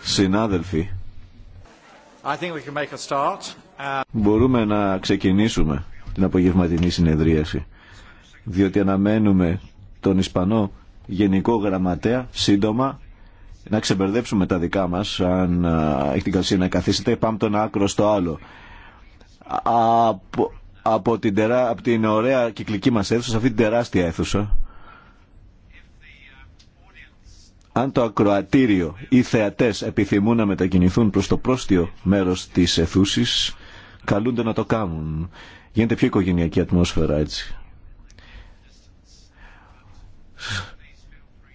Συνάδελφοι, μπορούμε να ξεκινήσουμε την απογευματινή συνεδρίαση, διότι αναμένουμε τον Ισπανό Γενικό Γραμματέα σύντομα να ξεμπερδέψουμε τα δικά μας, αν έχει την καρσία να καθίσετε, πάμε τον άκρο στο άλλο. Από, την, τερά, από την ωραία κυκλική μας αίθουσα, σε αυτή την τεράστια αίθουσα, αν το ακροατήριο ή θεατές επιθυμούν να μετακινηθούν προς το πρόστιο μέρος της αιθούσης, καλούνται να το κάνουν. Γίνεται πιο οικογενειακή ατμόσφαιρα έτσι.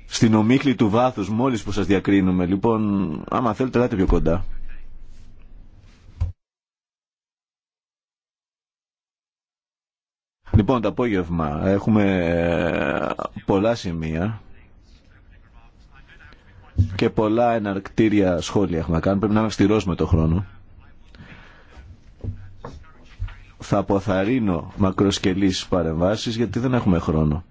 Στην ομίχλη του βάθους, μόλις που σας διακρίνουμε, λοιπόν, άμα θέλετε, λάτε πιο κοντά. Λοιπόν, το απόγευμα έχουμε ε, πολλά σημεία και πολλά εναρκτήρια σχόλια έχουμε κάνει. Πρέπει να είμαι αυστηρό με το χρόνο. Θα αποθαρρύνω μακροσκελείς παρεμβάσεις γιατί δεν έχουμε χρόνο.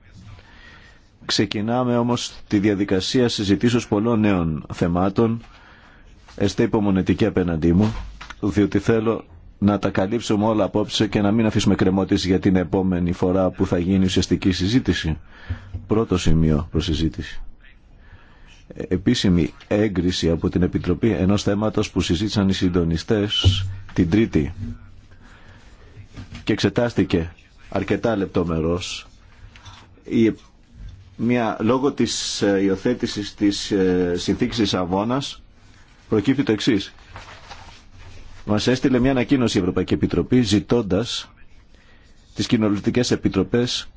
Ξεκινάμε όμως τη διαδικασία συζητήσεως πολλών νέων θεμάτων. Εστέ υπομονετική απέναντί μου, διότι θέλω να τα καλύψουμε όλα απόψε και να μην αφήσουμε κρεμότηση για την επόμενη φορά που θα γίνει ουσιαστική συζήτηση. Πρώτο σημείο προς συζήτηση επίσημη έγκριση από την Επιτροπή ενός θέματος που συζήτησαν οι συντονιστές την Τρίτη και εξετάστηκε αρκετά λεπτομερώς η, μια, λόγω της ε, υιοθέτηση της ε, συνθήκης της Αβώνας προκύπτει το εξής. Μας έστειλε μια ανακοίνωση η Ευρωπαϊκή Επιτροπή ζητώντας τις κοινοβουλευτικές επιτροπές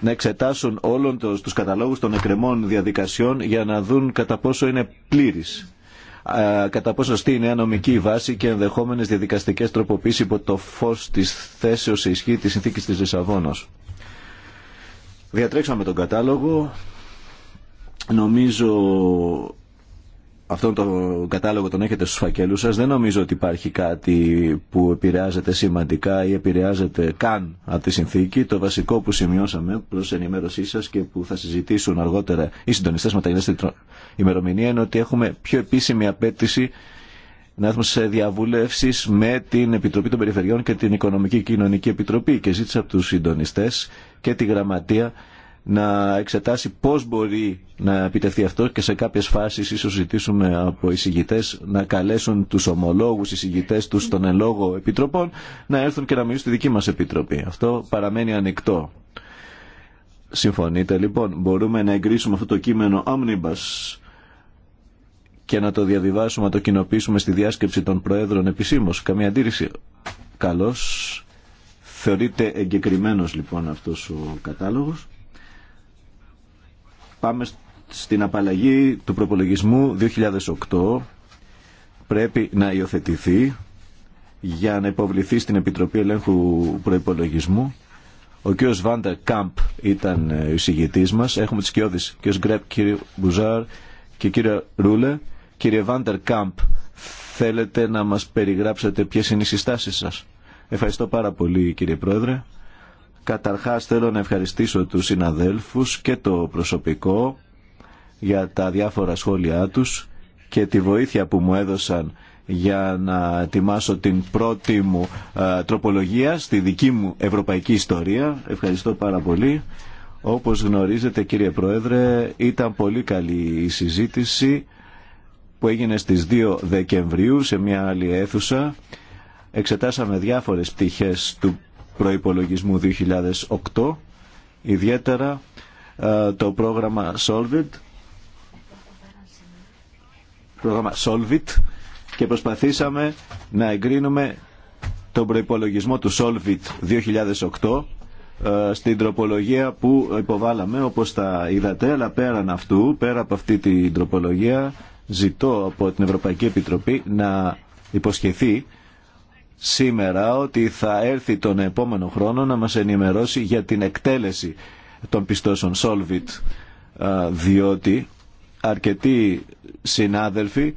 να εξετάσουν όλων τους, τους καταλόγους των εκκρεμών διαδικασιών για να δουν κατά πόσο είναι πλήρης κατά πόσο στήν είναι η νομική βάση και ενδεχόμενες διαδικαστικές τροποποίησεις υπό το φως της θέσεως ισχύ της συνθήκης της Λισαβόνος. Διατρέξαμε τον κατάλογο. Νομίζω αυτόν τον κατάλογο τον έχετε στους φακέλους σας. Δεν νομίζω ότι υπάρχει κάτι που επηρεάζεται σημαντικά ή επηρεάζεται καν από τη συνθήκη. Το βασικό που σημειώσαμε προς ενημέρωσή σας και που θα συζητήσουν αργότερα οι συντονιστές με τα ημερομηνία είναι ότι έχουμε πιο επίσημη απέτηση να έχουμε σε διαβουλεύσει με την Επιτροπή των Περιφερειών και την Οικονομική Κοινωνική Επιτροπή και ζήτησα από τους συντονιστές και τη Γραμματεία να εξετάσει πώς μπορεί να επιτευχθεί αυτό και σε κάποιες φάσεις ίσως ζητήσουμε από εισηγητές να καλέσουν τους ομολόγους εισηγητές τους των λόγω επιτροπών να έρθουν και να μιλήσουν στη δική μας επιτροπή. Αυτό παραμένει ανοιχτό. Συμφωνείτε λοιπόν, μπορούμε να εγκρίσουμε αυτό το κείμενο omnibus και να το διαβιβάσουμε, να το κοινοποιήσουμε στη διάσκεψη των Προέδρων επισήμως. Καμία αντίρρηση. Καλώς. Θεωρείται εγκεκριμένο λοιπόν αυτός ο κατάλογος. Πάμε στην απαλλαγή του προπολογισμού 2008. Πρέπει να υιοθετηθεί για να υποβληθεί στην Επιτροπή Ελέγχου Προϋπολογισμού. Ο κ. Βάντερ Κάμπ ήταν ε, ο εισηγητής μας. Έχουμε τις κοιόδης κ. Γκρέπ, κ. Μπουζάρ και κ. Ρούλε. Κύριε Βάντερ Κάμπ, θέλετε να μας περιγράψετε ποιες είναι οι συστάσεις σας. Ευχαριστώ πάρα πολύ κύριε Πρόεδρε. Καταρχάς θέλω να ευχαριστήσω τους συναδέλφους και το προσωπικό για τα διάφορα σχόλιά τους και τη βοήθεια που μου έδωσαν για να ετοιμάσω την πρώτη μου τροπολογία στη δική μου ευρωπαϊκή ιστορία. Ευχαριστώ πάρα πολύ. Όπως γνωρίζετε κύριε Πρόεδρε ήταν πολύ καλή η συζήτηση που έγινε στις 2 Δεκεμβρίου σε μια άλλη αίθουσα. Εξετάσαμε διάφορες πτυχές του προϋπολογισμού 2008, ιδιαίτερα ε, το πρόγραμμα Solvit, πρόγραμμα Solvit και προσπαθήσαμε να εγκρίνουμε τον προϋπολογισμό του Solvit 2008 ε, στην τροπολογία που υποβάλαμε όπως τα είδατε αλλά πέραν αυτού, πέρα από αυτή την τροπολογία ζητώ από την Ευρωπαϊκή Επιτροπή να υποσχεθεί σήμερα ότι θα έρθει τον επόμενο χρόνο να μας ενημερώσει για την εκτέλεση των πιστώσεων Solvit διότι αρκετοί συνάδελφοι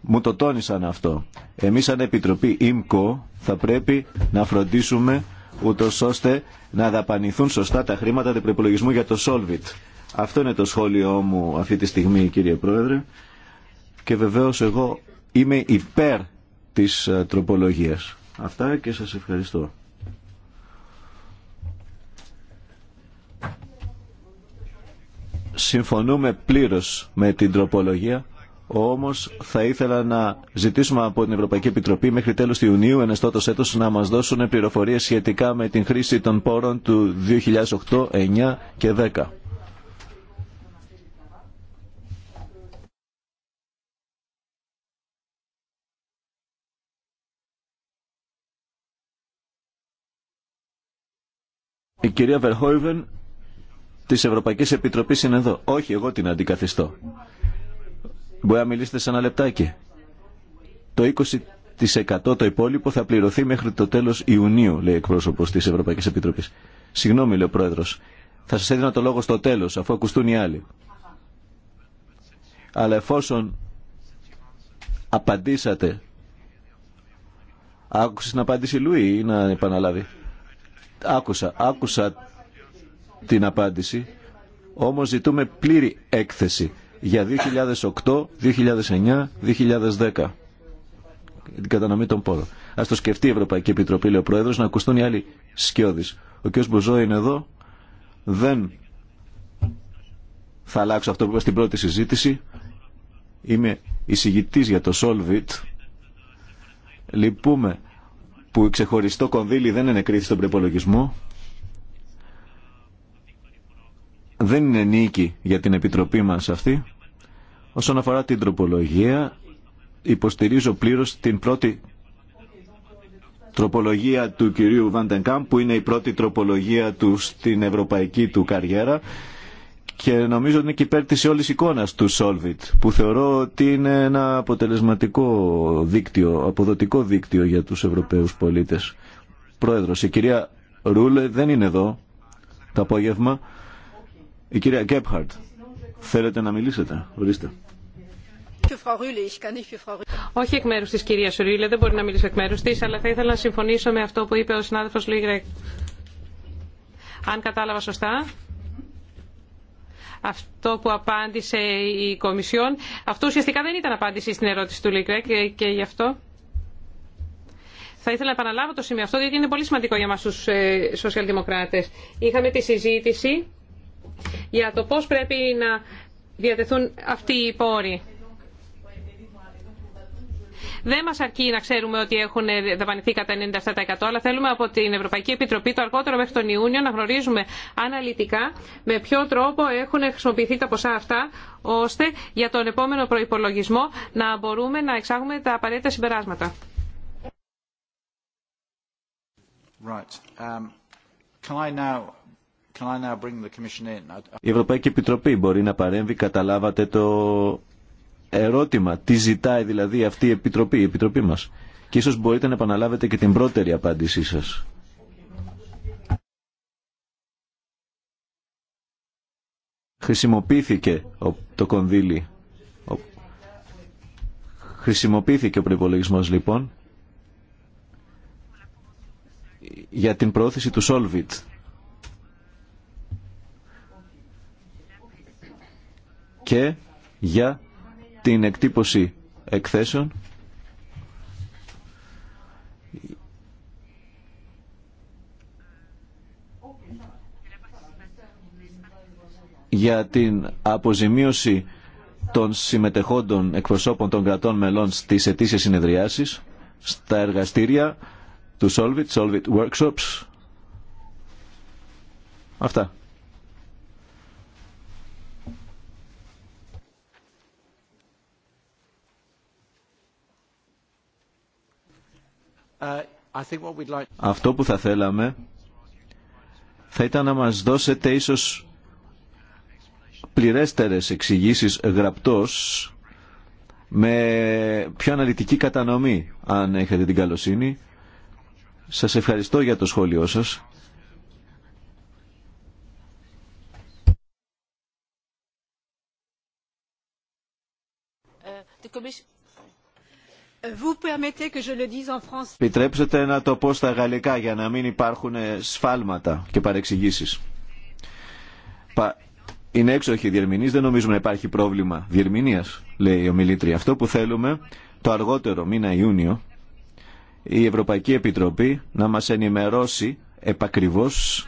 μου το τόνισαν αυτό. Εμείς σαν Επιτροπή ΙΜΚΟ θα πρέπει να φροντίσουμε ούτω ώστε να δαπανηθούν σωστά τα χρήματα του προπολογισμού για το Solvit. Αυτό είναι το σχόλιο μου αυτή τη στιγμή κύριε Πρόεδρε και βεβαίως εγώ είμαι υπέρ της ε, τροπολογίας. Αυτά και σας ευχαριστώ. Συμφωνούμε πλήρως με την τροπολογία, όμως θα ήθελα να ζητήσουμε από την Ευρωπαϊκή Επιτροπή μέχρι τέλος του Ιουνίου ενός τότος έτος να μας δώσουν πληροφορίες σχετικά με την χρήση των πόρων του 2008, 2009 και 2010. Η κυρία Βερχόιβεν της Ευρωπαϊκής Επιτροπής είναι εδώ. Όχι, εγώ την αντικαθιστώ. Μπορεί να μιλήσετε σε ένα λεπτάκι. Το 20% το υπόλοιπο θα πληρωθεί μέχρι το τέλος Ιουνίου, λέει εκπρόσωπος της Ευρωπαϊκής Επιτροπής. Συγγνώμη, λέει ο Πρόεδρος. Θα σας έδινα το λόγο στο τέλος, αφού ακουστούν οι άλλοι. Αλλά εφόσον απαντήσατε... Άκουσες την απάντηση Λουί ή να επαναλάβει. Άκουσα, άκουσα την απάντηση, όμως ζητούμε πλήρη έκθεση για 2008, 2009, 2010 την κατανομή των πόρων. Ας το σκεφτεί η Ευρωπαϊκή Επιτροπή, λέει ο Πρόεδρο, να ακουστούν οι άλλοι σκιώδεις. Ο κ. Μποζό είναι εδώ. Δεν θα αλλάξω αυτό που είπα στην πρώτη συζήτηση. Είμαι εισηγητής για το Solvit. Λυπούμε που ξεχωριστό κονδύλι δεν είναι κρίση στον προπολογισμό. Δεν είναι νίκη για την Επιτροπή μας αυτή. Όσον αφορά την τροπολογία, υποστηρίζω πλήρως την πρώτη τροπολογία του κυρίου Βαντενκάμ, που είναι η πρώτη τροπολογία του στην ευρωπαϊκή του καριέρα και νομίζω ότι είναι και υπέρ της όλης εικόνας του Solvit που θεωρώ ότι είναι ένα αποτελεσματικό δίκτυο, αποδοτικό δίκτυο για τους Ευρωπαίους πολίτες. Πρόεδρος, η κυρία Ρούλε δεν είναι εδώ το απόγευμα. Η κυρία Γκέπχαρτ, θέλετε να μιλήσετε, ορίστε. Όχι εκ μέρου τη κυρία Ρούλε, δεν μπορεί να μιλήσω εκ μέρου τη, αλλά θα ήθελα να συμφωνήσω με αυτό που είπε ο συνάδελφο Λουίγρεκ. Αν κατάλαβα σωστά, αυτό που απάντησε η Κομισιόν. Αυτό ουσιαστικά δεν ήταν απάντηση στην ερώτηση του Λίκρε και, και γι' αυτό θα ήθελα να επαναλάβω το σημείο αυτό διότι είναι πολύ σημαντικό για μας τους ε, σοσιαλδημοκράτες. Είχαμε τη συζήτηση για το πώς πρέπει να διατεθούν αυτοί οι πόροι. Δεν μας αρκεί να ξέρουμε ότι έχουν δαπανηθεί κατά 97% αλλά θέλουμε από την Ευρωπαϊκή Επιτροπή το αργότερο μέχρι τον Ιούνιο να γνωρίζουμε αναλυτικά με ποιο τρόπο έχουν χρησιμοποιηθεί τα ποσά αυτά ώστε για τον επόμενο προϋπολογισμό να μπορούμε να εξάγουμε τα απαραίτητα συμπεράσματα. Right. Um, can I now... Can I now bring Η Ευρωπαϊκή Επιτροπή μπορεί να παρέμβει, καταλάβατε το ερώτημα τι ζητάει δηλαδή αυτή η Επιτροπή, η Επιτροπή μας. Και ίσως μπορείτε να επαναλάβετε και την πρώτερη απάντησή σας. Χρησιμοποιήθηκε το κονδύλι. Χρησιμοποιήθηκε ο προπολογισμό λοιπόν για την πρόθεση του Solvit. και για την εκτύπωση εκθέσεων για την αποζημίωση των συμμετεχόντων εκπροσώπων των κρατών μελών στις ετήσιες συνεδριάσεις, στα εργαστήρια του Solvit, Solvit Workshops. Αυτά. Uh, Αυτό που θα θέλαμε θα ήταν να μας δώσετε ίσως πληρέστερες εξηγήσεις γραπτός με πιο αναλυτική κατανομή αν έχετε την καλοσύνη. Σας ευχαριστώ για το σχόλιο σας. Uh, Επιτρέψτε να το πω στα γαλλικά για να μην υπάρχουν σφάλματα και παρεξηγήσεις. Είναι έξοχοι διερμηνείς, δεν νομίζουμε να υπάρχει πρόβλημα διερμηνίας, λέει η ομιλήτρια. Αυτό που θέλουμε το αργότερο μήνα Ιούνιο η Ευρωπαϊκή Επιτροπή να μας ενημερώσει επακριβώς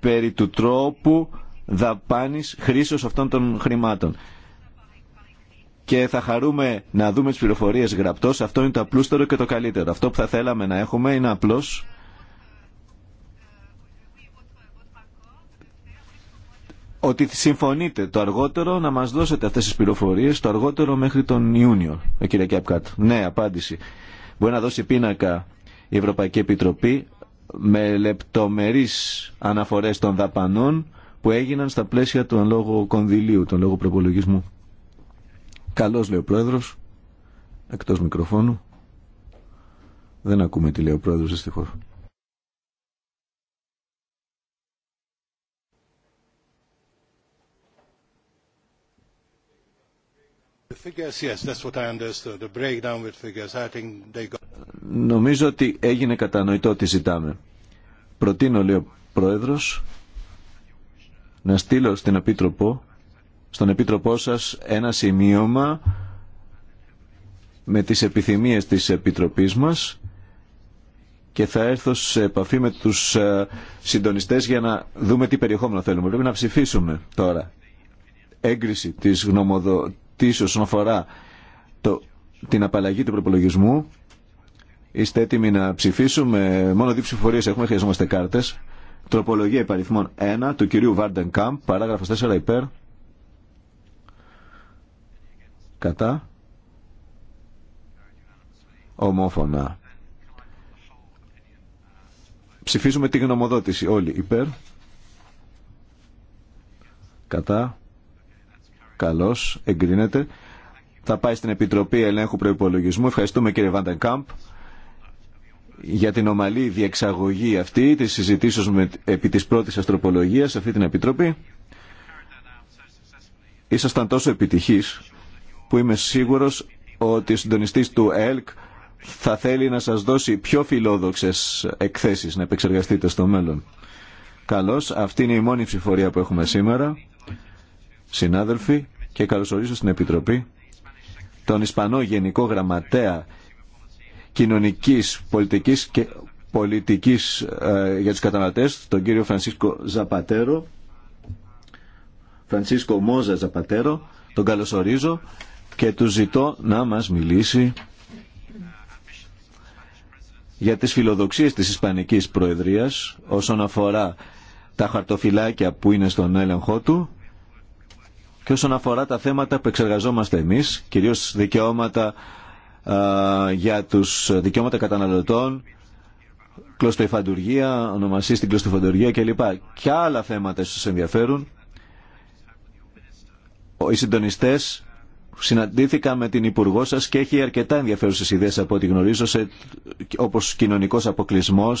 περί του τρόπου δαπάνης χρήσεως αυτών των χρημάτων και θα χαρούμε να δούμε τις πληροφορίες γραπτός. Αυτό είναι το απλούστερο και το καλύτερο. Αυτό που θα θέλαμε να έχουμε είναι απλώς ότι συμφωνείτε το αργότερο να μας δώσετε αυτές τις πληροφορίες το αργότερο μέχρι τον Ιούνιο, ο ε, κύριε Κέπκατ. Ναι, απάντηση. Μπορεί να δώσει πίνακα η Ευρωπαϊκή Επιτροπή με λεπτομερείς αναφορές των δαπανών που έγιναν στα πλαίσια του λόγω κονδυλίου, του λόγου προπολογισμού. Καλώ λέει ο πρόεδρος, εκτός μικροφώνου. Δεν ακούμε τι λέει ο πρόεδρος δυστυχώς. Νομίζω ότι έγινε κατανοητό τι ζητάμε. Προτείνω, λέει ο Πρόεδρος, να στείλω στην Επίτροπο στον Επίτροπό σας ένα σημείωμα με τις επιθυμίες της Επιτροπής μας και θα έρθω σε επαφή με τους ε, συντονιστές για να δούμε τι περιεχόμενο θέλουμε. Πρέπει να ψηφίσουμε τώρα έγκριση της γνωμοδοτήσεως όσον αφορά το, την απαλλαγή του προπολογισμού. Είστε έτοιμοι να ψηφίσουμε. Μόνο δύο ψηφοφορίε έχουμε, χρειαζόμαστε κάρτε. Τροπολογία υπαριθμών 1 του κυρίου Βάρντεν Κάμπ, παράγραφο 4 υπέρ κατά ομόφωνα ψηφίζουμε τη γνωμοδότηση όλοι υπέρ κατά καλώς εγκρίνεται θα πάει στην Επιτροπή Ελέγχου Προϋπολογισμού ευχαριστούμε κύριε Κάμπ για την ομαλή διεξαγωγή αυτή της συζητήσεως με, επί της πρώτης αστροπολογίας σε αυτή την Επιτροπή ήσασταν τόσο επιτυχής που είμαι σίγουρος ότι ο συντονιστής του ΕΛΚ θα θέλει να σας δώσει πιο φιλόδοξες εκθέσεις να επεξεργαστείτε στο μέλλον. Καλώς, αυτή είναι η μόνη ψηφορία που έχουμε σήμερα. Συνάδελφοι, και καλωσορίζω στην Επιτροπή τον Ισπανό Γενικό Γραμματέα Κοινωνικής Πολιτικής και Πολιτικής ε, για τους καταναλωτές, τον κύριο Φρανσίσκο Ζαπατέρο, Φρανσίσκο Μόζα Ζαπατέρο, τον καλωσορίζω και του ζητώ να μας μιλήσει για τις φιλοδοξίες της Ισπανικής Προεδρίας όσον αφορά τα χαρτοφυλάκια που είναι στον έλεγχό του και όσον αφορά τα θέματα που εξεργαζόμαστε εμείς, κυρίως δικαιώματα για τους δικαιώματα καταναλωτών, κλωστοϊφαντουργία, ονομασία στην κλωστοϊφαντουργία κλπ. Και άλλα θέματα σας ενδιαφέρουν. Οι συντονιστές συναντήθηκα με την Υπουργό σα και έχει αρκετά ενδιαφέρουσε ιδέε από ό,τι γνωρίζω, όπω όπως αποκλεισμό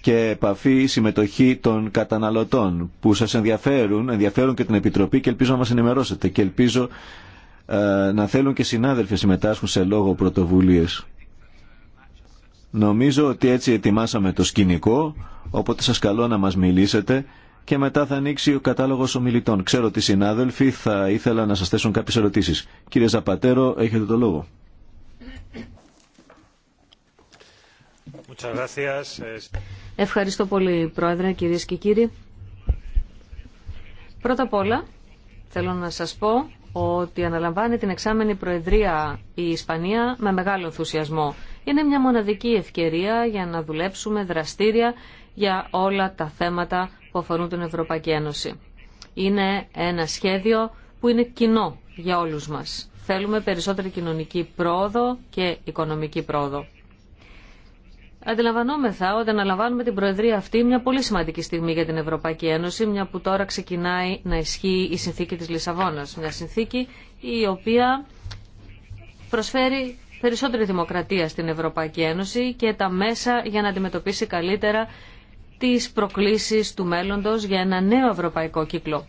και επαφή συμμετοχή των καταναλωτών που σας ενδιαφέρουν, ενδιαφέρουν και την Επιτροπή και ελπίζω να μας ενημερώσετε και ελπίζω ε, να θέλουν και συνάδελφοι συμμετάσχουν σε λόγο πρωτοβουλίες. Νομίζω ότι έτσι ετοιμάσαμε το σκηνικό, οπότε σας καλώ να μας μιλήσετε και μετά θα ανοίξει ο κατάλογο ομιλητών. Ξέρω ότι οι συνάδελφοι θα ήθελα να σα θέσουν κάποιε ερωτήσει. Κύριε Ζαπατέρο, έχετε το λόγο. Ευχαριστώ πολύ, Πρόεδρε, κυρίε και κύριοι. Πρώτα απ' όλα, θέλω να σας πω ότι αναλαμβάνει την εξάμενη Προεδρία η Ισπανία με μεγάλο ενθουσιασμό. Είναι μια μοναδική ευκαιρία για να δουλέψουμε δραστήρια για όλα τα θέματα που αφορούν την Ευρωπαϊκή Ένωση. Είναι ένα σχέδιο που είναι κοινό για όλους μας. Θέλουμε περισσότερη κοινωνική πρόοδο και οικονομική πρόοδο. Αντιλαμβανόμεθα ότι αναλαμβάνουμε την Προεδρία αυτή μια πολύ σημαντική στιγμή για την Ευρωπαϊκή Ένωση, μια που τώρα ξεκινάει να ισχύει η συνθήκη της Λισαβόνας. Μια συνθήκη η οποία προσφέρει περισσότερη δημοκρατία στην Ευρωπαϊκή Ένωση και τα μέσα για να αντιμετωπίσει καλύτερα της προκλήσεις του μέλλοντος για ένα νέο ευρωπαϊκό κύκλο.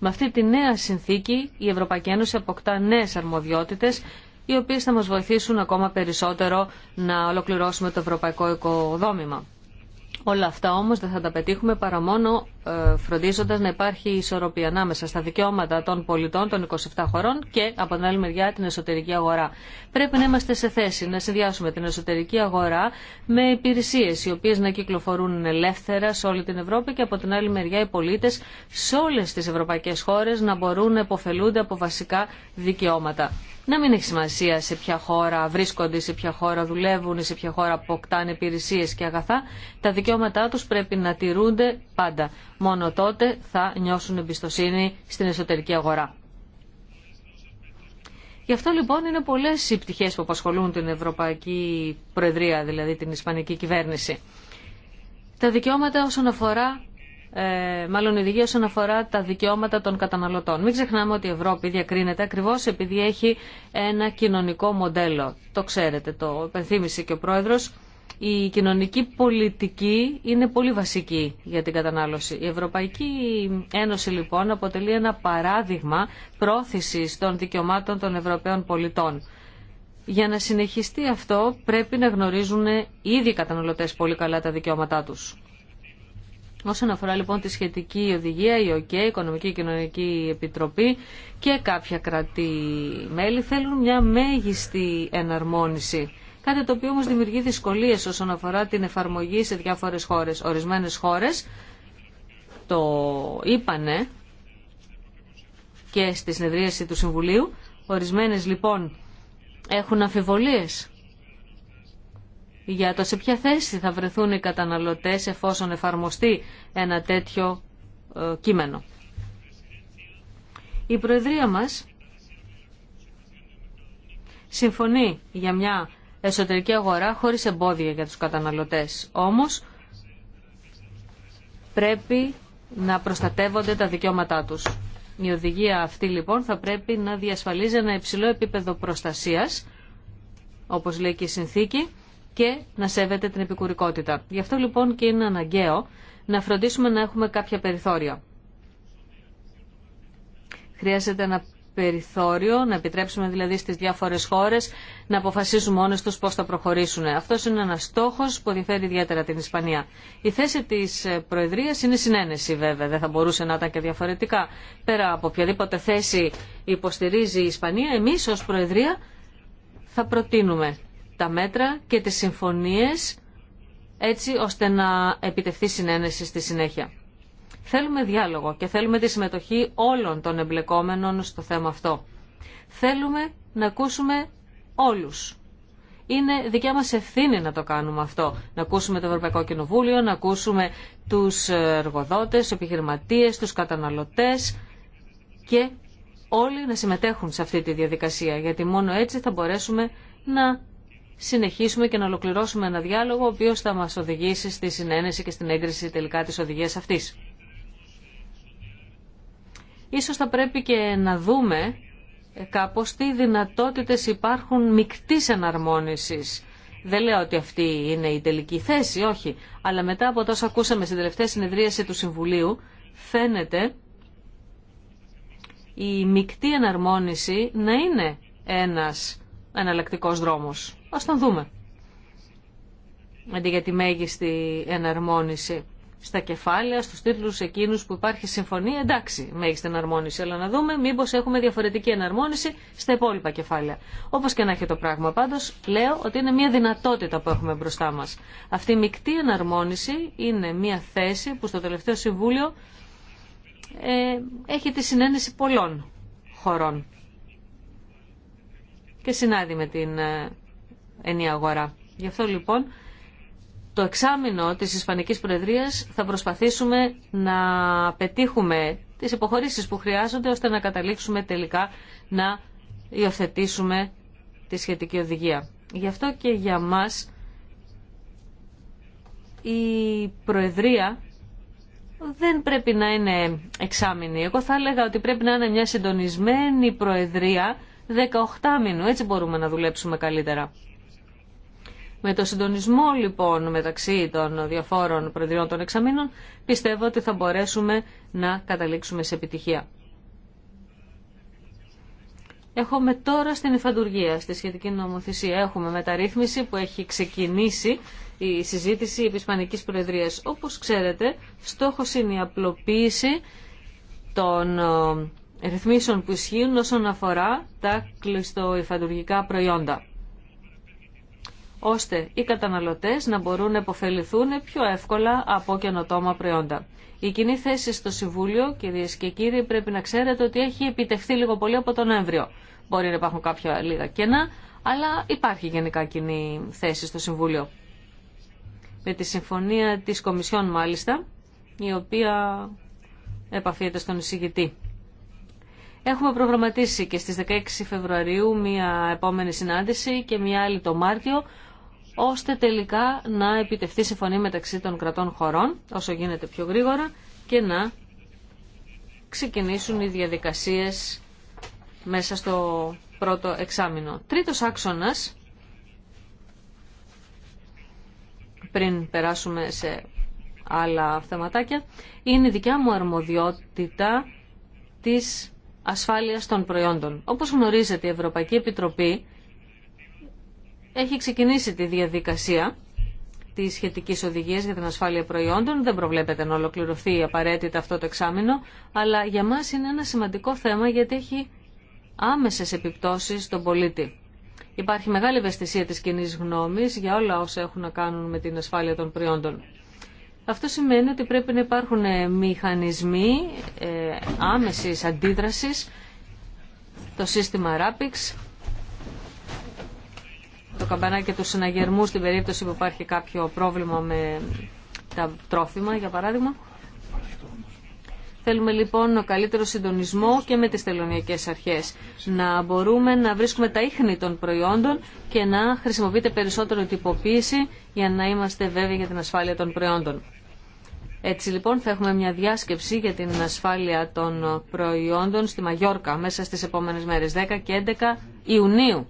Με αυτή τη νέα συνθήκη η Ευρωπαϊκή Ένωση αποκτά νέες αρμοδιότητες οι οποίες θα μας βοηθήσουν ακόμα περισσότερο να ολοκληρώσουμε το ευρωπαϊκό οικοδόμημα. Όλα αυτά όμως δεν θα τα πετύχουμε παρά μόνο ε, φροντίζοντας να υπάρχει ισορροπία ανάμεσα στα δικαιώματα των πολιτών των 27 χωρών και από την άλλη μεριά την εσωτερική αγορά. Πρέπει να είμαστε σε θέση να συνδυάσουμε την εσωτερική αγορά με υπηρεσίες οι οποίες να κυκλοφορούν ελεύθερα σε όλη την Ευρώπη και από την άλλη μεριά οι πολίτες σε όλες τις ευρωπαϊκές χώρες να μπορούν να υποφελούνται από βασικά δικαιώματα να μην έχει σημασία σε ποια χώρα βρίσκονται, σε ποια χώρα δουλεύουν, σε ποια χώρα αποκτάνε υπηρεσίε και αγαθά. Τα δικαιώματά του πρέπει να τηρούνται πάντα. Μόνο τότε θα νιώσουν εμπιστοσύνη στην εσωτερική αγορά. Γι' αυτό λοιπόν είναι πολλέ οι πτυχέ που απασχολούν την Ευρωπαϊκή Προεδρία, δηλαδή την Ισπανική κυβέρνηση. Τα δικαιώματα όσον αφορά ε, μάλλον η όσον αφορά τα δικαιώματα των καταναλωτών. Μην ξεχνάμε ότι η Ευρώπη διακρίνεται ακριβώ επειδή έχει ένα κοινωνικό μοντέλο. Το ξέρετε, το επενθύμησε και ο πρόεδρο, Η κοινωνική πολιτική είναι πολύ βασική για την κατανάλωση. Η Ευρωπαϊκή Ένωση λοιπόν αποτελεί ένα παράδειγμα πρόθεσης των δικαιωμάτων των Ευρωπαίων πολιτών. Για να συνεχιστεί αυτό πρέπει να γνωρίζουν οι ίδιοι καταναλωτές πολύ καλά τα δικαιώματά τους. Όσον αφορά λοιπόν τη σχετική οδηγία, η ΟΚΕ, η Οικονομική και Κοινωνική Επιτροπή και κάποια κρατή-μέλη θέλουν μια μέγιστη εναρμόνιση. Κάτι το οποίο όμω δημιουργεί δυσκολίε όσον αφορά την εφαρμογή σε διάφορε χώρε. Ορισμένε χώρε το είπανε και στη συνεδρίαση του Συμβουλίου. Ορισμένες λοιπόν έχουν αφιβολίες για το σε ποια θέση θα βρεθούν οι καταναλωτές εφόσον εφαρμοστεί ένα τέτοιο ε, κείμενο. Η Προεδρία μας συμφωνεί για μια εσωτερική αγορά χωρίς εμπόδια για τους καταναλωτές. Όμως πρέπει να προστατεύονται τα δικαιώματά τους. Η οδηγία αυτή λοιπόν θα πρέπει να διασφαλίζει ένα υψηλό επίπεδο προστασίας, όπως λέει και η συνθήκη, και να σέβεται την επικουρικότητα. Γι' αυτό λοιπόν και είναι αναγκαίο να φροντίσουμε να έχουμε κάποια περιθώρια. Χρειάζεται ένα περιθώριο, να επιτρέψουμε δηλαδή στις διάφορες χώρες να αποφασίσουν μόνες τους πώς θα προχωρήσουν. Αυτός είναι ένας στόχος που ενδιαφέρει ιδιαίτερα την Ισπανία. Η θέση της Προεδρίας είναι συνένεση βέβαια, δεν θα μπορούσε να ήταν και διαφορετικά. Πέρα από οποιαδήποτε θέση υποστηρίζει η Ισπανία, εμείς ως Προεδρία θα προτείνουμε τα μέτρα και τις συμφωνίες έτσι ώστε να επιτευχθεί συνένεση στη συνέχεια. Θέλουμε διάλογο και θέλουμε τη συμμετοχή όλων των εμπλεκόμενων στο θέμα αυτό. Θέλουμε να ακούσουμε όλους. Είναι δικιά μας ευθύνη να το κάνουμε αυτό. Να ακούσουμε το Ευρωπαϊκό Κοινοβούλιο, να ακούσουμε τους εργοδότες, επιχειρηματίες, τους καταναλωτές και όλοι να συμμετέχουν σε αυτή τη διαδικασία, γιατί μόνο έτσι θα μπορέσουμε να συνεχίσουμε και να ολοκληρώσουμε ένα διάλογο ο οποίος θα μας οδηγήσει στη συνένεση και στην έγκριση τελικά της οδηγίας αυτής. Ίσως θα πρέπει και να δούμε ε, κάπως τι δυνατότητες υπάρχουν μικτής εναρμόνισης. Δεν λέω ότι αυτή είναι η τελική θέση, όχι. Αλλά μετά από τόσα ακούσαμε στην τελευταία συνεδρίαση του Συμβουλίου, φαίνεται η μεικτή εναρμόνιση να είναι ένας εναλλακτικός δρόμος ας τον δούμε. Αντί για τη μέγιστη εναρμόνιση στα κεφάλαια, στους τίτλους εκείνους που υπάρχει συμφωνία, εντάξει, μέγιστη εναρμόνιση, αλλά να δούμε μήπως έχουμε διαφορετική εναρμόνιση στα υπόλοιπα κεφάλαια. Όπως και να έχει το πράγμα πάντως, λέω ότι είναι μια δυνατότητα που έχουμε μπροστά μας. Αυτή η μεικτή εναρμόνιση είναι μια θέση που στο τελευταίο Συμβούλιο ε, έχει τη συνένεση πολλών χωρών και συνάδει με την ε, αγορά. Γι' αυτό λοιπόν το εξάμεινο της Ισπανικής Προεδρίας θα προσπαθήσουμε να πετύχουμε τις υποχωρήσεις που χρειάζονται ώστε να καταλήξουμε τελικά να υιοθετήσουμε τη σχετική οδηγία. Γι' αυτό και για μας η Προεδρία δεν πρέπει να είναι εξάμεινη. Εγώ θα έλεγα ότι πρέπει να είναι μια συντονισμένη Προεδρία 18 μήνου. Έτσι μπορούμε να δουλέψουμε καλύτερα. Με το συντονισμό λοιπόν μεταξύ των διαφόρων προεδριών των εξαμήνων πιστεύω ότι θα μπορέσουμε να καταλήξουμε σε επιτυχία. Έχουμε τώρα στην υφαντουργία, στη σχετική νομοθεσία, έχουμε μεταρρύθμιση που έχει ξεκινήσει η συζήτηση επί Ισπανικής Προεδρίας. Όπως ξέρετε, στόχος είναι η απλοποίηση των ε, ρυθμίσεων που ισχύουν όσον αφορά τα κλειστοϊφαντουργικά προϊόντα ώστε οι καταναλωτές να μπορούν να υποφεληθούν πιο εύκολα από καινοτόμα προϊόντα. Η κοινή θέση στο Συμβούλιο, κυρίες και κύριοι, πρέπει να ξέρετε ότι έχει επιτευχθεί λίγο πολύ από τον Νοέμβριο. Μπορεί να υπάρχουν κάποια λίγα κενά, αλλά υπάρχει γενικά κοινή θέση στο Συμβούλιο. Με τη συμφωνία της Κομισιόν μάλιστα, η οποία επαφείται στον εισηγητή. Έχουμε προγραμματίσει και στις 16 Φεβρουαρίου μία επόμενη συνάντηση και μία άλλη το Μάρτιο ώστε τελικά να επιτευχθεί συμφωνία μεταξύ των κρατών χωρών όσο γίνεται πιο γρήγορα και να ξεκινήσουν οι διαδικασίες μέσα στο πρώτο εξάμεινο. Τρίτος άξονας, πριν περάσουμε σε άλλα θεματάκια, είναι η δικιά μου αρμοδιότητα της ασφάλειας των προϊόντων. Όπως γνωρίζετε, η Ευρωπαϊκή Επιτροπή έχει ξεκινήσει τη διαδικασία τη σχετική οδηγία για την ασφάλεια προϊόντων. Δεν προβλέπεται να ολοκληρωθεί απαραίτητα αυτό το εξάμεινο, αλλά για μα είναι ένα σημαντικό θέμα γιατί έχει άμεσε επιπτώσει στον πολίτη. Υπάρχει μεγάλη ευαισθησία τη κοινή γνώμη για όλα όσα έχουν να κάνουν με την ασφάλεια των προϊόντων. Αυτό σημαίνει ότι πρέπει να υπάρχουν ε, μηχανισμοί ε, άμεσης αντίδρασης, το σύστημα RAPIX το καμπανάκι του συναγερμού στην περίπτωση που υπάρχει κάποιο πρόβλημα με τα τρόφιμα, για παράδειγμα. Θέλουμε λοιπόν καλύτερο συντονισμό και με τις τελωνιακές αρχές. Να μπορούμε να βρίσκουμε τα ίχνη των προϊόντων και να χρησιμοποιείται περισσότερο τυποποίηση για να είμαστε βέβαιοι για την ασφάλεια των προϊόντων. Έτσι λοιπόν θα έχουμε μια διάσκεψη για την ασφάλεια των προϊόντων στη Μαγιόρκα μέσα στις επόμενες μέρες 10 και 11 Ιουνίου.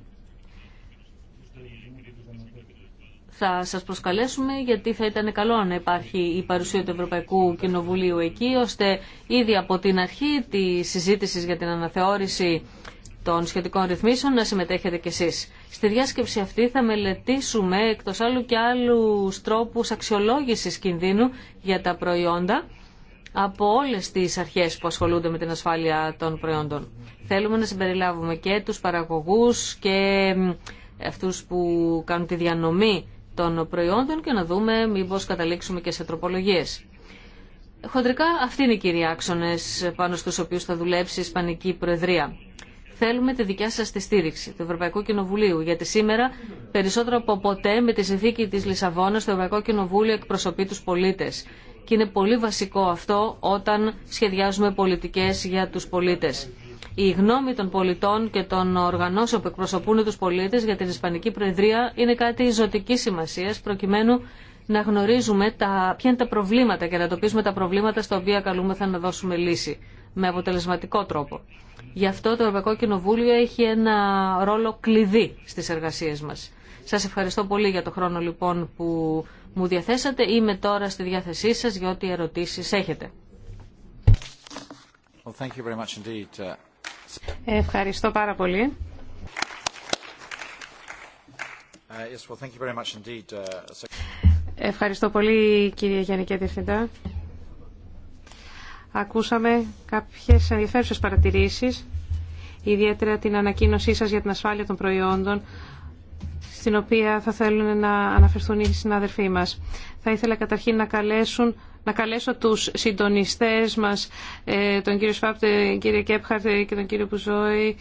θα σας προσκαλέσουμε γιατί θα ήταν καλό να υπάρχει η παρουσία του Ευρωπαϊκού Κοινοβουλίου εκεί ώστε ήδη από την αρχή τη συζήτηση για την αναθεώρηση των σχετικών ρυθμίσεων να συμμετέχετε κι εσείς. Στη διάσκεψη αυτή θα μελετήσουμε εκτός άλλου και άλλου τρόπους αξιολόγησης κινδύνου για τα προϊόντα από όλες τις αρχές που ασχολούνται με την ασφάλεια των προϊόντων. Θέλουμε να συμπεριλάβουμε και τους παραγωγούς και αυτούς που κάνουν τη διανομή των προϊόντων και να δούμε μήπως καταλήξουμε και σε τροπολογίες. Χοντρικά αυτοί είναι οι κύριοι άξονες πάνω στους οποίους θα δουλέψει η Ισπανική Προεδρία. Θέλουμε τη δικιά σας τη στήριξη του Ευρωπαϊκού Κοινοβουλίου, γιατί σήμερα περισσότερο από ποτέ με τη συνθήκη της Λισαβόνας το Ευρωπαϊκό Κοινοβούλιο εκπροσωπεί τους πολίτες. Και είναι πολύ βασικό αυτό όταν σχεδιάζουμε πολιτικές για τους πολίτες. Η γνώμη των πολιτών και των οργανώσεων που εκπροσωπούν τους πολίτες για την Ισπανική Προεδρία είναι κάτι ζωτική σημασία προκειμένου να γνωρίζουμε τα, ποια είναι τα προβλήματα και να εντοπίσουμε τα προβλήματα στα οποία καλούμεθα να δώσουμε λύση με αποτελεσματικό τρόπο. Γι' αυτό το Ευρωπαϊκό Κοινοβούλιο έχει ένα ρόλο κλειδί στις εργασίες μας. Σας ευχαριστώ πολύ για το χρόνο λοιπόν που μου διαθέσατε. Είμαι τώρα στη διάθεσή σας για ό,τι ερωτήσεις έχετε. Well, thank you very much indeed. Uh, Ευχαριστώ πάρα πολύ. Ευχαριστώ πολύ κύριε Γενική Διευθυντά. Ακούσαμε κάποιες ενδιαφέρουσες παρατηρήσεις, ιδιαίτερα την ανακοίνωσή σας για την ασφάλεια των προϊόντων, στην οποία θα θέλουν να αναφερθούν οι συνάδελφοί μας. Θα ήθελα καταρχήν να καλέσουν να καλέσω τους συντονιστές μας, ε, τον κύριο Σφάπτε, τον κύριο Κέπχαρτε και τον κύριο Πουζόη.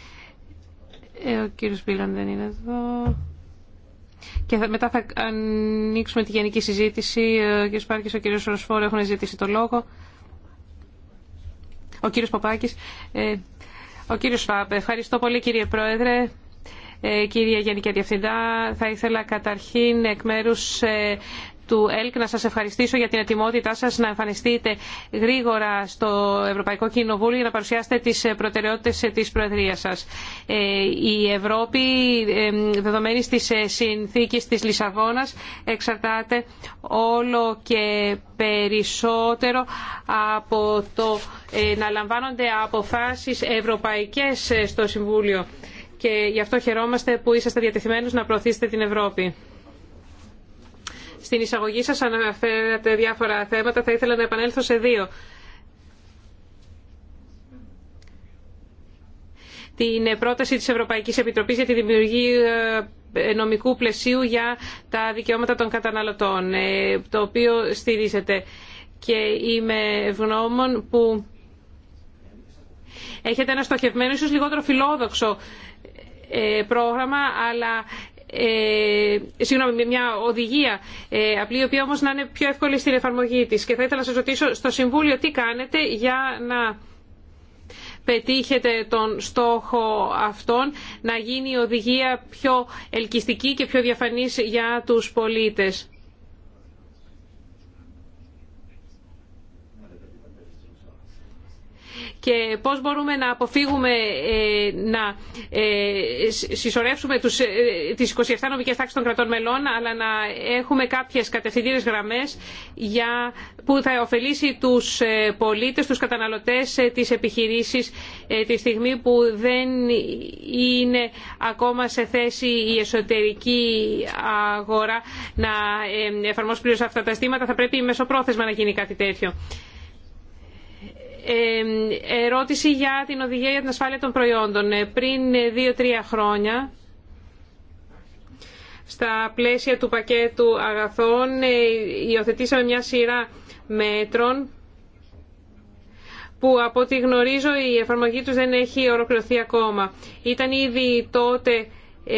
Ε, ο κύριος Πίλαν δεν είναι εδώ. Και μετά θα ανοίξουμε τη γενική συζήτηση. Ε, ο κύριος Πάρκης, ο κύριος Ροσφόρο έχουν ζητήσει το λόγο. Ο κύριος Παπάκης. Ο κύριος Σφάπ, ευχαριστώ πολύ κύριε Πρόεδρε. Κύριε Γενική Διευθυντά, θα ήθελα καταρχήν εκ μέρους του ΕΛΚ να σας ευχαριστήσω για την ετοιμότητά σας να εμφανιστείτε γρήγορα στο Ευρωπαϊκό Κοινοβούλιο για να παρουσιάσετε τις προτεραιότητες της Προεδρίας σας. Ε, η Ευρώπη, ε, δεδομένη στις ε, συνθήκες της Λισαβόνας, εξαρτάται όλο και περισσότερο από το να λαμβάνονται αποφάσεις ευρωπαϊκές στο Συμβούλιο. Και γι' αυτό χαιρόμαστε που είσαστε διατεθειμένους να προωθήσετε την Ευρώπη. Στην εισαγωγή σας αναφέρατε διάφορα θέματα. Θα ήθελα να επανέλθω σε δύο. Την πρόταση της Ευρωπαϊκής Επιτροπής για τη δημιουργία ε, νομικού πλαισίου για τα δικαιώματα των καταναλωτών, ε, το οποίο στηρίζεται. Και είμαι ευγνώμων που έχετε ένα στοχευμένο, ίσως λιγότερο φιλόδοξο ε, πρόγραμμα, αλλά ε, συγγνώμη, μια οδηγία ε, απλή, η οποία όμως να είναι πιο εύκολη στην εφαρμογή της. Και θα ήθελα να σας ρωτήσω στο Συμβούλιο τι κάνετε για να πετύχετε τον στόχο αυτόν, να γίνει η οδηγία πιο ελκυστική και πιο διαφανής για τους πολίτες. και πώς μπορούμε να αποφύγουμε ε, να ε, συσσωρεύσουμε τους, ε, τις 27 νομικές τάξεις των κρατών μελών αλλά να έχουμε κάποιες κατευθυντήρες γραμμές για, που θα ωφελήσει τους πολίτες, τους καταναλωτές, τις επιχειρήσεις τη στιγμή που δεν είναι ακόμα σε θέση η εσωτερική αγορά να εφαρμόσει πλήρως αυτά τα στήματα θα πρέπει μεσοπρόθεσμα να γίνει κάτι τέτοιο ερώτηση για την οδηγία για την ασφάλεια των προϊόντων. Ε, πριν ε, δύο-τρία χρόνια, στα πλαίσια του πακέτου αγαθών, ε, υιοθετήσαμε μια σειρά μέτρων που από ό,τι γνωρίζω η εφαρμογή τους δεν έχει ολοκληρωθεί ακόμα. Ήταν ήδη τότε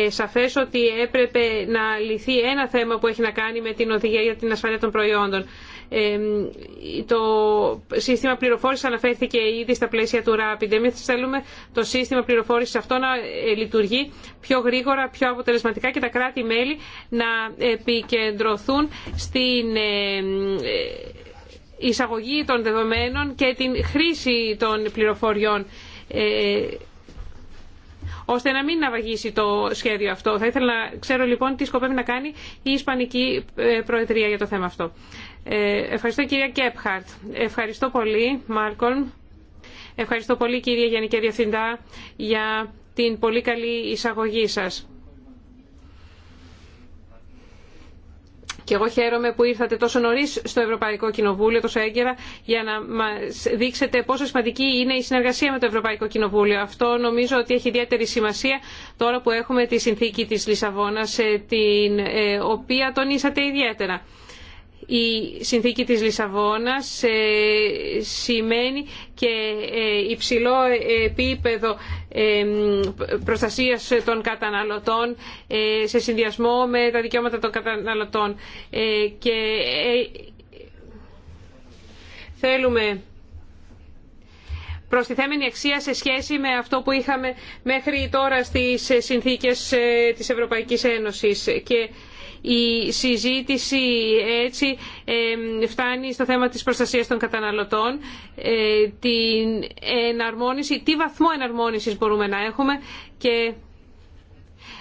σαφές ότι έπρεπε να λυθεί ένα θέμα που έχει να κάνει με την οδηγία για την ασφάλεια των προϊόντων το σύστημα πληροφόρηση αναφέρθηκε ήδη στα πλαίσια του Rapid. Εμεί θέλουμε το σύστημα πληροφόρηση, αυτό να ε, λειτουργεί πιο γρήγορα, πιο αποτελεσματικά και τα κράτη-μέλη να επικεντρωθούν στην ε, ε, εισαγωγή των δεδομένων και την χρήση των πληροφοριών ώστε να μην ναυαγίσει το σχέδιο αυτό. Θα ήθελα να ξέρω λοιπόν τι σκοπεύει να κάνει η Ισπανική ε, Προεδρία για το θέμα αυτό. Ε, ευχαριστώ κυρία Κέπχαρτ. Ευχαριστώ πολύ Μάρκον, Ευχαριστώ πολύ κυρία Γενική Διευθυντά για την πολύ καλή εισαγωγή σας. Και εγώ χαίρομαι που ήρθατε τόσο νωρί στο Ευρωπαϊκό Κοινοβούλιο, τόσο έγκαιρα, για να μα δείξετε πόσο σημαντική είναι η συνεργασία με το Ευρωπαϊκό Κοινοβούλιο. Αυτό νομίζω ότι έχει ιδιαίτερη σημασία τώρα που έχουμε τη συνθήκη τη Λισαβόνα, ε, την ε, οποία τονίσατε ιδιαίτερα η συνθήκη της Λισαβόνας ε, σημαίνει και ε, υψηλό επίπεδο ε, προστασίας των καταναλωτών σε συνδυασμό με τα δικαιώματα των καταναλωτών. Και θέλουμε προστιθέμενη αξία σε σχέση με αυτό που είχαμε μέχρι τώρα στις συνθήκες της Ευρωπαϊκής Ένωσης. Και η συζήτηση έτσι φτάνει στο θέμα της προστασίας των καταναλωτών, ε, την εναρμόνιση, τι βαθμό εναρμόνισης μπορούμε να έχουμε και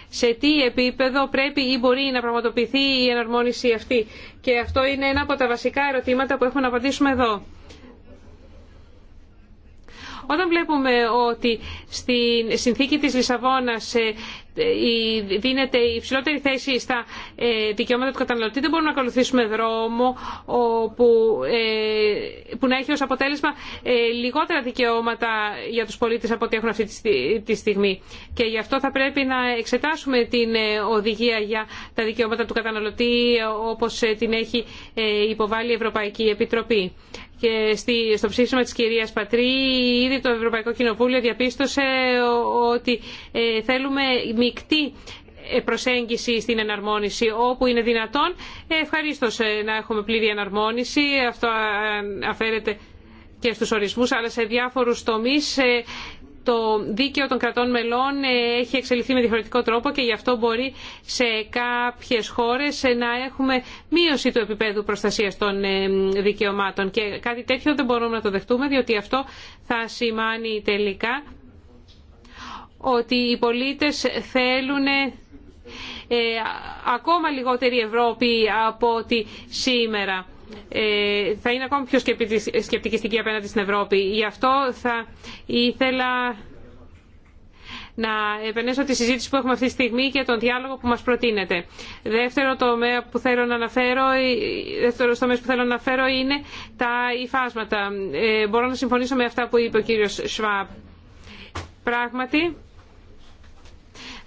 σε τι επίπεδο πρέπει ή μπορεί να πραγματοποιηθεί η εναρμόνιση αυτή. Και αυτό είναι ένα από τα βασικά ερωτήματα που έχουμε να απαντήσουμε εδώ. Όταν βλέπουμε ότι στην συνθήκη της Λισαβόνας ε, δίνεται η υψηλότερη θέση στα ε, δικαιώματα του καταναλωτή, δεν μπορούμε να ακολουθήσουμε δρόμο ε, που να έχει ως αποτέλεσμα ε, λιγότερα δικαιώματα για τους πολίτες από ό,τι έχουν αυτή τη στιγμή. Και γι' αυτό θα πρέπει να εξετάσουμε την οδηγία για τα δικαιώματα του καταναλωτή όπως την έχει υποβάλει η Ευρωπαϊκή Επιτροπή. Και στο ψήφισμα της κυρίας Πατρί ήδη το Ευρωπαϊκό Κοινοβούλιο διαπίστωσε ότι ε, θέλουμε μεικτή ε, προσέγγιση στην εναρμόνιση όπου είναι δυνατόν. Ε, Ευχαρίστω να έχουμε πλήρη εναρμόνιση. Αυτό αφαίρεται και στους ορισμούς, αλλά σε διάφορους τομείς το δίκαιο των κρατών μελών ε, έχει εξελιχθεί με διαφορετικό τρόπο και γι' αυτό μπορεί σε κάποιες χώρες ε, να έχουμε μείωση του επίπεδου προστασίας των ε, δικαιωμάτων. Και κάτι τέτοιο δεν μπορούμε να το δεχτούμε, διότι αυτό θα σημάνει τελικά ότι οι πολίτες θέλουν ακόμα λιγότερη Ευρώπη από ότι σήμερα. Ε, θα είναι ακόμη πιο σκεπτικιστική απέναντι στην Ευρώπη. Γι' αυτό θα ήθελα να επενέσω τη συζήτηση που έχουμε αυτή τη στιγμή και τον διάλογο που μας προτείνεται. Δεύτερο τομέα που θέλω να αναφέρω, ε, δεύτερο τομέα που θέλω να αναφέρω είναι τα υφάσματα. Ε, μπορώ να συμφωνήσω με αυτά που είπε ο κύριος Σβάπ. Πράγματι,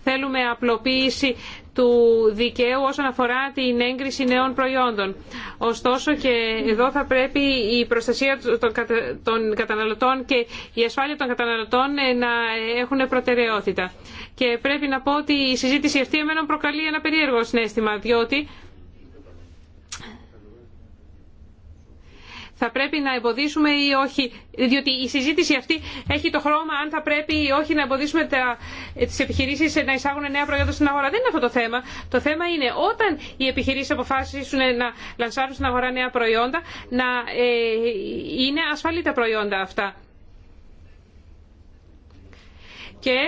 θέλουμε απλοποίηση του δικαίου όσον αφορά την έγκριση νέων προϊόντων. Ωστόσο και εδώ θα πρέπει η προστασία των καταναλωτών και η ασφάλεια των καταναλωτών ε, να έχουν προτεραιότητα. Και πρέπει να πω ότι η συζήτηση αυτή εμένα προκαλεί ένα περίεργο συνέστημα, διότι θα πρέπει να εμποδίσουμε ή όχι, διότι η συζήτηση αυτή έχει το χρώμα αν θα πρέπει ή όχι να εμποδίσουμε τι τις επιχειρήσεις να εισάγουν νέα προϊόντα στην αγορά. Δεν είναι αυτό το θέμα. Το θέμα είναι όταν οι επιχειρήσεις αποφάσισουν να λανσάρουν στην αγορά νέα προϊόντα, να ε, είναι ασφαλή τα προϊόντα αυτά. Και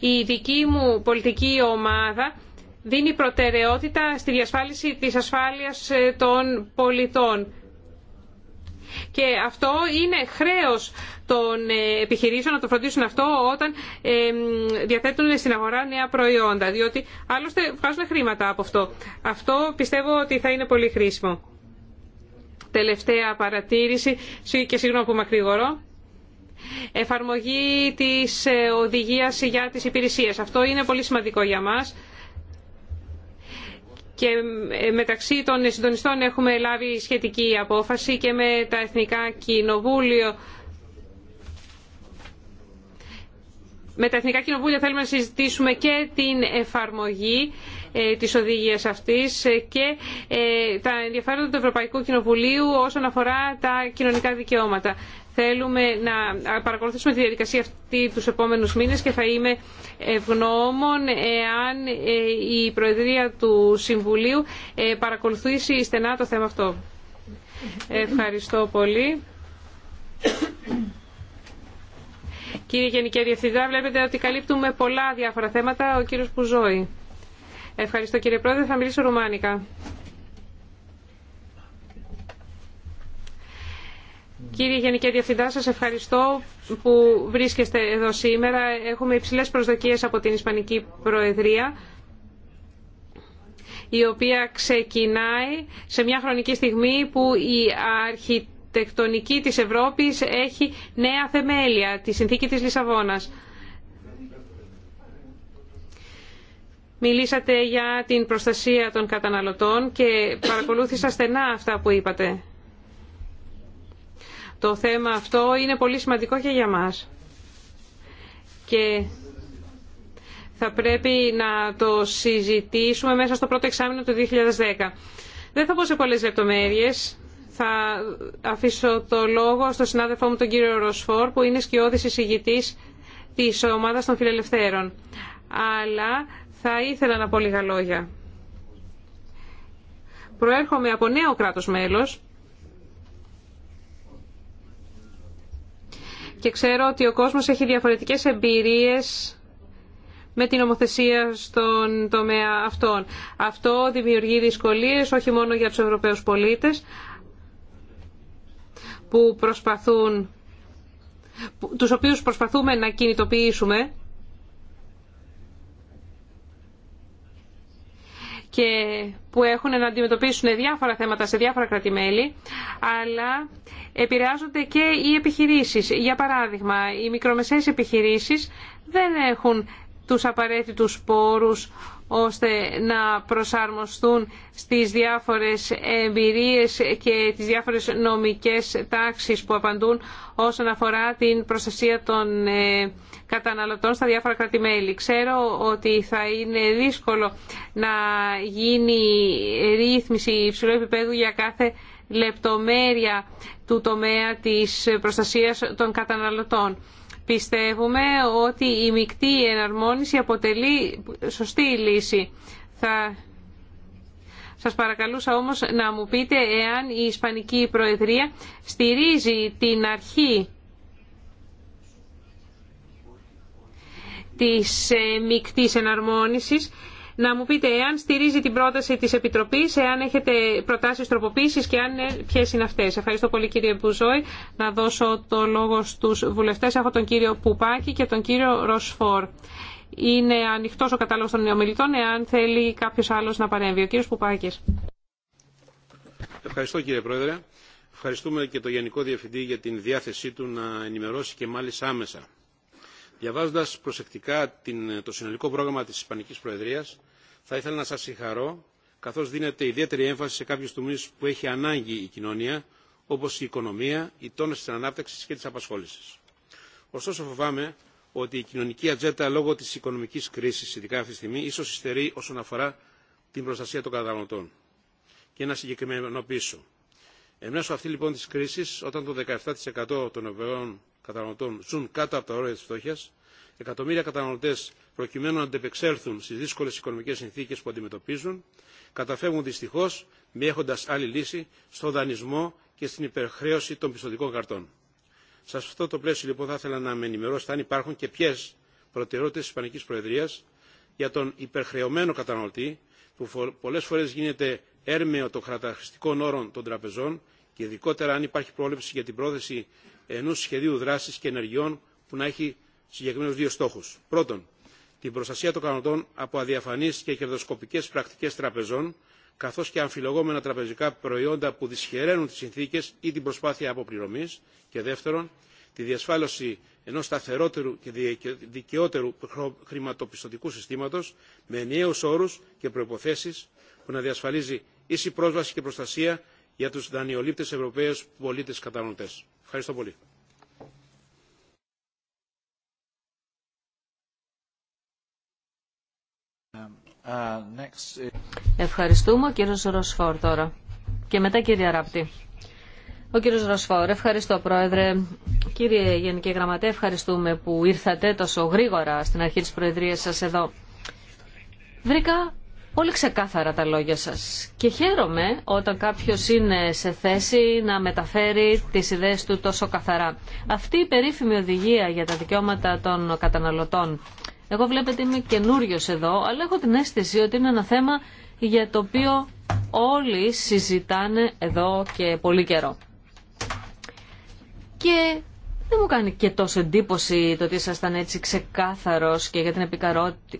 η δική μου πολιτική ομάδα δίνει προτεραιότητα στη διασφάλιση της ασφάλειας ε, των πολιτών και αυτό είναι χρέος των ε, επιχειρήσεων να το φροντίσουν αυτό όταν ε, διαθέτουν στην αγορά νέα προϊόντα, διότι άλλωστε βγάζουν χρήματα από αυτό. Αυτό πιστεύω ότι θα είναι πολύ χρήσιμο. Τελευταία παρατήρηση και συγγνώμη που μακρηγορώ εφαρμογή της ε, οδηγίας για τις υπηρεσίες. Αυτό είναι πολύ σημαντικό για μας και μεταξύ των συντονιστών έχουμε λάβει σχετική απόφαση και με τα Εθνικά Κοινοβούλια. Με τα Εθνικά Κοινοβούλια θέλουμε να συζητήσουμε και την εφαρμογή ε, της οδηγίας αυτής και ε, τα ενδιαφέροντα του Ευρωπαϊκού Κοινοβουλίου όσον αφορά τα κοινωνικά δικαιώματα. Θέλουμε να παρακολουθήσουμε τη διαδικασία αυτή τους επόμενους μήνες και θα είμαι ευγνώμων εάν ε, η Προεδρία του Συμβουλίου ε, παρακολουθήσει στενά το θέμα αυτό. Ευχαριστώ πολύ. Κύριε Γενική Διευθυντά, βλέπετε ότι καλύπτουμε πολλά διάφορα θέματα. Ο κύριος Πουζόη. Ευχαριστώ κύριε Πρόεδρε. Θα μιλήσω ρουμάνικα. Κύριε Γενική Διευθυντά, σας ευχαριστώ που βρίσκεστε εδώ σήμερα. Έχουμε υψηλές προσδοκίες από την Ισπανική Προεδρία η οποία ξεκινάει σε μια χρονική στιγμή που η αρχιτεκτονική της Ευρώπης έχει νέα θεμέλια, τη συνθήκη της Λισαβόνας. Μιλήσατε για την προστασία των καταναλωτών και παρακολούθησα στενά αυτά που είπατε. Το θέμα αυτό είναι πολύ σημαντικό και για μας. Και θα πρέπει να το συζητήσουμε μέσα στο πρώτο εξάμεινο του 2010. Δεν θα πω σε πολλές λεπτομέρειες. Θα αφήσω το λόγο στον συνάδελφό μου τον κύριο Ροσφόρ που είναι σκιώδης εισηγητής της ομάδας των φιλελευθέρων. Αλλά θα ήθελα να πω λίγα λόγια. Προέρχομαι από νέο κράτος μέλος και ξέρω ότι ο κόσμος έχει διαφορετικές εμπειρίες με την ομοθεσία στον τομέα αυτών. Αυτό δημιουργεί δυσκολίες όχι μόνο για τους Ευρωπαίους πολίτες που προσπαθούν, τους οποίους προσπαθούμε να κινητοποιήσουμε και που έχουν να αντιμετωπίσουν διάφορα θέματα σε διάφορα κρατημέλη, αλλά επηρεάζονται και οι επιχειρήσεις. Για παράδειγμα, οι μικρομεσαίες επιχειρήσεις δεν έχουν τους απαραίτητους πόρους ώστε να προσαρμοστούν στις διάφορες εμπειρίες και τις διάφορες νομικές τάξεις που απαντούν όσον αφορά την προστασία των ε, καταναλωτών στα διάφορα κράτη-μέλη. Ξέρω ότι θα είναι δύσκολο να γίνει ρύθμιση υψηλού επίπεδου για κάθε λεπτομέρεια του τομέα της προστασίας των καταναλωτών. Πιστεύουμε ότι η μεικτή εναρμόνιση αποτελεί σωστή λύση. Θα σας παρακαλούσα όμως να μου πείτε εάν η Ισπανική Προεδρία στηρίζει την αρχή της ε, μικτής εναρμόνισης να μου πείτε εάν στηρίζει την πρόταση της Επιτροπής, εάν έχετε προτάσεις τροποποίησης και αν ναι, ποιες είναι αυτές. Ευχαριστώ πολύ κύριε Μπουζόη. Να δώσω το λόγο στους βουλευτές. Έχω τον κύριο Πουπάκη και τον κύριο Ροσφόρ. Είναι ανοιχτός ο κατάλογος των νεομιλητών εάν θέλει κάποιος άλλος να παρέμβει. Ο κύριος Πουπάκης. Ευχαριστώ κύριε Πρόεδρε. Ευχαριστούμε και το Γενικό Διευθυντή για την διάθεσή του να ενημερώσει και μάλιστα άμεσα Διαβάζοντας προσεκτικά το συνολικό πρόγραμμα της Ισπανικής Προεδρίας, θα ήθελα να σας συγχαρώ, καθώς δίνεται ιδιαίτερη έμφαση σε κάποιους τομεί που έχει ανάγκη η κοινωνία, όπως η οικονομία, η τόνωση τη ανάπτυξη και της απασχόλησης. Ωστόσο φοβάμαι ότι η κοινωνική ατζέντα λόγω της οικονομικής κρίσης, ειδικά αυτή τη στιγμή, ίσως υστερεί όσον αφορά την προστασία των καταναλωτών. Και να συγκεκριμενοποιήσω. Εν μέσω αυτή λοιπόν της κρίσης, όταν το 17% των ευρωπαίων καταναλωτών ζουν κάτω από τα όρια τη φτώχεια, εκατομμύρια καταναλωτέ προκειμένου να αντεπεξέλθουν στι δύσκολε οικονομικέ συνθήκε που αντιμετωπίζουν, καταφεύγουν δυστυχώ, μη έχοντα άλλη λύση, στο δανεισμό και στην υπερχρέωση των πιστοτικών καρτών. Σε αυτό το πλαίσιο, λοιπόν, θα ήθελα να με ενημερώσετε αν υπάρχουν και ποιε προτεραιότητε τη Ισπανική Προεδρία για τον υπερχρεωμένο καταναλωτή, που πολλέ φορέ γίνεται έρμεο των χαρακτηριστικών όρων των τραπεζών και ειδικότερα αν υπάρχει πρόληψη για την πρόθεση ενός σχεδίου δράσης και ενεργειών που να έχει συγκεκριμένους δύο στόχους. Πρώτον, την προστασία των κανοντών από αδιαφανείς και κερδοσκοπικές πρακτικές τραπεζών, καθώς και αμφιλογόμενα τραπεζικά προϊόντα που δυσχεραίνουν τις συνθήκες ή την προσπάθεια αποπληρωμής. Και δεύτερον, τη διασφάλωση ενός σταθερότερου και δικαιότερου χρηματοπιστωτικού συστήματος με ενιαίους όρους και προϋποθέσεις που να διασφαλίζει ίση πρόσβαση και προστασία για τους δανειολήπτες Ευρωπαίους πολίτες καταναλωτές. Ευχαριστώ Ευχαριστούμε ο κύριος Ροσφόρ τώρα. Και μετά κύριε Ράπτη. Ο κύριος Ροσφόρ, ευχαριστώ πρόεδρε. Κύριε Γενική Γραμματέα, ευχαριστούμε που ήρθατε τόσο γρήγορα στην αρχή της Προεδρίας σας εδώ. Βρήκα Πολύ ξεκάθαρα τα λόγια σας και χαίρομαι όταν κάποιος είναι σε θέση να μεταφέρει τις ιδέες του τόσο καθαρά. Αυτή η περίφημη οδηγία για τα δικαιώματα των καταναλωτών. Εγώ βλέπετε είμαι καινούριο εδώ, αλλά έχω την αίσθηση ότι είναι ένα θέμα για το οποίο όλοι συζητάνε εδώ και πολύ καιρό. Και δεν μου κάνει και τόσο εντύπωση το ότι ήσασταν έτσι ξεκάθαρος και για την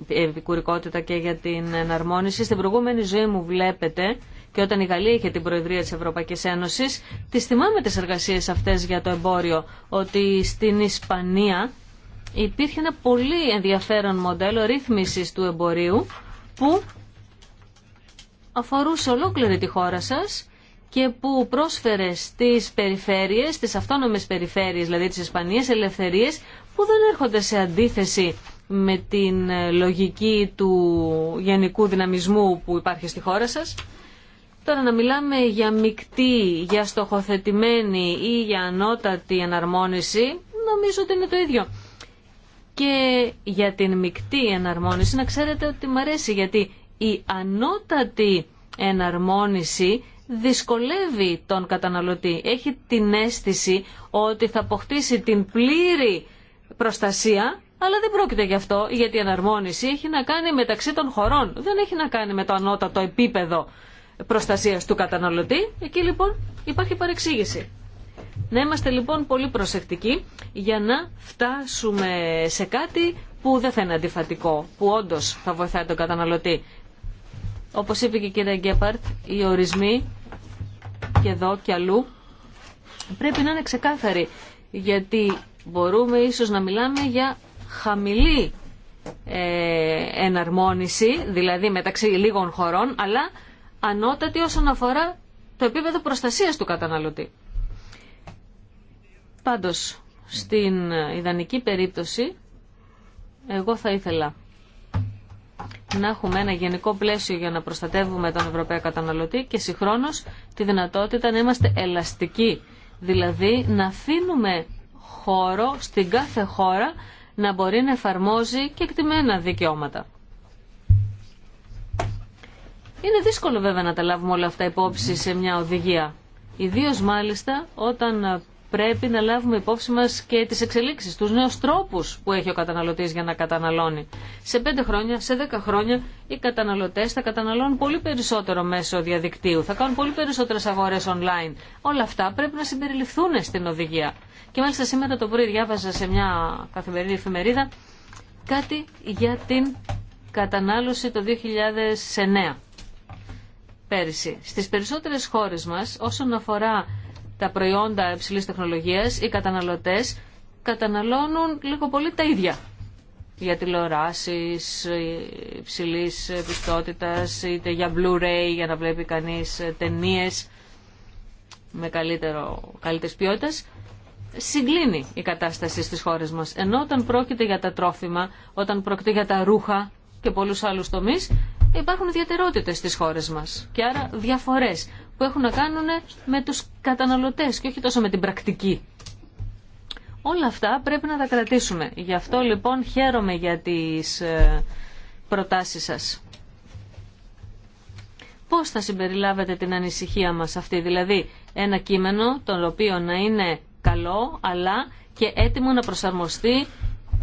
επικουρικότητα και για την εναρμόνιση. Στην προηγούμενη ζωή μου βλέπετε και όταν η Γαλλία είχε την Προεδρία της Ευρωπαϊκής Ένωσης, τις θυμάμαι τις εργασίες αυτές για το εμπόριο, ότι στην Ισπανία υπήρχε ένα πολύ ενδιαφέρον μοντέλο ρύθμισης του εμπορίου που αφορούσε ολόκληρη τη χώρα σας και που πρόσφερε στις περιφέρειες, στις αυτόνομες περιφέρειες δηλαδή τις Ισπανίες, ελευθερίες που δεν έρχονται σε αντίθεση με την ε, λογική του γενικού δυναμισμού που υπάρχει στη χώρα σας. Τώρα να μιλάμε για μεικτή, για στοχοθετημένη ή για ανώτατη εναρμόνιση, νομίζω ότι είναι το ίδιο. Και για την μεικτή εναρμόνιση να ξέρετε ότι μου αρέσει γιατί η ανώτατη εναρμόνιση δυσκολεύει τον καταναλωτή. Έχει την αίσθηση ότι θα αποκτήσει την πλήρη προστασία αλλά δεν πρόκειται γι' αυτό, γιατί η εναρμόνιση έχει να κάνει μεταξύ των χωρών. Δεν έχει να κάνει με το ανώτατο επίπεδο προστασία του καταναλωτή. Εκεί λοιπόν υπάρχει παρεξήγηση. Να είμαστε λοιπόν πολύ προσεκτικοί για να φτάσουμε σε κάτι που δεν θα είναι αντιφατικό, που όντω θα βοηθάει τον καταναλωτή. Όπως είπε και η κυρία Γκέπαρτ, οι ορισμοί και εδώ και αλλού πρέπει να είναι ξεκάθαροι γιατί μπορούμε ίσως να μιλάμε για χαμηλή ε, εναρμόνιση, δηλαδή μεταξύ λίγων χωρών, αλλά ανώτατη όσον αφορά το επίπεδο προστασίας του καταναλωτή. Πάντως, στην ιδανική περίπτωση, εγώ θα ήθελα να έχουμε ένα γενικό πλαίσιο για να προστατεύουμε τον Ευρωπαίο καταναλωτή και συγχρόνως τη δυνατότητα να είμαστε ελαστικοί. Δηλαδή να αφήνουμε χώρο στην κάθε χώρα να μπορεί να εφαρμόζει και εκτιμένα δικαιώματα. Είναι δύσκολο βέβαια να τα λάβουμε όλα αυτά υπόψη σε μια οδηγία. Ιδίω μάλιστα όταν πρέπει να λάβουμε υπόψη μα και τι εξελίξει, του νέου τρόπου που έχει ο καταναλωτή για να καταναλώνει. Σε 5 χρόνια, σε 10 χρόνια οι καταναλωτέ θα καταναλώνουν πολύ περισσότερο μέσω διαδικτύου, θα κάνουν πολύ περισσότερε αγορές online. Όλα αυτά πρέπει να συμπεριληφθούν στην οδηγία. Και μάλιστα σήμερα το πρωί διάβαζα σε μια καθημερινή εφημερίδα κάτι για την κατανάλωση το 2009 πέρυσι. Στις περισσότερες χώρες μας όσον αφορά τα προϊόντα υψηλή τεχνολογίας, οι καταναλωτές καταναλώνουν λίγο πολύ τα ίδια για τηλεοράσει ε, υψηλή πιστότητα είτε για Blu-ray για να βλέπει κανεί ε, ταινίες με καλύτερο, καλύτερης συγκλίνει η κατάσταση στις χώρες μας. Ενώ όταν πρόκειται για τα τρόφιμα, όταν πρόκειται για τα ρούχα και πολλούς άλλους τομείς, υπάρχουν ιδιαιτερότητες στις χώρες μας και άρα διαφορές που έχουν να κάνουν με τους καταναλωτές και όχι τόσο με την πρακτική. Όλα αυτά πρέπει να τα κρατήσουμε. Γι' αυτό λοιπόν χαίρομαι για τις ε, προτάσεις σας. Πώς θα συμπεριλάβετε την ανησυχία μας αυτή, δηλαδή ένα κείμενο το οποίο να είναι καλό αλλά και έτοιμο να προσαρμοστεί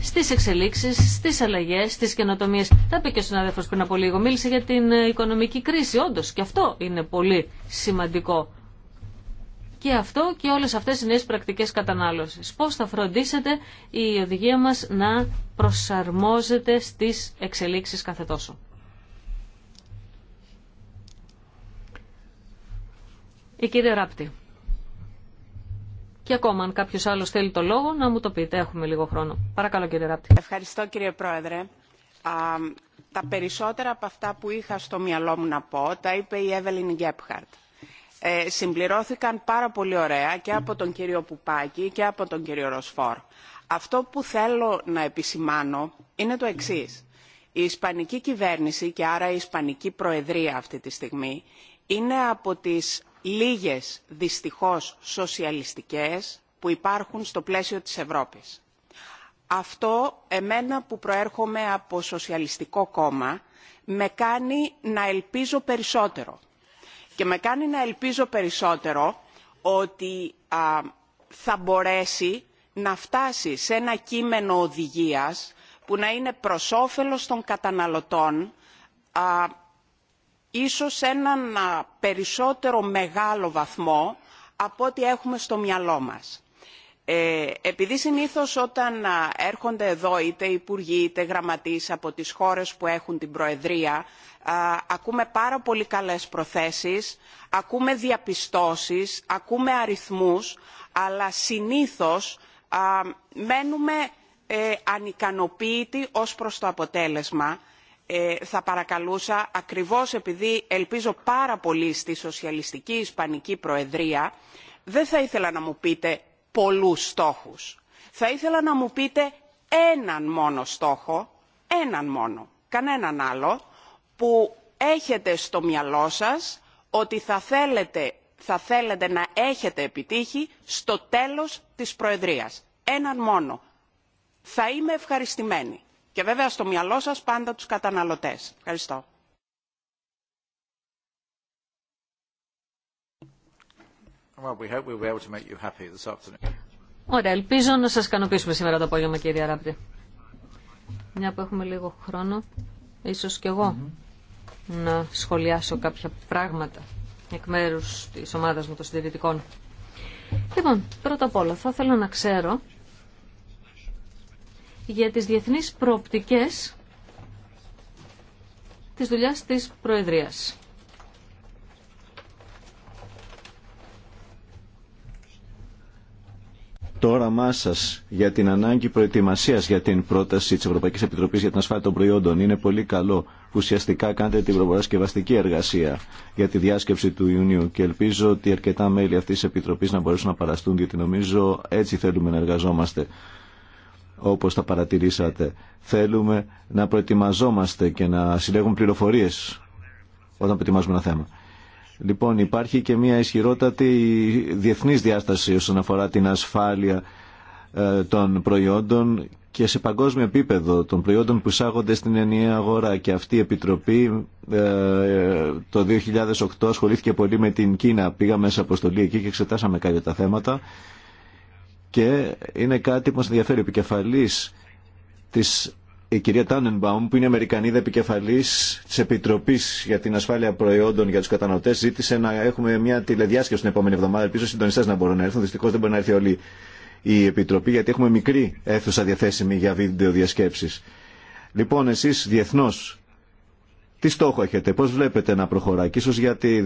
στις εξελίξεις, στις αλλαγές, στις καινοτομίες. Τα είπε και ο συνάδελφος πριν από λίγο, μίλησε για την ε, οικονομική κρίση, όντως και αυτό είναι πολύ σημαντικό. Και αυτό και όλες αυτές οι νέες πρακτικές κατανάλωσης. Πώς θα φροντίσετε η οδηγία μας να προσαρμόζεται στις εξελίξεις κάθε τόσο. Η κύριε Ράπτη. Και ακόμα αν κάποιο άλλο θέλει το λόγο να μου το πείτε. Έχουμε λίγο χρόνο. Παρακαλώ κύριε Ράπτη. Ευχαριστώ κύριε Πρόεδρε. τα περισσότερα από αυτά που είχα στο μυαλό μου να πω τα είπε η Εύελιν Γκέπχαρτ. συμπληρώθηκαν πάρα πολύ ωραία και από τον κύριο Πουπάκη και από τον κύριο Ροσφόρ. Αυτό που θέλω να επισημάνω είναι το εξή. Η Ισπανική κυβέρνηση και άρα η Ισπανική Προεδρία αυτή τη στιγμή είναι από τις λίγες δυστυχώς σοσιαλιστικές που υπάρχουν στο πλαίσιο της Ευρώπης. Αυτό εμένα που προέρχομαι από σοσιαλιστικό κόμμα με κάνει να ελπίζω περισσότερο. Και με κάνει να ελπίζω περισσότερο ότι θα μπορέσει να φτάσει σε ένα κείμενο οδηγίας που να είναι προς όφελος των καταναλωτών ίσως σε έναν περισσότερο μεγάλο βαθμό από ό,τι έχουμε στο μυαλό μας. Ε, επειδή συνήθως όταν έρχονται εδώ είτε υπουργοί είτε γραμματείς από τις χώρες που έχουν την προεδρία ακούμε πάρα πολύ καλές προθέσεις, ακούμε διαπιστώσεις, ακούμε αριθμούς αλλά συνήθως μένουμε ε, ανικανοποίητοι ως προς το αποτέλεσμα ε, θα παρακαλούσα ακριβώς επειδή ελπίζω πάρα πολύ στη σοσιαλιστική ισπανική προεδρία δεν θα ήθελα να μου πείτε πολλούς στόχους. Θα ήθελα να μου πείτε έναν μόνο στόχο, έναν μόνο, κανέναν άλλο, που έχετε στο μυαλό σας ότι θα θέλετε, θα θέλετε να έχετε επιτύχει στο τέλος της Προεδρίας. Έναν μόνο. Θα είμαι ευχαριστημένη και βέβαια στο μυαλό σας πάντα τους καταναλωτές. Ευχαριστώ. Ωραία, ελπίζω να σας ικανοποιήσουμε σήμερα το απόγευμα, κύριε Ράπτη. Μια που έχουμε λίγο χρόνο, ίσως και εγώ mm-hmm. να σχολιάσω κάποια πράγματα εκ μέρους της ομάδας μου των συντηρητικών. Λοιπόν, πρώτα απ' όλα θα ήθελα να ξέρω για τις διεθνείς προοπτικές της δουλειάς της Προεδρίας. το όραμά σα για την ανάγκη προετοιμασία για την πρόταση τη Ευρωπαϊκή Επιτροπή για την ασφάλεια των προϊόντων είναι πολύ καλό. Ουσιαστικά κάνετε την προπαρασκευαστική εργασία για τη διάσκεψη του Ιουνίου και ελπίζω ότι αρκετά μέλη αυτή τη Επιτροπή να μπορέσουν να παραστούν, γιατί νομίζω έτσι θέλουμε να εργαζόμαστε όπως τα παρατηρήσατε. Θέλουμε να προετοιμαζόμαστε και να συλλέγουμε πληροφορίες όταν προετοιμάζουμε ένα θέμα. Λοιπόν, υπάρχει και μια ισχυρότατη διεθνής διάσταση όσον αφορά την ασφάλεια ε, των προϊόντων και σε παγκόσμιο επίπεδο των προϊόντων που εισάγονται στην ενιαία αγορά και αυτή η Επιτροπή ε, το 2008 ασχολήθηκε πολύ με την Κίνα. Πήγαμε σε αποστολή εκεί και εξετάσαμε κάποια τα θέματα και είναι κάτι που μας ενδιαφέρει. επικεφαλής της η κυρία Τάνενμπαουμ, που είναι Αμερικανίδα επικεφαλή τη Επιτροπή για την Ασφάλεια Προϊόντων για του Καταναλωτέ, ζήτησε να έχουμε μια τηλεδιάσκεψη την επόμενη εβδομάδα. Ελπίζω οι συντονιστέ να μπορούν να έρθουν. Δυστυχώ δεν μπορεί να έρθει όλη η Επιτροπή, γιατί έχουμε μικρή αίθουσα διαθέσιμη για βίντεο διασκέψει. Λοιπόν, εσεί διεθνώ, τι στόχο έχετε, πώ βλέπετε να προχωράει, και ίσω για τη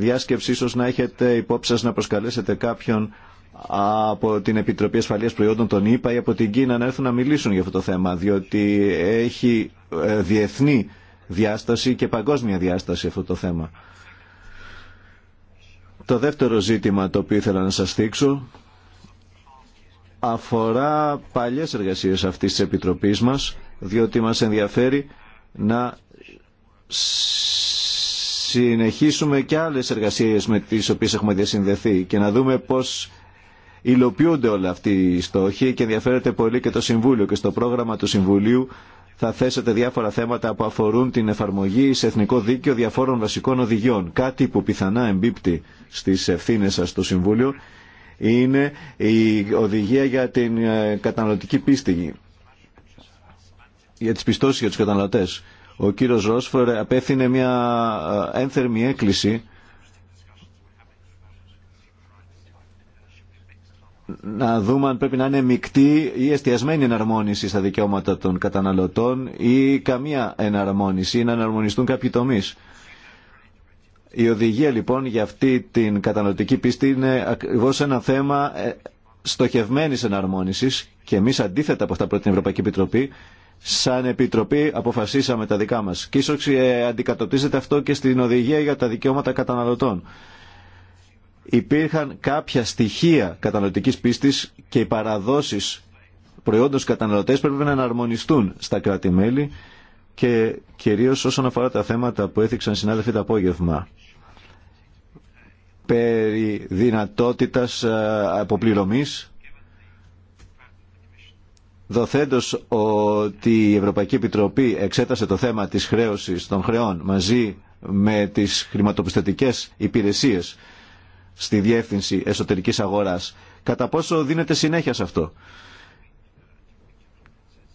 ίσω να έχετε υπόψη να προσκαλέσετε κάποιον από την Επιτροπή Ασφαλείας Προϊόντων των ΗΠΑ ή από την Κίνα να έρθουν να μιλήσουν για αυτό το θέμα, διότι έχει ε, διεθνή διάσταση και παγκόσμια διάσταση αυτό το θέμα. Το δεύτερο ζήτημα το οποίο ήθελα να σας δείξω αφορά παλιές εργασίες αυτής της Επιτροπής μας, διότι μας ενδιαφέρει να συνεχίσουμε και άλλες εργασίες με τις οποίες έχουμε διασυνδεθεί και να δούμε πώς υλοποιούνται όλα αυτοί οι στόχοι και ενδιαφέρεται πολύ και το Συμβούλιο και στο πρόγραμμα του Συμβουλίου θα θέσετε διάφορα θέματα που αφορούν την εφαρμογή σε εθνικό δίκαιο διαφόρων βασικών οδηγιών. Κάτι που πιθανά εμπίπτει στις ευθύνες σας στο Συμβούλιο είναι η οδηγία για την ε, καταναλωτική πίστη, για τις πιστώσεις για τους καταναλωτές. Ο κύριος Ρόσφορ απέθυνε μια ε, ένθερμη έκκληση να δούμε αν πρέπει να είναι μεικτή ή εστιασμένη εναρμόνιση στα δικαιώματα των καταναλωτών ή καμία εναρμόνιση ή να εναρμονιστούν κάποιοι τομεί. Η οδηγία λοιπόν για αυτή την καταναλωτική πίστη είναι ακριβώ ένα θέμα ε, στοχευμένη εναρμόνισης και εμεί αντίθετα από αυτά που την Ευρωπαϊκή Επιτροπή σαν Επιτροπή αποφασίσαμε τα δικά μα. Και αντικατοπτίζεται αντικατοπτρίζεται αυτό και στην οδηγία για τα δικαιώματα καταναλωτών υπήρχαν κάποια στοιχεία καταναλωτικής πίστης και οι παραδόσεις προϊόντων στους καταναλωτές πρέπει να εναρμονιστούν στα κράτη-μέλη και κυρίως όσον αφορά τα θέματα που έθιξαν συνάδελφοι το απόγευμα περί δυνατότητας ε, αποπληρωμής δοθέντως ότι η Ευρωπαϊκή Επιτροπή εξέτασε το θέμα της χρέωσης των χρεών μαζί με τις χρηματοπιστωτικές υπηρεσίες στη διεύθυνση εσωτερικής αγοράς. Κατά πόσο δίνεται συνέχεια σε αυτό.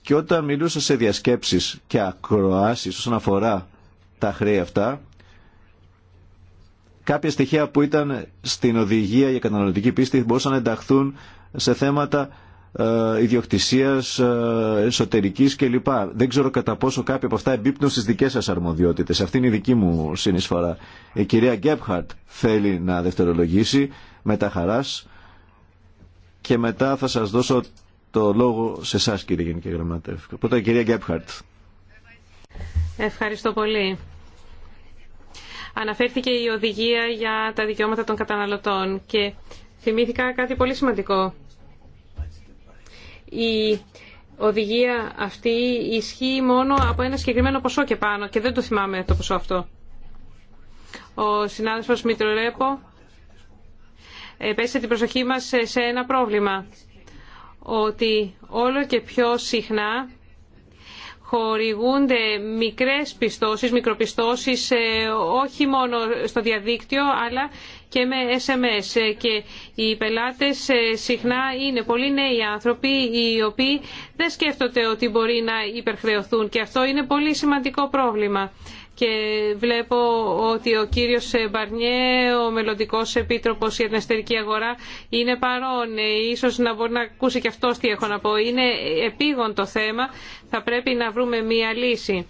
Και όταν μιλούσα σε διασκέψεις και ακροάσεις όσον αφορά τα χρέη αυτά, κάποια στοιχεία που ήταν στην οδηγία για καταναλωτική πίστη μπορούσαν να ενταχθούν σε θέματα ε, ιδιοκτησίας ε, εσωτερικής κλπ. Δεν ξέρω κατά πόσο κάποια από αυτά εμπίπτουν στις δικές σας αρμοδιότητες. Αυτή είναι η δική μου συνεισφορά. Η κυρία Γκέπχαρτ θέλει να δευτερολογήσει με τα χαράς και μετά θα σας δώσω το λόγο σε εσά κύριε Γενική Γραμματεύκο. Πρώτα η κυρία Γκέπχαρτ. Ευχαριστώ πολύ. Αναφέρθηκε η οδηγία για τα δικαιώματα των καταναλωτών και θυμήθηκα κάτι πολύ σημαντικό η οδηγία αυτή ισχύει μόνο από ένα συγκεκριμένο ποσό και πάνω και δεν το θυμάμαι το ποσό αυτό. Ο συνάδελφος Μητρορέπο πέσε την προσοχή μας σε ένα πρόβλημα. Ότι όλο και πιο συχνά χορηγούνται μικρές πιστώσεις, μικροπιστώσεις, ε, όχι μόνο στο διαδίκτυο, αλλά και με SMS. Και οι πελάτες ε, συχνά είναι πολύ νέοι άνθρωποι οι οποίοι δεν σκέφτονται ότι μπορεί να υπερχρεωθούν και αυτό είναι πολύ σημαντικό πρόβλημα. Και βλέπω ότι ο κύριος Μπαρνιέ, ο μελλοντικό επίτροπος για την εσωτερική αγορά, είναι παρόν. Ε, ίσως να μπορεί να ακούσει και αυτός τι έχω να πω. Είναι επίγον το θέμα. Θα πρέπει να βρούμε μία λύση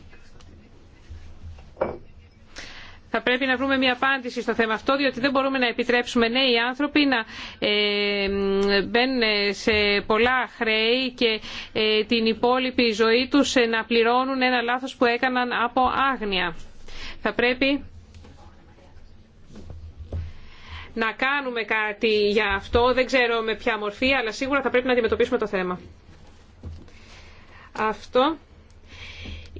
θα πρέπει να βρούμε μια απάντηση στο θέμα αυτό, διότι δεν μπορούμε να επιτρέψουμε νέοι άνθρωποι να ε, μπαίνουν σε πολλά χρέη και ε, την υπόλοιπη ζωή τους ε, να πληρώνουν ένα λάθος που έκαναν από άγνοια. Θα πρέπει να κάνουμε κάτι για αυτό. Δεν ξέρω με ποια μορφή, αλλά σίγουρα θα πρέπει να αντιμετωπίσουμε το θέμα. Αυτό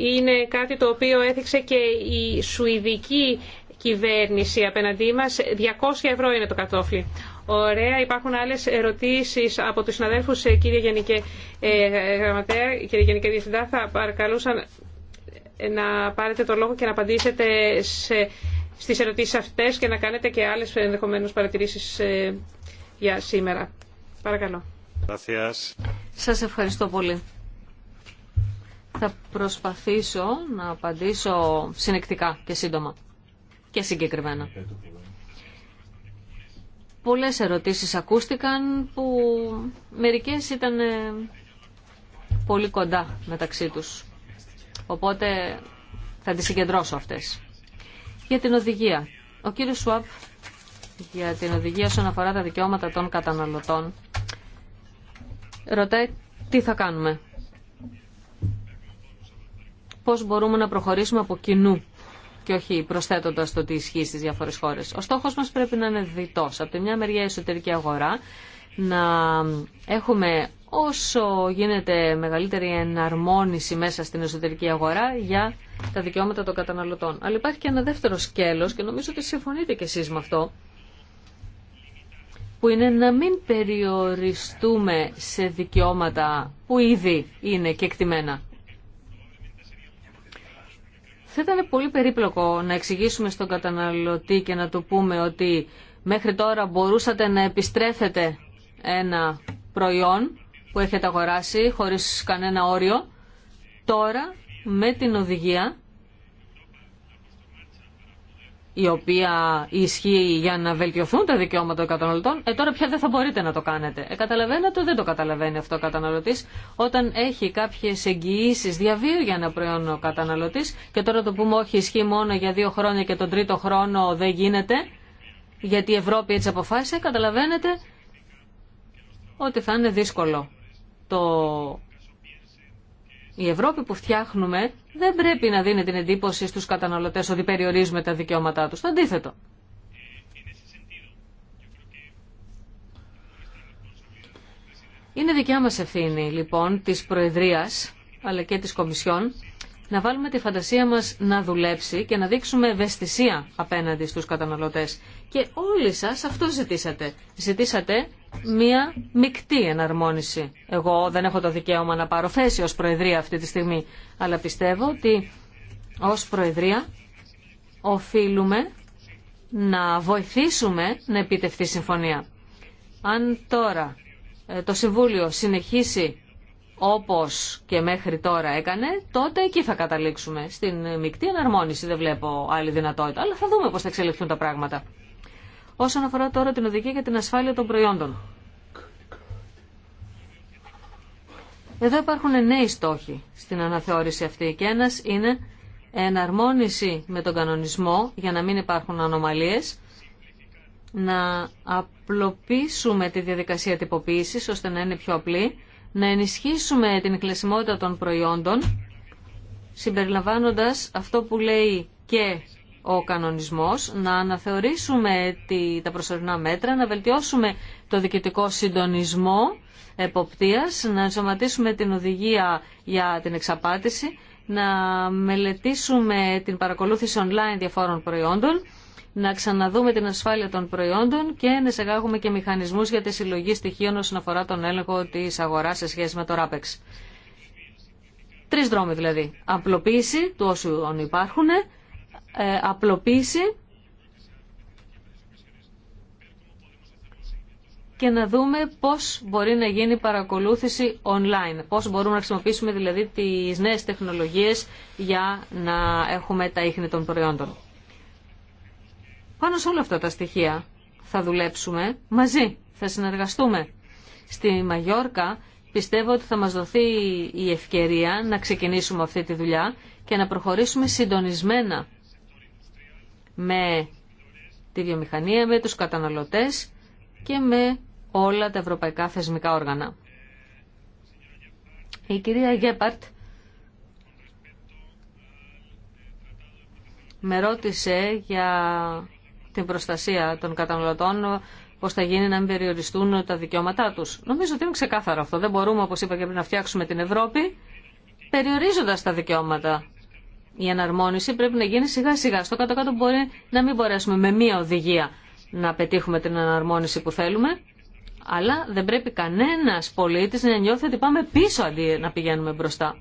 είναι κάτι το οποίο έθιξε και η σουηδική κυβέρνηση απέναντί μας. 200 ευρώ είναι το κατόφλι. Ωραία. Υπάρχουν άλλες ερωτήσεις από τους συναδέλφους, ε, κύριε Γενική ε, Γραμματέα, κύριε Γενική Διευθυντά. Θα παρακαλούσαν να πάρετε το λόγο και να απαντήσετε σε, στις ερωτήσεις αυτές και να κάνετε και άλλες ενδεχομένως παρατηρήσεις ε, για σήμερα. Παρακαλώ. Σας ευχαριστώ πολύ. Θα προσπαθήσω να απαντήσω συνεκτικά και σύντομα και συγκεκριμένα. Πολλές ερωτήσεις ακούστηκαν που μερικές ήταν ε, πολύ κοντά μεταξύ τους. Οπότε θα τις συγκεντρώσω αυτές. Για την οδηγία. Ο κύριος Σουάπ για την οδηγία όσον αφορά τα δικαιώματα των καταναλωτών ρωτάει τι θα κάνουμε πώς μπορούμε να προχωρήσουμε από κοινού και όχι προσθέτοντα το τι ισχύει στι διάφορε χώρε. Ο στόχο μα πρέπει να είναι διτό. Από τη μια μεριά η εσωτερική αγορά, να έχουμε όσο γίνεται μεγαλύτερη εναρμόνιση μέσα στην εσωτερική αγορά για τα δικαιώματα των καταναλωτών. Αλλά υπάρχει και ένα δεύτερο σκέλο και νομίζω ότι συμφωνείτε κι εσεί με αυτό που είναι να μην περιοριστούμε σε δικαιώματα που ήδη είναι κεκτημένα. Θα ήταν πολύ περίπλοκο να εξηγήσουμε στον καταναλωτή και να του πούμε ότι μέχρι τώρα μπορούσατε να επιστρέφετε ένα προϊόν που έχετε αγοράσει χωρίς κανένα όριο. Τώρα με την οδηγία η οποία ισχύει για να βελτιωθούν τα δικαιώματα των καταναλωτών, ε, τώρα πια δεν θα μπορείτε να το κάνετε. Ε, καταλαβαίνετε, δεν το καταλαβαίνει αυτό ο καταναλωτή. Όταν έχει κάποιε εγγυήσει διαβίου για ένα προϊόν ο καταναλωτή, και τώρα το πούμε όχι, ισχύει μόνο για δύο χρόνια και τον τρίτο χρόνο δεν γίνεται, γιατί η Ευρώπη έτσι αποφάσισε, καταλαβαίνετε ότι θα είναι δύσκολο. Το... Η Ευρώπη που φτιάχνουμε δεν πρέπει να δίνει την εντύπωση στους καταναλωτές ότι περιορίζουμε τα δικαιώματά τους. Το αντίθετο. Είναι δικιά μας ευθύνη λοιπόν της Προεδρίας αλλά και της Κομισιόν να βάλουμε τη φαντασία μας να δουλέψει και να δείξουμε ευαισθησία απέναντι στους καταναλωτές. Και όλοι σας αυτό ζητήσατε. Ζητήσατε μία μεικτή εναρμόνιση. Εγώ δεν έχω το δικαίωμα να πάρω θέση ως Προεδρία αυτή τη στιγμή, αλλά πιστεύω ότι ως Προεδρία οφείλουμε να βοηθήσουμε να επιτευχθεί συμφωνία. Αν τώρα ε, το Συμβούλιο συνεχίσει όπως και μέχρι τώρα έκανε, τότε εκεί θα καταλήξουμε. Στην μεικτή εναρμόνιση δεν βλέπω άλλη δυνατότητα, αλλά θα δούμε πώς θα εξελιχθούν τα πράγματα. Όσον αφορά τώρα την οδηγία για την ασφάλεια των προϊόντων. Εδώ υπάρχουν νέοι στόχοι στην αναθεώρηση αυτή και ένας είναι εναρμόνιση με τον κανονισμό για να μην υπάρχουν ανομαλίες, να απλοποιήσουμε τη διαδικασία τυποποίησης ώστε να είναι πιο απλή, να ενισχύσουμε την κλεισιμότητα των προϊόντων συμπεριλαμβάνοντας αυτό που λέει και ο κανονισμός, να αναθεωρήσουμε τη, τα προσωρινά μέτρα, να βελτιώσουμε το διοικητικό συντονισμό εποπτείας, να ενσωματίσουμε την οδηγία για την εξαπάτηση, να μελετήσουμε την παρακολούθηση online διαφόρων προϊόντων, να ξαναδούμε την ασφάλεια των προϊόντων και να εισαγάγουμε και μηχανισμούς για τη συλλογή στοιχείων όσον αφορά τον έλεγχο της αγοράς σε σχέση με το RAPEX. Τρεις δρόμοι δηλαδή. Απλοποίηση του όσου υπάρχουν, ε, απλοποίηση και να δούμε πώς μπορεί να γίνει παρακολούθηση online. Πώς μπορούμε να χρησιμοποιήσουμε δηλαδή τις νέες τεχνολογίες για να έχουμε τα ίχνη των προϊόντων. Πάνω σε όλα αυτά τα στοιχεία θα δουλέψουμε μαζί, θα συνεργαστούμε. Στη Μαγιόρκα πιστεύω ότι θα μας δοθεί η ευκαιρία να ξεκινήσουμε αυτή τη δουλειά και να προχωρήσουμε συντονισμένα με τη βιομηχανία, με τους καταναλωτές και με όλα τα ευρωπαϊκά θεσμικά όργανα. Η κυρία Γέπαρτ με ρώτησε για την προστασία των καταναλωτών πώ θα γίνει να μην περιοριστούν τα δικαιώματά του. Νομίζω ότι είναι ξεκάθαρο αυτό. Δεν μπορούμε, όπω είπα και πριν, να φτιάξουμε την Ευρώπη περιορίζοντα τα δικαιώματα η αναρμόνιση πρέπει να γίνει σιγά σιγά. Στο κάτω-κάτω μπορεί να μην μπορέσουμε με μία οδηγία να πετύχουμε την αναρμόνιση που θέλουμε, αλλά δεν πρέπει κανένας πολίτης να νιώθει ότι πάμε πίσω αντί να πηγαίνουμε μπροστά.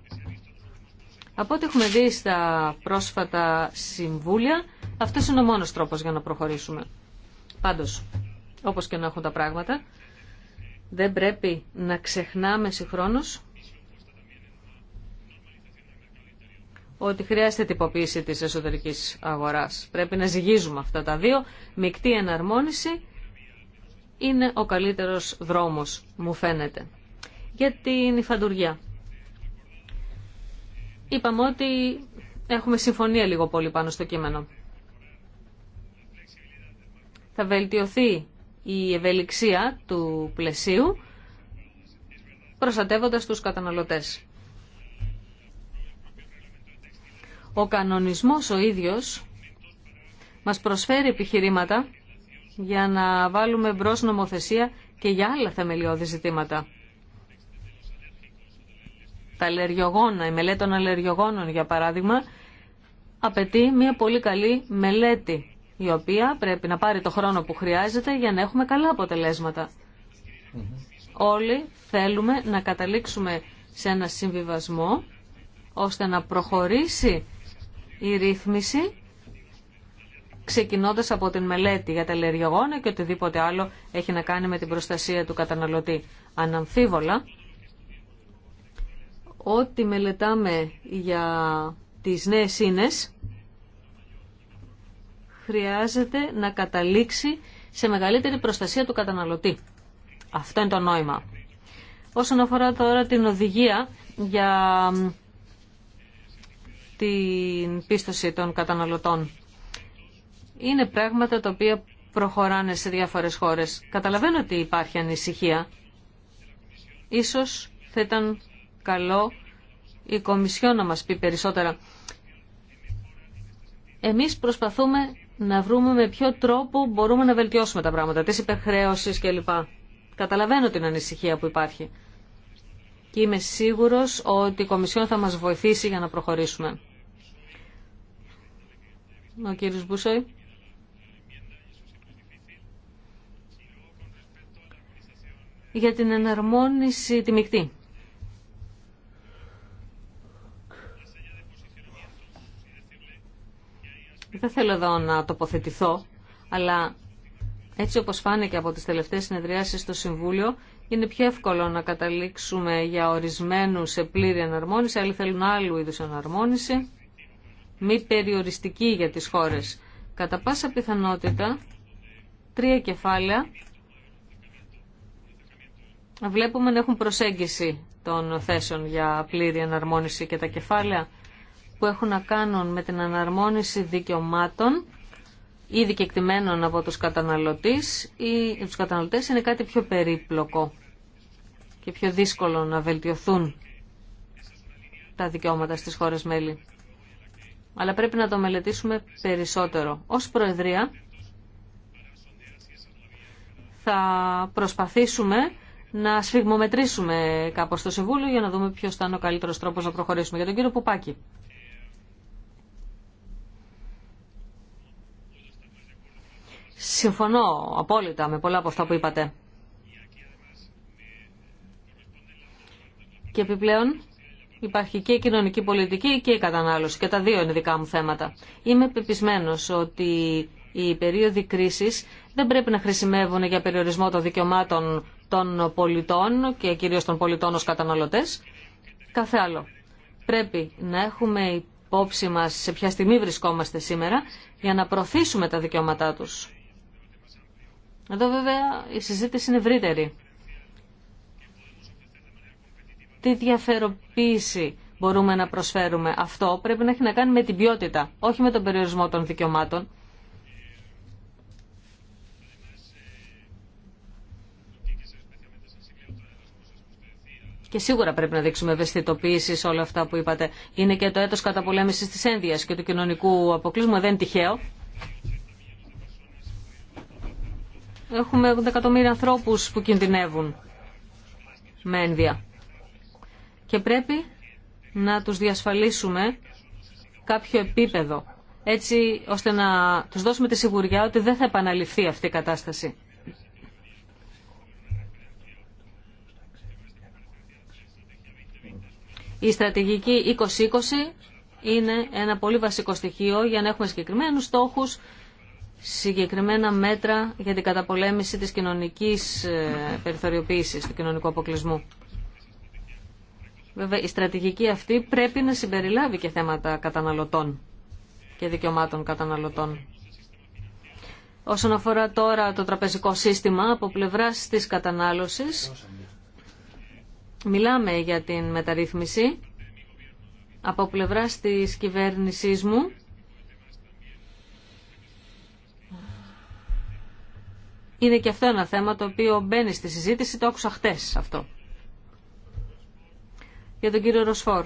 Από ό,τι έχουμε δει στα πρόσφατα συμβούλια, αυτός είναι ο μόνος τρόπος για να προχωρήσουμε. Πάντως, όπως και να έχουν τα πράγματα, δεν πρέπει να ξεχνάμε συγχρόνως ότι χρειάζεται τυποποίηση της εσωτερικής αγοράς. Πρέπει να ζυγίζουμε αυτά τα δύο. Μικτή εναρμόνιση είναι ο καλύτερος δρόμος, μου φαίνεται. Για την υφαντουργιά. Είπαμε ότι έχουμε συμφωνία λίγο πολύ πάνω στο κείμενο. Θα βελτιωθεί η ευελιξία του πλαισίου προστατεύοντας τους καταναλωτές. Ο κανονισμός ο ίδιος μας προσφέρει επιχειρήματα για να βάλουμε μπρο νομοθεσία και για άλλα θεμελιώδη ζητήματα. Τα αλλεργιογόνα, η μελέτη των αλλεργιογόνων για παράδειγμα, απαιτεί μια πολύ καλή μελέτη, η οποία πρέπει να πάρει το χρόνο που χρειάζεται για να έχουμε καλά αποτελέσματα. Όλοι θέλουμε να καταλήξουμε σε ένα συμβιβασμό, ώστε να προχωρήσει η ρύθμιση ξεκινώντας από την μελέτη για τα λεριογόνα και οτιδήποτε άλλο έχει να κάνει με την προστασία του καταναλωτή. Αναμφίβολα, ό,τι μελετάμε για τις νέες ίνες χρειάζεται να καταλήξει σε μεγαλύτερη προστασία του καταναλωτή. Αυτό είναι το νόημα. Όσον αφορά τώρα την οδηγία για την πίστοση των καταναλωτών. Είναι πράγματα τα οποία προχωράνε σε διάφορες χώρες. Καταλαβαίνω ότι υπάρχει ανησυχία. Ίσως θα ήταν καλό η Κομισιό να μας πει περισσότερα. Εμείς προσπαθούμε να βρούμε με ποιο τρόπο μπορούμε να βελτιώσουμε τα πράγματα, τις υπερχρέωσεις κλπ. Καταλαβαίνω την ανησυχία που υπάρχει. Και είμαι σίγουρος ότι η Κομισιόν θα μας βοηθήσει για να προχωρήσουμε ο κύριος Μπουσόη. Για την εναρμόνιση τη μεικτή. Δεν θέλω εδώ να τοποθετηθώ, αλλά έτσι όπως φάνηκε από τις τελευταίες συνεδριάσεις στο Συμβούλιο, είναι πιο εύκολο να καταλήξουμε για ορισμένους σε πλήρη εναρμόνιση, άλλοι θέλουν άλλου είδους εναρμόνιση μη περιοριστική για τις χώρες. Κατά πάσα πιθανότητα, τρία κεφάλαια βλέπουμε να έχουν προσέγγιση των θέσεων για πλήρη αναρμόνιση και τα κεφάλαια που έχουν να κάνουν με την αναρμόνιση δικαιωμάτων ή δικαικτημένων από τους καταναλωτές, ή τους καταναλωτές είναι κάτι πιο περίπλοκο και πιο δύσκολο να βελτιωθούν τα δικαιώματα στις χώρες μέλη αλλά πρέπει να το μελετήσουμε περισσότερο. Ως Προεδρία θα προσπαθήσουμε να σφιγμομετρήσουμε κάπως το Συμβούλιο για να δούμε ποιος θα είναι ο καλύτερος τρόπος να προχωρήσουμε. Για τον κύριο Πουπάκη. Συμφωνώ απόλυτα με πολλά από αυτά που είπατε. Και επιπλέον Υπάρχει και η κοινωνική πολιτική και η κατανάλωση και τα δύο είναι δικά μου θέματα. Είμαι πεπισμένο ότι οι περίοδοι κρίσης δεν πρέπει να χρησιμεύουν για περιορισμό των δικαιωμάτων των πολιτών και κυρίως των πολιτών ω καταναλωτέ. Κάθε άλλο. Πρέπει να έχουμε υπόψη μα σε ποια στιγμή βρισκόμαστε σήμερα για να προωθήσουμε τα δικαιώματά τους. Εδώ βέβαια η συζήτηση είναι ευρύτερη τι διαφεροποίηση μπορούμε να προσφέρουμε. Αυτό πρέπει να έχει να κάνει με την ποιότητα, όχι με τον περιορισμό των δικαιωμάτων. Και σίγουρα πρέπει να δείξουμε ευαισθητοποίηση σε όλα αυτά που είπατε. Είναι και το έτος καταπολέμησης της ένδυας και του κοινωνικού αποκλείσμου. Δεν είναι τυχαίο. Έχουμε δεκατομμύρια ανθρώπους που κινδυνεύουν με ένδυα και πρέπει να τους διασφαλίσουμε κάποιο επίπεδο έτσι ώστε να τους δώσουμε τη σιγουριά ότι δεν θα επαναληφθεί αυτή η κατάσταση. Η στρατηγική 2020 είναι ένα πολύ βασικό στοιχείο για να έχουμε συγκεκριμένους στόχους, συγκεκριμένα μέτρα για την καταπολέμηση της κοινωνικής ε, περιθωριοποίησης, του κοινωνικού αποκλεισμού. Βέβαια, η στρατηγική αυτή πρέπει να συμπεριλάβει και θέματα καταναλωτών και δικαιωμάτων καταναλωτών. Όσον αφορά τώρα το τραπεζικό σύστημα, από πλευρά της κατανάλωση. μιλάμε για την μεταρρύθμιση. Από πλευρά τη κυβέρνησή μου, είναι και αυτό ένα θέμα το οποίο μπαίνει στη συζήτηση, το άκουσα χτε αυτό για τον κύριο Ροσφόρ.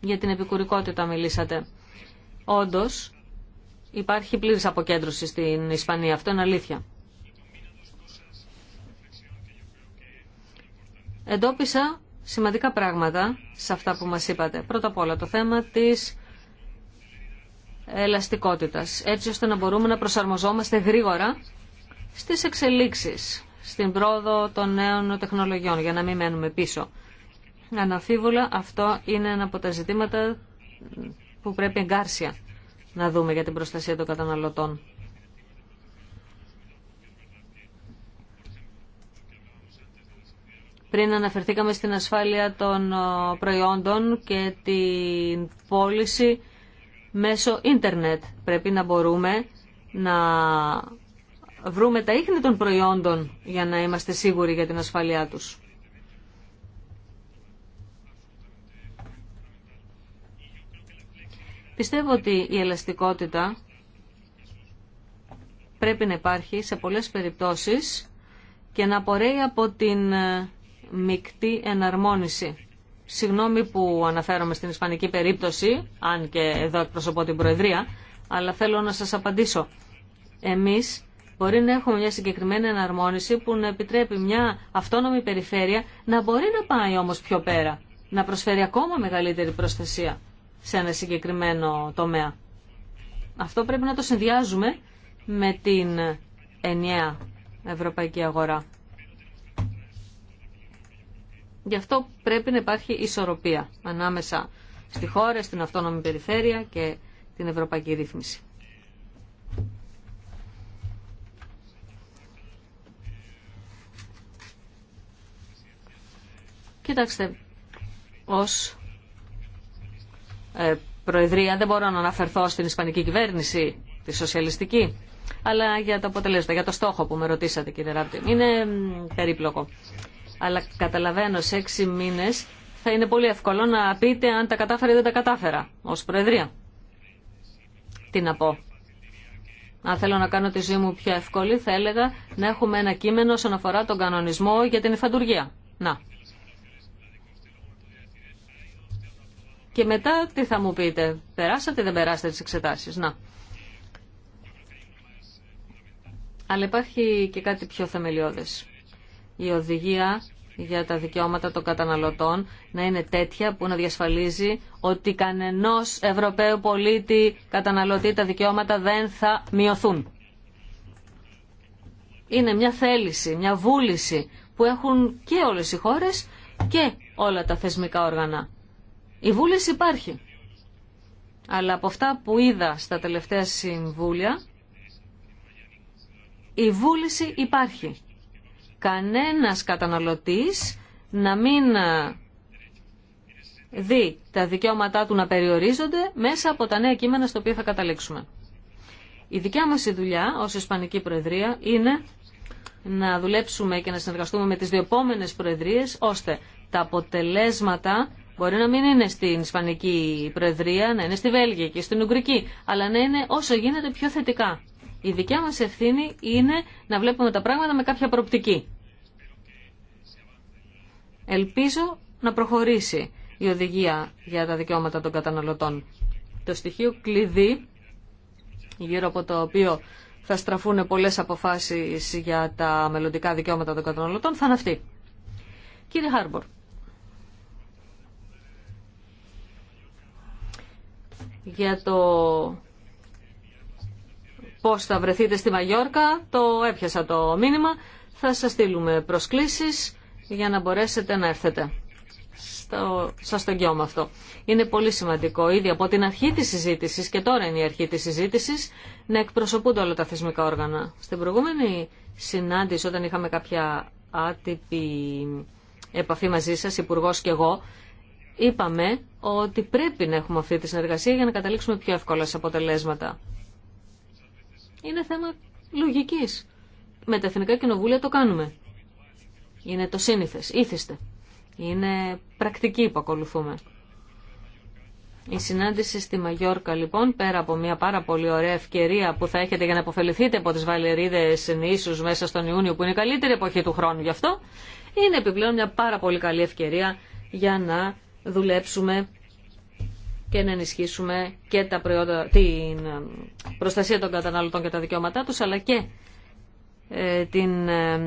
Για την επικουρικότητα μιλήσατε. Όντως, υπάρχει πλήρης αποκέντρωση στην Ισπανία. Αυτό είναι αλήθεια. Εντόπισα σημαντικά πράγματα σε αυτά που μας είπατε. Πρώτα απ' όλα το θέμα της ελαστικότητας, έτσι ώστε να μπορούμε να προσαρμοζόμαστε γρήγορα στις εξελίξεις στην πρόοδο των νέων τεχνολογιών για να μην μένουμε πίσω. Αναφίβολα αυτό είναι ένα από τα ζητήματα που πρέπει εγκάρσια να δούμε για την προστασία των καταναλωτών. Πριν αναφερθήκαμε στην ασφάλεια των προϊόντων και την πώληση μέσω ίντερνετ. Πρέπει να μπορούμε να βρούμε τα ίχνη των προϊόντων για να είμαστε σίγουροι για την ασφαλειά τους. Πιστεύω ότι η ελαστικότητα πρέπει να υπάρχει σε πολλές περιπτώσεις και να απορρέει από την ε, μεικτή εναρμόνιση. Συγγνώμη που αναφέρομαι στην ισπανική περίπτωση, αν και εδώ εκπροσωπώ την Προεδρία, αλλά θέλω να σας απαντήσω. Εμείς Μπορεί να έχουμε μια συγκεκριμένη εναρμόνιση που να επιτρέπει μια αυτόνομη περιφέρεια να μπορεί να πάει όμως πιο πέρα, να προσφέρει ακόμα μεγαλύτερη προστασία σε ένα συγκεκριμένο τομέα. Αυτό πρέπει να το συνδυάζουμε με την ενιαία ευρωπαϊκή αγορά. Γι' αυτό πρέπει να υπάρχει ισορροπία ανάμεσα στη χώρα, στην αυτόνομη περιφέρεια και την ευρωπαϊκή ρύθμιση. Κοιτάξτε, ως ε, Προεδρία δεν μπορώ να αναφερθώ στην Ισπανική κυβέρνηση, τη σοσιαλιστική, αλλά για το αποτελέσμα, για το στόχο που με ρωτήσατε κύριε Ράπτη. Είναι περίπλοκο. Αλλά καταλαβαίνω σε έξι μήνες θα είναι πολύ εύκολο να πείτε αν τα κατάφερε ή δεν τα κατάφερα ως Προεδρία. Τι να πω. Αν θέλω να κάνω τη ζωή μου πιο εύκολη, θα έλεγα να έχουμε ένα κείμενο όσον αφορά τον κανονισμό για την υφαντουργία. Να, Και μετά τι θα μου πείτε, περάσατε ή δεν περάσατε τις εξετάσεις. Να. Αλλά υπάρχει και κάτι πιο θεμελιώδες. Η οδηγία για τα δικαιώματα των καταναλωτών να είναι τέτοια που να διασφαλίζει ότι κανενός Ευρωπαίου πολίτη καταναλωτή τα δικαιώματα δεν θα μειωθούν. Είναι μια θέληση, μια βούληση που έχουν και όλες οι χώρες και όλα τα θεσμικά όργανα. Η βούληση υπάρχει. Αλλά από αυτά που είδα στα τελευταία συμβούλια, η βούληση υπάρχει. Κανένας καταναλωτής να μην ε, δει τα δικαιώματά του να περιορίζονται μέσα από τα νέα κείμενα στο οποίο θα καταλήξουμε. Η δικιά μας η δουλειά ως Ισπανική Προεδρία είναι να δουλέψουμε και να συνεργαστούμε με τις δύο προεδρίες ώστε τα αποτελέσματα Μπορεί να μην είναι στην Ισπανική Προεδρία, να είναι στη Βέλγια και στην Ουγγρική, αλλά να είναι όσο γίνεται πιο θετικά. Η δικιά μας ευθύνη είναι να βλέπουμε τα πράγματα με κάποια προοπτική. Ελπίζω να προχωρήσει η οδηγία για τα δικαιώματα των καταναλωτών. Το στοιχείο κλειδί, γύρω από το οποίο θα στραφούν πολλές αποφάσεις για τα μελλοντικά δικαιώματα των καταναλωτών, θα είναι αυτή. Κύριε Χάρμπορ, για το πώς θα βρεθείτε στη Μαγιόρκα, το έπιασα το μήνυμα. Θα σας στείλουμε προσκλήσεις για να μπορέσετε να έρθετε. Στο, σας το γιώμα αυτό. Είναι πολύ σημαντικό ήδη από την αρχή της συζήτησης και τώρα είναι η αρχή της συζήτησης να εκπροσωπούνται όλα τα θεσμικά όργανα. Στην προηγούμενη συνάντηση όταν είχαμε κάποια άτυπη επαφή μαζί σας, υπουργό και εγώ, είπαμε ότι πρέπει να έχουμε αυτή τη συνεργασία για να καταλήξουμε πιο εύκολα σε αποτελέσματα. Είναι θέμα λογικής. Με τα εθνικά κοινοβούλια το κάνουμε. Είναι το σύνηθες, ήθιστε. Είναι πρακτική που ακολουθούμε. Η συνάντηση στη Μαγιόρκα λοιπόν, πέρα από μια πάρα πολύ ωραία ευκαιρία που θα έχετε για να αποφεληθείτε από τις βαλερίδες νήσους μέσα στον Ιούνιο που είναι η καλύτερη εποχή του χρόνου γι' αυτό, είναι επιπλέον μια πάρα πολύ καλή ευκαιρία για να δουλέψουμε και να ενισχύσουμε και τα προϊόντα, την προστασία των καταναλωτών και τα δικαιώματά τους, αλλά και ε, την ε,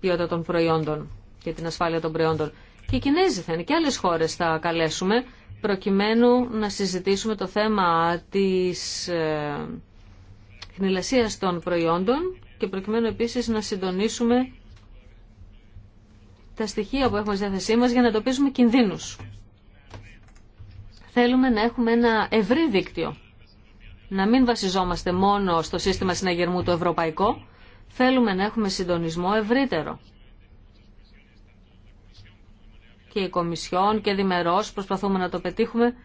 ποιότητα των προϊόντων και την ασφάλεια των προϊόντων. Και οι Κινέζοι θα είναι και άλλες χώρες θα καλέσουμε προκειμένου να συζητήσουμε το θέμα της ε, χνηλασίας των προϊόντων και προκειμένου επίσης να συντονίσουμε τα στοιχεία που έχουμε στη διάθεσή μας για να εντοπίζουμε κινδύνους. Θέλουμε να έχουμε ένα ευρύ δίκτυο. Να μην βασιζόμαστε μόνο στο σύστημα συναγερμού το ευρωπαϊκό. Θέλουμε να έχουμε συντονισμό ευρύτερο. Και η Κομισιόν και διμερός προσπαθούμε να το πετύχουμε.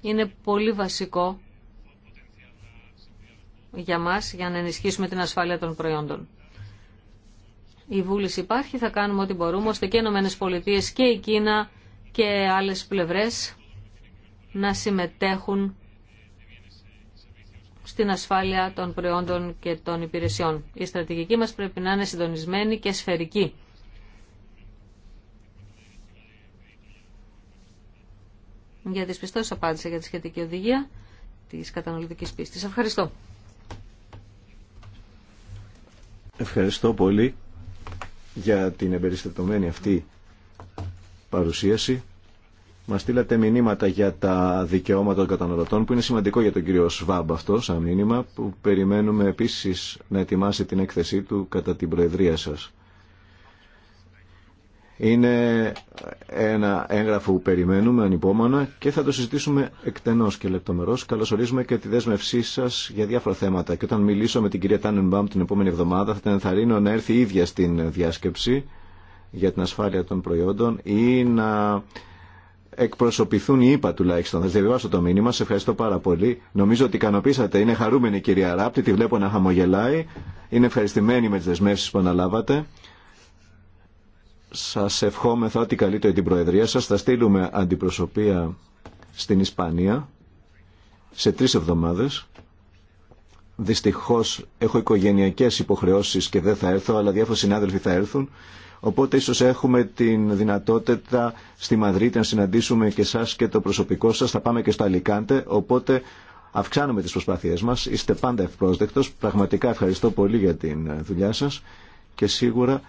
Είναι πολύ βασικό για μας για να ενισχύσουμε την ασφάλεια των προϊόντων η βούληση υπάρχει, θα κάνουμε ό,τι μπορούμε ώστε και οι ΗΠΑ και η Κίνα και άλλες πλευρές να συμμετέχουν στην ασφάλεια των προϊόντων και των υπηρεσιών. Η στρατηγική μας πρέπει να είναι συντονισμένη και σφαιρική. Για τις πιστώσεις απάντησα για τη σχετική οδηγία της καταναλωτικής πίστης. Ευχαριστώ. Ευχαριστώ πολύ για την εμπεριστατωμένη αυτή παρουσίαση. Μα στείλατε μηνύματα για τα δικαιώματα των καταναλωτών, που είναι σημαντικό για τον κύριο Σβάμπ αυτό, σαν μήνυμα, που περιμένουμε επίση να ετοιμάσει την έκθεσή του κατά την Προεδρία σα. Είναι ένα έγγραφο που περιμένουμε ανυπόμονα και θα το συζητήσουμε εκτενώς και λεπτομερώς. Καλωσορίζουμε και τη δέσμευσή σα για διάφορα θέματα. Και όταν μιλήσω με την κυρία Τάνενμπαμ την επόμενη εβδομάδα θα την ενθαρρύνω να έρθει η ίδια στην διάσκεψη για την ασφάλεια των προϊόντων ή να εκπροσωπηθούν οι ΙΠΑ τουλάχιστον. Θα σα το μήνυμα. Σε ευχαριστώ πάρα πολύ. Νομίζω ότι ικανοποίησατε. Είναι χαρούμενη η κυρία Ράπτη. Τη βλέπω να χαμογελάει. Είναι ευχαριστημένη με τι δεσμεύσει που αναλάβατε. Σας ευχόμεθα ότι καλείτε την Προεδρία σας. Θα στείλουμε αντιπροσωπεία στην Ισπανία σε τρεις εβδομάδες. Δυστυχώς έχω οικογενειακές υποχρεώσεις και δεν θα έρθω, αλλά διάφοροι συνάδελφοι θα έρθουν. Οπότε ίσως έχουμε την δυνατότητα στη Μαδρίτη να συναντήσουμε και εσά και το προσωπικό σας. Θα πάμε και στο Αλικάντε, οπότε αυξάνουμε τις προσπάθειές μας. Είστε πάντα ευπρόσδεκτος. Πραγματικά ευχαριστώ πολύ για την δουλειά σας και σίγουρα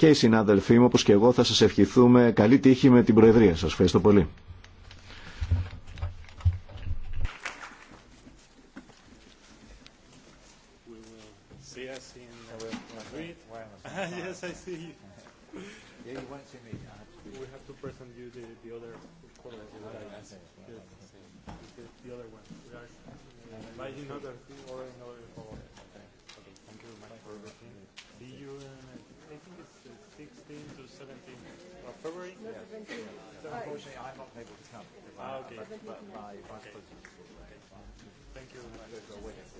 και οι συνάδελφοί μου όπως και εγώ θα σας ευχηθούμε καλή τύχη με την Προεδρία σας. Ευχαριστώ πολύ. Yes, I see. Yeah, you want to meet. We have to present you the, the other the other one. We are, you know, So unfortunately, I'm not able to come But, my, my Thank you.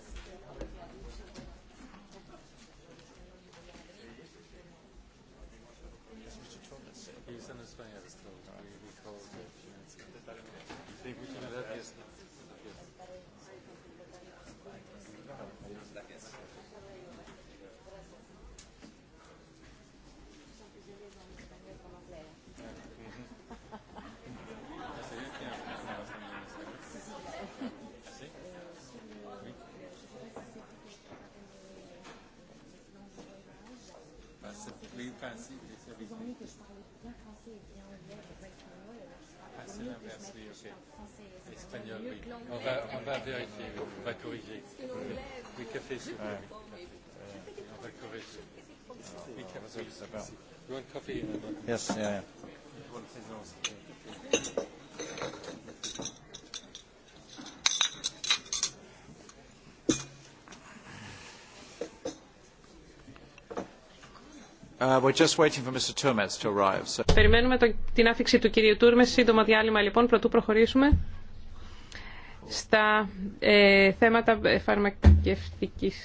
Euh, Περιμένουμε την άφηξη του κυρίου Τούρμες. Σύντομο διάλειμμα λοιπόν, πρωτού προχωρήσουμε στα ε, θέματα φαρμακευτικής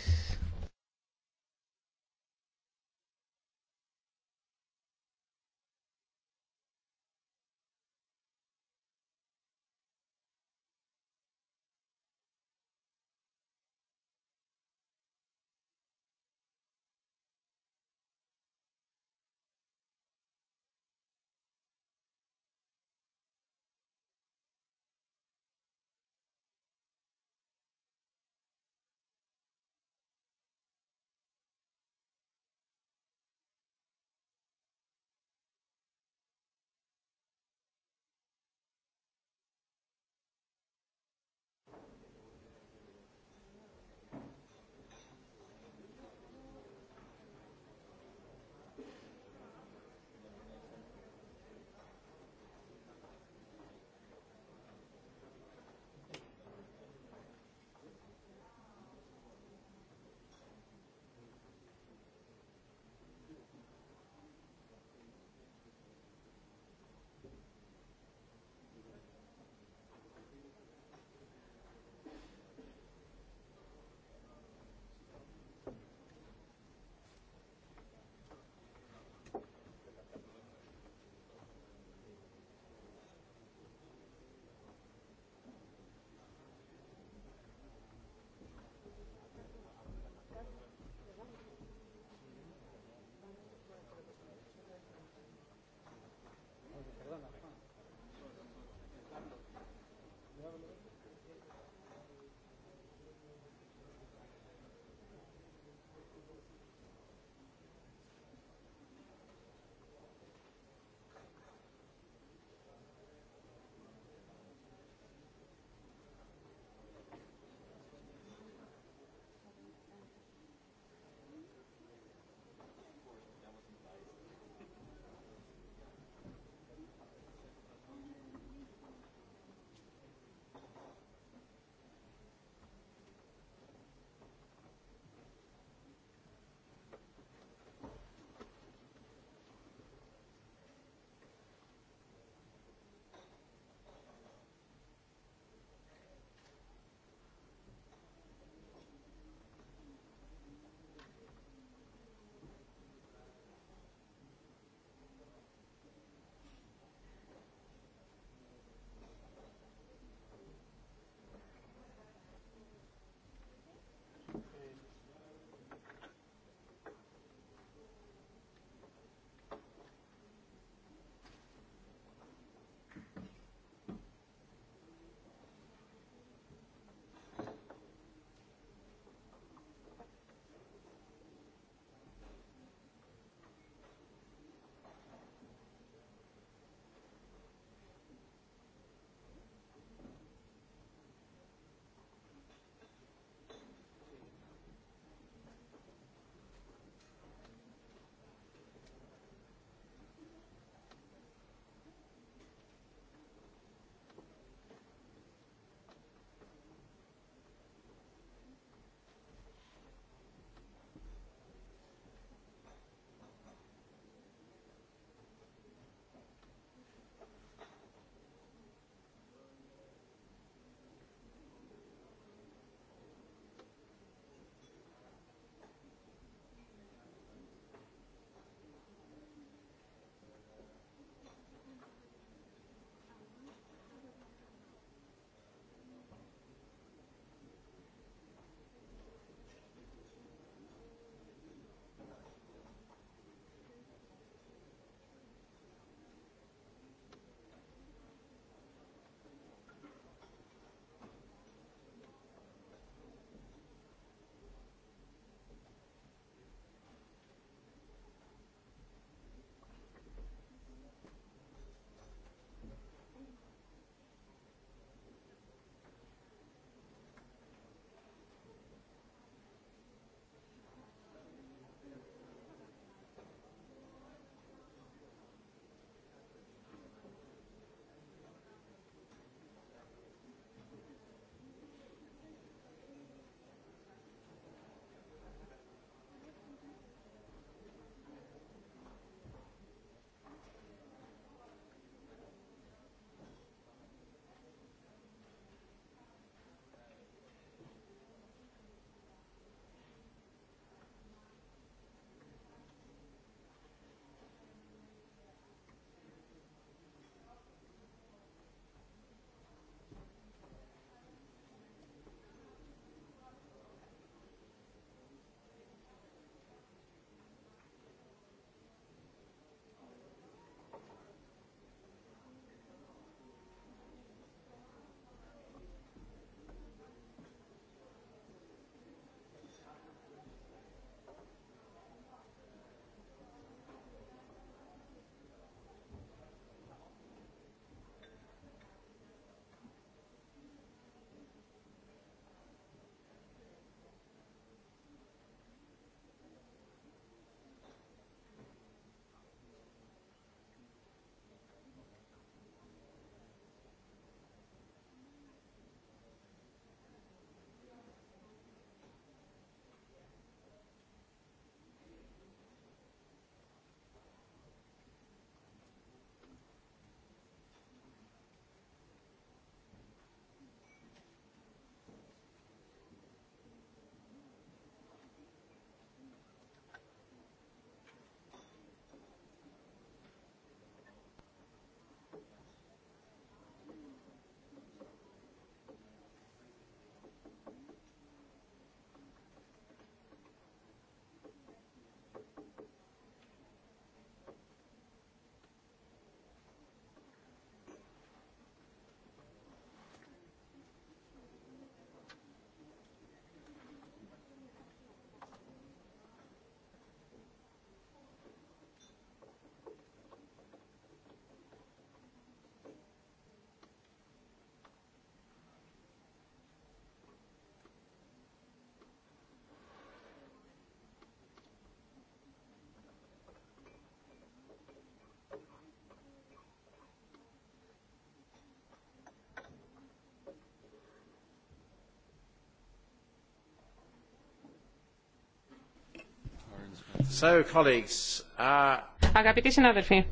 Uh, Αγαπητοί συνάδελφοι,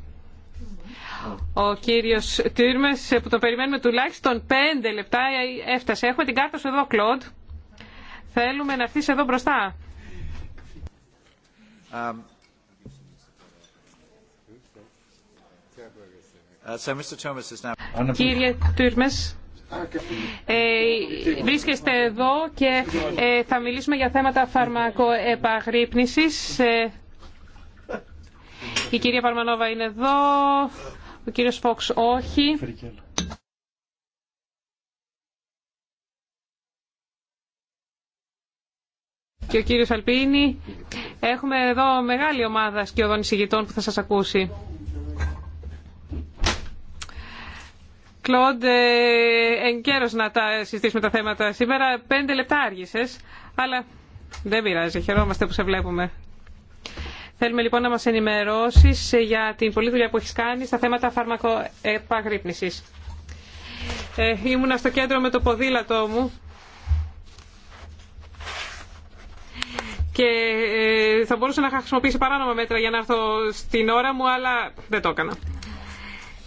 ο κύριος Τύρμες που τον περιμένουμε τουλάχιστον πέντε λεπτά έφτασε. Έχουμε την κάρτα σου εδώ, Κλοντ. Θέλουμε να έρθεις εδώ μπροστά. Um, uh, Κύριε Τύρμες, ε, βρίσκεστε εδώ και ε, θα μιλήσουμε για θέματα φαρμακοεπαγρύπνησης. Ε, η κυρία Παρμανόβα είναι εδώ, ο κύριος Φόξ όχι. Και ο κύριος Αλπίνη. Έχουμε εδώ μεγάλη ομάδα σκιωδών εισηγητών που θα σας ακούσει. Κλοντ, ε, εν να τα συζητήσουμε τα θέματα σήμερα. Πέντε λεπτά άργησες, αλλά δεν πειράζει. Χαιρόμαστε που σε βλέπουμε. Θέλουμε λοιπόν να μας ενημερώσεις για την πολλή δουλειά που έχεις κάνει στα θέματα φαρμακοεπαγρύπνησης. Ε, ήμουνα στο κέντρο με το ποδήλατό μου και ε, θα μπορούσα να χρησιμοποιήσει παράνομα μέτρα για να έρθω στην ώρα μου, αλλά δεν το έκανα.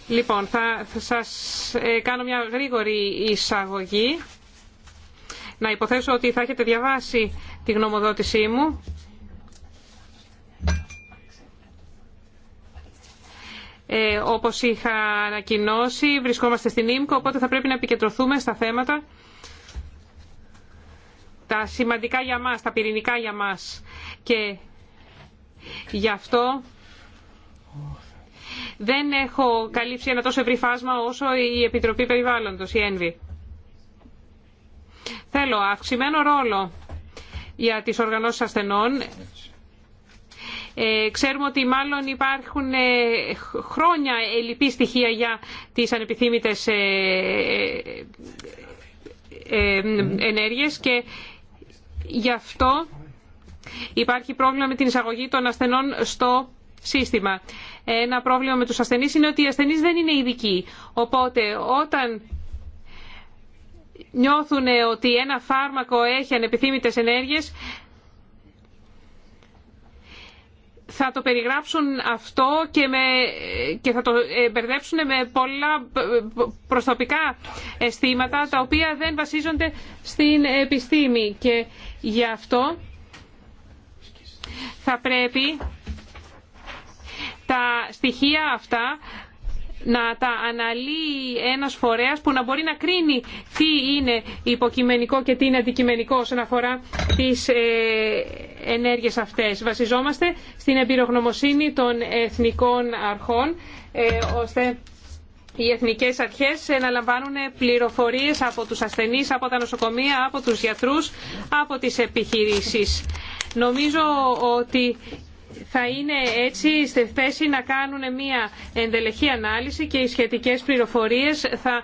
Λοιπόν, θα, σας ε, κάνω μια γρήγορη εισαγωγή. Να υποθέσω ότι θα έχετε διαβάσει τη γνωμοδότησή μου. Ε, όπως είχα ανακοινώσει, βρισκόμαστε στην ΙΜΚΟ, οπότε θα πρέπει να επικεντρωθούμε στα θέματα τα σημαντικά για μας, τα πυρηνικά για μας. Και γι' αυτό δεν έχω καλύψει ένα τόσο ευρύ φάσμα όσο η Επιτροπή Περιβάλλοντος, η ΕΝΒΗ. Θέλω αυξημένο ρόλο για τις οργανώσεις ασθενών. Ε, ξέρουμε ότι μάλλον υπάρχουν ε, χρόνια ελλειπή στοιχεία για τις ανεπιθύμητες ε, ενέργειες και γι' αυτό υπάρχει πρόβλημα με την εισαγωγή των ασθενών στο σύστημα. Ένα πρόβλημα με τους ασθενείς είναι ότι οι ασθενείς δεν είναι ειδικοί. Οπότε όταν νιώθουν ότι ένα φάρμακο έχει ανεπιθύμητες ενέργειες, θα το περιγράψουν αυτό και, με, και θα το ε, μπερδέψουν με πολλά ε, προσωπικά αισθήματα τα οποία δεν βασίζονται στην επιστήμη. Και γι' αυτό θα πρέπει τα στοιχεία αυτά να τα αναλύει ένας φορέας που να μπορεί να κρίνει τι είναι υποκειμενικό και τι είναι αντικειμενικό όσον αφορά τις ε, ενέργειες αυτές. Βασιζόμαστε στην εμπειρογνωμοσύνη των εθνικών αρχών ε, ώστε οι εθνικές αρχές να λαμβάνουν πληροφορίες από τους ασθενείς, από τα νοσοκομεία, από τους γιατρούς, από τις επιχειρήσεις. Νομίζω ότι θα είναι έτσι στη θέση να κάνουν μια εντελεχή ανάλυση και οι σχετικές πληροφορίες θα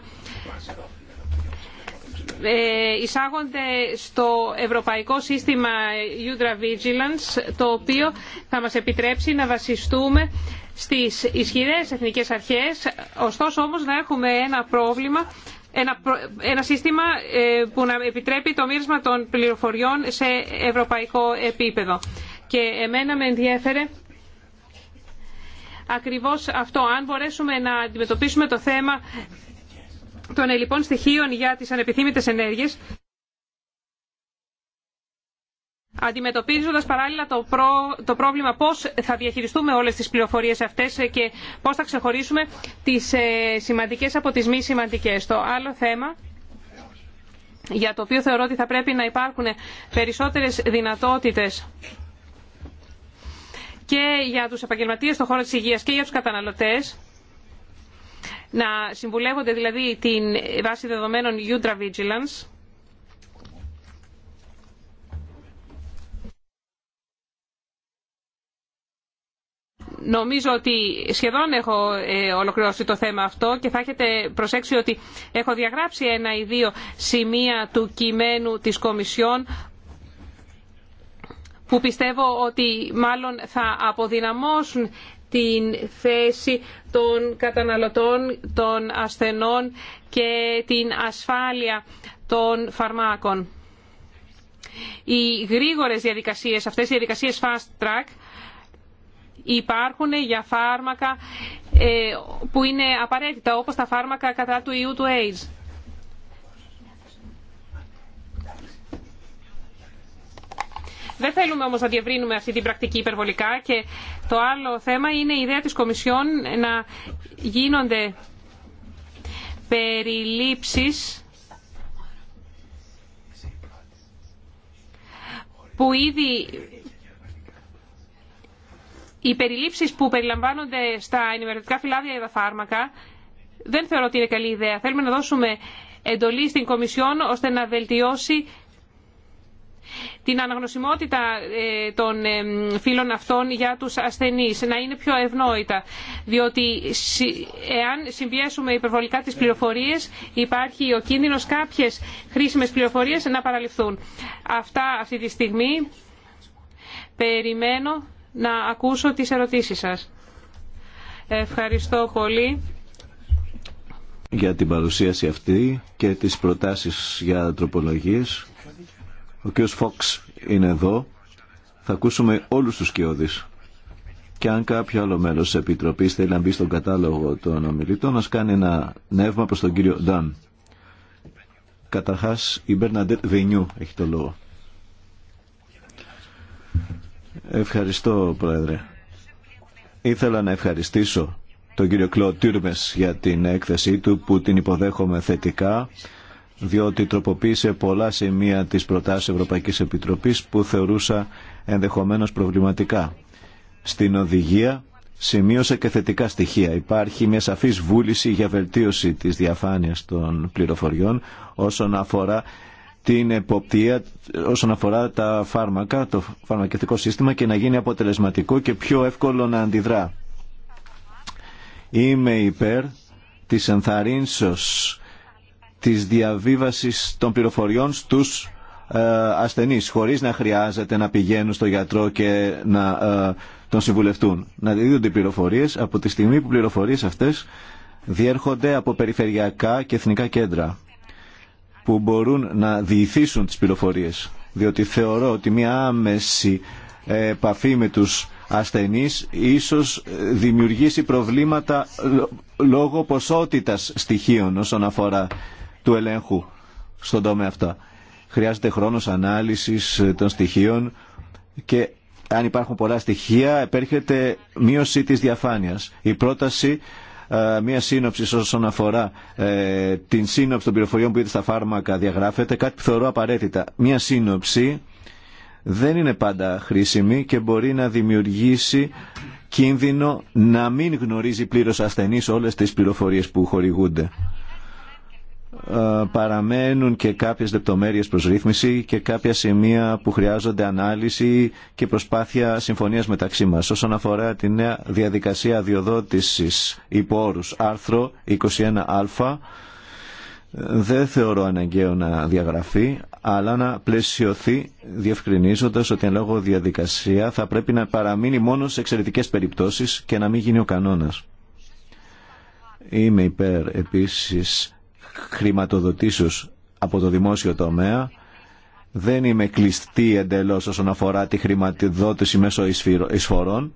ε, εισάγονται στο ευρωπαϊκό σύστημα Udra Vigilance, το οποίο θα μας επιτρέψει να βασιστούμε στις ισχυρές εθνικές αρχές, ωστόσο όμως να έχουμε ένα πρόβλημα ένα, ένα σύστημα ε, που να επιτρέπει το μοίρασμα των πληροφοριών σε ευρωπαϊκό επίπεδο. Και εμένα με ενδιέφερε ακριβώς αυτό. Αν μπορέσουμε να αντιμετωπίσουμε το θέμα των ελληπών στοιχείων για τις ανεπιθύμητες ενέργειες, αντιμετωπίζοντας παράλληλα το, το πρόβλημα πώς θα διαχειριστούμε όλες τις πληροφορίες αυτές και πώς θα ξεχωρίσουμε τις ε, σημαντικές από τις μη σημαντικές. Το άλλο θέμα για το οποίο θεωρώ ότι θα πρέπει να υπάρχουν περισσότερες δυνατότητες και για τους επαγγελματίες στον χώρο της υγείας και για τους καταναλωτές να συμβουλεύονται δηλαδή την βάση δεδομένων Udra Vigilance Νομίζω ότι σχεδόν έχω ε, ολοκληρώσει το θέμα αυτό και θα έχετε προσέξει ότι έχω διαγράψει ένα ή δύο σημεία του κειμένου της Κομισιόν που πιστεύω ότι μάλλον θα αποδυναμώσουν την θέση των καταναλωτών, των ασθενών και την ασφάλεια των φαρμάκων. Οι γρήγορες διαδικασίες, αυτές οι διαδικασίες fast track, υπάρχουν για φάρμακα ε, που είναι απαραίτητα, όπως τα φάρμακα κατά του ιού του AIDS. Δεν θέλουμε όμως να διευρύνουμε αυτή την πρακτική υπερβολικά και το άλλο θέμα είναι η ιδέα της Κομισιόν να γίνονται περιλήψεις που ήδη οι περιλήψεις που περιλαμβάνονται στα ενημερωτικά φυλάδια για τα φάρμακα δεν θεωρώ ότι είναι καλή ιδέα. Θέλουμε να δώσουμε εντολή στην Κομισιόν ώστε να βελτιώσει την αναγνωσιμότητα ε, των ε, φίλων αυτών για τους ασθενείς, να είναι πιο ευνόητα. Διότι εάν συμπιέσουμε υπερβολικά τις πληροφορίες, υπάρχει ο κίνδυνος κάποιες χρήσιμες πληροφορίες να παραληφθούν. Αυτά αυτή τη στιγμή περιμένω να ακούσω τις ερωτήσεις σας. Ευχαριστώ πολύ για την παρουσίαση αυτή και τις προτάσεις για τροπολογίες. Ο κ. Φόξ είναι εδώ. Θα ακούσουμε όλους τους κοιόδης. Και αν κάποιο άλλο μέλος της Επιτροπής θέλει να μπει στον κατάλογο των ομιλητών, να κάνει ένα νεύμα προς τον κύριο Νταν. Καταρχάς, η Μπερναντέρ Βενιού έχει το λόγο. Ευχαριστώ, Πρόεδρε. Ήθελα να ευχαριστήσω τον κύριο Τούρμες για την έκθεσή του που την υποδέχομαι θετικά διότι τροποποίησε πολλά σημεία της προτάσεως Ευρωπαϊκής Επιτροπής που θεωρούσα ενδεχομένως προβληματικά. Στην οδηγία σημείωσε και θετικά στοιχεία. Υπάρχει μια σαφής βούληση για βελτίωση της διαφάνειας των πληροφοριών όσον αφορά την εποπτεία όσον αφορά τα φάρμακα, το φαρμακευτικό σύστημα και να γίνει αποτελεσματικό και πιο εύκολο να αντιδρά. Είμαι υπέρ της ενθαρρύνσεως της διαβίβασης των πληροφοριών στους ε, ασθενείς χωρίς να χρειάζεται να πηγαίνουν στο γιατρό και να ε, τον συμβουλευτούν. Να δίδονται οι πληροφορίες από τη στιγμή που πληροφορίες αυτές διέρχονται από περιφερειακά και εθνικά κέντρα που μπορούν να διηθήσουν τις πληροφορίες. Διότι θεωρώ ότι μια άμεση επαφή με τους ασθενείς ίσως δημιουργήσει προβλήματα λόγω ποσότητας στοιχείων όσον αφορά του ελέγχου στον τομέα αυτό Χρειάζεται χρόνος ανάλυσης των στοιχείων και αν υπάρχουν πολλά στοιχεία επέρχεται μείωση της διαφάνειας. Η πρόταση ε, μια σύνοψη όσον αφορά ε, την σύνοψη των πληροφοριών που είδε στα φάρμακα διαγράφεται, κάτι που θεωρώ απαραίτητα. Μια σύνοψη δεν είναι πάντα χρήσιμη και μπορεί να δημιουργήσει κίνδυνο να μην γνωρίζει πλήρως ασθενής όλες τις πληροφορίες που χορηγούνται. Ε, παραμένουν και κάποιες λεπτομέρειες προς ρύθμιση και κάποια σημεία που χρειάζονται ανάλυση και προσπάθεια συμφωνίας μεταξύ μας. Όσον αφορά τη νέα διαδικασία αδειοδότησης όρους άρθρο 21α, ε, δεν θεωρώ αναγκαίο να διαγραφεί, αλλά να πλαισιωθεί διευκρινίζοντας ότι εν λόγω διαδικασία θα πρέπει να παραμείνει μόνο σε εξαιρετικές περιπτώσεις και να μην γίνει ο κανόνας. Είμαι υπέρ επίσης χρηματοδοτήσεως από το δημόσιο τομέα. Δεν είμαι κλειστή εντελώς όσον αφορά τη χρηματοδότηση μέσω εισφορών,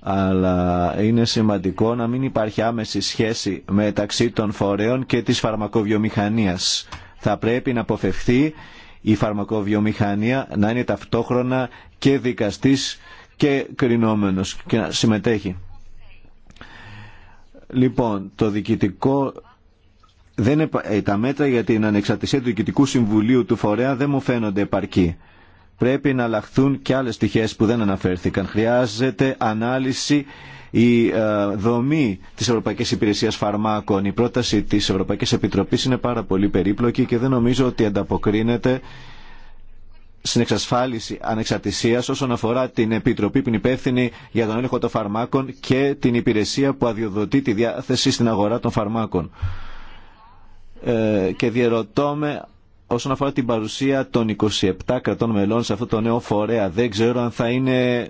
αλλά είναι σημαντικό να μην υπάρχει άμεση σχέση μεταξύ των φορέων και της φαρμακοβιομηχανίας. Θα πρέπει να αποφευχθεί η φαρμακοβιομηχανία να είναι ταυτόχρονα και δικαστής και κρινόμενος και να συμμετέχει. Λοιπόν, το διοικητικό δεν, ε, τα μέτρα για την ανεξαρτησία του Διοικητικού Συμβουλίου του Φορέα δεν μου φαίνονται επαρκή. Πρέπει να αλλάχθουν και άλλες στοιχείες που δεν αναφέρθηκαν. Χρειάζεται ανάλυση η ε, δομή της Ευρωπαϊκής Υπηρεσίας Φαρμάκων. Η πρόταση της Ευρωπαϊκής Επιτροπής είναι πάρα πολύ περίπλοκη και δεν νομίζω ότι ανταποκρίνεται στην εξασφάλιση ανεξαρτησία όσον αφορά την Επιτροπή που είναι υπεύθυνη για τον έλεγχο των φαρμάκων και την υπηρεσία που αδειοδοτεί τη διάθεση στην αγορά των φαρμάκων. Ε, και διαρωτώ με όσον αφορά την παρουσία των 27 κρατών μελών σε αυτό το νέο φορέα. Δεν ξέρω αν θα είναι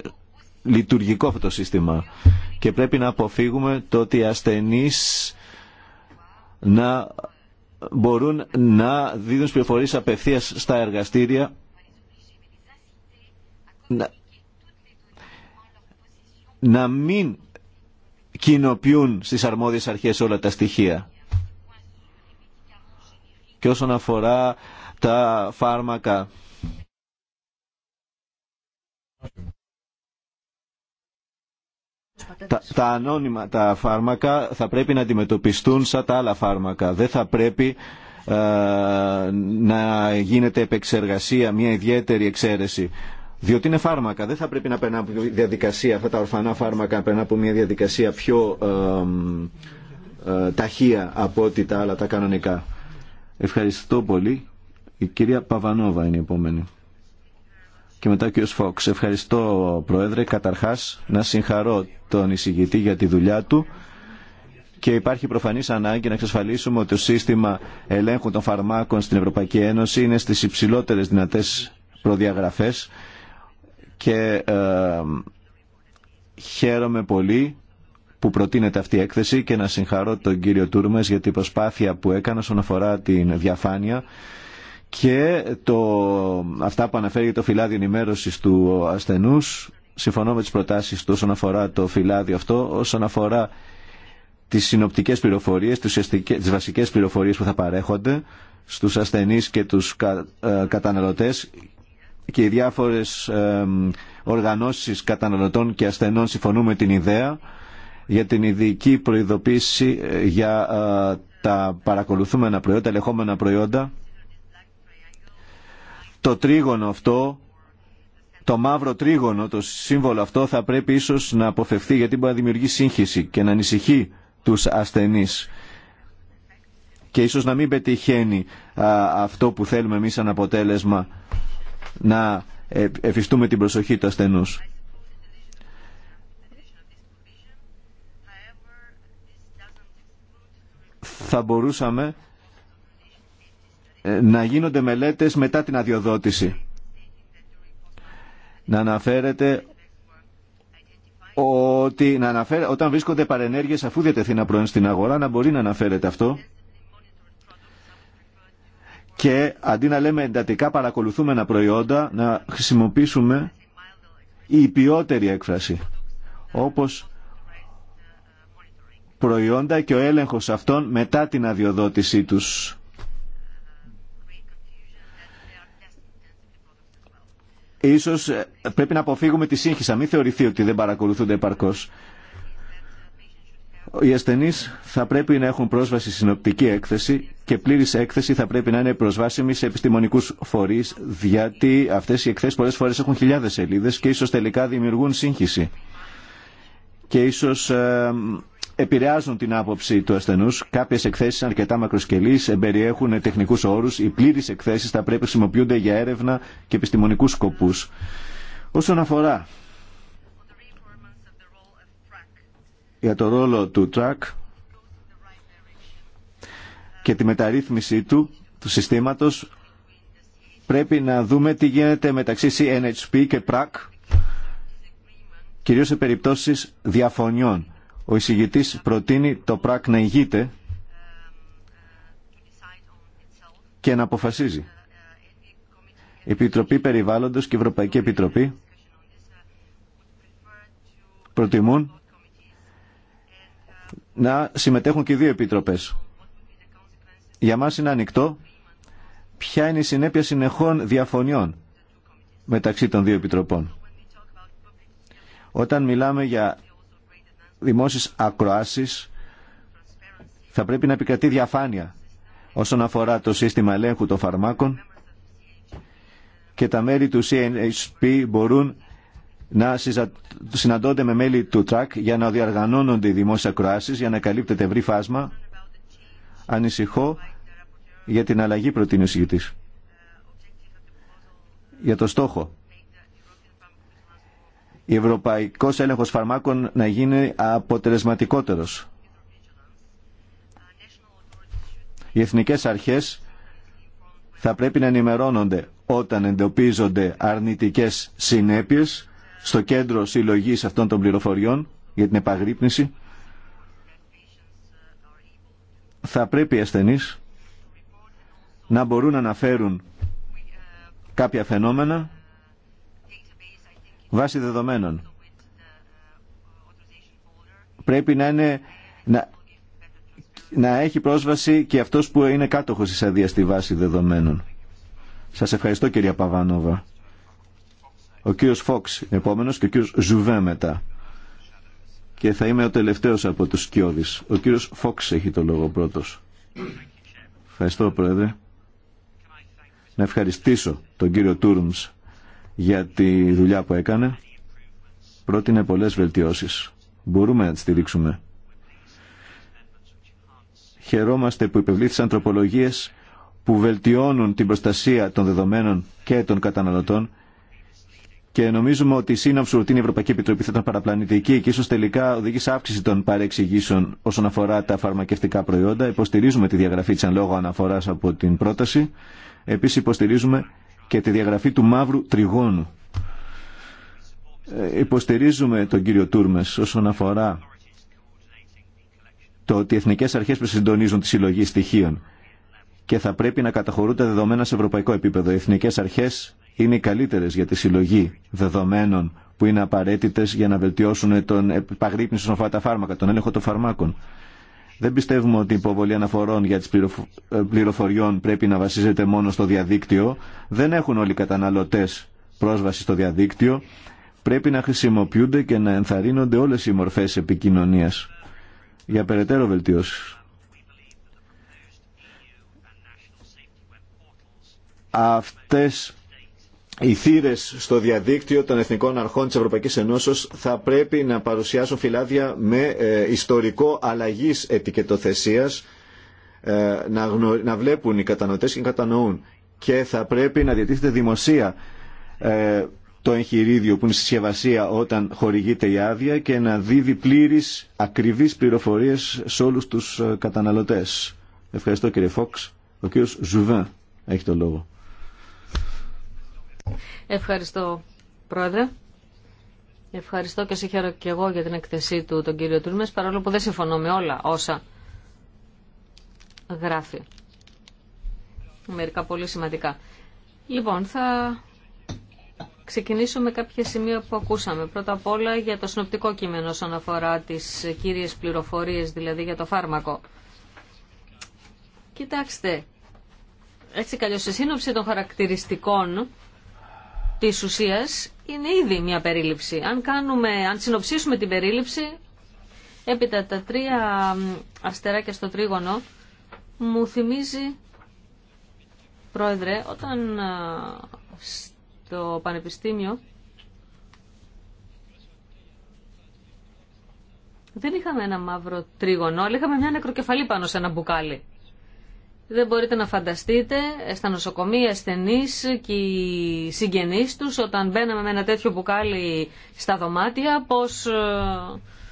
λειτουργικό αυτό το σύστημα και πρέπει να αποφύγουμε το ότι οι ασθενείς να μπορούν να δίνουν πληροφορίες απευθείας στα εργαστήρια να, να μην κοινοποιούν στις αρμόδιες αρχές όλα τα στοιχεία και όσον αφορά τα φάρμακα. Τα, τα ανώνυμα τα φάρμακα θα πρέπει να αντιμετωπιστούν σαν τα άλλα φάρμακα. Δεν θα πρέπει ε, να γίνεται επεξεργασία, μια ιδιαίτερη εξαίρεση. Διότι είναι φάρμακα. Δεν θα πρέπει να περνά από διαδικασία, αυτά τα ορφανά φάρμακα να περνά από μια διαδικασία πιο ε, ε, ταχεία από ό,τι τα άλλα τα κανονικά. Ευχαριστώ πολύ. Η κυρία Παβανόβα είναι η επόμενη. Και μετά ο κύριος Φόξ. Ευχαριστώ, Πρόεδρε. Καταρχάς, να συγχαρώ τον εισηγητή για τη δουλειά του και υπάρχει προφανής ανάγκη να εξασφαλίσουμε ότι το σύστημα ελέγχου των φαρμάκων στην Ευρωπαϊκή Ένωση είναι στις υψηλότερες δυνατές προδιαγραφές και ε, χαίρομαι πολύ που προτείνεται αυτή η έκθεση και να συγχαρώ τον κύριο Τούρμες για την προσπάθεια που έκανε όσον αφορά την διαφάνεια και το, αυτά που αναφέρει το φυλάδι ενημέρωση του ασθενού. Συμφωνώ με τι προτάσεις του όσον αφορά το φυλάδι αυτό, όσον αφορά τις συνοπτικές πληροφορίες, τι βασικές πληροφορίες που θα παρέχονται στου ασθενεί και τους ε, καταναλωτέ και οι διάφορες ε, οργανώσεις καταναλωτών και ασθενών συμφωνούμε την ιδέα για την ειδική προειδοποίηση ε, για ε, τα παρακολουθούμενα προϊόντα, ελεγχόμενα προϊόντα. Το τρίγωνο αυτό, το μαύρο τρίγωνο, το σύμβολο αυτό θα πρέπει ίσως να αποφευθεί γιατί μπορεί να δημιουργεί σύγχυση και να ανησυχεί τους ασθενείς και ίσως να μην πετυχαίνει αυτό που θέλουμε εμείς σαν αποτέλεσμα να ε, εφιστούμε την προσοχή του ασθενούς. θα μπορούσαμε ε, να γίνονται μελέτες μετά την αδειοδότηση. Να αναφέρεται ότι να αναφέρε, όταν βρίσκονται παρενέργειες αφού διατεθεί να προϊόν στην αγορά να μπορεί να αναφέρεται αυτό και αντί να λέμε εντατικά παρακολουθούμενα προϊόντα να χρησιμοποιήσουμε η ποιότερη έκφραση όπως προϊόντα και ο έλεγχος αυτών μετά την αδειοδότησή τους. Ίσως ε, πρέπει να αποφύγουμε τη σύγχυσα. Μην θεωρηθεί ότι δεν παρακολουθούνται επαρκώς. Οι ασθενεί θα πρέπει να έχουν πρόσβαση στην οπτική έκθεση και πλήρης έκθεση θα πρέπει να είναι προσβάσιμη σε επιστημονικούς φορείς γιατί αυτές οι εκθέσεις πολλές φορές έχουν χιλιάδες σελίδε και ίσως τελικά δημιουργούν σύγχυση. Και ίσως... Ε, επηρεάζουν την άποψη του ασθενού. Κάποιε εκθέσει αρκετά μακροσκελεί, εμπεριέχουν τεχνικού όρου. Οι πλήρε εκθέσει θα πρέπει να χρησιμοποιούνται για έρευνα και επιστημονικού σκοπού. Όσον αφορά για το ρόλο του ΤΡΑΚ και τη μεταρρύθμιση του, του συστήματος, πρέπει να δούμε τι γίνεται μεταξύ CNHP και PRAC, κυρίως σε περιπτώσεις διαφωνιών ο εισηγητής προτείνει το πράκ να ηγείται και να αποφασίζει. Η Επιτροπή Περιβάλλοντος και η Ευρωπαϊκή Επιτροπή προτιμούν να συμμετέχουν και δύο επιτροπές. Για μας είναι ανοιχτό ποια είναι η συνέπεια συνεχών διαφωνιών μεταξύ των δύο επιτροπών. Όταν μιλάμε για δημόσιες ακροάσεις θα πρέπει να επικρατεί διαφάνεια όσον αφορά το σύστημα ελέγχου των φαρμάκων και τα μέλη του CNHP μπορούν να συναντώνται με μέλη του ΤΡΑΚ για να διαργανώνονται οι δημόσιες ακροάσεις, για να καλύπτεται ευρύ φάσμα. Ανησυχώ για την αλλαγή προτείνει ο Για το στόχο η ευρωπαϊκός έλεγχος φαρμάκων να γίνει αποτελεσματικότερος. Οι εθνικές αρχές θα πρέπει να ενημερώνονται όταν εντοπίζονται αρνητικές συνέπειες στο κέντρο συλλογής αυτών των πληροφοριών για την επαγρύπνηση. Θα πρέπει οι ασθενείς να μπορούν να αναφέρουν κάποια φαινόμενα βάση δεδομένων. Πρέπει να, είναι, να, έχει πρόσβαση και αυτός που είναι κάτοχος της αδείας στη βάση δεδομένων. Σας ευχαριστώ κυρία Παβάνοβα. Ο κύριος Φόξ επόμενος και ο κύριος Ζουβέ μετά. Και θα είμαι ο τελευταίος από τους Σκιώδης. Ο κύριος Φόξ έχει το λόγο πρώτος. Ευχαριστώ πρόεδρε. Να ευχαριστήσω τον κύριο Τούρμς για τη δουλειά που έκανε. Πρότεινε πολλές βελτιώσεις. Μπορούμε να τις στηρίξουμε. Χαιρόμαστε που υπευλήθησαν τροπολογίες που βελτιώνουν την προστασία των δεδομένων και των καταναλωτών και νομίζουμε ότι η σύναψη ότι η Ευρωπαϊκή Επιτροπή θα ήταν παραπλανητική και ίσω τελικά οδηγεί σε αύξηση των παρεξηγήσεων όσον αφορά τα φαρμακευτικά προϊόντα. Υποστηρίζουμε τη διαγραφή τη αν λόγω αναφορά από την πρόταση. Επίση, υποστηρίζουμε και τη διαγραφή του μαύρου τριγώνου. Ε, υποστηρίζουμε τον κύριο Τούρμες όσον αφορά το ότι οι εθνικές αρχές που συντονίζουν τη συλλογή στοιχείων και θα πρέπει να καταχωρούν τα δεδομένα σε ευρωπαϊκό επίπεδο. Οι εθνικές αρχές είναι οι καλύτερες για τη συλλογή δεδομένων που είναι απαραίτητες για να βελτιώσουν τον επαγρύπνηση των φάρμακα, τον έλεγχο των φαρμάκων. Δεν πιστεύουμε ότι η υποβολή αναφορών για τις ε, πληροφοριών πρέπει να βασίζεται μόνο στο διαδίκτυο. Δεν έχουν όλοι οι καταναλωτές πρόσβαση στο διαδίκτυο. Πρέπει να χρησιμοποιούνται και να ενθαρρύνονται όλες οι μορφές επικοινωνίας για περαιτέρω βελτίωση. Αυτές οι θύρε στο διαδίκτυο των Εθνικών Αρχών της Ευρωπαϊκής Ενώσεω θα πρέπει να παρουσιάσουν φυλάδια με ε, ιστορικό αλλαγής ετικετοθεσίας ε, να, να βλέπουν οι κατανοτές και να κατανοούν και θα πρέπει να διατίθεται δημοσία ε, το εγχειρίδιο που είναι στη συσκευασία όταν χορηγείται η άδεια και να δίδει πλήρης ακριβείς πληροφορίες σε όλους τους καταναλωτές. Ευχαριστώ κύριε Φόξ. Ο κύριος Ζουβά έχει το λόγο. Ευχαριστώ, Πρόεδρε. Ευχαριστώ και και εγώ για την εκθεσή του τον κύριο Τούρμες, παρόλο που δεν συμφωνώ με όλα όσα γράφει. Μερικά πολύ σημαντικά. Λοιπόν, θα ξεκινήσω με κάποια σημεία που ακούσαμε. Πρώτα απ' όλα για το συνοπτικό κείμενο όσον αφορά τις κύριες πληροφορίες, δηλαδή για το φάρμακο. Κοιτάξτε, έτσι καλώς σε σύνοψη των χαρακτηριστικών τη ουσία είναι ήδη μια περίληψη. Αν, κάνουμε, αν συνοψίσουμε την περίληψη, έπειτα τα τρία αστεράκια στο τρίγωνο μου θυμίζει, πρόεδρε, όταν στο πανεπιστήμιο δεν είχαμε ένα μαύρο τρίγωνο, αλλά είχαμε μια νεκροκεφαλή πάνω σε ένα μπουκάλι. Δεν μπορείτε να φανταστείτε στα νοσοκομεία ασθενεί και οι συγγενείς τους όταν μπαίναμε με ένα τέτοιο μπουκάλι στα δωμάτια πώς ε,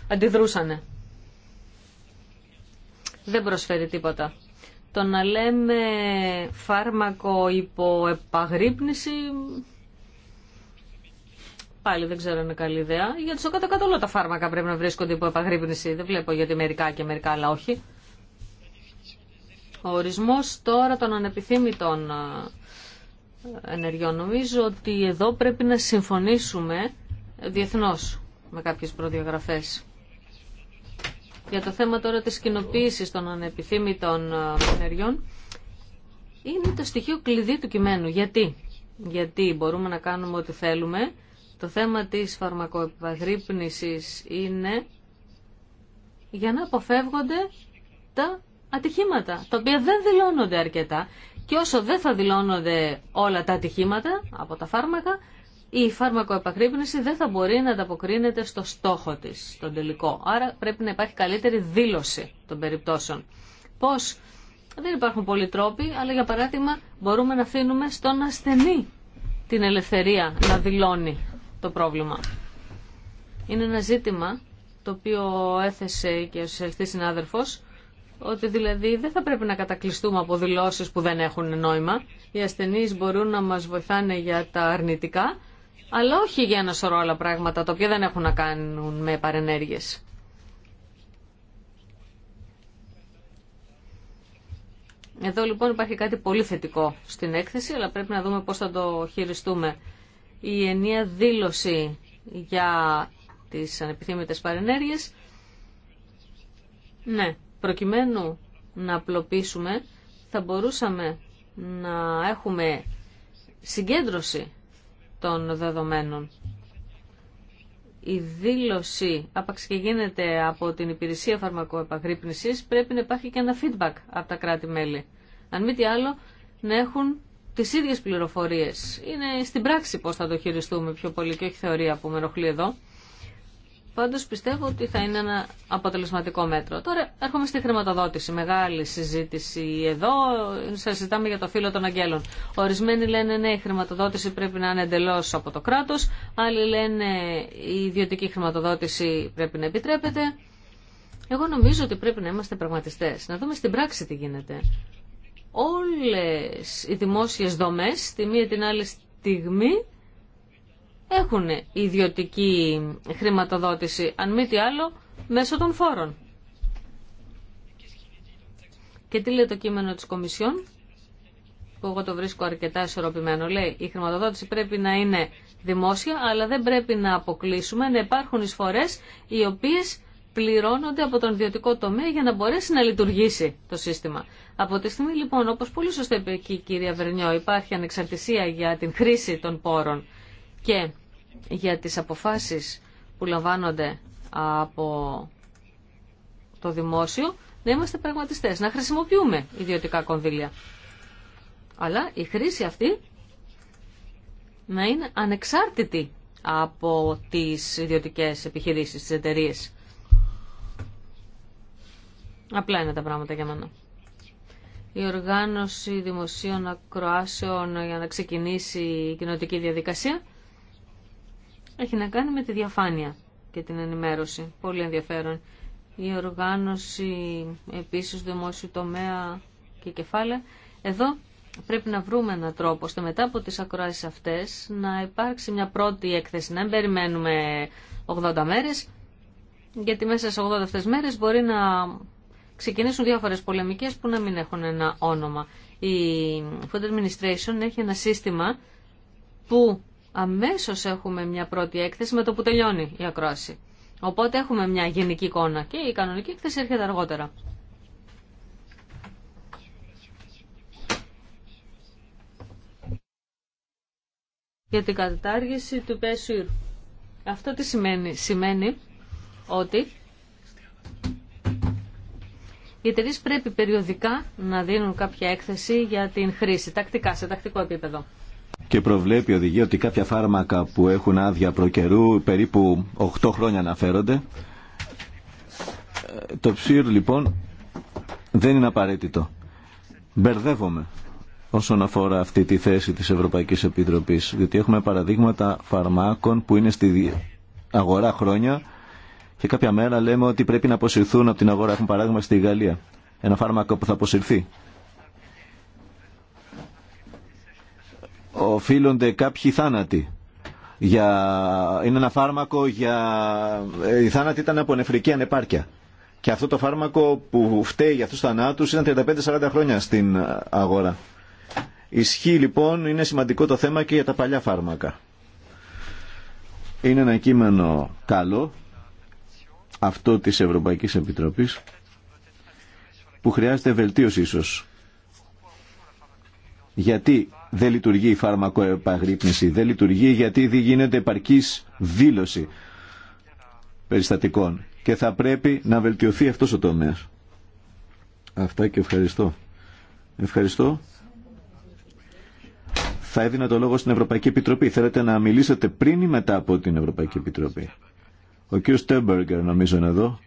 αντιδρούσανε. Δεν προσφέρει τίποτα. Το να λέμε φάρμακο υπό επαγρύπνηση πάλι δεν ξέρω είναι καλή ιδέα γιατί στο κάτω-κάτω όλα τα φάρμακα πρέπει να βρίσκονται υπό επαγρύπνηση. Δεν βλέπω γιατί μερικά και μερικά αλλά όχι. Ο ορισμός τώρα των ανεπιθύμητων ε, ενεργειών. Νομίζω ότι εδώ πρέπει να συμφωνήσουμε διεθνώς με κάποιες προδιαγραφές. Για το θέμα τώρα της κοινοποίησης των ανεπιθύμητων ε, ενεργειών είναι το στοιχείο κλειδί του κειμένου. Γιατί? Γιατί μπορούμε να κάνουμε ό,τι θέλουμε. Το θέμα της φαρμακοεπαγρύπνησης είναι για να αποφεύγονται τα ατυχήματα, τα οποία δεν δηλώνονται αρκετά. Και όσο δεν θα δηλώνονται όλα τα ατυχήματα από τα φάρμακα, η φάρμακοεπακρύπνηση δεν θα μπορεί να ανταποκρίνεται στο στόχο της, στον τελικό. Άρα πρέπει να υπάρχει καλύτερη δήλωση των περιπτώσεων. Πώς δεν υπάρχουν πολλοί τρόποι, αλλά για παράδειγμα μπορούμε να αφήνουμε στον ασθενή την ελευθερία να δηλώνει το πρόβλημα. Είναι ένα ζήτημα το οποίο έθεσε και ο συνάδελφος ότι δηλαδή δεν θα πρέπει να κατακλειστούμε από δηλώσεις που δεν έχουν νόημα. Οι ασθενείς μπορούν να μας βοηθάνε για τα αρνητικά, αλλά όχι για ένα σωρό άλλα πράγματα, τα οποία δεν έχουν να κάνουν με παρενέργειες. Εδώ λοιπόν υπάρχει κάτι πολύ θετικό στην έκθεση, αλλά πρέπει να δούμε πώς θα το χειριστούμε. Η ενία δήλωση για τις ανεπιθύμητες παρενέργειες, ναι, Προκειμένου να απλοποιήσουμε, θα μπορούσαμε να έχουμε συγκέντρωση των δεδομένων. Η δήλωση, άπαξ και γίνεται από την υπηρεσία φαρμακοεπαγρύπνησης, πρέπει να υπάρχει και ένα feedback από τα κράτη-μέλη. Αν μη τι άλλο, να έχουν τις ίδιες πληροφορίες. Είναι στην πράξη πώς θα το χειριστούμε πιο πολύ και όχι θεωρία που με ενοχλεί εδώ. Πάντως πιστεύω ότι θα είναι ένα αποτελεσματικό μέτρο. Τώρα έρχομαι στη χρηματοδότηση. Μεγάλη συζήτηση εδώ. Σα ζητάμε για το φύλλο των αγγέλων. Ορισμένοι λένε ναι, η χρηματοδότηση πρέπει να είναι εντελώ από το κράτο. Άλλοι λένε η ιδιωτική χρηματοδότηση πρέπει να επιτρέπεται. Εγώ νομίζω ότι πρέπει να είμαστε πραγματιστέ. Να δούμε στην πράξη τι γίνεται. Όλε οι δημόσιε δομέ, τη μία την άλλη στιγμή, έχουν ιδιωτική χρηματοδότηση, αν μη τι άλλο, μέσω των φόρων. Και τι λέει το κείμενο της Κομισιόν, που εγώ το βρίσκω αρκετά ισορροπημένο. Λέει, η χρηματοδότηση πρέπει να είναι δημόσια, αλλά δεν πρέπει να αποκλείσουμε να υπάρχουν εισφορές οι οποίες πληρώνονται από τον ιδιωτικό τομέα για να μπορέσει να λειτουργήσει το σύστημα. Από τη στιγμή λοιπόν, όπως πολύ σωστά είπε εκεί η κυρία Βερνιό, υπάρχει ανεξαρτησία για την χρήση των πόρων και για τις αποφάσεις που λαμβάνονται από το δημόσιο, να είμαστε πραγματιστές, να χρησιμοποιούμε ιδιωτικά κονδύλια. Αλλά η χρήση αυτή να είναι ανεξάρτητη από τις ιδιωτικές επιχειρήσεις, τις εταιρείε. Απλά είναι τα πράγματα για μένα. Η οργάνωση δημοσίων ακροάσεων για να ξεκινήσει η κοινωτική διαδικασία έχει να κάνει με τη διαφάνεια και την ενημέρωση. Πολύ ενδιαφέρον. Η οργάνωση επίσης δημόσιο τομέα και κεφάλαια. Εδώ πρέπει να βρούμε έναν τρόπο ώστε μετά από τις ακροάσεις αυτές να υπάρξει μια πρώτη έκθεση. Να μην περιμένουμε 80 μέρες γιατί μέσα σε 80 αυτές μέρες μπορεί να ξεκινήσουν διάφορες πολεμικές που να μην έχουν ένα όνομα. Η Food Administration έχει ένα σύστημα που αμέσως έχουμε μια πρώτη έκθεση με το που τελειώνει η ακρόαση. Οπότε έχουμε μια γενική εικόνα και η κανονική έκθεση έρχεται αργότερα. Για την κατάργηση του PSUR. Αυτό τι σημαίνει. Σημαίνει ότι οι εταιρείε πρέπει περιοδικά να δίνουν κάποια έκθεση για την χρήση, τακτικά, σε τακτικό επίπεδο και προβλέπει οδηγεί, ότι κάποια φάρμακα που έχουν άδεια προκαιρού περίπου 8 χρόνια αναφέρονται. Ε, το ψήρ λοιπόν δεν είναι απαραίτητο. Μπερδεύομαι όσον αφορά αυτή τη θέση της Ευρωπαϊκής Επιτροπής, διότι έχουμε παραδείγματα φαρμάκων που είναι στη αγορά χρόνια και κάποια μέρα λέμε ότι πρέπει να αποσυρθούν από την αγορά. Έχουν παράδειγμα στη Γαλλία ένα φάρμακο που θα αποσυρθεί οφείλονται κάποιοι θάνατοι. Για... Είναι ένα φάρμακο για... η ε, θάνατοι ήταν από νεφρική ανεπάρκεια. Και αυτό το φάρμακο που φταίει για αυτούς τους θανάτους ήταν 35-40 χρόνια στην αγορά. Ισχύει λοιπόν, είναι σημαντικό το θέμα και για τα παλιά φάρμακα. Είναι ένα κείμενο καλό, αυτό της Ευρωπαϊκής Επιτροπής, που χρειάζεται βελτίωση ίσως γιατί δεν λειτουργεί η φάρμακοεπαγρύπνηση, δεν λειτουργεί γιατί δεν γίνεται επαρκή δήλωση περιστατικών και θα πρέπει να βελτιωθεί αυτός ο τομέας. Αυτά και ευχαριστώ. Ευχαριστώ. Θα έδινα το λόγο στην Ευρωπαϊκή Επιτροπή. Θέλετε να μιλήσετε πριν ή μετά από την Ευρωπαϊκή Επιτροπή. Ο κ. Στέμπεργκερ νομίζω είναι εδώ.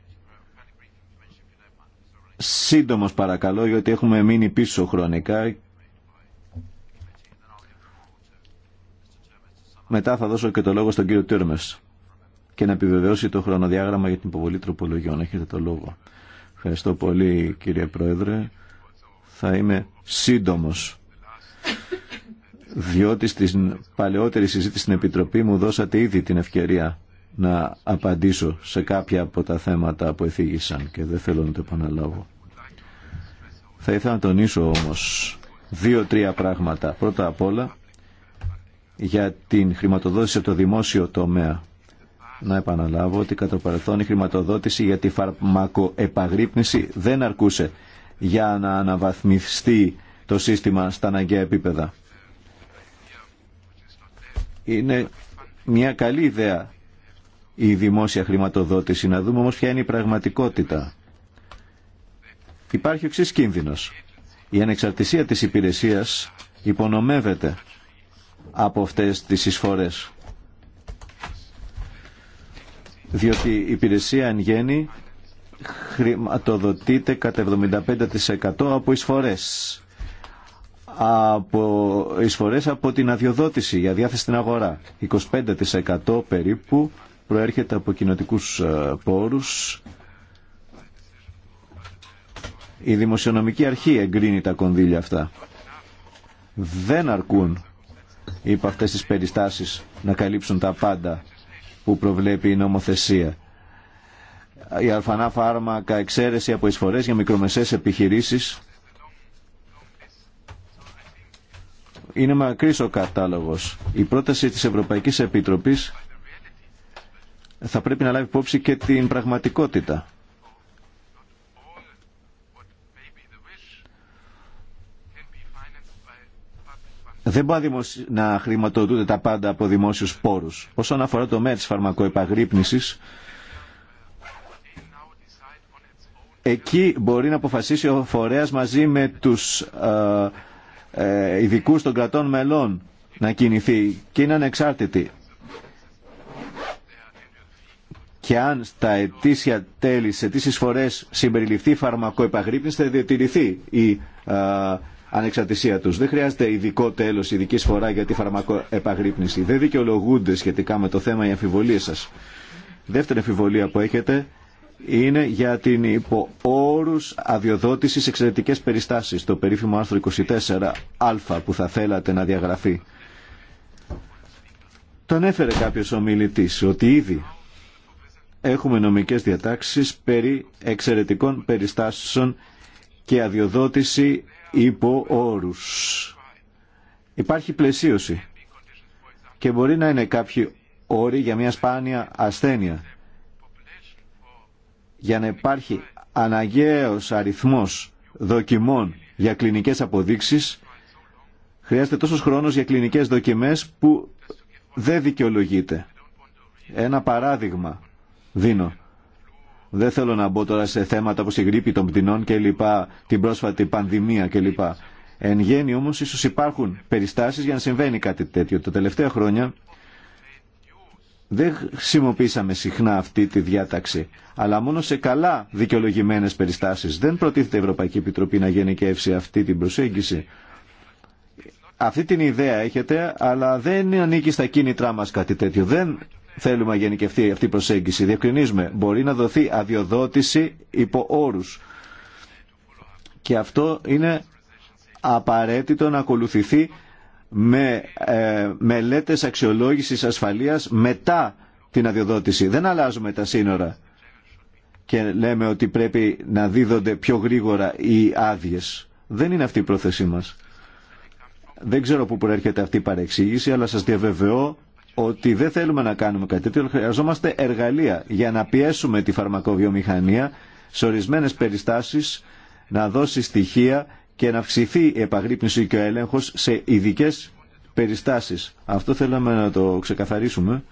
Σύντομος παρακαλώ, γιατί έχουμε μείνει πίσω χρονικά Μετά θα δώσω και το λόγο στον κύριο Τούρμες και να επιβεβαιώσει το χρονοδιάγραμμα για την υποβολή τροπολογιών. Έχετε το λόγο. Ευχαριστώ πολύ κύριε Πρόεδρε. Θα είμαι σύντομος διότι στην παλαιότερη συζήτηση στην Επιτροπή μου δώσατε ήδη την ευκαιρία να απαντήσω σε κάποια από τα θέματα που εθίγησαν και δεν θέλω να το επαναλάβω. Θα ήθελα να τονίσω όμως δύο-τρία πράγματα. Πρώτα απ' όλα για την χρηματοδότηση από το δημόσιο τομέα. Να επαναλάβω ότι κατά παρελθόν η χρηματοδότηση για τη φαρμακοεπαγρύπνηση δεν αρκούσε για να αναβαθμιστεί το σύστημα στα αναγκαία επίπεδα. Είναι μια καλή ιδέα η δημόσια χρηματοδότηση. Να δούμε όμως ποια είναι η πραγματικότητα. Υπάρχει οξύ κίνδυνος. Η ανεξαρτησία της υπηρεσίας υπονομεύεται από αυτές τις εισφορές. Διότι η υπηρεσία εν γέννη χρηματοδοτείται κατά 75% από εισφορές. Από εισφορές από την αδειοδότηση για διάθεση στην αγορά. 25% περίπου προέρχεται από κοινοτικούς ε, πόρους. Η Δημοσιονομική Αρχή εγκρίνει τα κονδύλια αυτά. Δεν αρκούν υπό αυτές τις περιστάσεις να καλύψουν τα πάντα που προβλέπει η νομοθεσία. Η αλφανά φάρμακα εξαίρεση από εισφορές για μικρομεσαίες επιχειρήσεις είναι μακρύς ο κατάλογος. Η πρόταση της Ευρωπαϊκής Επιτροπής θα πρέπει να λάβει υπόψη και την πραγματικότητα. δεν μπορεί να χρηματοδοτούνται τα πάντα από δημόσιους πόρους. Όσον αφορά το τη φαρμακοεπαγρύπνησης, εκεί μπορεί να αποφασίσει ο φορέας μαζί με τους ε, ε, ειδικούς των κρατών μελών να κινηθεί και είναι ανεξάρτητη. Και αν στα ετήσια τέλη, σε αιτήσεις φορές συμπεριληφθεί φαρμακοεπαγρύπνηση, θα διατηρηθεί η ε, ανεξαρτησία τους. Δεν χρειάζεται ειδικό τέλος, ειδική σφορά για τη φαρμακοεπαγρύπνηση. Δεν δικαιολογούνται σχετικά με το θέμα οι αμφιβολίε σας. Δεύτερη αμφιβολία που έχετε είναι για την υπό όρους αδειοδότησης εξαιρετικές περιστάσεις, το περίφημο άρθρο 24α που θα θέλατε να διαγραφεί. Το έφερε κάποιος ομιλητή ότι ήδη έχουμε νομικές διατάξεις περί εξαιρετικών περιστάσεων και αδειοδότηση υπό όρους. Υπάρχει πλαισίωση και μπορεί να είναι κάποιοι όροι για μια σπάνια ασθένεια. Για να υπάρχει αναγκαίος αριθμός δοκιμών για κλινικές αποδείξεις, χρειάζεται τόσος χρόνος για κλινικές δοκιμές που δεν δικαιολογείται. Ένα παράδειγμα δίνω. Δεν θέλω να μπω τώρα σε θέματα όπως η γρήπη των πτηνών λοιπά, την πρόσφατη πανδημία και λοιπά. Εν γέννη όμως ίσως υπάρχουν περιστάσεις για να συμβαίνει κάτι τέτοιο. Τα τελευταία χρόνια δεν χρησιμοποίησαμε συχνά αυτή τη διάταξη, αλλά μόνο σε καλά δικαιολογημένες περιστάσεις. Δεν προτίθεται η Ευρωπαϊκή Επιτροπή να γενικεύσει αυτή την προσέγγιση. Αυτή την ιδέα έχετε, αλλά δεν ανήκει στα κίνητρά μας κάτι τέτοιο. Δεν θέλουμε να γενικευτεί αυτή η προσέγγιση. Διευκρινίζουμε, μπορεί να δοθεί αδειοδότηση υπό όρους. Και αυτό είναι απαραίτητο να ακολουθηθεί με ε, μελέτες αξιολόγησης ασφαλείας μετά την αδειοδότηση. Δεν αλλάζουμε τα σύνορα και λέμε ότι πρέπει να δίδονται πιο γρήγορα οι άδειε. Δεν είναι αυτή η πρόθεσή μας. Δεν ξέρω πού προέρχεται αυτή η παρεξήγηση, αλλά σας διαβεβαιώ ότι δεν θέλουμε να κάνουμε κάτι τέτοιο, χρειαζόμαστε εργαλεία για να πιέσουμε τη φαρμακοβιομηχανία σε ορισμένε περιστάσεις να δώσει στοιχεία και να αυξηθεί η επαγρύπνηση και ο έλεγχος σε ειδικέ περιστάσεις. Αυτό θέλαμε να το ξεκαθαρίσουμε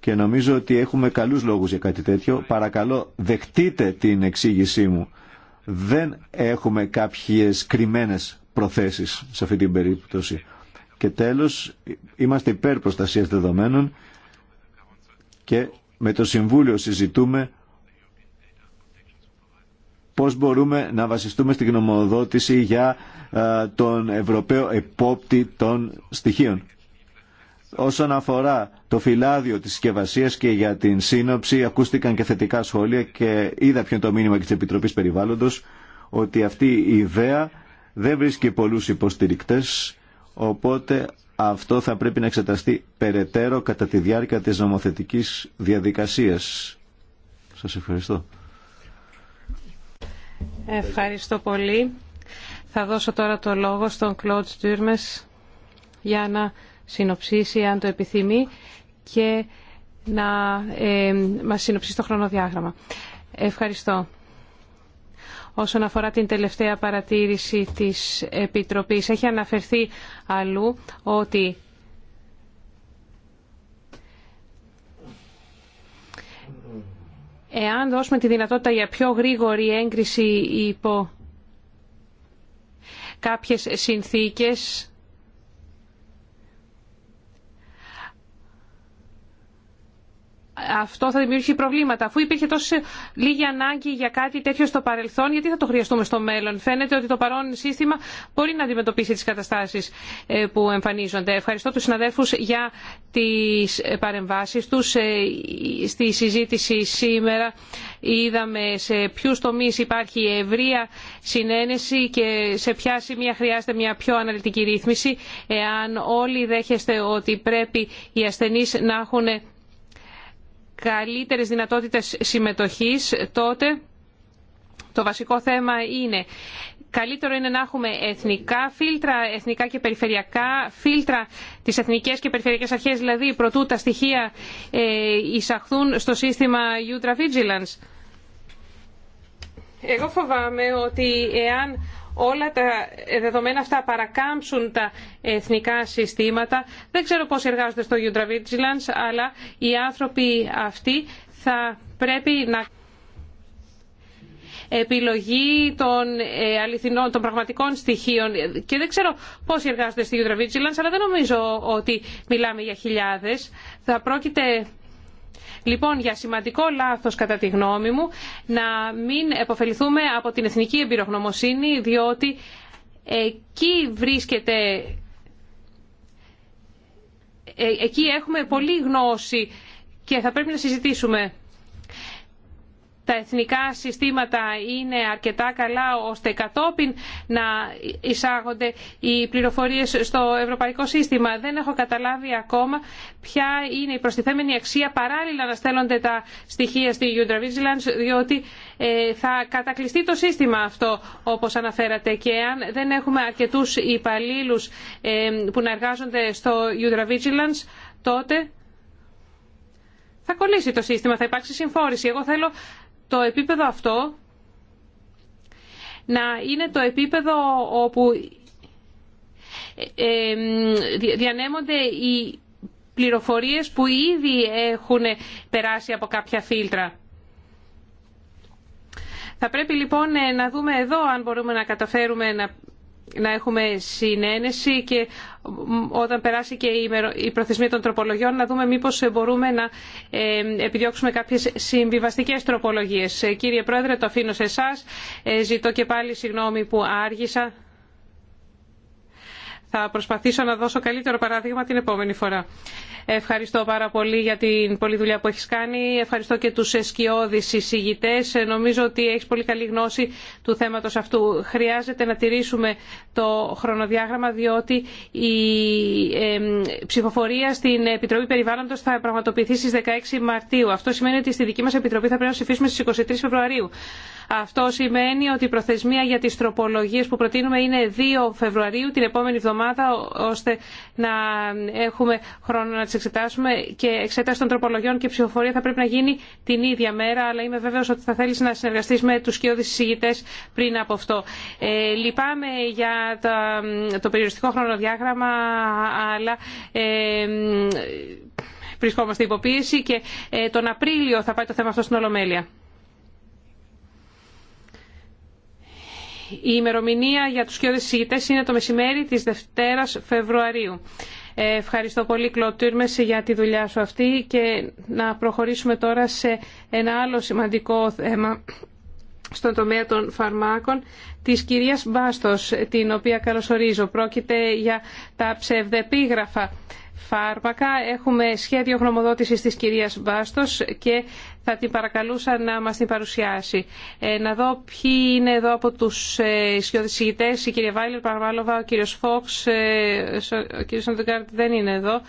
και νομίζω ότι έχουμε καλούς λόγους για κάτι τέτοιο. Παρακαλώ δεχτείτε την εξήγησή μου. Δεν έχουμε κάποιες κρυμμένες προθέσεις σε αυτή την περίπτωση. Και τέλος, είμαστε υπέρ προστασίας δεδομένων και με το Συμβούλιο συζητούμε πώς μπορούμε να βασιστούμε στην γνωμοδότηση για τον Ευρωπαίο επόπτη των στοιχείων. Όσον αφορά το φυλάδιο της συσκευασία και για την σύνοψη, ακούστηκαν και θετικά σχόλια και είδα ποιο είναι το μήνυμα και της Επιτροπής Περιβάλλοντος, ότι αυτή η ιδέα δεν βρίσκει πολλούς υποστηρικτές Οπότε αυτό θα πρέπει να εξεταστεί περαιτέρω κατά τη διάρκεια της νομοθετικής διαδικασίας. Σας ευχαριστώ. Ευχαριστώ πολύ. Θα δώσω τώρα το λόγο στον Κλοντ Τούρμες για να συνοψίσει αν το επιθυμεί και να ε, μας συνοψίσει το χρονοδιάγραμμα. Ευχαριστώ όσον αφορά την τελευταία παρατήρηση της Επιτροπής. Έχει αναφερθεί αλλού ότι εάν δώσουμε τη δυνατότητα για πιο γρήγορη έγκριση υπό κάποιες συνθήκες αυτό θα δημιουργήσει προβλήματα. Αφού υπήρχε τόσο λίγη ανάγκη για κάτι τέτοιο στο παρελθόν, γιατί θα το χρειαστούμε στο μέλλον. Φαίνεται ότι το παρόν σύστημα μπορεί να αντιμετωπίσει τις καταστάσεις ε, που εμφανίζονται. Ευχαριστώ τους συναδέλφους για τις ε, παρεμβάσεις τους. Ε, στη συζήτηση σήμερα είδαμε σε ποιου τομεί υπάρχει ευρεία συνένεση και σε ποια σημεία χρειάζεται μια πιο αναλυτική ρύθμιση. Εάν όλοι δέχεστε ότι πρέπει οι ασθενεί να έχουν καλύτερες δυνατότητες συμμετοχής, τότε το βασικό θέμα είναι καλύτερο είναι να έχουμε εθνικά φίλτρα, εθνικά και περιφερειακά φίλτρα, τις εθνικές και περιφερειακές αρχές, δηλαδή προτού τα στοιχεία ε, εισαχθούν στο σύστημα Ultra Vigilance. Εγώ φοβάμαι ότι εάν όλα τα δεδομένα αυτά παρακάμψουν τα εθνικά συστήματα. Δεν ξέρω πώς εργάζονται στο Vigilance, αλλά οι άνθρωποι αυτοί θα πρέπει να επιλογή των, ε, αληθινών, των πραγματικών στοιχείων και δεν ξέρω πόσοι εργάζονται στη Vigilance, αλλά δεν νομίζω ότι μιλάμε για χιλιάδες. Θα πρόκειται Λοιπόν, για σημαντικό λάθος κατά τη γνώμη μου, να μην επωφεληθούμε από την εθνική εμπειρογνωμοσύνη, διότι εκεί βρίσκεται, ε, εκεί έχουμε πολλή γνώση και θα πρέπει να συζητήσουμε τα εθνικά συστήματα είναι αρκετά καλά ώστε κατόπιν να εισάγονται οι πληροφορίες στο ευρωπαϊκό σύστημα. Δεν έχω καταλάβει ακόμα ποια είναι η προστιθέμενη αξία παράλληλα να στέλνονται τα στοιχεία στη Vigilance, διότι ε, θα κατακλειστεί το σύστημα αυτό όπως αναφέρατε και αν δεν έχουμε αρκετούς υπαλλήλου ε, που να εργάζονται στο Vigilance, τότε θα κολλήσει το σύστημα, θα υπάρξει συμφόρηση. Εγώ θέλω το επίπεδο αυτό να είναι το επίπεδο όπου ε, διανέμονται οι πληροφορίες που ήδη έχουν περάσει από κάποια φίλτρα. Θα πρέπει λοιπόν ε, να δούμε εδώ αν μπορούμε να καταφέρουμε να να έχουμε συνένεση και όταν περάσει και η προθεσμία των τροπολογιών να δούμε μήπως μπορούμε να επιδιώξουμε κάποιες συμβιβαστικές τροπολογίες. Ε, κύριε Πρόεδρε, το αφήνω σε εσά. Ε, ζητώ και πάλι συγγνώμη που άργησα. Θα προσπαθήσω να δώσω καλύτερο παράδειγμα την επόμενη φορά. Ευχαριστώ πάρα πολύ για την πολλή δουλειά που έχεις κάνει. Ευχαριστώ και τους εσκιώδεις εισηγητές. Νομίζω ότι έχεις πολύ καλή γνώση του θέματος αυτού. Χρειάζεται να τηρήσουμε το χρονοδιάγραμμα διότι η ψηφοφορία στην Επιτροπή Περιβάλλοντος θα πραγματοποιηθεί στις 16 Μαρτίου. Αυτό σημαίνει ότι στη δική μας Επιτροπή θα πρέπει να ψηφίσουμε στις 23 Φεβρουαρίου. Αυτό σημαίνει ότι η προθεσμία για τις τροπολογίες που προτείνουμε είναι 2 Φεβρουαρίου την επόμενη εβδομάδα ώστε να έχουμε χρόνο να τις εξετάσουμε και εξέταση των τροπολογιών και ψηφοφορία θα πρέπει να γίνει την ίδια μέρα αλλά είμαι βέβαιος ότι θα θέλεις να συνεργαστείς με τους κοιόδης συζητητές πριν από αυτό. Ε, λυπάμαι για το περιοριστικό χρονοδιάγραμμα αλλά ε, βρισκόμαστε υποποίηση και ε, τον Απρίλιο θα πάει το θέμα αυτό στην Ολομέλεια. Η ημερομηνία για τους κοιόδες είναι το μεσημέρι της Δευτέρας Φεβρουαρίου. Ε, ευχαριστώ πολύ Κλωτήρμες για τη δουλειά σου αυτή και να προχωρήσουμε τώρα σε ένα άλλο σημαντικό θέμα στον τομέα των φαρμάκων της κυρίας Μπάστος, την οποία καλωσορίζω. Πρόκειται για τα ψευδεπίγραφα φάρμακα. Έχουμε σχέδιο γνωμοδότησης της κυρίας Μπάστος και θα την παρακαλούσα να μας την παρουσιάσει. Ε, να δω ποιοι είναι εδώ από τους ε, η κυρία Βάιλερ Παρβάλοβα, ο κύριος Φόξ, ε, ο κύριος Αντεγκάρτ δεν είναι εδώ.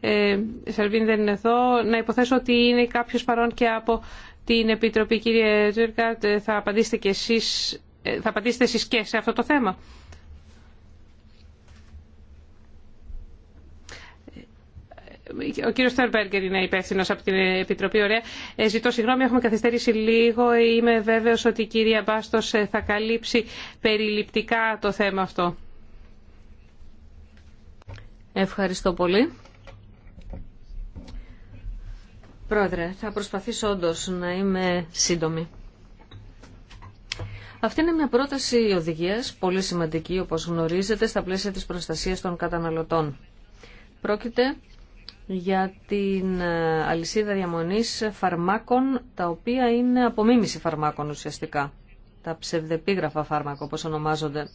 Ε, Σερβίν δεν είναι εδώ. Να υποθέσω ότι είναι κάποιος παρόν και από την Επιτροπή. Κύριε Τζέρκαρτ, θα απαντήσετε και εσείς, ε, θα απαντήσετε εσείς και σε αυτό το θέμα. Ο κύριος Στέρμπεργκερ είναι υπεύθυνο από την Επιτροπή. Ωραία. Ε, ζητώ συγγνώμη, έχουμε καθυστερήσει λίγο. Είμαι βέβαιος ότι η κυρία Μπάστος ε, θα καλύψει περιληπτικά το θέμα αυτό. Ευχαριστώ πολύ. Πρόεδρε, θα προσπαθήσω όντω να είμαι σύντομη. Αυτή είναι μια πρόταση οδηγίας, πολύ σημαντική όπως γνωρίζετε, στα πλαίσια της προστασίας των καταναλωτών. Πρόκειται για την ε, αλυσίδα διαμονής φαρμάκων, τα οποία είναι απομίμηση φαρμάκων ουσιαστικά. Τα ψευδεπίγραφα φάρμακα όπω ονομάζονται.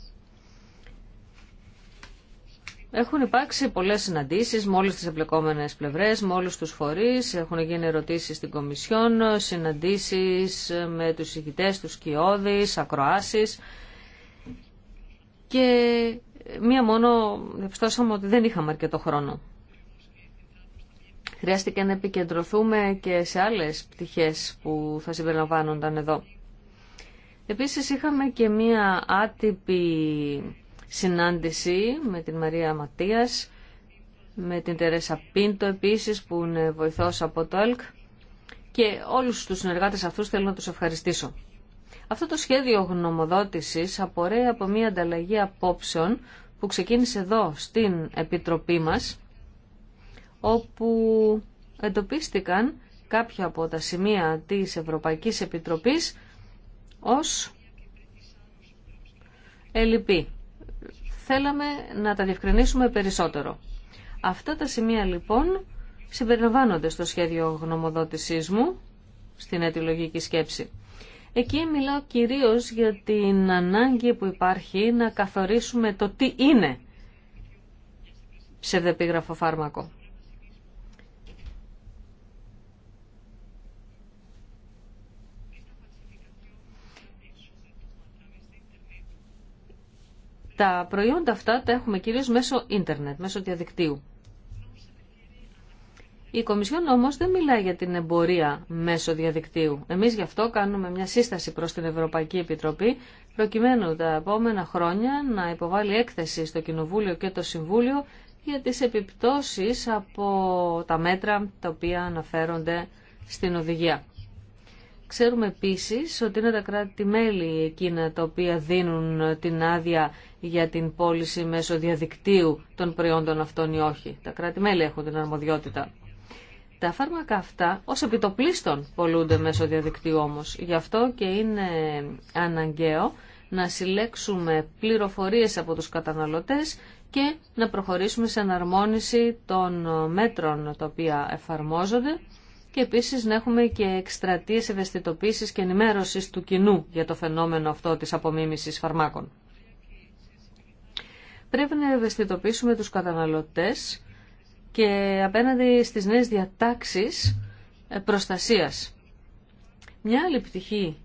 Έχουν υπάρξει πολλές συναντήσεις με όλε τις εμπλεκόμενε πλευρές, με όλου τους φορείς, έχουν γίνει ερωτήσει στην Κομισιόν, συναντήσεις με τους ηγητέ, τους κοιόδης, ακροάσει. και μία μόνο διαπιστώσαμε ότι δεν είχαμε αρκετό χρόνο. Χρειάστηκε να επικεντρωθούμε και σε άλλες πτυχές που θα συμπεριλαμβάνονταν εδώ. Επίσης είχαμε και μία άτυπη συνάντηση με την Μαρία Ματίας, με την Τερέσα Πίντο επίσης που είναι βοηθός από το ΕΛΚ και όλους τους συνεργάτες αυτούς θέλω να τους ευχαριστήσω. Αυτό το σχέδιο γνωμοδότησης απορρέει από μια ανταλλαγή απόψεων που ξεκίνησε εδώ στην Επιτροπή μας όπου εντοπίστηκαν κάποια από τα σημεία της Ευρωπαϊκής Επιτροπής ως ελλειπή θέλαμε να τα διευκρινίσουμε περισσότερο. Αυτά τα σημεία λοιπόν συμπεριλαμβάνονται στο σχέδιο γνωμοδότησής μου, στην αιτιολογική σκέψη. Εκεί μιλάω κυρίως για την ανάγκη που υπάρχει να καθορίσουμε το τι είναι ψευδεπίγραφο φάρμακο. Τα προϊόντα αυτά τα έχουμε κυρίως μέσω ίντερνετ, μέσω διαδικτύου. Η Κομισιόν όμως δεν μιλάει για την εμπορία μέσω διαδικτύου. Εμείς γι' αυτό κάνουμε μια σύσταση προς την Ευρωπαϊκή Επιτροπή προκειμένου τα επόμενα χρόνια να υποβάλει έκθεση στο Κοινοβούλιο και το Συμβούλιο για τις επιπτώσεις από τα μέτρα τα οποία αναφέρονται στην οδηγία. Ξέρουμε επίση ότι είναι τα κράτη-μέλη εκείνα τα οποία δίνουν την άδεια για την πώληση μέσω διαδικτύου των προϊόντων αυτών ή όχι. Τα κράτη-μέλη έχουν την αρμοδιότητα. Τα φάρμακα αυτά ως επιτοπλίστων πολλούνται μέσω διαδικτύου όμως. Γι' αυτό και είναι αναγκαίο να συλλέξουμε πληροφορίες από τους καταναλωτέ και να προχωρήσουμε σε αναρμόνιση των μέτρων τα οποία εφαρμόζονται και επίσης να έχουμε και εκστρατείες ευαισθητοποίησης και ενημέρωσης του κοινού για το φαινόμενο αυτό της απομίμησης φαρμάκων. Πρέπει να ευαισθητοποιήσουμε τους καταναλωτές και απέναντι στις νέες διατάξεις ε, προστασίας. Μια άλλη πτυχή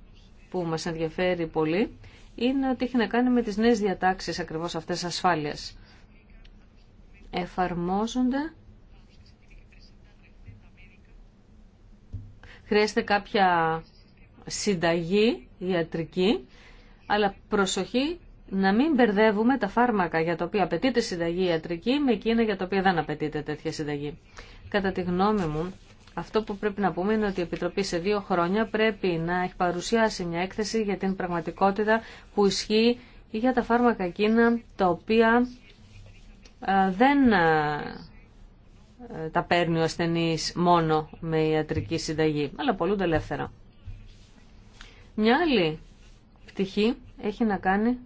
που μας ενδιαφέρει πολύ είναι ότι έχει να κάνει με τις νέες διατάξεις ακριβώς αυτές ασφάλειας. Εφαρμόζονται χρειάζεται κάποια συνταγή ιατρική, αλλά προσοχή να μην μπερδεύουμε τα φάρμακα για τα οποία απαιτείται συνταγή ιατρική με εκείνα για τα οποία δεν απαιτείται τέτοια συνταγή. Κατά τη γνώμη μου, αυτό που πρέπει να πούμε είναι ότι η Επιτροπή σε δύο χρόνια πρέπει να έχει παρουσιάσει μια έκθεση για την πραγματικότητα που ισχύει για τα φάρμακα εκείνα τα οποία ε, δεν ε, ε, τα παίρνει ο ασθενή μόνο με ιατρική συνταγή, αλλά πολλούνται ελεύθερα. Μια άλλη πτυχή έχει να κάνει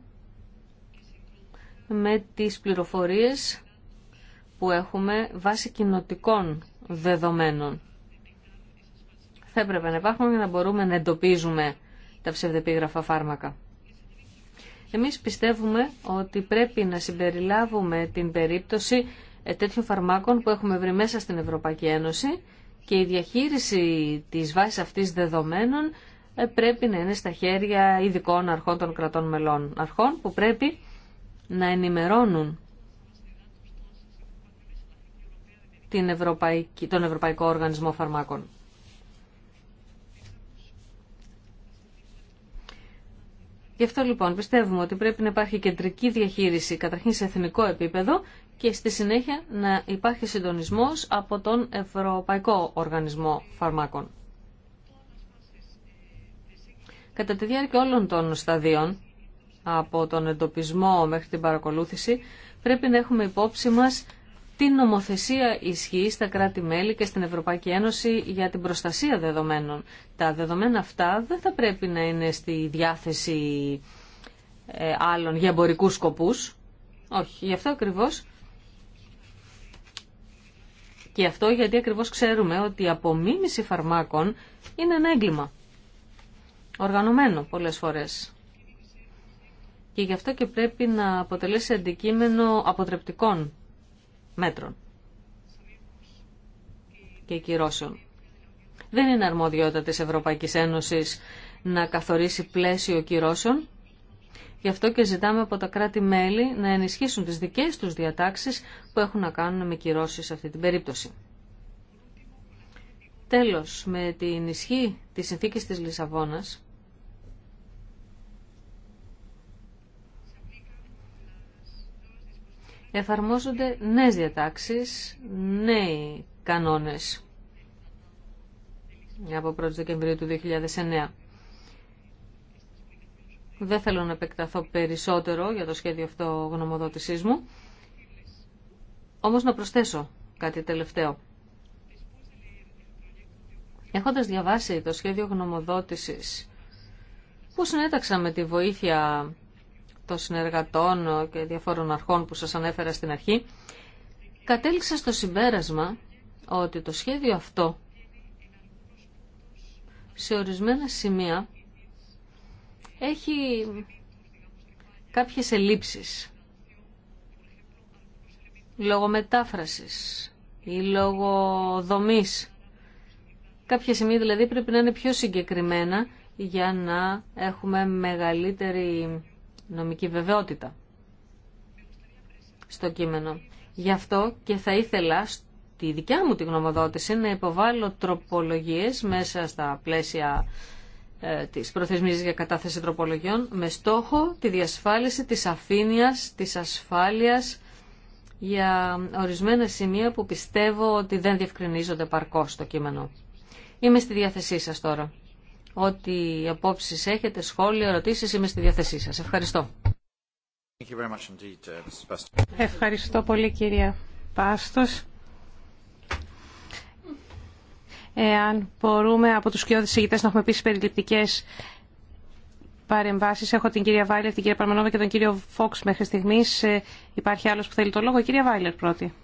με τις πληροφορίες που έχουμε βάσει κοινοτικών δεδομένων. Θα έπρεπε να υπάρχουν για να μπορούμε να εντοπίζουμε τα ψευδεπίγραφα φάρμακα. Εμείς πιστεύουμε ότι πρέπει να συμπεριλάβουμε την περίπτωση ε, τέτοιων φαρμάκων που έχουμε βρει μέσα στην Ευρωπαϊκή Ένωση και η διαχείριση της βάσης αυτής δεδομένων ε, πρέπει να είναι στα χέρια ειδικών αρχών των κρατών μελών. Αρχών που πρέπει να ενημερώνουν την τον Ευρωπαϊκό Οργανισμό Φαρμάκων. Γι' αυτό λοιπόν πιστεύουμε ότι πρέπει να υπάρχει κεντρική διαχείριση καταρχήν σε εθνικό επίπεδο και στη συνέχεια να υπάρχει συντονισμός από τον Ευρωπαϊκό Οργανισμό Φαρμάκων. Κατά τη διάρκεια όλων των σταδίων, από τον εντοπισμό μέχρι την παρακολούθηση, πρέπει να έχουμε υπόψη μας την νομοθεσία ισχύει στα κράτη-μέλη και στην Ευρωπαϊκή Ένωση για την προστασία δεδομένων. Τα δεδομένα αυτά δεν θα πρέπει να είναι στη διάθεση ε, άλλων για εμπορικού σκοπούς. Όχι, γι' αυτό ακριβώς και αυτό γιατί ακριβώς ξέρουμε ότι η απομίμηση φαρμάκων είναι ένα έγκλημα. Οργανωμένο πολλές φορές. Και γι' αυτό και πρέπει να αποτελέσει αντικείμενο αποτρεπτικών μέτρων και κυρώσεων. Δεν είναι αρμοδιότητα της Ευρωπαϊκής Ένωσης να καθορίσει πλαίσιο κυρώσεων, Γι' αυτό και ζητάμε από τα κράτη-μέλη να ενισχύσουν τις δικές τους διατάξεις που έχουν να κάνουν με κυρώσεις σε αυτή την περίπτωση. Τέλος, με την ισχύ της συνθήκης της Λισαβόνας, εφαρμόζονται νέες διατάξεις, νέοι κανόνες από 1 Δεκεμβρίου του 2009. Δεν θέλω να επεκταθώ περισσότερο για το σχέδιο αυτό γνωμοδότησής μου. Όμως να προσθέσω κάτι τελευταίο. Έχοντας διαβάσει το σχέδιο γνωμοδότησης που συνέταξα με τη βοήθεια των συνεργατών και διαφόρων αρχών που σας ανέφερα στην αρχή, κατέληξα στο συμπέρασμα ότι το σχέδιο αυτό σε ορισμένα σημεία έχει κάποιες ελλείψεις λόγω μετάφρασης ή λόγω δομής. Κάποια σημεία δηλαδή πρέπει να είναι πιο συγκεκριμένα για να έχουμε μεγαλύτερη νομική βεβαιότητα στο κείμενο. Γι' αυτό και θα ήθελα στη δικιά μου τη γνωμοδότηση να υποβάλω τροπολογίες μέσα στα πλαίσια ε, τις προθεσμίες για κατάθεση τροπολογιών με στόχο τη διασφάλιση της αφήνειας, της ασφάλειας για ορισμένα σημεία που πιστεύω ότι δεν διευκρινίζονται παρκώς στο κείμενο. Είμαι στη διάθεσή σας τώρα. Ό,τι απόψεις έχετε, σχόλια, ερωτήσεις, είμαι στη διάθεσή σας. Ευχαριστώ. Uh, Ευχαριστώ πολύ κυρία Πάστος εάν μπορούμε από τους κοιόδες ηγητές να έχουμε επίσης περιληπτικές παρεμβάσεις. Έχω την κυρία Βάιλερ, την κυρία Παρμανόβα και τον κύριο Φόξ μέχρι στιγμής. Ε, υπάρχει άλλος που θέλει το λόγο. Η κυρία Βάιλερ πρώτη.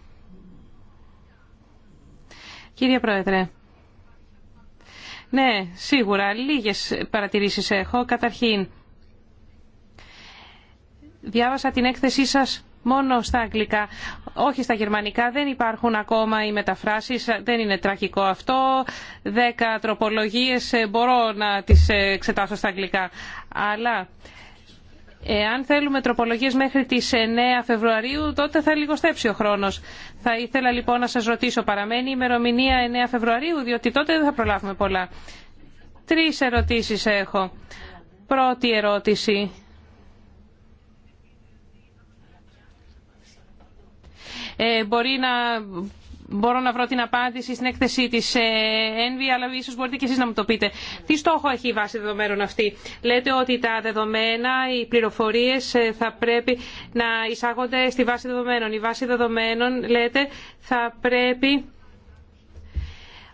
Κύριε Πρόεδρε. Ναι, σίγουρα. Λίγες παρατηρήσεις έχω. Καταρχήν, διάβασα την έκθεσή σας μόνο στα αγγλικά, όχι στα γερμανικά. Δεν υπάρχουν ακόμα οι μεταφράσεις, δεν είναι τραγικό αυτό. Δέκα τροπολογίες ε, μπορώ να τις ε, εξετάσω στα αγγλικά. Αλλά Εάν θέλουμε τροπολογίες μέχρι τις 9 Φεβρουαρίου, τότε θα λιγοστέψει ο χρόνος. Θα ήθελα λοιπόν να σας ρωτήσω, παραμένει η ημερομηνία 9 Φεβρουαρίου, διότι τότε δεν θα προλάβουμε πολλά. Τρεις ερωτήσεις έχω. Πρώτη ερώτηση. Ε, μπορεί να μπορώ να βρω την απάντηση στην έκθεσή τη ΕΝΒΙ, αλλά ίσω μπορείτε και εσεί να μου το πείτε. Τι στόχο έχει η βάση δεδομένων αυτή. Λέτε ότι τα δεδομένα, οι πληροφορίε ε, θα πρέπει να εισάγονται στη βάση δεδομένων. Η βάση δεδομένων, λέτε, θα πρέπει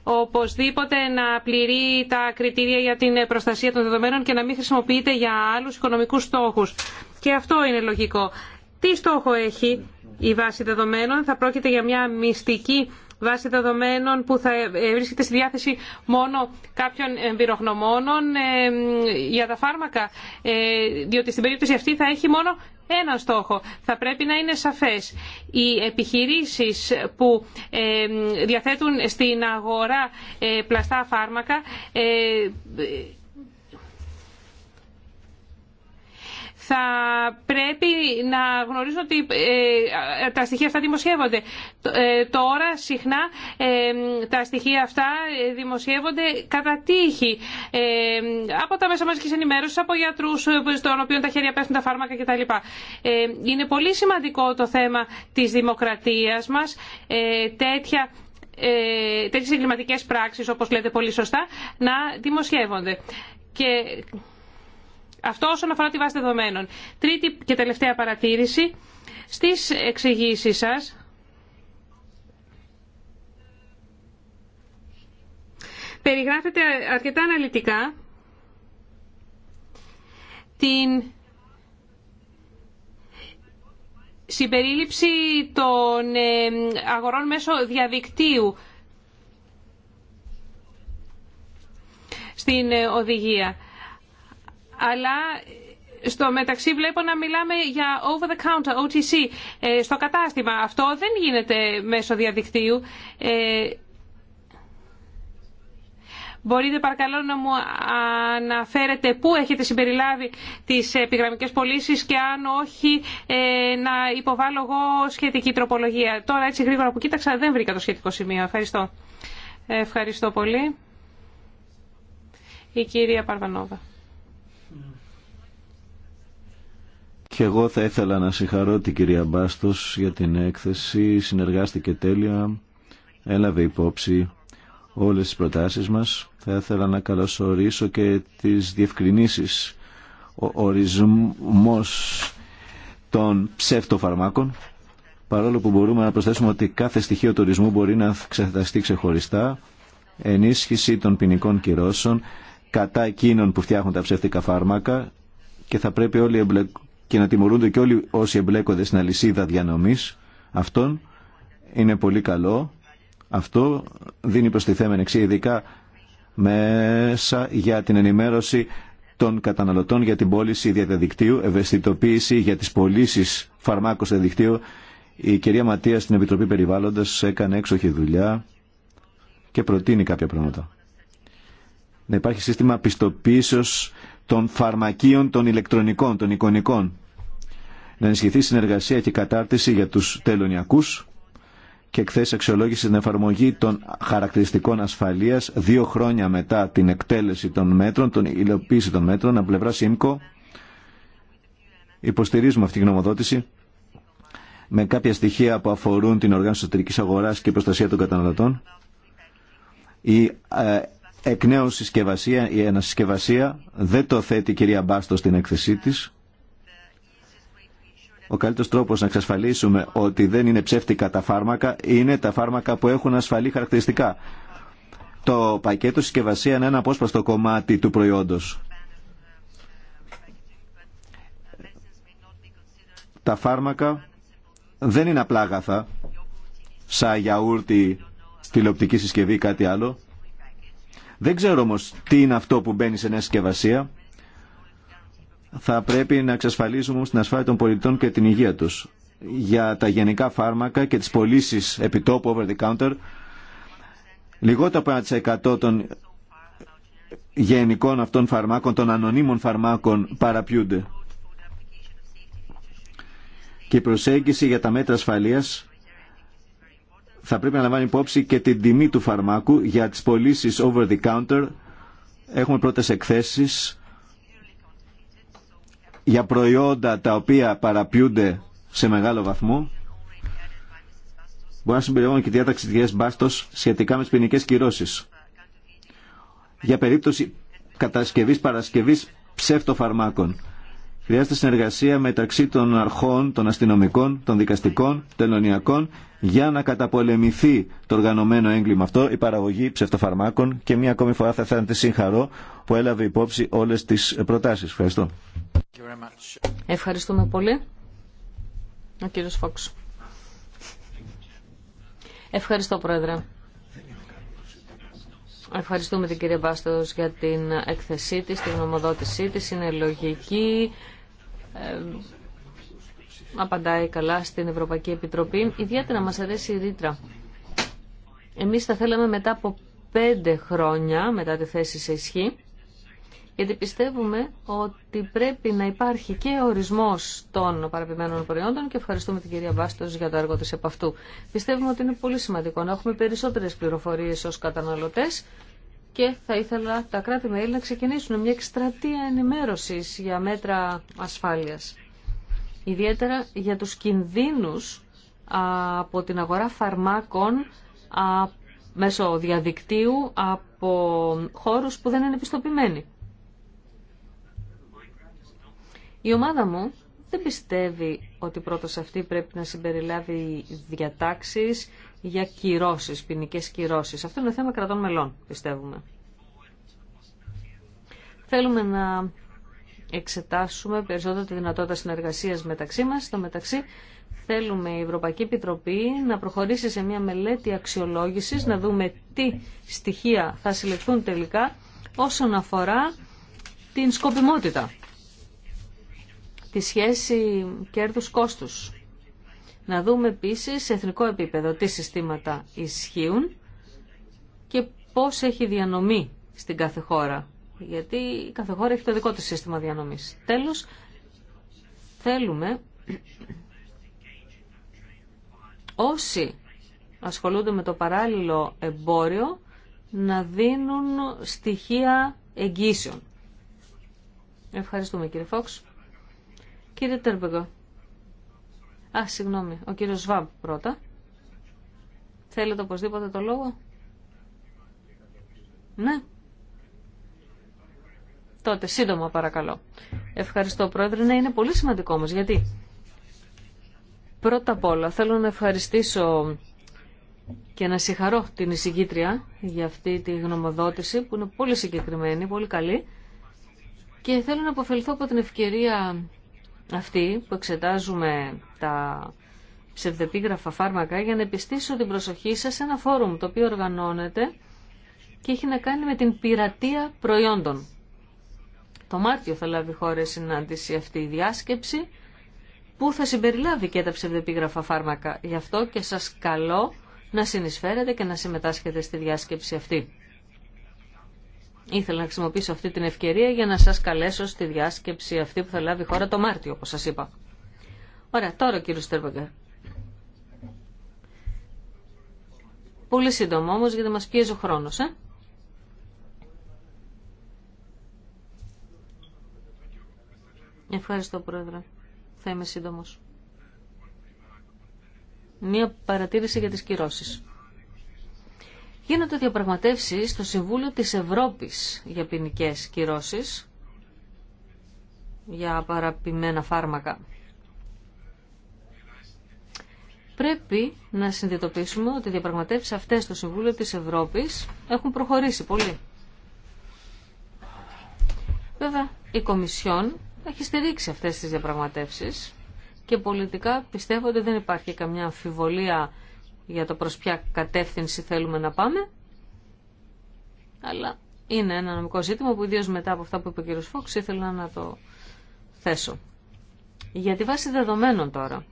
οπωσδήποτε να πληρεί τα κριτήρια για την προστασία των δεδομένων και να μην χρησιμοποιείται για άλλους οικονομικούς στόχους. Και αυτό είναι λογικό. Τι στόχο έχει η βάση δεδομένων. Θα πρόκειται για μια μυστική βάση δεδομένων που θα ε, βρίσκεται στη διάθεση μόνο κάποιων εμπειρογνωμόνων ε, για τα φάρμακα, ε, διότι στην περίπτωση αυτή θα έχει μόνο ένα στόχο. Θα πρέπει να είναι σαφές. Οι επιχειρήσεις που διαθέτουν στην αγορά πλαστά φάρμακα θα πρέπει να γνωρίζουν ότι ε, τα στοιχεία αυτά δημοσιεύονται. Ε, τώρα συχνά ε, τα στοιχεία αυτά δημοσιεύονται κατά τύχη από τα μέσα μαζικής ενημέρωσης, από γιατρούς στον οποίο τα χέρια πέφτουν τα φάρμακα κτλ. Είναι πολύ σημαντικό το θέμα της δημοκρατίας μας, τέτοια τέτοιες εγκληματικές πράξεις, όπως λέτε πολύ σωστά, να δημοσιεύονται. Και αυτό όσον αφορά τη βάση δεδομένων. Τρίτη και τελευταία παρατήρηση. Στις εξηγήσεις σας, περιγράφεται αρκετά αναλυτικά την συμπερίληψη των ε, αγορών μέσω διαδικτύου στην ε, οδηγία αλλά στο μεταξύ βλέπω να μιλάμε για over the counter, OTC, ε, στο κατάστημα. Αυτό δεν γίνεται μέσω διαδικτύου. Ε, μπορείτε παρακαλώ να μου αναφέρετε πού έχετε συμπεριλάβει τις επιγραμμικές πωλήσει και αν όχι ε, να υποβάλω εγώ σχετική τροπολογία. Τώρα έτσι γρήγορα που κοίταξα δεν βρήκα το σχετικό σημείο. Ευχαριστώ. Ευχαριστώ πολύ. Η κυρία Παρβανόβα. Και εγώ θα ήθελα να συγχαρώ την κυρία Μπάστος για την έκθεση. Συνεργάστηκε τέλεια, έλαβε υπόψη όλες τις προτάσεις μας. Θα ήθελα να καλωσορίσω και τις διευκρινήσεις. Ο ορισμός των ψευτοφαρμάκων, παρόλο που μπορούμε να προσθέσουμε ότι κάθε στοιχείο του ορισμού μπορεί να εξεταστεί ξεχωριστά, ενίσχυση των ποινικών κυρώσεων κατά εκείνων που φτιάχνουν τα ψεύτικα φάρμακα και θα πρέπει όλοι οι και να τιμωρούνται και όλοι όσοι εμπλέκονται στην αλυσίδα διανομής αυτών είναι πολύ καλό. Αυτό δίνει προστιθέμενη εξή, ειδικά μέσα για την ενημέρωση των καταναλωτών για την πώληση διαδικτύου, ευαισθητοποίηση για τις πωλήσει φαρμάκων στο διαδικτύο. Η κυρία Ματία στην Επιτροπή Περιβάλλοντα έκανε έξοχη δουλειά και προτείνει κάποια πράγματα. Να υπάρχει σύστημα πιστοποίησεως των φαρμακείων των ηλεκτρονικών, των εικονικών να ενισχυθεί συνεργασία και κατάρτιση για τους τελωνιακούς και εκθέσει αξιολόγηση στην εφαρμογή των χαρακτηριστικών ασφαλείας δύο χρόνια μετά την εκτέλεση των μέτρων, την υλοποίηση των μέτρων από πλευρά ΣΥΜΚΟ. Υποστηρίζουμε αυτή τη γνωμοδότηση με κάποια στοιχεία που αφορούν την οργάνωση εταιρικής αγοράς και προστασία των καταναλωτών. Η ε, εκ νέου συσκευασία, η ανασυσκευασία δεν το θέτει η κυρία Μπάστο στην έκθεσή της ο καλύτερο τρόπο να εξασφαλίσουμε ότι δεν είναι ψεύτικα τα φάρμακα είναι τα φάρμακα που έχουν ασφαλή χαρακτηριστικά. Το πακέτο συσκευασία είναι ένα απόσπαστο κομμάτι του προϊόντος. Τα φάρμακα δεν είναι απλά αγαθά, σαν γιαούρτι, τηλεοπτική συσκευή ή κάτι άλλο. Δεν ξέρω όμως τι είναι αυτό που μπαίνει σε μια συσκευασία. Θα πρέπει να εξασφαλίσουμε όμως την ασφάλεια των πολιτών και την υγεία τους. Για τα γενικά φάρμακα και τις πωλήσει επιτόπου over the counter, λιγότερο από 1% των γενικών αυτών φαρμάκων, των ανωνύμων φαρμάκων παραπιούνται. Και η προσέγγιση για τα μέτρα ασφαλείας θα πρέπει να λαμβάνει υπόψη και την τιμή του φαρμάκου για τις πωλήσει over the counter. Έχουμε πρώτες εκθέσεις για προϊόντα τα οποία παραποιούνται σε μεγάλο βαθμό μπορεί να συμπεριλαμβάνουν και διάταξη τη Μπάστο σχετικά με τι ποινικέ κυρώσει. Για περίπτωση κατασκευή παρασκευή ψευτοφαρμάκων. Χρειάζεται συνεργασία μεταξύ των αρχών, των αστυνομικών, των δικαστικών, τελωνιακών για να καταπολεμηθεί το οργανωμένο έγκλημα αυτό, η παραγωγή ψευτοφαρμάκων και μία ακόμη φορά θα θέλατε συγχαρώ που έλαβε υπόψη όλες τις προτάσεις. Ευχαριστώ. Ευχαριστούμε πολύ. Ο κύριο Φόξ. Ευχαριστώ, Πρόεδρε. Ευχαριστούμε την κυρία Μπάστος για την έκθεσή της, την γνωμοδότησή της. Είναι λογική, ε, απαντάει καλά στην Ευρωπαϊκή Επιτροπή. Ιδιαίτερα μας αρέσει η ρήτρα. Εμείς θα θέλαμε μετά από πέντε χρόνια, μετά τη θέση σε ισχύ, γιατί πιστεύουμε ότι πρέπει να υπάρχει και ορισμός των παραπημένων προϊόντων και ευχαριστούμε την κυρία Μπάστο για το έργο της επ' αυτού. Πιστεύουμε ότι είναι πολύ σημαντικό να έχουμε περισσότερες πληροφορίες ως καταναλωτές και θα ήθελα τα κράτη-μέλη να ξεκινήσουν μια εκστρατεία ενημέρωσης για μέτρα ασφάλειας. Ιδιαίτερα για τους κινδύνους από την αγορά φαρμάκων μέσω διαδικτύου από χώρους που δεν είναι επιστοποιημένοι. Η ομάδα μου δεν πιστεύει ότι πρώτος αυτή πρέπει να συμπεριλάβει διατάξεις για κυρώσεις, ποινικέ κυρώσεις. Αυτό είναι θέμα κρατών μελών, πιστεύουμε. Θέλουμε να εξετάσουμε περισσότερο τη δυνατότητα συνεργασίας μεταξύ μας. Στο μεταξύ θέλουμε η Ευρωπαϊκή Επιτροπή να προχωρήσει σε μια μελέτη αξιολόγησης, να δούμε τι στοιχεία θα συλλεχθούν τελικά όσον αφορά την σκοπιμότητα τη σχέση κέρδους-κόστους. Να δούμε επίσης σε εθνικό επίπεδο τι συστήματα ισχύουν και πώς έχει διανομή στην κάθε χώρα. Γιατί η κάθε χώρα έχει το δικό της σύστημα διανομής. Τέλος, θέλουμε όσοι ασχολούνται με το παράλληλο εμπόριο να δίνουν στοιχεία εγγύσεων. Ευχαριστούμε κύριε Φόξ. Κύριε Τέρπεγκο. Α, συγγνώμη, ο κύριος Σβάμπ πρώτα. Θέλετε οπωσδήποτε το λόγο. Ναι. Τότε, σύντομα παρακαλώ. Ευχαριστώ πρόεδρε. Ναι, είναι πολύ σημαντικό όμως. Γιατί πρώτα απ' όλα θέλω να ευχαριστήσω και να συγχαρώ την εισηγήτρια για αυτή τη γνωμοδότηση που είναι πολύ συγκεκριμένη, πολύ καλή και θέλω να αποφελθώ από την ευκαιρία αυτή που εξετάζουμε τα ψευδεπίγραφα φάρμακα για να επιστήσω την προσοχή σας σε ένα φόρουμ το οποίο οργανώνεται και έχει να κάνει με την πειρατεία προϊόντων. Το Μάρτιο θα λάβει χώρα συνάντηση αυτή η διάσκεψη που θα συμπεριλάβει και τα ψευδεπίγραφα φάρμακα. Γι' αυτό και σας καλώ να συνεισφέρετε και να συμμετάσχετε στη διάσκεψη αυτή. Ήθελα να χρησιμοποιήσω αυτή την ευκαιρία για να σας καλέσω στη διάσκεψη αυτή που θα λάβει η χώρα το Μάρτιο, όπως σας είπα. Ωραία, τώρα κύριο Στέρβαγκερ. Πολύ σύντομο όμως, γιατί μας πιέζει ο χρόνος, ε. Ευχαριστώ, Πρόεδρε. Θα είμαι σύντομος. Μία παρατήρηση για τις κυρώσεις. Γίνονται διαπραγματεύσεις στο Συμβούλιο της Ευρώπης για ποινικέ κυρώσεις για παραπημένα φάρμακα. Πρέπει να συνειδητοποιήσουμε ότι οι διαπραγματεύσεις αυτές στο Συμβούλιο της Ευρώπης έχουν προχωρήσει πολύ. Βέβαια, η Κομισιόν έχει στηρίξει αυτές τις διαπραγματεύσεις και πολιτικά πιστεύω ότι δεν υπάρχει καμιά αμφιβολία για το προς ποια κατεύθυνση θέλουμε να πάμε. Αλλά είναι ένα νομικό ζήτημα που ιδίω μετά από αυτά που είπε ο κ. Φόξ ήθελα να το θέσω. Για τη βάση δεδομένων τώρα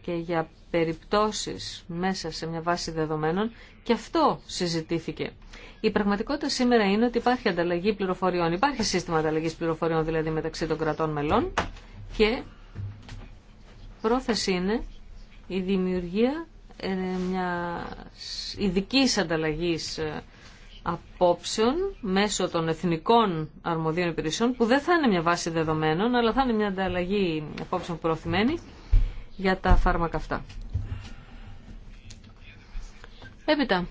και για περιπτώσεις μέσα σε μια βάση δεδομένων και αυτό συζητήθηκε. Η πραγματικότητα σήμερα είναι ότι υπάρχει ανταλλαγή πληροφοριών, υπάρχει σύστημα ανταλλαγής πληροφοριών δηλαδή μεταξύ των κρατών μελών και πρόθεση είναι η δημιουργία μια ειδική ανταλλαγή ε, απόψεων μέσω των εθνικών αρμοδίων υπηρεσιών που δεν θα είναι μια βάση δεδομένων αλλά θα είναι μια ανταλλαγή απόψεων προωθημένη για τα φάρμακα αυτά. Έπειτα,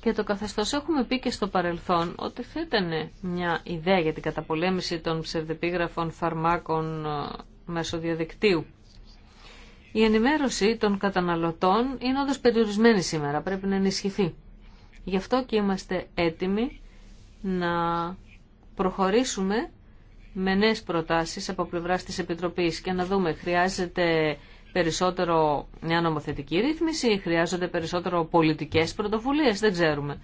και το καθεστώς έχουμε πει και στο παρελθόν ότι θα ήταν μια ιδέα για την καταπολέμηση των ψευδεπίγραφων φαρμάκων ε, μέσω διαδικτύου. Η ενημέρωση των καταναλωτών είναι όντως περιορισμένη σήμερα, πρέπει να ενισχυθεί. Γι' αυτό και είμαστε έτοιμοι να προχωρήσουμε με νέες προτάσεις από πλευρά της Επιτροπής και να δούμε χρειάζεται περισσότερο μια νομοθετική ρύθμιση, χρειάζονται περισσότερο πολιτικές πρωτοβουλίες, δεν ξέρουμε.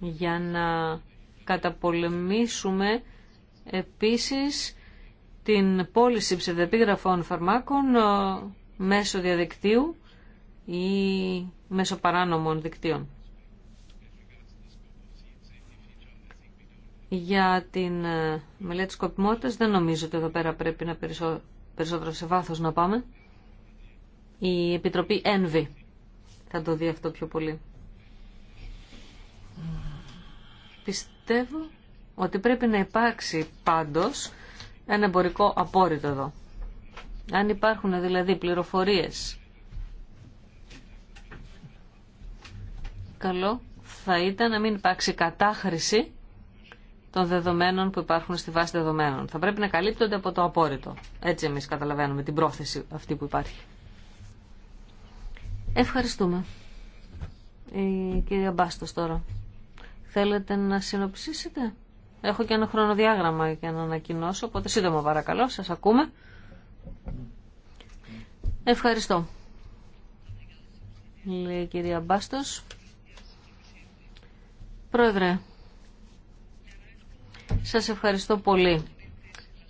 Για να καταπολεμήσουμε επίσης την πώληση ψευδεπίγραφων φαρμάκων ε, μέσω διαδικτύου ή μέσω παράνομων δικτύων. Για την ε, μελέτη σκοπιμότητας δεν νομίζω ότι εδώ πέρα πρέπει να περισσότερο σε βάθος να πάμε. Η Επιτροπή ΕΝΒΗ θα το δει αυτό πιο πολύ. Πιστεύω ότι πρέπει να υπάρξει πάντως ένα εμπορικό απόρριτο εδώ. Αν υπάρχουν δηλαδή πληροφορίες, καλό θα ήταν να μην υπάρξει κατάχρηση των δεδομένων που υπάρχουν στη βάση δεδομένων. Θα πρέπει να καλύπτονται από το απόρριτο. Έτσι εμείς καταλαβαίνουμε την πρόθεση αυτή που υπάρχει. Ευχαριστούμε. Η κυρία Μπάστος τώρα. Θέλετε να συνοψίσετε. Έχω και ένα χρονοδιάγραμμα για να ανακοινώσω, οπότε σύντομα παρακαλώ, σας ακούμε. Ευχαριστώ. Λέει η κυρία Μπάστος. Πρόεδρε, σας ευχαριστώ πολύ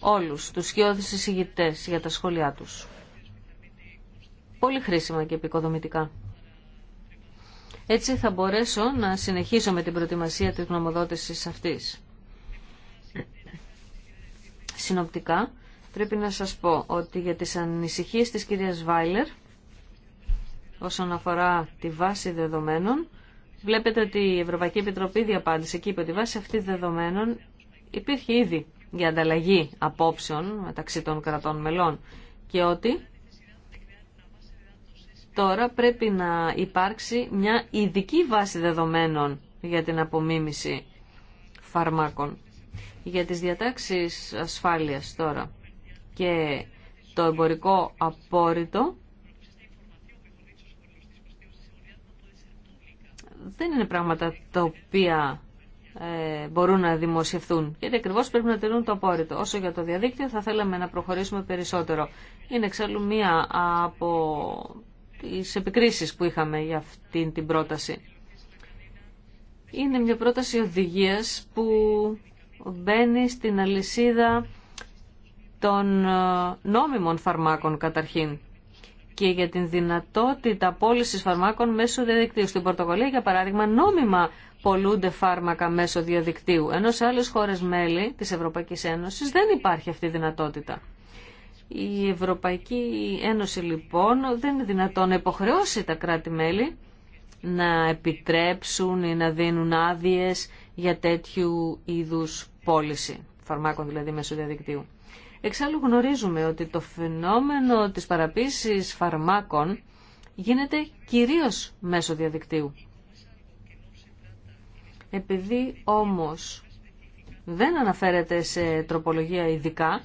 όλους τους σκιώδεις εισηγητές για τα σχόλιά τους. Πολύ χρήσιμα και επικοδομητικά. Έτσι θα μπορέσω να συνεχίσω με την προετοιμασία της γνωμοδότησης αυτής συνοπτικά, πρέπει να σας πω ότι για τις ανησυχίες της κυρίας Βάιλερ, όσον αφορά τη βάση δεδομένων, βλέπετε ότι η Ευρωπαϊκή Επιτροπή διαπάντησε και είπε ότι η βάση αυτή δεδομένων υπήρχε ήδη για ανταλλαγή απόψεων μεταξύ των κρατών μελών και ότι τώρα πρέπει να υπάρξει μια ειδική βάση δεδομένων για την απομίμηση φαρμάκων. Για τις διατάξεις ασφάλειας τώρα και το εμπορικό απόρριτο δεν είναι πράγματα τα οποία ε, μπορούν να δημοσιευθούν. Γιατί ακριβώ πρέπει να τηρούν το απόρριτο. Όσο για το διαδίκτυο θα θέλαμε να προχωρήσουμε περισσότερο. Είναι εξάλλου μία από τις επικρίσεις που είχαμε για αυτήν την πρόταση. Είναι μια πρόταση οδηγίας που μπαίνει στην αλυσίδα των ε, νόμιμων φαρμάκων καταρχήν και για την δυνατότητα πώληση φαρμάκων μέσω διαδικτύου. Στην Πορτογαλία, για παράδειγμα, νόμιμα πολλούνται φάρμακα μέσω διαδικτύου, ενώ σε άλλες χώρες μέλη της Ευρωπαϊκής Ένωσης δεν υπάρχει αυτή η δυνατότητα. Η Ευρωπαϊκή Ένωση λοιπόν δεν είναι δυνατόν να υποχρεώσει τα κράτη-μέλη να επιτρέψουν ή να δίνουν άδειε για τέτοιου είδους πώληση φαρμάκων δηλαδή μέσω διαδικτύου. Εξάλλου γνωρίζουμε ότι το φαινόμενο της παραποίησης φαρμάκων γίνεται κυρίως μέσω διαδικτύου. Επειδή όμως δεν αναφέρεται σε τροπολογία ειδικά,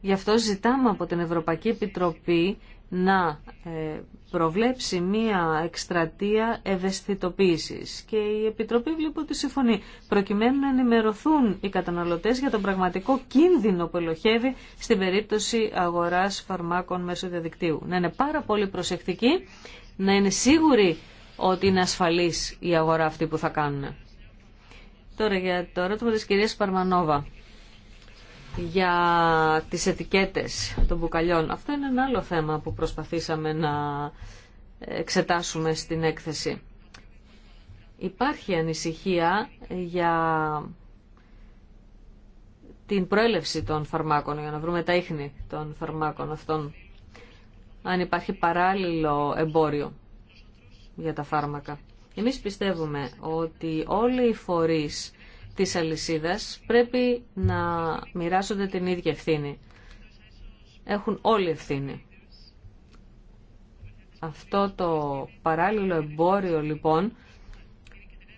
γι' αυτό ζητάμε από την Ευρωπαϊκή Επιτροπή να ε, προβλέψει μία εκστρατεία ευαισθητοποίησης και η Επιτροπή βλέπω ότι συμφωνεί προκειμένου να ενημερωθούν οι καταναλωτές για τον πραγματικό κίνδυνο που ελοχεύει στην περίπτωση αγοράς φαρμάκων μέσω διαδικτύου. Να είναι πάρα πολύ προσεκτικοί, να είναι σίγουροι ότι είναι ασφαλής η αγορά αυτή που θα κάνουν. Τώρα για το ερώτημα της κυρίας Παρμανόβα για τις ετικέτες των μπουκαλιών. Αυτό είναι ένα άλλο θέμα που προσπαθήσαμε να εξετάσουμε στην έκθεση. Υπάρχει ανησυχία για την προέλευση των φαρμάκων, για να βρούμε τα ίχνη των φαρμάκων αυτών, αν υπάρχει παράλληλο εμπόριο για τα φάρμακα. Εμείς πιστεύουμε ότι όλοι οι φορείς της αλυσίδας πρέπει να μοιράζονται την ίδια ευθύνη. Έχουν όλοι ευθύνη. Αυτό το παράλληλο εμπόριο λοιπόν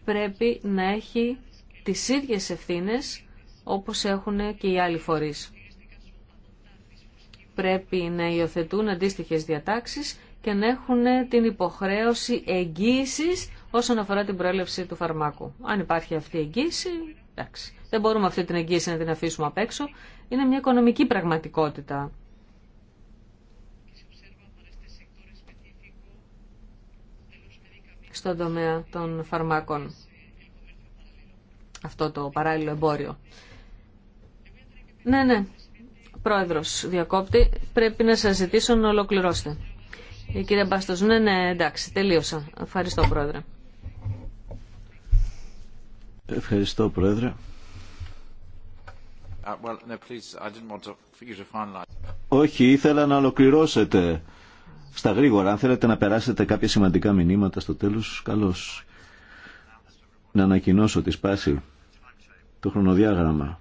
πρέπει να έχει τις ίδιες ευθύνες όπως έχουν και οι άλλοι φορείς. Πρέπει να υιοθετούν αντίστοιχες διατάξεις και να έχουν την υποχρέωση εγγύησης όσον αφορά την προέλευση του φαρμάκου. Αν υπάρχει αυτή η εγγύηση, εντάξει. Δεν μπορούμε αυτή την εγγύηση να την αφήσουμε απ' έξω. Είναι μια οικονομική πραγματικότητα. Στον τομέα των φαρμάκων. Αυτό το παράλληλο εμπόριο. Ναι, ναι. Πρόεδρος διακόπτη, πρέπει να σας ζητήσω να ολοκληρώσετε. Η κυρία Μπάστος, ναι, ναι, εντάξει, τελείωσα. Ευχαριστώ, Πρόεδρε. Ευχαριστώ, Πρόεδρε. Όχι, ήθελα να ολοκληρώσετε στα γρήγορα. Αν θέλετε να περάσετε κάποια σημαντικά μηνύματα στο τέλος, καλώς. Να ανακοινώσω τη σπάση, το χρονοδιάγραμμα,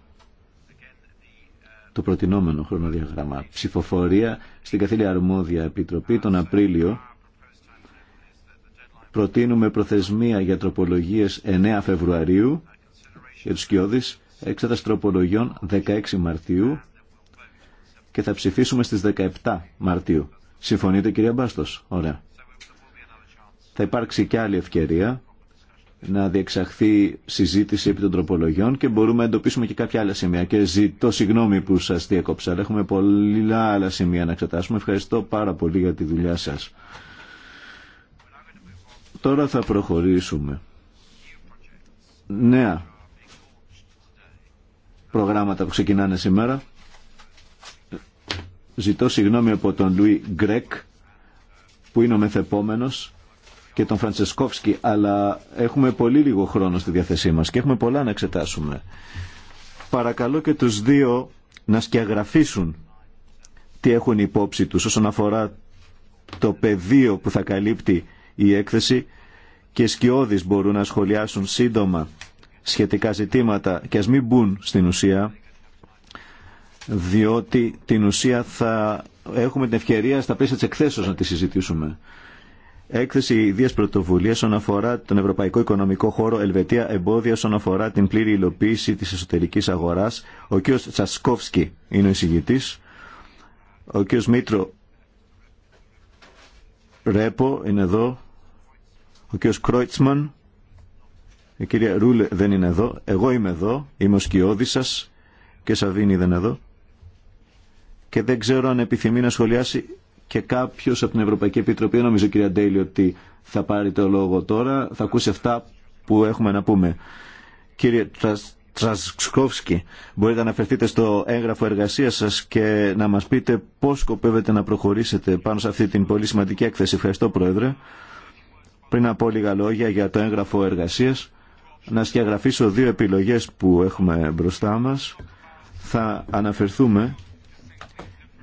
το προτινόμενο χρονοδιάγραμμα. Ψηφοφορία στην καθήλια αρμόδια επιτροπή τον Απρίλιο προτείνουμε προθεσμία για τροπολογίες 9 Φεβρουαρίου για τους κοιόδης έξετας τροπολογιών 16 Μαρτίου και θα ψηφίσουμε στις 17 Μαρτίου. Συμφωνείτε κυρία Μπάστος. Ωραία. Θα υπάρξει και άλλη ευκαιρία να διεξαχθεί συζήτηση επί των τροπολογιών και μπορούμε να εντοπίσουμε και κάποια άλλα σημεία. Και ζητώ συγγνώμη που σας διακόψα, αλλά έχουμε πολλά άλλα σημεία να εξετάσουμε. Ευχαριστώ πάρα πολύ για τη δουλειά σας. Τώρα θα προχωρήσουμε. Νέα προγράμματα που ξεκινάνε σήμερα. Ζητώ συγγνώμη από τον Λουί Γκρέκ που είναι ο μεθεπόμενος και τον Φραντσεσκόφσκι, αλλά έχουμε πολύ λίγο χρόνο στη διάθεσή μας και έχουμε πολλά να εξετάσουμε. Παρακαλώ και τους δύο να σκιαγραφίσουν τι έχουν υπόψη τους όσον αφορά το πεδίο που θα καλύπτει η έκθεση και σκιώδεις μπορούν να σχολιάσουν σύντομα σχετικά ζητήματα και ας μην μπουν στην ουσία διότι την ουσία θα έχουμε την ευκαιρία στα πλαίσια της εκθέσεως να τη συζητήσουμε. Έκθεση ιδίας πρωτοβουλία όσον αφορά τον Ευρωπαϊκό Οικονομικό Χώρο Ελβετία εμπόδια όσον αφορά την πλήρη υλοποίηση της εσωτερικής αγοράς. Ο κ. Τσασκόφσκι είναι ο εισηγητής. Ο κ. Μήτρο Ρέπο είναι εδώ ο κ. Κρόιτσμαν, η κυρία Ρούλε δεν είναι εδώ, εγώ είμαι εδώ, είμαι ο σκιώδης σας και Σαβίνη δεν είναι εδώ και δεν ξέρω αν επιθυμεί να σχολιάσει και κάποιο από την Ευρωπαϊκή Επιτροπή, νομίζω κυρία Ντέιλι ότι θα πάρει το λόγο τώρα, θα ακούσει αυτά που έχουμε να πούμε. Κύριε Τρασκόφσκι, μπορείτε να αναφερθείτε στο έγγραφο εργασίας σας και να μας πείτε πώς σκοπεύετε να προχωρήσετε πάνω σε αυτή την πολύ σημαντική έκθεση. Ευχαριστώ Πρόεδρε. Πριν από λίγα λόγια για το έγγραφο εργασίας, να σκιαγραφίσω δύο επιλογές που έχουμε μπροστά μας. Θα αναφερθούμε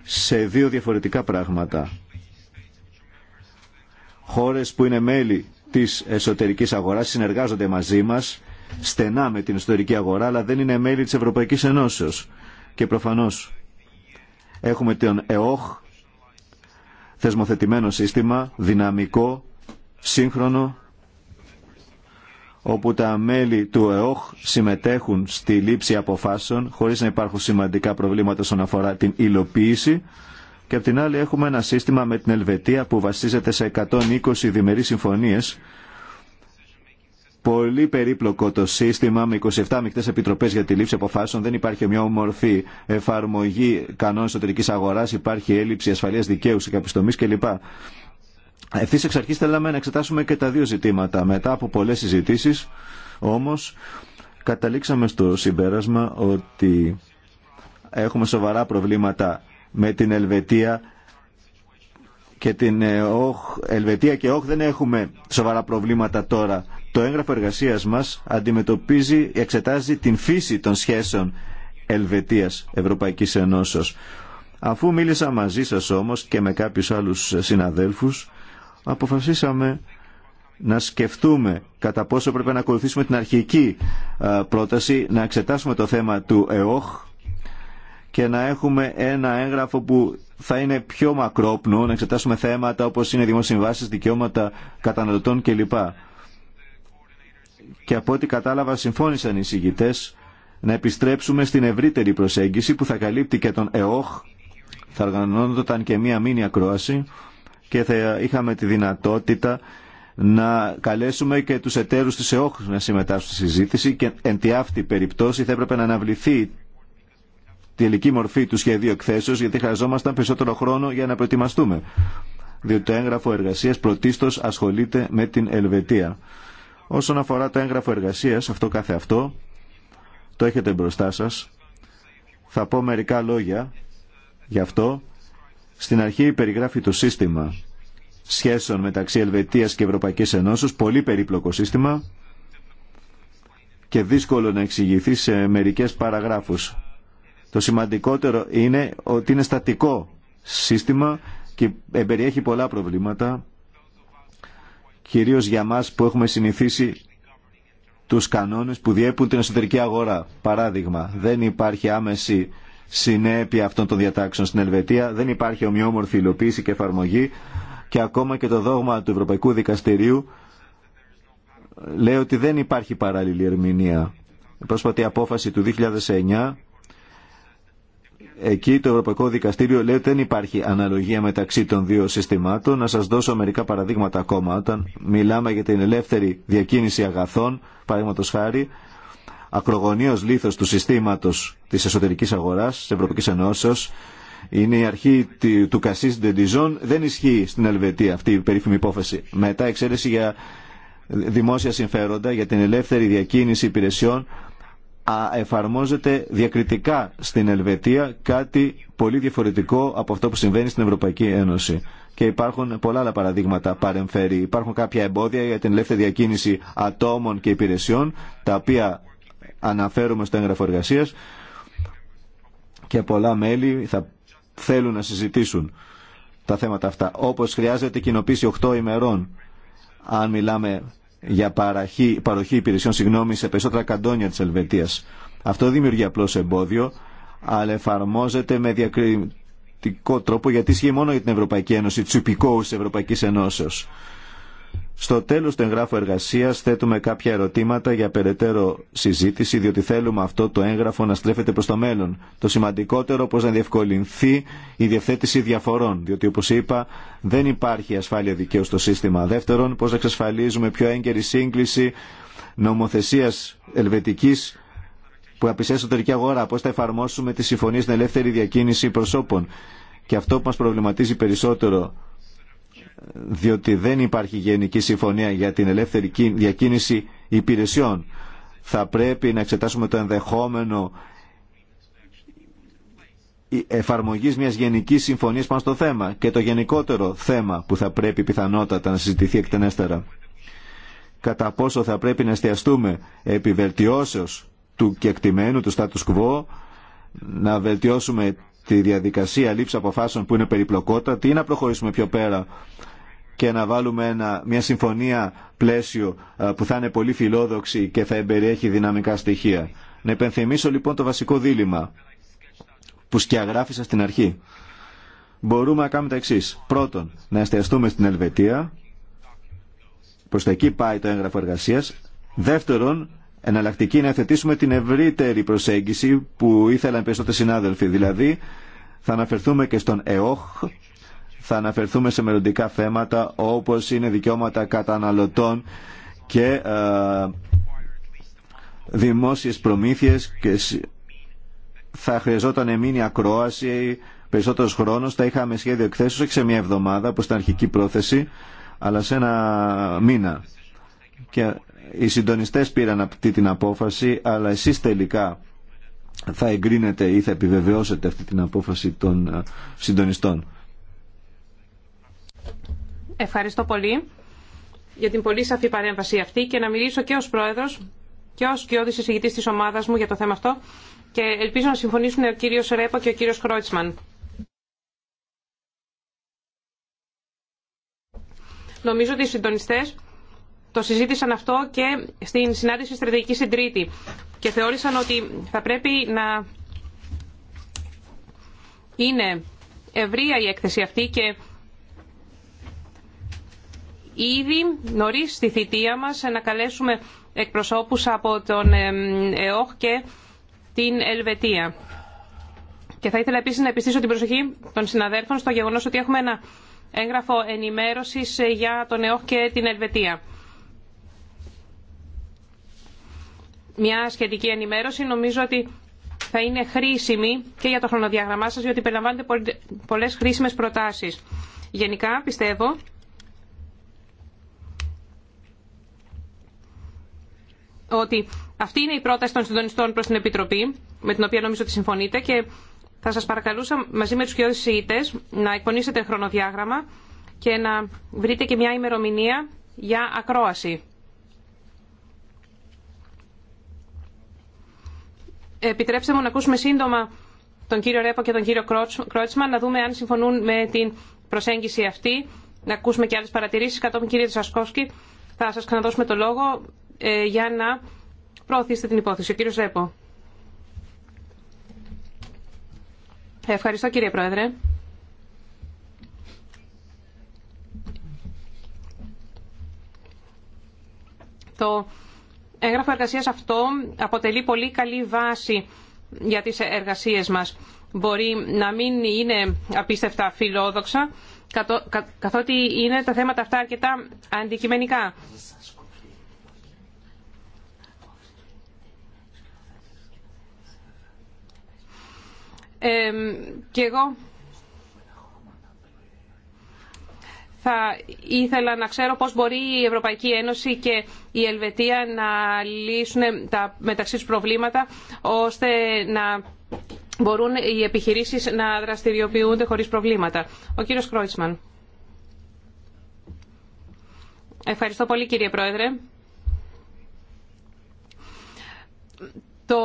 σε δύο διαφορετικά πράγματα. Χώρες που είναι μέλη της εσωτερικής αγοράς συνεργάζονται μαζί μας στενά με την εσωτερική αγορά αλλά δεν είναι μέλη της Ευρωπαϊκής Ενώσεως. Και προφανώς έχουμε τον ΕΟΧ θεσμοθετημένο σύστημα, δυναμικό, σύγχρονο όπου τα μέλη του ΕΟΧ συμμετέχουν στη λήψη αποφάσεων χωρίς να υπάρχουν σημαντικά προβλήματα στον αφορά την υλοποίηση και απ' την άλλη έχουμε ένα σύστημα με την Ελβετία που βασίζεται σε 120 διμερείς συμφωνίες Πολύ περίπλοκο το σύστημα με 27 μεικτέ επιτροπέ για τη λήψη αποφάσεων. Δεν υπάρχει μια ομορφή εφαρμογή κανόνων εσωτερική αγορά. Υπάρχει έλλειψη ασφαλεία δικαίου και επιστομή κλπ. Ευθύ εξ αρχή θέλαμε να εξετάσουμε και τα δύο ζητήματα. Μετά από πολλέ συζητήσει, όμω, καταλήξαμε στο συμπέρασμα ότι έχουμε σοβαρά προβλήματα με την Ελβετία και την ΕΟΧ, Ελβετία και ΕΟΧ δεν έχουμε σοβαρά προβλήματα τώρα. Το έγγραφο εργασίας μας αντιμετωπίζει, εξετάζει την φύση των σχέσεων Ελβετίας Ευρωπαϊκής Ενώσεως. Αφού μίλησα μαζί σας όμως και με κάποιους άλλους συναδέλφους, αποφασίσαμε να σκεφτούμε κατά πόσο πρέπει να ακολουθήσουμε την αρχική πρόταση, να εξετάσουμε το θέμα του ΕΟΧ και να έχουμε ένα έγγραφο που θα είναι πιο μακρόπνο, να εξετάσουμε θέματα όπως είναι δημοσυμβάσεις, δικαιώματα καταναλωτών κλπ. Και από ό,τι κατάλαβα συμφώνησαν οι συγγητές να επιστρέψουμε στην ευρύτερη προσέγγιση που θα καλύπτει και τον ΕΟΧ, θα οργανώνονταν και μία μήνυα κρόαση και θα είχαμε τη δυνατότητα να καλέσουμε και τους εταίρους της ΕΟΧ να συμμετάσχουν στη συζήτηση και εν τη αυτή περιπτώσει θα έπρεπε να αναβληθεί τη τελική μορφή του σχεδίου εκθέσεως γιατί χρειαζόμασταν περισσότερο χρόνο για να προετοιμαστούμε διότι το έγγραφο εργασίας πρωτίστως ασχολείται με την Ελβετία. Όσον αφορά το έγγραφο εργασίας, αυτό κάθε αυτό, το έχετε μπροστά σας. Θα πω μερικά λόγια γι' αυτό. Στην αρχή περιγράφει το σύστημα σχέσεων μεταξύ Ελβετίας και Ευρωπαϊκής Ενώσεως, πολύ περίπλοκο σύστημα και δύσκολο να εξηγηθεί σε μερικές παραγράφους. Το σημαντικότερο είναι ότι είναι στατικό σύστημα και περιέχει πολλά προβλήματα, κυρίως για μας που έχουμε συνηθίσει τους κανόνες που διέπουν την εσωτερική αγορά. Παράδειγμα, δεν υπάρχει άμεση συνέπεια αυτών των διατάξεων στην Ελβετία. Δεν υπάρχει ομοιόμορφη υλοποίηση και εφαρμογή και ακόμα και το δόγμα του Ευρωπαϊκού Δικαστηρίου λέει ότι δεν υπάρχει παράλληλη ερμηνεία. Η πρόσφατη απόφαση του 2009 Εκεί το Ευρωπαϊκό Δικαστήριο λέει ότι δεν υπάρχει αναλογία μεταξύ των δύο συστημάτων. Να σας δώσω μερικά παραδείγματα ακόμα. Όταν μιλάμε για την ελεύθερη διακίνηση αγαθών, παραδείγματο χάρη, ακρογωνίως λίθο του συστήματο τη εσωτερική αγορά τη Ευρωπαϊκή Ενώσεω, είναι η αρχή του Κασί Ντεντιζόν. Δεν ισχύει στην Ελβετία αυτή η περίφημη υπόθεση. Μετά εξαίρεση για δημόσια συμφέροντα, για την ελεύθερη διακίνηση υπηρεσιών, εφαρμόζεται διακριτικά στην Ελβετία κάτι πολύ διαφορετικό από αυτό που συμβαίνει στην Ευρωπαϊκή Ένωση. Και υπάρχουν πολλά άλλα παραδείγματα παρεμφέρει. Υπάρχουν κάποια εμπόδια για την ελεύθερη διακίνηση ατόμων και υπηρεσιών, τα οποία αναφέρουμε στο έγγραφο εργασία και πολλά μέλη θα θέλουν να συζητήσουν τα θέματα αυτά. Όπως χρειάζεται κοινοποίηση 8 ημερών, αν μιλάμε για παροχή υπηρεσιών συγγνώμη σε περισσότερα καντόνια της Ελβετίας. Αυτό δημιουργεί απλώ εμπόδιο, αλλά εφαρμόζεται με διακριτικό τρόπο γιατί ισχύει μόνο για την Ευρωπαϊκή Ένωση, του υπηκόου της Ευρωπαϊκής Ενώσεως. Στο τέλος του εγγράφου εργασίας θέτουμε κάποια ερωτήματα για περαιτέρω συζήτηση, διότι θέλουμε αυτό το έγγραφο να στρέφεται προς το μέλλον. Το σημαντικότερο πως να διευκολυνθεί η διευθέτηση διαφορών, διότι όπως είπα δεν υπάρχει ασφάλεια δικαίου στο σύστημα. Δεύτερον, πως να εξασφαλίζουμε πιο έγκαιρη σύγκληση νομοθεσίας ελβετικής που απεισέ εσωτερική αγορά, πώς θα εφαρμόσουμε τις συμφωνίες στην ελεύθερη διακίνηση προσώπων. Και αυτό που μας προβληματίζει περισσότερο διότι δεν υπάρχει γενική συμφωνία για την ελεύθερη διακίνηση υπηρεσιών. Θα πρέπει να εξετάσουμε το ενδεχόμενο εφαρμογή μιας γενικής συμφωνίας πάνω στο θέμα και το γενικότερο θέμα που θα πρέπει πιθανότατα να συζητηθεί εκτενέστερα. Κατά πόσο θα πρέπει να εστιαστούμε επιβελτιώσεως του κεκτημένου, του status quo, να βελτιώσουμε τη διαδικασία λήψη αποφάσεων που είναι περιπλοκότατη ή να προχωρήσουμε πιο πέρα και να βάλουμε μια συμφωνία πλαίσιο που θα είναι πολύ φιλόδοξη και θα εμπεριέχει δυναμικά στοιχεία. Να υπενθυμίσω λοιπόν το βασικό δίλημα που σκιαγράφησα στην αρχή. Μπορούμε να κάνουμε τα εξή. Πρώτον, να εστιαστούμε στην Ελβετία. Προ τα εκεί πάει το έγγραφο εργασία. Δεύτερον, εναλλακτική να θετήσουμε την ευρύτερη προσέγγιση που ήθελαν περισσότεροι συνάδελφοι. Δηλαδή, θα αναφερθούμε και στον ΕΟΧ, θα αναφερθούμε σε μελλοντικά θέματα όπως είναι δικαιώματα καταναλωτών και ε, δημόσιες προμήθειες και θα χρειαζόταν μήνυ ακρόαση περισσότερος χρόνος, τα είχαμε σχέδιο εκθέσεως όχι σε μια εβδομάδα όπως ήταν αρχική πρόθεση αλλά σε ένα μήνα και οι συντονιστές πήραν αυτή την απόφαση, αλλά εσείς τελικά θα εγκρίνετε ή θα επιβεβαιώσετε αυτή την απόφαση των ε, συντονιστών. Ευχαριστώ πολύ για την πολύ σαφή παρέμβαση αυτή και να μιλήσω και ως πρόεδρος και ως κοιόδης εισηγητής τη ομάδας μου για το θέμα αυτό και ελπίζω να συμφωνήσουν ο κύριος Ρέπο και ο κύριος Κρότσμαν. Νομίζω ότι οι συντονιστές το συζήτησαν αυτό και στην συνάντηση στρατηγική στην Τρίτη και θεώρησαν ότι θα πρέπει να είναι ευρεία η έκθεση αυτή και ήδη νωρί στη θητεία μας να καλέσουμε εκπροσώπους από τον ε, ΕΟΧ και την Ελβετία. Και θα ήθελα επίσης να επιστήσω την προσοχή των συναδέλφων στο γεγονός ότι έχουμε ένα έγγραφο ενημέρωσης για τον ΕΟΧ και την Ελβετία. μια σχετική ενημέρωση νομίζω ότι θα είναι χρήσιμη και για το χρονοδιάγραμμά σας, διότι περιλαμβάνετε πολλές χρήσιμες προτάσεις. Γενικά, πιστεύω, ότι αυτή είναι η πρόταση των συντονιστών προς την Επιτροπή, με την οποία νομίζω ότι συμφωνείτε και θα σας παρακαλούσα μαζί με τους κοιόδης να εκπονήσετε χρονοδιάγραμμα και να βρείτε και μια ημερομηνία για ακρόαση. επιτρέψτε μου να ακούσουμε σύντομα τον κύριο Ρέπο και τον κύριο Κρότσμαν, να δούμε αν συμφωνούν με την προσέγγιση αυτή, να ακούσουμε και άλλες παρατηρήσεις. Κατόπιν κύριε Τσασκόφσκι, θα σας ξαναδώσουμε το λόγο ε, για να προωθήσετε την υπόθεση. Ο κύριος Ρέπο. Ευχαριστώ κύριε Πρόεδρε. Το έγγραφο εργασία αυτό αποτελεί πολύ καλή βάση για τις εργασίες μας. Μπορεί να μην είναι απίστευτα φιλόδοξα, καθότι είναι τα θέματα αυτά αρκετά αντικειμενικά. Ε, Θα ήθελα να ξέρω πώς μπορεί η Ευρωπαϊκή Ένωση και η Ελβετία να λύσουν τα μεταξύ τους προβλήματα ώστε να μπορούν οι επιχειρήσεις να δραστηριοποιούνται χωρίς προβλήματα. Ο κύριος Κρόιτσμαν. Ευχαριστώ πολύ κύριε Πρόεδρε. Το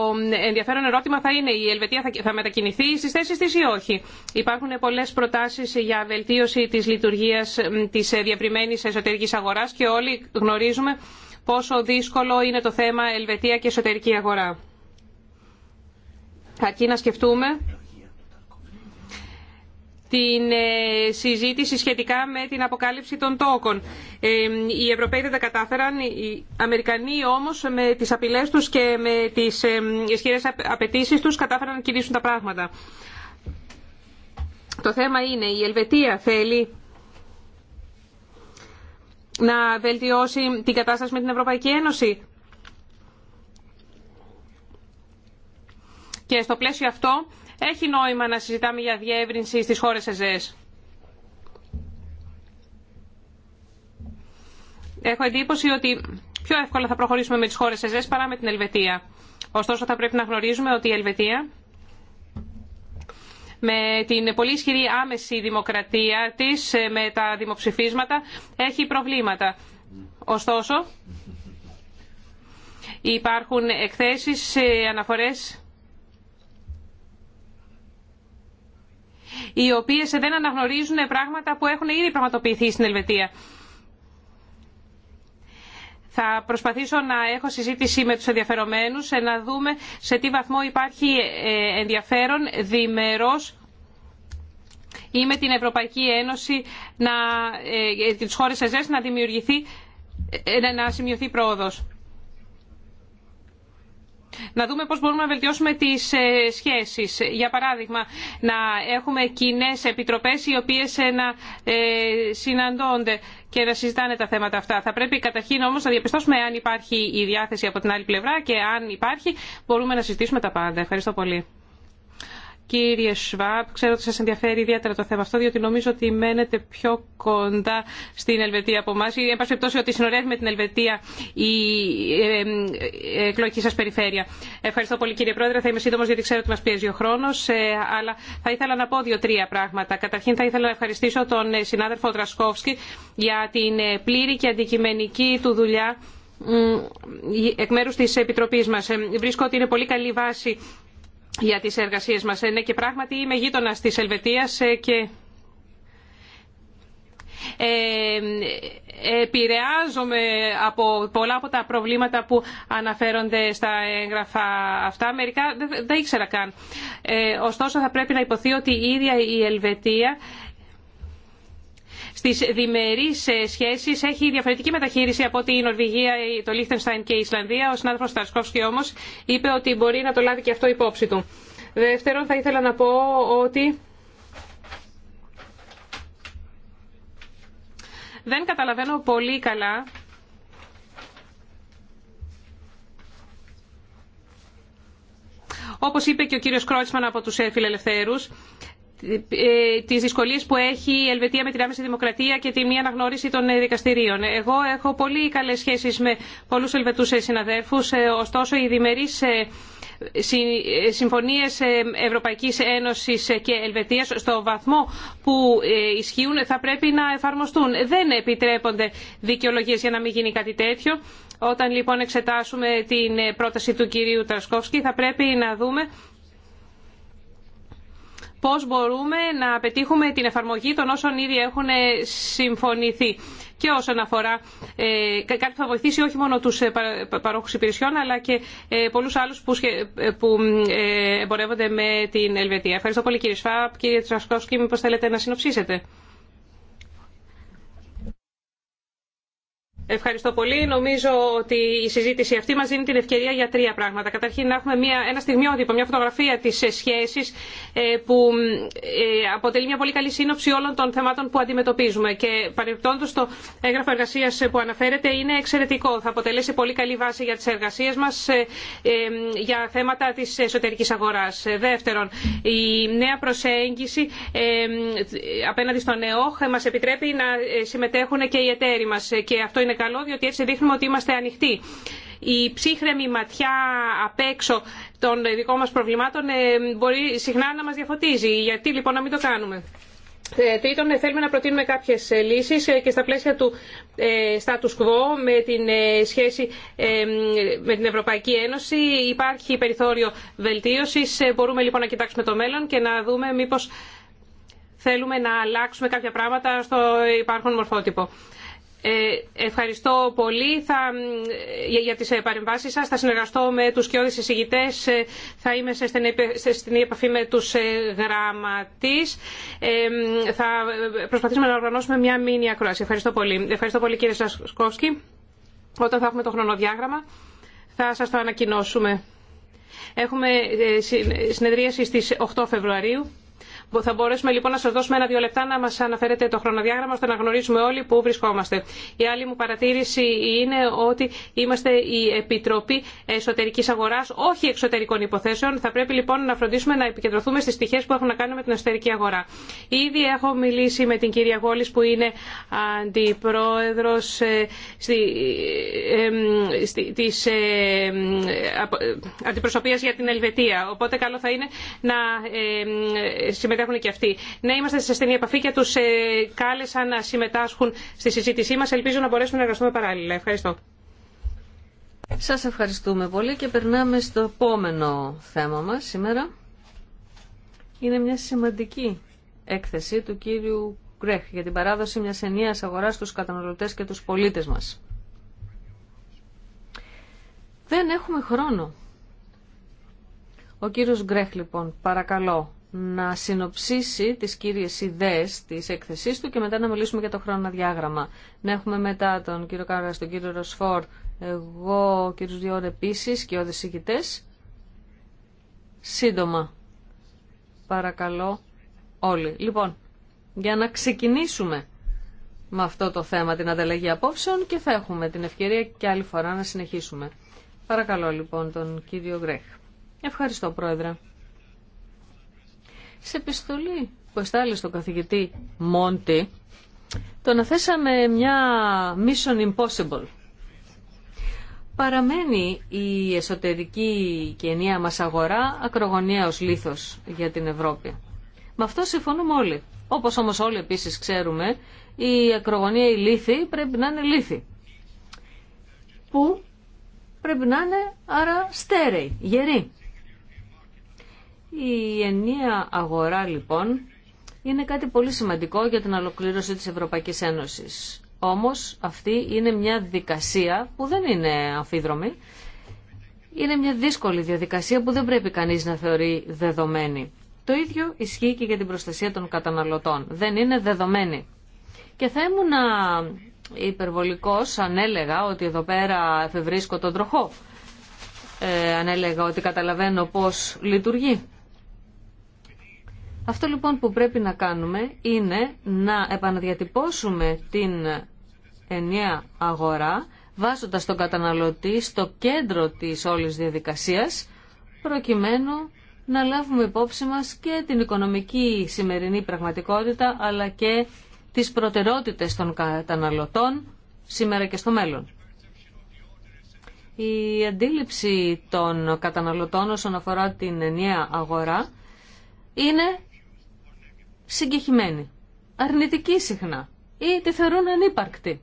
ενδιαφέρον ερώτημα θα είναι η Ελβετία θα μετακινηθεί στι θέσει τη ή όχι. Υπάρχουν πολλέ προτάσεις για βελτίωση της λειτουργίας της διαπριμένης εσωτερικής αγοράς και όλοι γνωρίζουμε πόσο δύσκολο είναι το θέμα Ελβετία και εσωτερική αγορά. Αρκεί να σκεφτούμε την ε, συζήτηση σχετικά με την αποκάλυψη των τόκων. Ε, οι Ευρωπαίοι δεν τα κατάφεραν, οι Αμερικανοί όμως με τις απειλές τους και με τις ε, ισχυρές απαιτήσει τους κατάφεραν να κινήσουν τα πράγματα. Το θέμα είναι η Ελβετία θέλει να βελτιώσει την κατάσταση με την Ευρωπαϊκή Ένωση. Και στο πλαίσιο αυτό έχει νόημα να συζητάμε για διεύρυνση στις χώρες ΕΖΕΣ. Έχω εντύπωση ότι πιο εύκολα θα προχωρήσουμε με τις χώρες ΕΖΕΣ παρά με την Ελβετία. Ωστόσο θα πρέπει να γνωρίζουμε ότι η Ελβετία με την πολύ ισχυρή άμεση δημοκρατία της, με τα δημοψηφίσματα, έχει προβλήματα. Ωστόσο, υπάρχουν εκθέσεις, ε, αναφορές οι οποίε δεν αναγνωρίζουν πράγματα που έχουν ήδη πραγματοποιηθεί στην Ελβετία. Θα προσπαθήσω να έχω συζήτηση με τους ενδιαφερομένους, ε, να δούμε σε τι βαθμό υπάρχει ε, ενδιαφέρον διμερός ή με την Ευρωπαϊκή Ένωση, να, ε, τις χώρες ΕΖΕΣ να δημιουργηθεί, να σημειωθεί πρόοδος να δούμε πώς μπορούμε να βελτιώσουμε τις ε, σχέσεις. Για παράδειγμα, να έχουμε κοινέ επιτροπές οι οποίες ε, να ε, συναντώνται και να συζητάνε τα θέματα αυτά. Θα πρέπει καταρχήν όμως να διαπιστώσουμε αν υπάρχει η διάθεση από την άλλη πλευρά και αν υπάρχει μπορούμε να συζητήσουμε τα πάντα. Ευχαριστώ πολύ. Κύριε Σβάμπ, ξέρω ότι σας ενδιαφέρει ιδιαίτερα το θέμα αυτό, διότι νομίζω ότι μένετε πιο κοντά στην Ελβετία από εμά. Εν πάση περιπτώσει ότι συνορεύει με την Ελβετία η ε, ε, ε, εκλογική σα περιφέρεια. Ευχαριστώ πολύ κύριε Πρόεδρε. Θα είμαι σύντομο, γιατί ξέρω ότι μα πιέζει ο χρόνος, αλλά θα ήθελα να πω δύο-τρία πράγματα. Καταρχήν θα ήθελα να ευχαριστήσω τον συνάδελφο Τρασκόφσκι για την πλήρη και αντικειμενική του δουλειά εκ μέρους της Επιτροπής μας. Βρίσκω ότι είναι πολύ καλή βάση για τις εργασίες μας. Ε, ναι, και πράγματι είμαι γείτονας της Ελβετίας ε, και ε, επηρεάζομαι από πολλά από τα προβλήματα που αναφέρονται στα έγγραφα αυτά. Μερικά δεν, ήξερα καν. ωστόσο θα πρέπει να υποθεί ότι η ίδια η Ελβετία στις διμερείς ε, σχέσεις έχει διαφορετική μεταχείριση από ότι η Νορβηγία, το Λίχτενστάιν και η Ισλανδία. Ο συνάδελφος Σταρσκόφσκι όμως είπε ότι μπορεί να το λάβει και αυτό υπόψη του. Δεύτερον θα ήθελα να πω ότι... Δεν καταλαβαίνω πολύ καλά όπως είπε και ο κύριος Κρότσμαν από τους ε, φιλελευθέρους τις δυσκολίες που έχει η Ελβετία με την άμεση δημοκρατία και τη μη αναγνώριση των δικαστηρίων. Εγώ έχω πολύ καλές σχέσεις με πολλούς Ελβετούς συναδέρφους, ε, ωστόσο οι διμερεί ε, ε, συμφωνίε Ευρωπαϊκής Ένωση και Ελβετίας στο βαθμό που ισχύουν θα πρέπει να εφαρμοστούν. Δεν επιτρέπονται δικαιολογίε για να μην γίνει κάτι τέτοιο. Όταν λοιπόν εξετάσουμε την πρόταση του κυρίου Τρασκόφσκι θα πρέπει να δούμε πώς μπορούμε να πετύχουμε την εφαρμογή των όσων ήδη έχουν συμφωνηθεί. Και όσον αφορά ε, κάτι που θα βοηθήσει όχι μόνο τους ε, παρόχους υπηρεσιών αλλά και ε, πολλούς άλλους που εμπορεύονται με την Ελβετία. Ευχαριστώ πολύ κύριε Σφάπ. Κύριε Τρασκόσκη, μήπως θέλετε να συνοψίσετε. Ευχαριστώ πολύ. Νομίζω ότι η συζήτηση αυτή μας δίνει την ευκαιρία για τρία πράγματα. Καταρχήν να έχουμε μια, ένα στιγμιότυπο, μια φωτογραφία της ε, σχέσης ε, που ε, αποτελεί μια πολύ καλή σύνοψη όλων των θεμάτων που αντιμετωπίζουμε. Και παρεμπιπτόντω, το έγγραφο εργασία που αναφέρετε είναι εξαιρετικό. Θα αποτελέσει πολύ καλή βάση για τις εργασίες μας για θέματα της εσωτερικής αγοράς. Δεύτερον, η νέα προσέγγιση απέναντι στον ΕΟΧ μα επιτρέπει να συμμετέχουν και οι εταίροι μας. Και αυτό είναι καλό διότι έτσι δείχνουμε ότι είμαστε ανοιχτοί. Η ψύχρεμη ματιά απ' έξω των δικών μας προβλημάτων ε, μπορεί συχνά να μας διαφωτίζει. Γιατί λοιπόν να μην το κάνουμε. Ε, τρίτον, ε, θέλουμε να προτείνουμε κάποιε λύσει και στα πλαίσια του status quo με την σχέση με την Ευρωπαϊκή Ένωση υπάρχει περιθώριο βελτίωση. Μπορούμε λοιπόν να κοιτάξουμε το μέλλον και να δούμε μήπω θέλουμε να αλλάξουμε κάποια πράγματα στο υπάρχον μορφότυπο. Ε, ευχαριστώ πολύ ε, για τις ε, παρεμβάσεις σας. Θα συνεργαστώ με τους κοιόδης εισηγητές. Θα είμαι σε στενή επαφή με τους γραμματείς. Θα προσπαθήσουμε να οργανώσουμε μια μήνυα ακρόαση. Ευχαριστώ πολύ. Ευχαριστώ πολύ κύριε Σασκόφσκι. Όταν θα έχουμε το χρονοδιάγραμμα θα σας το ανακοινώσουμε. Έχουμε συνεδρίαση στις 8 Φεβρουαρίου. Θα μπορέσουμε λοιπόν να σα δώσουμε ένα-δύο λεπτά να μα αναφέρετε το χρονοδιάγραμμα ώστε να γνωρίζουμε όλοι πού βρισκόμαστε. Η άλλη μου παρατήρηση είναι ότι είμαστε η Επιτροπή Εσωτερική Αγορά, όχι εξωτερικών υποθέσεων. Θα πρέπει λοιπόν να φροντίσουμε να επικεντρωθούμε στι στοιχείε που έχουν να κάνουν με την εσωτερική αγορά. Ήδη έχω μιλήσει με την κυρία Γόλη που είναι αντιπρόεδρο ε, ε, ε, τη αντιπροσωπεία για την Ελβετία. Οπότε καλό θα είναι να συμμετέχουμε συμμετέχουν και αυτοί. Ναι, είμαστε σε στενή επαφή και του ε, κάλεσαν να συμμετάσχουν στη συζήτησή μα. Ελπίζω να μπορέσουμε να εργαστούμε παράλληλα. Ευχαριστώ. Σας ευχαριστούμε πολύ και περνάμε στο επόμενο θέμα μας σήμερα. Είναι μια σημαντική έκθεση του κύριου Γκρέχ για την παράδοση μιας ενιαίας αγοράς στους καταναλωτές και τους πολίτες μας. Δεν έχουμε χρόνο. Ο κύριος Γκρέχ λοιπόν, παρακαλώ, να συνοψίσει τις κύριες ιδέες της έκθεσής του και μετά να μιλήσουμε για το χρονοδιάγραμμα. Να έχουμε μετά τον κύριο Κάρα, τον κύριο Ροσφόρ, εγώ, ο κύριος Διόρ επίσης και ο ηγητές. Σύντομα, παρακαλώ όλοι. Λοιπόν, για να ξεκινήσουμε με αυτό το θέμα την ανταλλαγή απόψεων και θα έχουμε την ευκαιρία και άλλη φορά να συνεχίσουμε. Παρακαλώ λοιπόν τον κύριο Γκρέχ. Ευχαριστώ πρόεδρε. Σε επιστολή που εστάλει στον καθηγητή Μόντι, το θέσαμε μια mission impossible. Παραμένει η εσωτερική και ενιαία μας αγορά ως λίθος για την Ευρώπη. Με αυτό συμφωνούμε όλοι. Όπως όμως όλοι επίσης ξέρουμε, η ακρογωνία η λήθη πρέπει να είναι λύθη. Που πρέπει να είναι άρα στέρεη, γερή. Η ενία αγορά λοιπόν είναι κάτι πολύ σημαντικό για την ολοκλήρωση της Ευρωπαϊκής Ένωσης. Όμως αυτή είναι μια δικασία που δεν είναι αφίδρομη. Είναι μια δύσκολη διαδικασία που δεν πρέπει κανείς να θεωρεί δεδομένη. Το ίδιο ισχύει και για την προστασία των καταναλωτών. Δεν είναι δεδομένη. Και θα ήμουν υπερβολικός αν έλεγα ότι εδώ πέρα εφευρίσκω τον τροχό. Ε, αν έλεγα ότι καταλαβαίνω πώς λειτουργεί. Αυτό λοιπόν που πρέπει να κάνουμε είναι να επαναδιατυπώσουμε την ενιαία αγορά βάζοντας τον καταναλωτή στο κέντρο της όλης διαδικασίας προκειμένου να λάβουμε υπόψη μας και την οικονομική σημερινή πραγματικότητα αλλά και τις προτεραιότητες των καταναλωτών σήμερα και στο μέλλον. Η αντίληψη των καταναλωτών όσον αφορά την ενιαία αγορά είναι συγκεχημένοι, αρνητικοί συχνά ή τη θεωρούν ανύπαρκτη.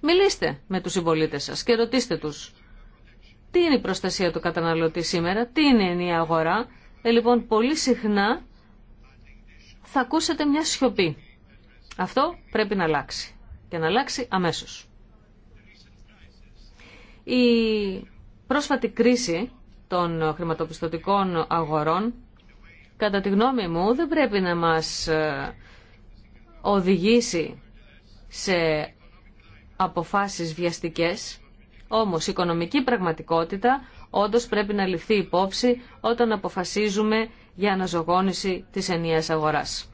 Μιλήστε με τους συμπολίτε σας και ρωτήστε τους τι είναι η προστασία του καταναλωτή σήμερα, τι είναι η αγορά. Ε, λοιπόν, πολύ συχνά θα ακούσετε μια σιωπή. Αυτό πρέπει να αλλάξει και να αλλάξει αμέσως. Η πρόσφατη κρίση των χρηματοπιστωτικών αγορών κατά τη γνώμη μου δεν πρέπει να μας ε, οδηγήσει σε αποφάσεις βιαστικές, όμως η οικονομική πραγματικότητα όντως πρέπει να ληφθεί υπόψη όταν αποφασίζουμε για αναζωγόνηση της ενίας αγοράς.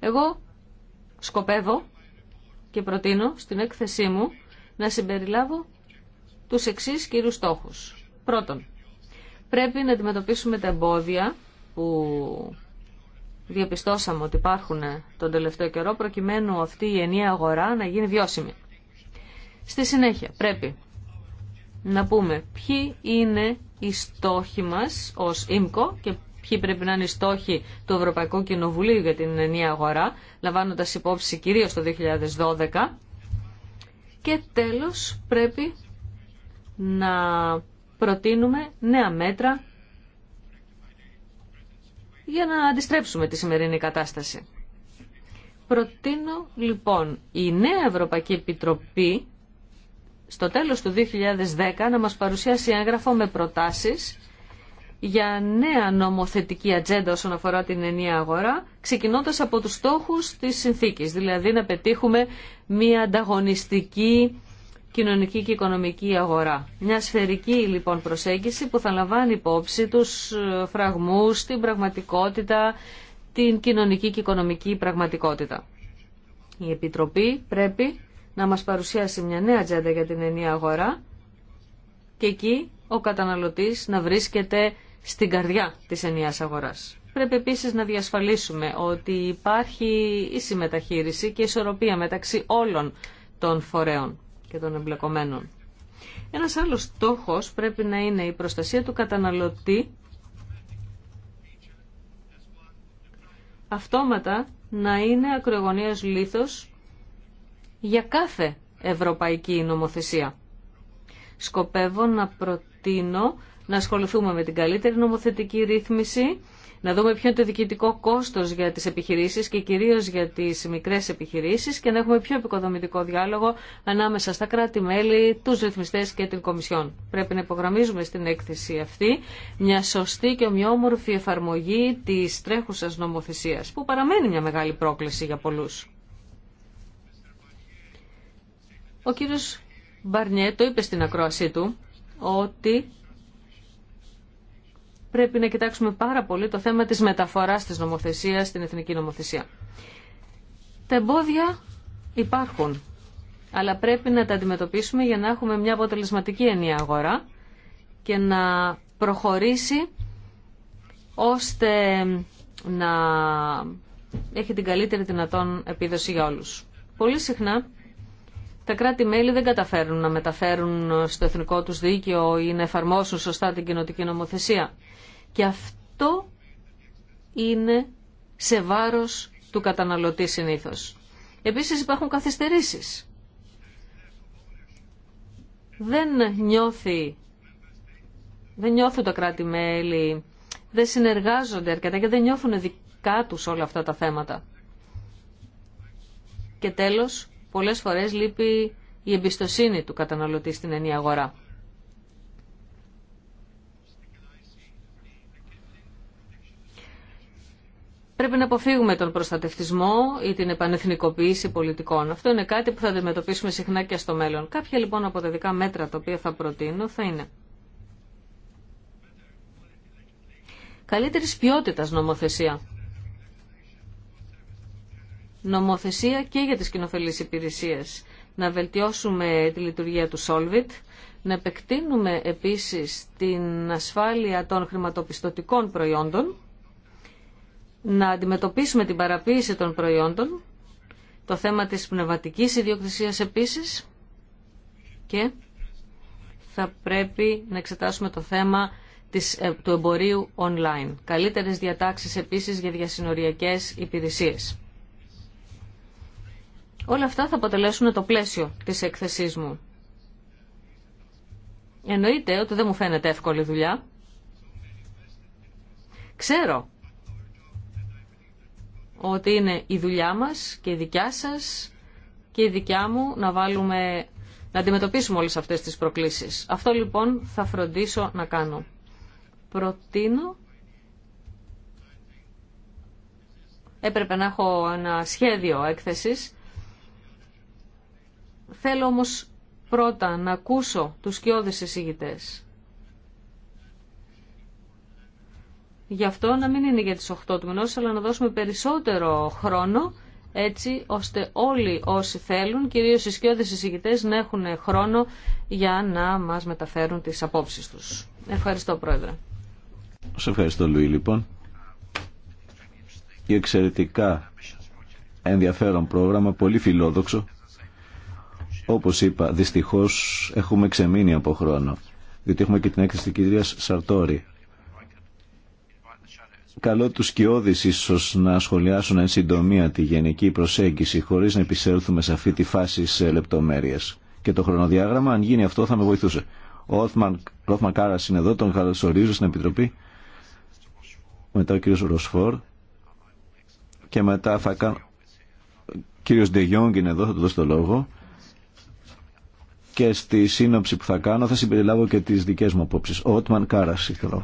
Εγώ σκοπεύω και προτείνω στην έκθεσή μου να συμπεριλάβω τους εξής κύριους στόχους. Πρώτον, πρέπει να αντιμετωπίσουμε τα εμπόδια που διαπιστώσαμε ότι υπάρχουν τον τελευταίο καιρό προκειμένου αυτή η ενιαία αγορά να γίνει βιώσιμη. Στη συνέχεια πρέπει να πούμε ποιοι είναι οι στόχοι μας ως ΙΜΚΟ και ποιοι πρέπει να είναι οι στόχοι του Ευρωπαϊκού Κοινοβουλίου για την ενιαία αγορά, λαμβάνοντας υπόψη κυρίως το 2012. Και τέλος πρέπει να προτείνουμε νέα μέτρα για να αντιστρέψουμε τη σημερινή κατάσταση. Προτείνω λοιπόν η νέα Ευρωπαϊκή Επιτροπή στο τέλος του 2010 να μας παρουσιάσει έγγραφο με προτάσεις για νέα νομοθετική ατζέντα όσον αφορά την ενιαία αγορά, ξεκινώντας από τους στόχους της συνθήκης, δηλαδή να πετύχουμε μια ανταγωνιστική κοινωνική και οικονομική αγορά. Μια σφαιρική λοιπόν προσέγγιση που θα λαμβάνει υπόψη τους ε, φραγμούς, την πραγματικότητα, την κοινωνική και οικονομική πραγματικότητα. Η Επιτροπή πρέπει να μας παρουσιάσει μια νέα ατζέντα για την ενία αγορά και εκεί ο καταναλωτής να βρίσκεται στην καρδιά της ενίας αγοράς. Πρέπει επίσης να διασφαλίσουμε ότι υπάρχει η συμμεταχείριση και ισορροπία μεταξύ όλων των φορέων και των εμπλεκομένων. Ένας άλλος στόχος πρέπει να είναι η προστασία του καταναλωτή αυτόματα να είναι ακρογωνίας λίθος για κάθε ευρωπαϊκή νομοθεσία. Σκοπεύω να προτείνω να ασχοληθούμε με την καλύτερη νομοθετική ρύθμιση να δούμε ποιο είναι το διοικητικό κόστος για τις επιχειρήσεις και κυρίως για τις μικρές επιχειρήσεις και να έχουμε πιο επικοδομητικό διάλογο ανάμεσα στα κράτη-μέλη, τους ρυθμιστέ και την Κομισιόν. Πρέπει να υπογραμμίζουμε στην έκθεση αυτή μια σωστή και ομοιόμορφη εφαρμογή της τρέχουσας νομοθεσίας που παραμένει μια μεγάλη πρόκληση για πολλού. Ο κύριος Μπαρνιέ το είπε στην ακρόασή του ότι πρέπει να κοιτάξουμε πάρα πολύ το θέμα της μεταφοράς της νομοθεσίας στην εθνική νομοθεσία. Τα εμπόδια υπάρχουν, αλλά πρέπει να τα αντιμετωπίσουμε για να έχουμε μια αποτελεσματική ενιαία αγορά και να προχωρήσει ώστε να έχει την καλύτερη δυνατόν επίδοση για όλους. Πολύ συχνά τα κράτη-μέλη δεν καταφέρουν να μεταφέρουν στο εθνικό τους δίκαιο ή να εφαρμόσουν σωστά την κοινοτική νομοθεσία. Και αυτό είναι σε βάρος του καταναλωτή συνήθως. Επίσης υπάρχουν καθυστερήσεις. Δεν νιώθει, δεν νιώθουν τα κράτη-μέλη, δεν συνεργάζονται αρκετά και δεν νιώθουν δικά τους όλα αυτά τα θέματα. Και τέλος, πολλές φορές λείπει η εμπιστοσύνη του καταναλωτή στην ενή αγορά. Πρέπει να αποφύγουμε τον προστατευτισμό ή την επανεθνικοποίηση πολιτικών. Αυτό είναι κάτι που θα αντιμετωπίσουμε συχνά και στο μέλλον. Κάποια λοιπόν από τα δικά μέτρα τα οποία θα προτείνω θα είναι καλύτερης ποιότητας νομοθεσία. Νομοθεσία και για τις κοινοφελείς υπηρεσίες. Να βελτιώσουμε τη λειτουργία του Solvit, να επεκτείνουμε επίσης την ασφάλεια των χρηματοπιστωτικών προϊόντων, να αντιμετωπίσουμε την παραποίηση των προϊόντων, το θέμα της πνευματικής ιδιοκτησίας επίσης και θα πρέπει να εξετάσουμε το θέμα της, ε, του εμπορίου online. Καλύτερες διατάξεις επίσης για διασυνοριακές υπηρεσίες. Όλα αυτά θα αποτελέσουν το πλαίσιο της εκθεσής μου. Εννοείται ότι δεν μου φαίνεται εύκολη δουλειά. Ξέρω ότι είναι η δουλειά μας και η δικιά σας και η δικιά μου να βάλουμε να αντιμετωπίσουμε όλες αυτές τις προκλήσεις. Αυτό λοιπόν θα φροντίσω να κάνω. Προτείνω έπρεπε να έχω ένα σχέδιο έκθεσης. Θέλω όμως πρώτα να ακούσω τους σκιώδες εισηγητές Γι' αυτό να μην είναι για τις 8 του μηνός, αλλά να δώσουμε περισσότερο χρόνο, έτσι ώστε όλοι όσοι θέλουν, κυρίως οι σκιώδες εισηγητές, να έχουν χρόνο για να μας μεταφέρουν τις απόψεις τους. Ευχαριστώ, Πρόεδρε. Σε ευχαριστώ, Λουί, λοιπόν. Και εξαιρετικά ενδιαφέρον πρόγραμμα, πολύ φιλόδοξο. Όπως είπα, δυστυχώς έχουμε ξεμείνει από χρόνο, διότι έχουμε και την έκθεση της κυρίας Σαρτόρη Καλό τους κοιόδης ίσως να σχολιάσουν εν συντομία τη γενική προσέγγιση χωρίς να επισέλθουμε σε αυτή τη φάση σε λεπτομέρειες. Και το χρονοδιάγραμμα, αν γίνει αυτό, θα με βοηθούσε. Ο Όθμαν, Ρόθμαν Κάρας είναι εδώ, τον καλωσορίζω στην Επιτροπή. Μετά ο κύριος Ροσφόρ. Και μετά θα κάνω... Ο κύριος Ντεγιόγκ είναι εδώ, θα του δώσω το λόγο. Και στη σύνοψη που θα κάνω θα συμπεριλάβω και τις δικές μου απόψεις. Ο Ότμαν Κάρας, ήθελα.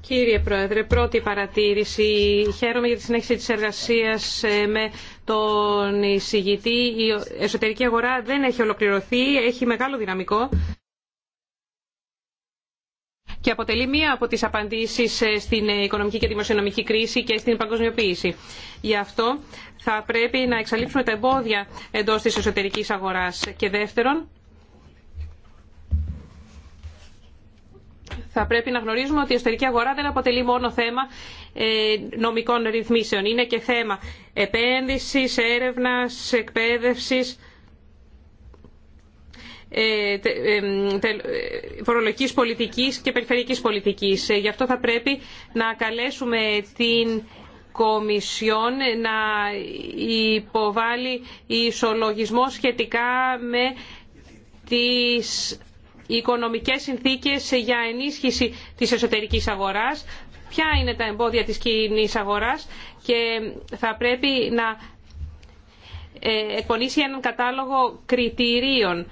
Κύριε Πρόεδρε, πρώτη παρατήρηση. Χαίρομαι για τη συνέχιση της εργασίας ε, με τον εισηγητή. Η εσωτερική αγορά δεν έχει ολοκληρωθεί, έχει μεγάλο δυναμικό και αποτελεί μία από τις απαντήσεις ε, στην οικονομική και δημοσιονομική κρίση και στην παγκοσμιοποίηση. Γι' αυτό θα πρέπει να εξαλείψουμε τα εμπόδια εντός της εσωτερικής αγοράς. Και δεύτερον, θα πρέπει να γνωρίζουμε ότι η εσωτερική αγορά δεν αποτελεί μόνο θέμα ε, νομικών ρυθμίσεων. Είναι και θέμα επένδυσης, έρευνας, εκπαίδευσης, ε, ε, φορολογικής πολιτικής και περιφερειακής πολιτικής. Γι' αυτό θα πρέπει να καλέσουμε την Κομισιόν να υποβάλει ισολογισμό σχετικά με τις οι οικονομικές συνθήκες για ενίσχυση της εσωτερικής αγοράς, ποια είναι τα εμπόδια της κοινή αγοράς και θα πρέπει να ε, εκπονήσει έναν κατάλογο κριτηρίων.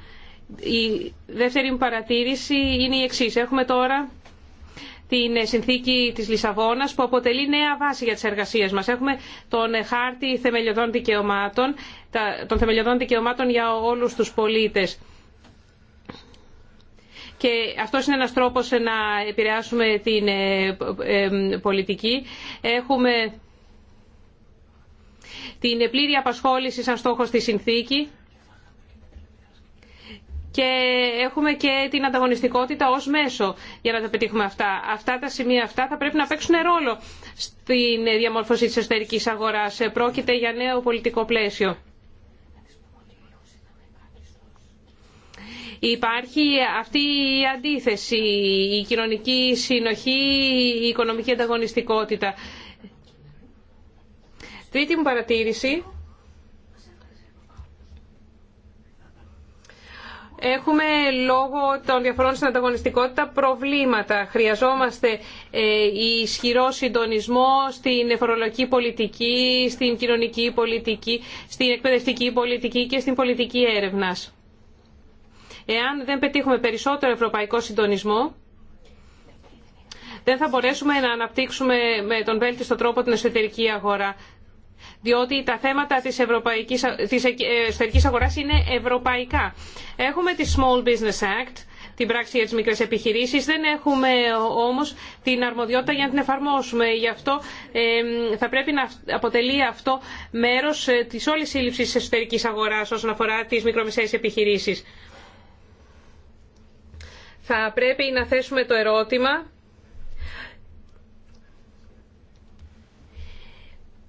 Η δεύτερη μου παρατήρηση είναι η εξής. Έχουμε τώρα την συνθήκη της Λισαβόνας που αποτελεί νέα βάση για τις εργασίες μας. Έχουμε τον χάρτη θεμελιωδών δικαιωμάτων, των θεμελιωδών δικαιωμάτων για όλους τους πολίτες και αυτό είναι ένας τρόπος να επηρεάσουμε την ε, ε, ε, πολιτική. Έχουμε την πλήρη απασχόληση σαν στόχο στη συνθήκη και έχουμε και την ανταγωνιστικότητα ως μέσο για να τα πετύχουμε αυτά. Αυτά τα σημεία αυτά θα πρέπει να παίξουν ρόλο στην διαμόρφωση της εσωτερικής αγοράς. Πρόκειται για νέο πολιτικό πλαίσιο. Υπάρχει αυτή η αντίθεση, η κοινωνική συνοχή, η οικονομική ανταγωνιστικότητα. Τρίτη μου παρατήρηση. Έχουμε λόγω των διαφορών στην ανταγωνιστικότητα προβλήματα. Χρειαζόμαστε ε, ισχυρό συντονισμό στην εφορολογική πολιτική, στην κοινωνική πολιτική, στην εκπαιδευτική πολιτική και στην πολιτική έρευνας. Εάν δεν πετύχουμε περισσότερο ευρωπαϊκό συντονισμό, δεν θα μπορέσουμε να αναπτύξουμε με τον βέλτιστο τρόπο την εσωτερική αγορά. Διότι τα θέματα της, ευρωπαϊκής, της ε, εσωτερικής αγοράς είναι ευρωπαϊκά. Έχουμε τη Small Business Act, την πράξη για τις μικρές επιχειρήσεις. Δεν έχουμε όμως την αρμοδιότητα για να την εφαρμόσουμε. Γι' αυτό θα πρέπει να αποτελεί αυτό μέρος ε, της όλης σύλληψης της εσωτερικής αγοράς όσον αφορά τις μικρομεσαίες επιχειρήσεις θα πρέπει να θέσουμε το ερώτημα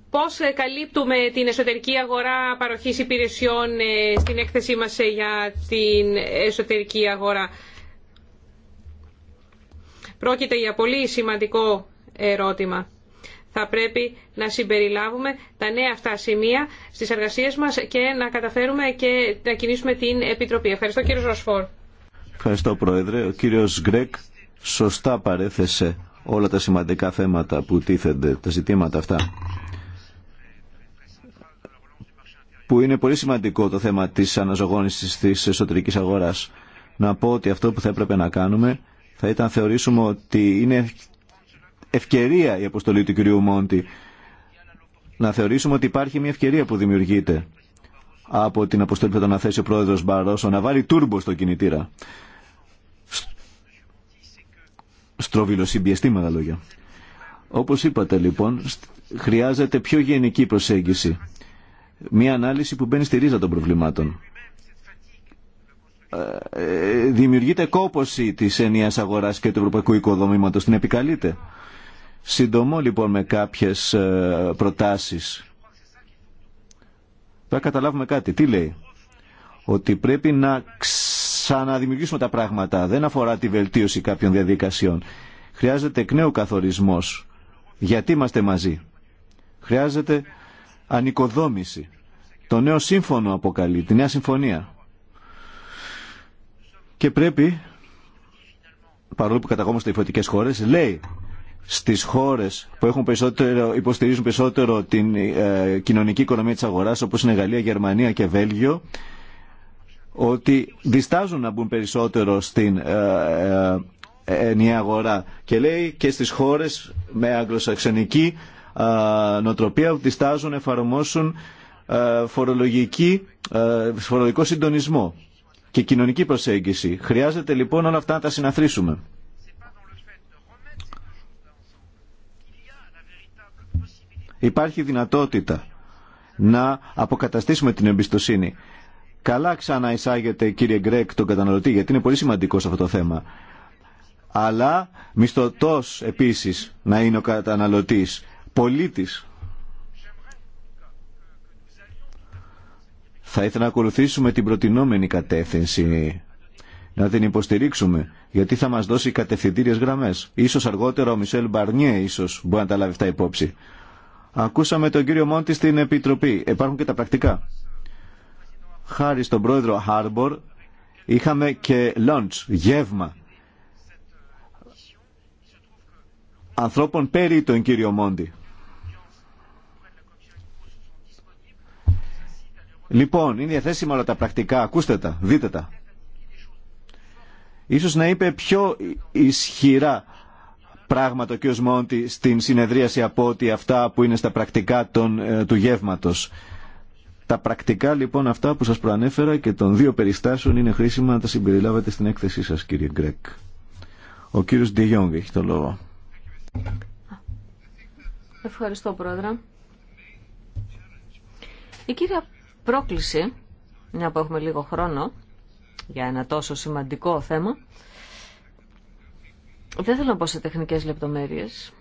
πώς ε, καλύπτουμε την εσωτερική αγορά παροχής υπηρεσιών ε, στην έκθεσή μας ε, για την εσωτερική αγορά. Πρόκειται για πολύ σημαντικό ερώτημα. Θα πρέπει να συμπεριλάβουμε τα νέα αυτά σημεία στις εργασίες μας και να καταφέρουμε και να κινήσουμε την Επιτροπή. Ευχαριστώ κύριο Ροσφόρ. Ευχαριστώ Πρόεδρε. Ο κύριος Γκρέκ σωστά παρέθεσε όλα τα σημαντικά θέματα που τίθενται, τα ζητήματα αυτά. Που είναι πολύ σημαντικό το θέμα της αναζωγόνησης της εσωτερικής αγοράς. Να πω ότι αυτό που θα έπρεπε να κάνουμε θα ήταν θεωρήσουμε ότι είναι ευκαιρία η αποστολή του κυρίου Μόντι. Να θεωρήσουμε ότι υπάρχει μια ευκαιρία που δημιουργείται από την αποστολή που θα τον θέσει ο πρόεδρος Μπαρόσο να βάλει τούρμπο στο κινητήρα στροβιλοσυμπιεστή με άλλα λόγια. Όπως είπατε λοιπόν, χρειάζεται πιο γενική προσέγγιση. Μία ανάλυση που μπαίνει στη ρίζα των προβλημάτων. Ε, ε, δημιουργείται κόποση της ενίας αγοράς και του ευρωπαϊκού οικοδομήματος. Την επικαλείται. Συντομώ λοιπόν με κάποιες ε, προτάσεις. Θα καταλάβουμε κάτι. Τι λέει. Ότι πρέπει να να δημιουργήσουμε τα πράγματα. Δεν αφορά τη βελτίωση κάποιων διαδικασιών. Χρειάζεται εκ νέου καθορισμός. Γιατί είμαστε μαζί. Χρειάζεται ανοικοδόμηση. Το νέο σύμφωνο αποκαλεί, τη νέα συμφωνία. Και πρέπει, παρόλο που καταγόμαστε φωτικέ χώρες, λέει στις χώρες που έχουν περισσότερο, υποστηρίζουν περισσότερο την ε, κοινωνική οικονομία της αγοράς, όπως είναι Γαλλία, Γερμανία και Βέλγιο, ότι διστάζουν να μπουν περισσότερο στην ε, ε, ε, ενιαία αγορά και λέει και στις χώρες με ε, νοτροπία που διστάζουν να εφαρμόσουν φορολογική, φορολογικό συντονισμό και κοινωνική προσέγγιση. Χρειάζεται λοιπόν όλα αυτά να τα συναθρήσουμε. Υπάρχει δυνατότητα να αποκαταστήσουμε την εμπιστοσύνη. Καλά ξαναεισάγεται, κύριε Γκρέκ τον καταναλωτή γιατί είναι πολύ σημαντικό σε αυτό το θέμα. Αλλά μισθωτό επίσης να είναι ο καταναλωτής, πολίτης. Θα ήθελα να ακολουθήσουμε την προτινόμενη κατεύθυνση, να την υποστηρίξουμε, γιατί θα μας δώσει κατευθυντήριες γραμμές. Ίσως αργότερα ο Μισελ Μπαρνιέ ίσως μπορεί να τα λάβει αυτά υπόψη. Ακούσαμε τον κύριο Μόντι στην Επιτροπή. Υπάρχουν και τα πρακτικά χάρη στον πρόεδρο Χάρμπορ, είχαμε και lunch, γεύμα, ανθρώπων περί τον κύριο Μόντι. Λοιπόν, είναι διαθέσιμα όλα τα πρακτικά, ακούστε τα, δείτε τα. Ίσως να είπε πιο ισχυρά πράγματα ο κ. Μόντι στην συνεδρίαση από ότι αυτά που είναι στα πρακτικά των, ε, του γεύματος. Τα πρακτικά λοιπόν αυτά που σας προανέφερα και των δύο περιστάσεων είναι χρήσιμα να τα συμπεριλάβετε στην έκθεσή σας κύριε Γκρέκ. Ο κύριος Ντιγιόγκ έχει το λόγο. Ευχαριστώ πρόεδρε. Η κύρια πρόκληση, μια που έχουμε λίγο χρόνο για ένα τόσο σημαντικό θέμα, δεν θέλω να πω σε τεχνικές λεπτομέρειες.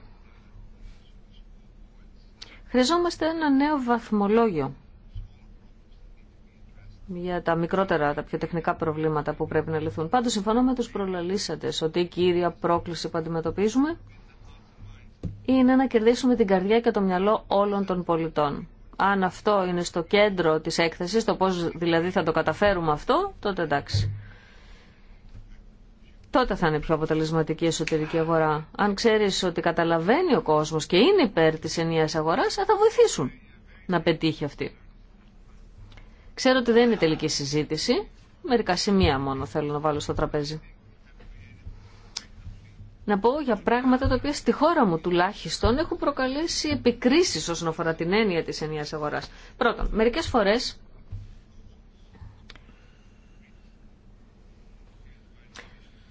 Χρειαζόμαστε ένα νέο βαθμολόγιο για τα μικρότερα, τα πιο τεχνικά προβλήματα που πρέπει να λυθούν. Πάντως συμφωνώ με του προλαλήσατε ότι η κύρια πρόκληση που αντιμετωπίζουμε είναι να κερδίσουμε την καρδιά και το μυαλό όλων των πολιτών. Αν αυτό είναι στο κέντρο της έκθεσης, το πώς δηλαδή θα το καταφέρουμε αυτό, τότε εντάξει. Τότε θα είναι πιο αποτελεσματική η εσωτερική αγορά. Αν ξέρεις ότι καταλαβαίνει ο κόσμος και είναι υπέρ της ενιαίας αγοράς, θα βοηθήσουν να πετύχει αυτή. Ξέρω ότι δεν είναι τελική συζήτηση. Μερικά σημεία μόνο θέλω να βάλω στο τραπέζι. Να πω για πράγματα τα οποία στη χώρα μου τουλάχιστον έχουν προκαλέσει επικρίσεις όσον αφορά την έννοια της ενιαίας αγοράς. Πρώτον, μερικές φορές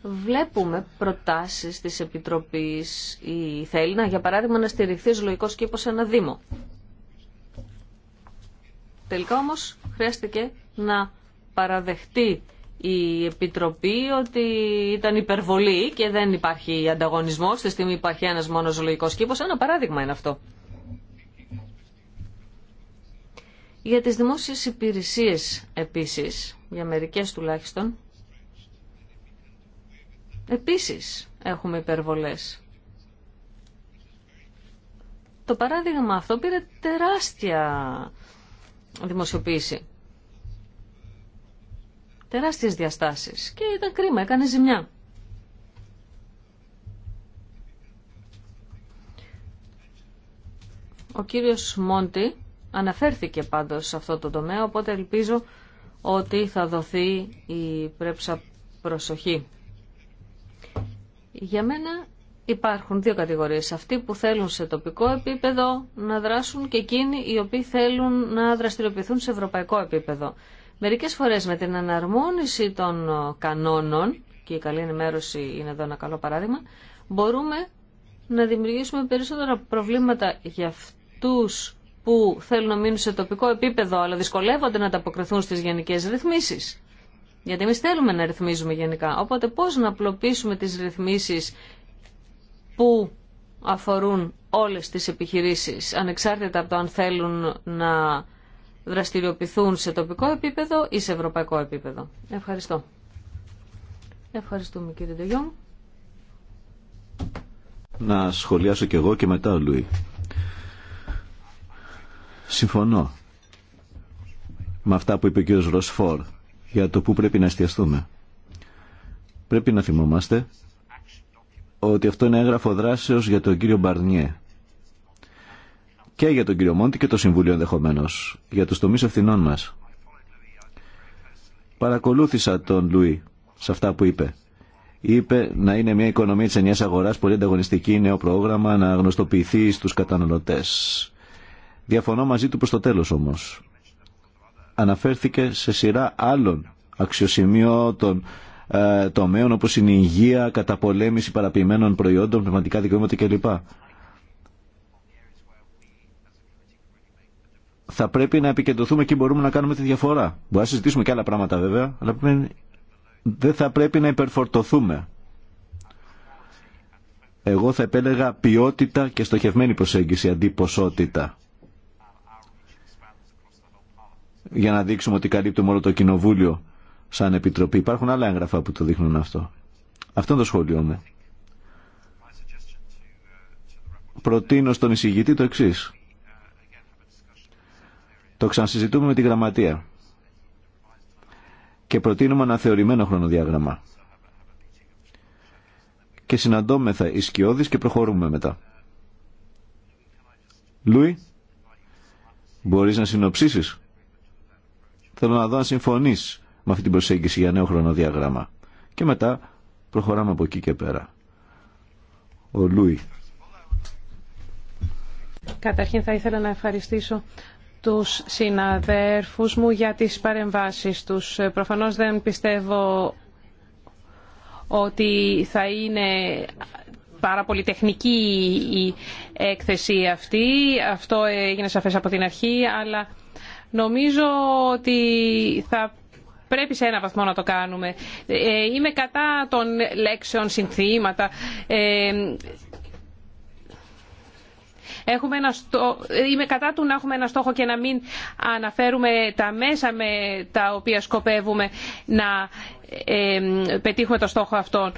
βλέπουμε προτάσεις της Επιτροπής ή θέλει να, για παράδειγμα, να στηριχθεί ζωολογικός κήπος σε ένα δήμο. Τελικά όμως χρειάστηκε να παραδεχτεί η Επιτροπή ότι ήταν υπερβολή και δεν υπάρχει ανταγωνισμό. Στη στιγμή υπάρχει ένας μόνος ζωολογικός κήπος. Ένα παράδειγμα είναι αυτό. Για τις δημόσιες υπηρεσίες επίσης, για μερικές τουλάχιστον, επίσης έχουμε υπερβολές. Το παράδειγμα αυτό πήρε τεράστια δημοσιοποίηση. Τεράστιες διαστάσεις και ήταν κρίμα, έκανε ζημιά. Ο κύριος Μόντι αναφέρθηκε πάντως σε αυτό το τομέα, οπότε ελπίζω ότι θα δοθεί η πρέψα προσοχή. Για μένα Υπάρχουν δύο κατηγορίες. Αυτοί που θέλουν σε τοπικό επίπεδο να δράσουν και εκείνοι οι οποίοι θέλουν να δραστηριοποιηθούν σε ευρωπαϊκό επίπεδο. Μερικές φορές με την αναρμόνιση των ε, κανόνων, και η καλή ενημέρωση είναι εδώ ένα καλό παράδειγμα, μπορούμε να δημιουργήσουμε περισσότερα προβλήματα για αυτούς που θέλουν να μείνουν σε τοπικό επίπεδο, αλλά δυσκολεύονται να ανταποκριθούν στις γενικές ρυθμίσεις. Γιατί εμεί θέλουμε να ρυθμίζουμε γενικά. Οπότε πώ να απλοποιήσουμε τι ρυθμίσει που αφορούν όλες τις επιχειρήσεις, ανεξάρτητα από το αν θέλουν να δραστηριοποιηθούν σε τοπικό επίπεδο ή σε ευρωπαϊκό επίπεδο. Ευχαριστώ. Ευχαριστούμε κύριε Ντεγιόν. Να σχολιάσω κι εγώ και μετά ο Λουί. Συμφωνώ με αυτά που είπε ο κύριος Ροσφόρ για το που πρέπει να εστιαστούμε. Πρέπει να θυμόμαστε ότι αυτό είναι έγγραφο δράσεως για τον κύριο Μπαρνιέ και για τον κύριο Μόντι και το Συμβούλιο ενδεχομένω για τους τομεί ευθυνών μας. Παρακολούθησα τον Λουί σε αυτά που είπε. Είπε να είναι μια οικονομία τη ενιαίας αγορά πολύ ανταγωνιστική, νέο πρόγραμμα να γνωστοποιηθεί στους καταναλωτές. Διαφωνώ μαζί του προ το τέλο όμω. Αναφέρθηκε σε σειρά άλλων αξιοσημείωτων ε, τομέων όπως είναι η υγεία, καταπολέμηση παραποιημένων προϊόντων, πνευματικά δικαιώματα κλπ. Θα πρέπει να επικεντρωθούμε και μπορούμε να κάνουμε τη διαφορά. Μπορεί να συζητήσουμε και άλλα πράγματα βέβαια, αλλά δεν θα πρέπει να υπερφορτωθούμε. Εγώ θα επέλεγα ποιότητα και στοχευμένη προσέγγιση αντί ποσότητα. Για να δείξουμε ότι καλύπτουμε όλο το κοινοβούλιο σαν επιτροπή. Υπάρχουν άλλα έγγραφα που το δείχνουν αυτό. Αυτό είναι το σχόλιο μου. Προτείνω στον εισηγητή το εξή. Το ξανασυζητούμε με τη γραμματεία και προτείνουμε ένα θεωρημένο χρονοδιάγραμμα. Και συναντώμεθα ισκιώδης και προχωρούμε μετά. Λούι, μπορείς να συνοψίσεις. Θέλω να δω αν συμφωνείς με αυτή την προσέγγιση για νέο χρονοδιαγράμμα. Και μετά προχωράμε από εκεί και πέρα. Ο Λούι. Καταρχήν θα ήθελα να ευχαριστήσω τους συναδέρφους μου για τις παρεμβάσεις τους. Προφανώς δεν πιστεύω ότι θα είναι πάρα πολύ τεχνική η έκθεση αυτή. Αυτό έγινε σαφές από την αρχή, αλλά νομίζω ότι θα Πρέπει σε ένα βαθμό να το κάνουμε. Ε, είμαι κατά των λέξεων συνθήματα. Ε, έχουμε ένα Είμαι κατά του να έχουμε ένα στόχο και να μην αναφέρουμε τα μέσα με τα οποία σκοπεύουμε να ε, πετύχουμε το στόχο αυτόν.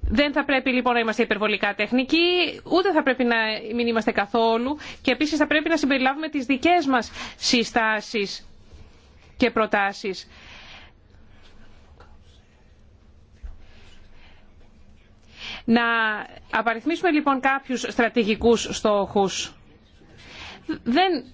Δεν θα πρέπει λοιπόν να είμαστε υπερβολικά τεχνικοί, ούτε θα πρέπει να μην είμαστε καθόλου και επίσης θα πρέπει να συμπεριλάβουμε τις δικές μας συστάσεις και προτάσεις. Να απαριθμίσουμε λοιπόν κάποιους στρατηγικούς στόχους. Δεν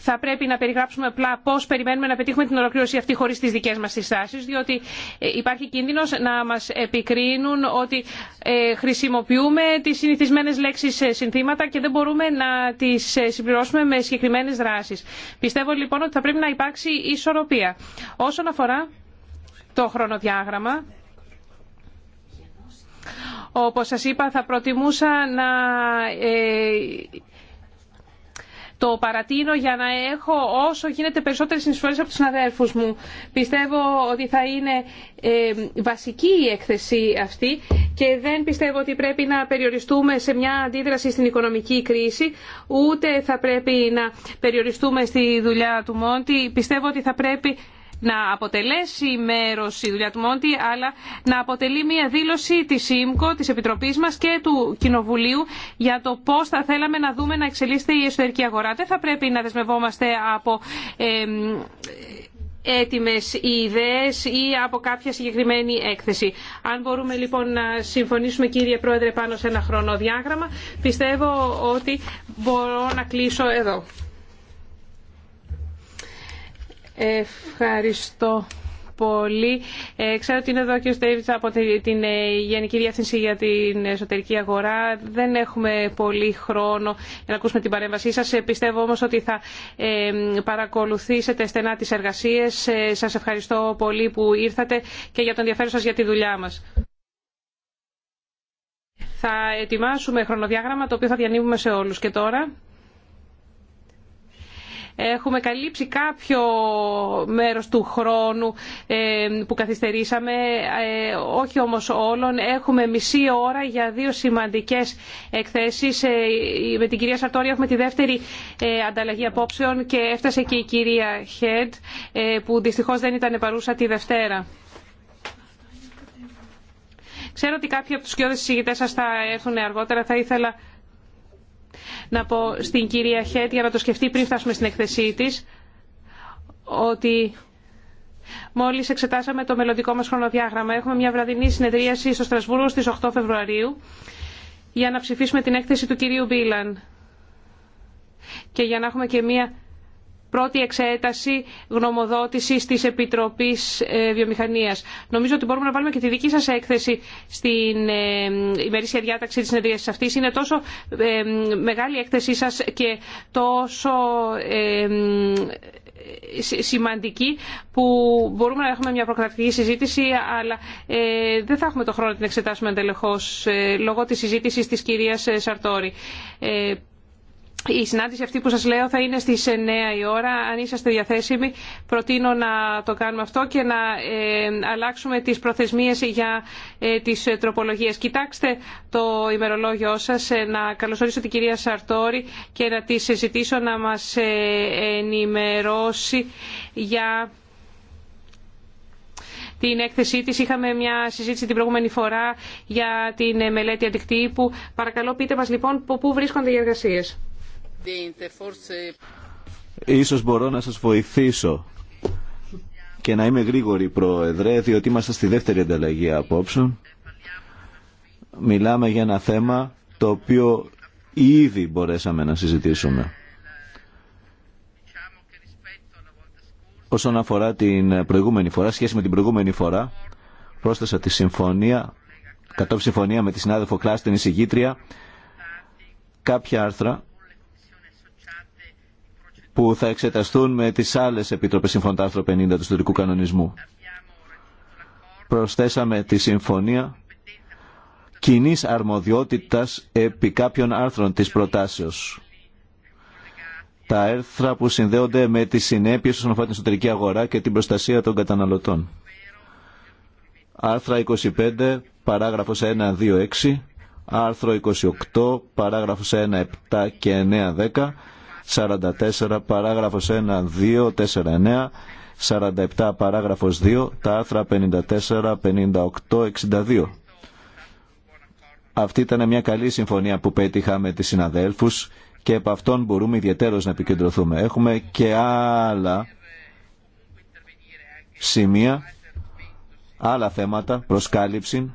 θα πρέπει να περιγράψουμε απλά πώ περιμένουμε να πετύχουμε την ολοκλήρωση αυτή χωρί τι δικέ μα συστάσει, διότι ε, υπάρχει κίνδυνο να μα επικρίνουν ότι ε, χρησιμοποιούμε τι συνηθισμένε λέξει συνθήματα και δεν μπορούμε να τι ε, συμπληρώσουμε με συγκεκριμένε δράσει. Πιστεύω λοιπόν ότι θα πρέπει να υπάρξει ισορροπία. Όσον αφορά το χρονοδιάγραμμα, όπως σας είπα θα προτιμούσα να ε, το παρατείνω για να έχω όσο γίνεται περισσότερες συνεισφορές από τους αδέρφους μου. Πιστεύω ότι θα είναι ε, βασική η έκθεση αυτή και δεν πιστεύω ότι πρέπει να περιοριστούμε σε μια αντίδραση στην οικονομική κρίση, ούτε θα πρέπει να περιοριστούμε στη δουλειά του Μόντι. Πιστεύω ότι θα πρέπει να αποτελέσει μέρος η δουλειά του Μόντι, αλλά να αποτελεί μια δήλωση της ΣΥΜΚΟ, της Επιτροπής μας και του Κοινοβουλίου για το πώς θα θέλαμε να δούμε να εξελίσσεται η εσωτερική αγορά. Δεν θα πρέπει να δεσμευόμαστε από ε, έτοιμες ιδέες ή από κάποια συγκεκριμένη έκθεση. Αν μπορούμε λοιπόν να συμφωνήσουμε κύριε Πρόεδρε πάνω σε ένα χρονοδιάγραμμα, πιστεύω ότι μπορώ να κλείσω εδώ. Ευχαριστώ πολύ. Ε, ξέρω ότι είναι εδώ ο κ. Στέβιτς από την ε, Γενική Διεύθυνση για την Εσωτερική Αγορά. Δεν έχουμε πολύ χρόνο για να ακούσουμε την παρέμβασή σας. Ε, πιστεύω όμως ότι θα παρακολουθήσετε στενά τις εργασίες. σας ευχαριστώ πολύ που ήρθατε και για τον ενδιαφέρον σας για τη δουλειά μας. Θα ετοιμάσουμε χρονοδιάγραμμα το οποίο θα διανύμουμε σε όλους. Και τώρα έχουμε καλύψει κάποιο μέρος του χρόνου ε, που καθυστερήσαμε, ε, όχι όμως όλων. Έχουμε μισή ώρα για δύο σημαντικές εκθέσεις. Ε, με την κυρία Σαρτόρια έχουμε τη δεύτερη ανταλλαγή απόψεων και έφτασε και η κυρία Χέντ που δυστυχώς δεν ήταν παρούσα τη Δευτέρα. Ξέρω ότι κάποιοι από τους κοιόδες συζητητές σας θα έρθουν αργότερα. Θα ήθελα να πω στην κυρία Χέτ για να το σκεφτεί πριν φτάσουμε στην εκθεσή της ότι μόλις εξετάσαμε το μελλοντικό μας χρονοδιάγραμμα έχουμε μια βραδινή συνεδρίαση στο Στρασβούργο στις 8 Φεβρουαρίου για να ψηφίσουμε την έκθεση του κυρίου Μπίλαν και για να έχουμε και μια πρώτη εξέταση γνωμοδότησης της Επιτροπής ε, βιομηχανία. Νομίζω ότι μπορούμε να βάλουμε και τη δική σας έκθεση στην ε, ημερήσια διάταξη της συνεδρίας αυτή. Είναι τόσο ε, μεγάλη η έκθεσή σας και τόσο σημαντική που μπορούμε να έχουμε μια προκρατική συζήτηση αλλά δεν θα έχουμε το χρόνο να την εξετάσουμε εντελεχώς λόγω της συζήτησης της κυρίας Σαρτόρη. Ε, η συνάντηση αυτή που σας λέω θα είναι στις 9 η ώρα. Αν είσαστε διαθέσιμοι, προτείνω να το κάνουμε αυτό και να ε, αλλάξουμε τις προθεσμίες για ε, τις ε, τροπολογίες. Κοιτάξτε το ημερολόγιο σας, να καλωσορίσω την κυρία Σαρτόρη και να τη συζητήσω να μας ενημερώσει για την έκθεσή της. Είχαμε μια συζήτηση την προηγούμενη φορά για την μελέτη αντικτύπου. Παρακαλώ πείτε μας λοιπόν πού βρίσκονται οι εργασίες. Ίσως μπορώ να σας βοηθήσω και να είμαι γρήγορη πρόεδρε, διότι είμαστε στη δεύτερη ανταλλαγή απόψε. Μιλάμε για ένα θέμα το οποίο ήδη μπορέσαμε να συζητήσουμε. Όσον αφορά την προηγούμενη φορά, σχέση με την προηγούμενη φορά, πρόσθεσα τη συμφωνία, κατόπιν συμφωνία με τη συνάδελφο Κλάστην την κάποια άρθρα που θα εξεταστούν με τις άλλες επιτροπές σύμφωνα άρθρο 50 του ιστορικού κανονισμού. Προσθέσαμε τη συμφωνία κοινή αρμοδιότητας επί κάποιων άρθρων της προτάσεως. Τα έρθρα που συνδέονται με τις συνέπειες όσον αφορά την εσωτερική αγορά και την προστασία των καταναλωτών. Άρθρα 25, παράγραφος 1, 2, 6, άρθρο 28, παράγραφος 1, 7 και 9, 10, 44 παράγραφος 1, 2, 4, 9, 47 παράγραφος 2, τα άθρα 54, 58, 62. Αυτή ήταν μια καλή συμφωνία που πέτυχα με τις συναδέλφους και από αυτόν μπορούμε ιδιαίτερως να επικεντρωθούμε. Έχουμε και άλλα σημεία, άλλα θέματα προσκάλυψη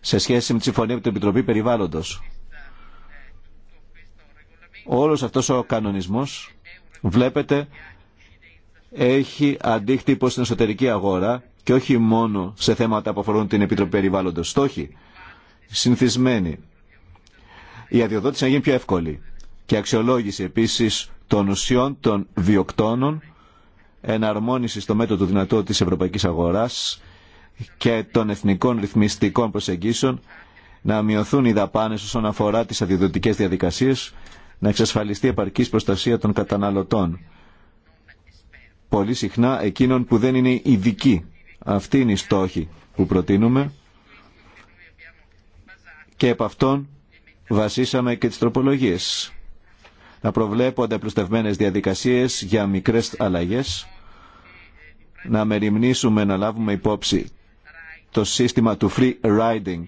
σε σχέση με τη συμφωνία με την Επιτροπή Περιβάλλοντος. Όλος αυτός ο κανονισμός βλέπετε έχει αντίκτυπο στην εσωτερική αγορά και όχι μόνο σε θέματα που αφορούν την Επιτροπή Περιβάλλοντος. Στόχοι συνθισμένοι, Η αδειοδότηση να γίνει πιο εύκολη και αξιολόγηση επίσης των ουσιών των βιοκτώνων, εναρμόνιση στο μέτρο του δυνατό της ευρωπαϊκής αγοράς και των εθνικών ρυθμιστικών προσεγγίσεων, να μειωθούν οι δαπάνες όσον αφορά τις αδειοδοτικές διαδικασίες, να εξασφαλιστεί επαρκής προστασία των καταναλωτών. Πολύ συχνά εκείνων που δεν είναι ειδικοί. Αυτή είναι η στόχη που προτείνουμε και επ' αυτών βασίσαμε και τις τροπολογίες. Να προβλέπονται ανταπλουστευμένες διαδικασίες για μικρές αλλαγές, να μεριμνήσουμε να λάβουμε υπόψη το σύστημα του free riding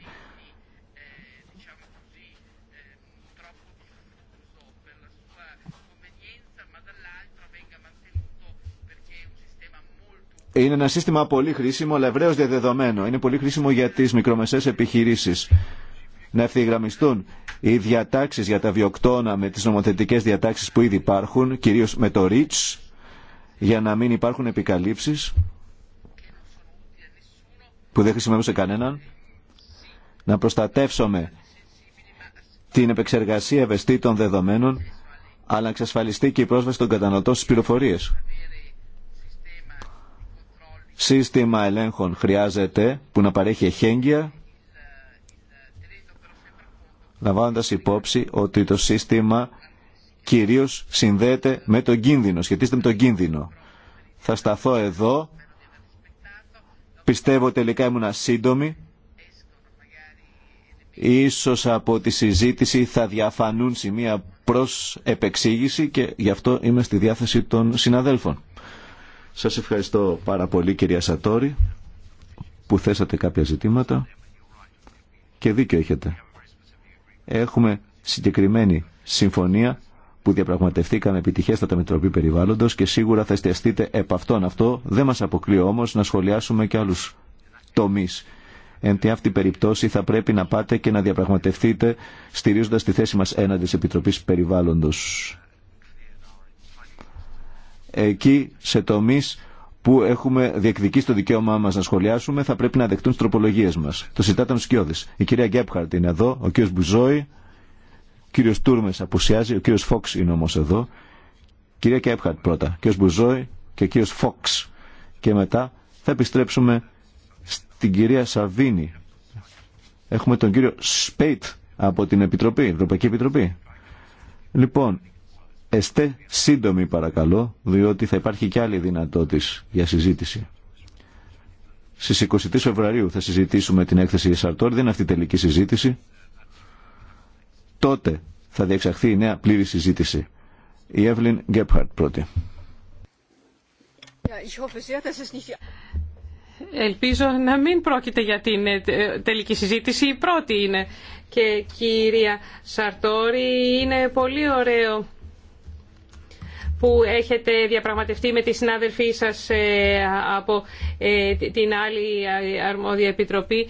Είναι ένα σύστημα πολύ χρήσιμο, αλλά ευρέω διαδεδομένο. Είναι πολύ χρήσιμο για τι μικρομεσαίες επιχειρήσει. Να ευθυγραμμιστούν οι διατάξει για τα βιοκτώνα με τι νομοθετικέ διατάξει που ήδη υπάρχουν, κυρίω με το REACH, για να μην υπάρχουν επικαλύψεις που δεν χρησιμεύουν σε κανέναν. Να προστατεύσουμε την επεξεργασία ευαισθήτων δεδομένων, αλλά να εξασφαλιστεί και η πρόσβαση των καταναλωτών στι πληροφορίε σύστημα ελέγχων χρειάζεται που να παρέχει εχέγγυα λαμβάνοντας υπόψη ότι το σύστημα κυρίως συνδέεται με τον κίνδυνο, σχετίζεται με τον κίνδυνο. Θα σταθώ εδώ, πιστεύω τελικά ήμουν σύντομη, ίσως από τη συζήτηση θα διαφανούν σημεία προς επεξήγηση και γι' αυτό είμαι στη διάθεση των συναδέλφων. Σας ευχαριστώ πάρα πολύ κυρία Σατόρη που θέσατε κάποια ζητήματα και δίκιο έχετε. Έχουμε συγκεκριμένη συμφωνία που διαπραγματευτήκαμε επιτυχέστατα με την περιβάλλοντος Περιβάλλοντο και σίγουρα θα εστιαστείτε επ' αυτόν αυτό. Δεν μας αποκλείω όμω να σχολιάσουμε και άλλους τομείς. Εν τη αυτή περιπτώση θα πρέπει να πάτε και να διαπραγματευτείτε στηρίζοντας τη θέση μας έναντι τη Επιτροπή Περιβάλλοντο εκεί σε τομεί που έχουμε διεκδικήσει το δικαίωμά μα να σχολιάσουμε, θα πρέπει να δεχτούν τι τροπολογίε μα. Το συζητάτε με σκιώδη. Η κυρία Γκέπχαρτ είναι εδώ, ο κύριο Μπουζόη, ο κύριο Τούρμε απουσιάζει, ο κύριο Φόξ είναι όμω εδώ. Κυρία Γκέπχαρτ πρώτα, κύριο Μπουζόη και κύριο Φόξ. Και μετά θα επιστρέψουμε στην κυρία Σαβίνη. Έχουμε τον κύριο Σπέιτ από την Επιτροπή, Ευρωπαϊκή Επιτροπή. Λοιπόν, Εστέ σύντομη παρακαλώ, διότι θα υπάρχει και άλλη δυνατότητα για συζήτηση. Στις 23 Φεβρουαρίου θα συζητήσουμε την έκθεση Σαρτόρ, δεν αυτή η τελική συζήτηση. Τότε θα διεξαχθεί η νέα πλήρη συζήτηση. Η Εύλιν Γκέπχαρτ πρώτη. Ελπίζω να μην πρόκειται για την ε, τελική συζήτηση. Η πρώτη είναι. Και κυρία Σαρτόρη, είναι πολύ ωραίο που έχετε διαπραγματευτεί με τη συνάδελφή σας ε, από ε, την άλλη αρμόδια επιτροπή.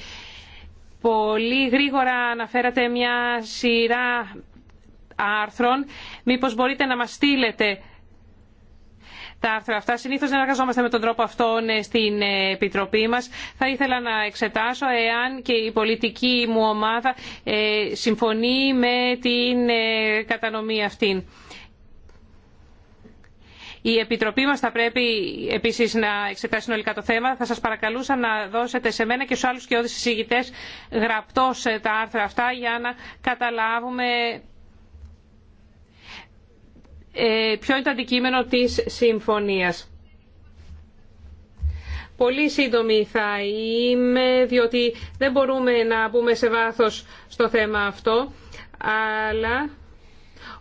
Πολύ γρήγορα αναφέρατε μια σειρά άρθρων. Μήπως μπορείτε να μας στείλετε τα άρθρα αυτά. Συνήθως δεν εργαζόμαστε με τον τρόπο αυτόν ναι, στην ε, Επιτροπή μας. Θα ήθελα να εξετάσω εάν και η πολιτική μου ομάδα συμφωνεί με την κατανομή αυτήν. Η Επιτροπή μας θα πρέπει επίσης να εξετάσει συνολικά το θέμα. Θα σας παρακαλούσα να δώσετε σε μένα και στους άλλους κοιόδης εισηγητές γραπτός ε, τα άρθρα αυτά για να καταλάβουμε ε, ποιο είναι το αντικείμενο της συμφωνίας. Πολύ σύντομη θα είμαι, διότι δεν μπορούμε να μπούμε σε βάθος στο θέμα αυτό, αλλά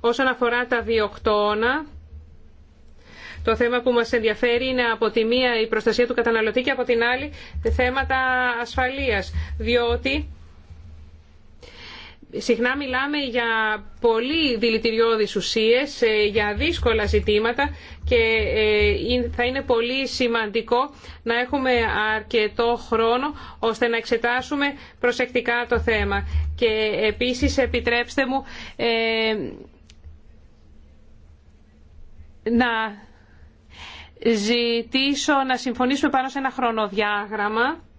όσον αφορά τα διοκτώνα, το θέμα που μας ενδιαφέρει είναι από τη μία η προστασία του καταναλωτή και από την άλλη θέματα ασφαλείας, διότι συχνά μιλάμε για πολύ δηλητηριώδεις ουσίες, ε, για δύσκολα ζητήματα και ε, θα είναι πολύ σημαντικό να έχουμε αρκετό χρόνο ώστε να εξετάσουμε προσεκτικά το θέμα. Και επίσης επιτρέψτε μου ε, να ζητήσω να συμφωνήσουμε πάνω σε ένα χρονοδιάγραμμα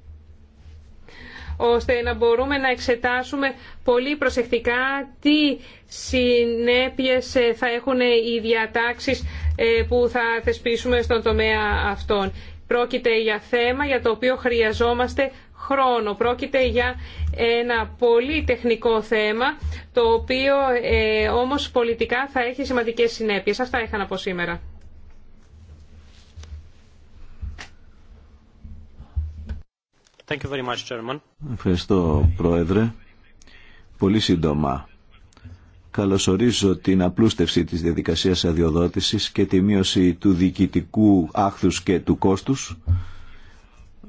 ώστε να μπορούμε να εξετάσουμε πολύ προσεκτικά τι συνέπειες ε, θα έχουν οι διατάξεις ε, που θα θεσπίσουμε στον τομέα αυτών. Πρόκειται για θέμα για το οποίο χρειαζόμαστε χρόνο. Πρόκειται για ένα πολύ τεχνικό θέμα, το οποίο ε, όμως πολιτικά θα έχει σημαντικές συνέπειες. Αυτά είχα να πω σήμερα. Ευχαριστώ, Πρόεδρε. Πολύ σύντομα. Καλωσορίζω την απλούστευση της διαδικασίας αδειοδότησης και τη μείωση του διοικητικού άχθους και του κόστους,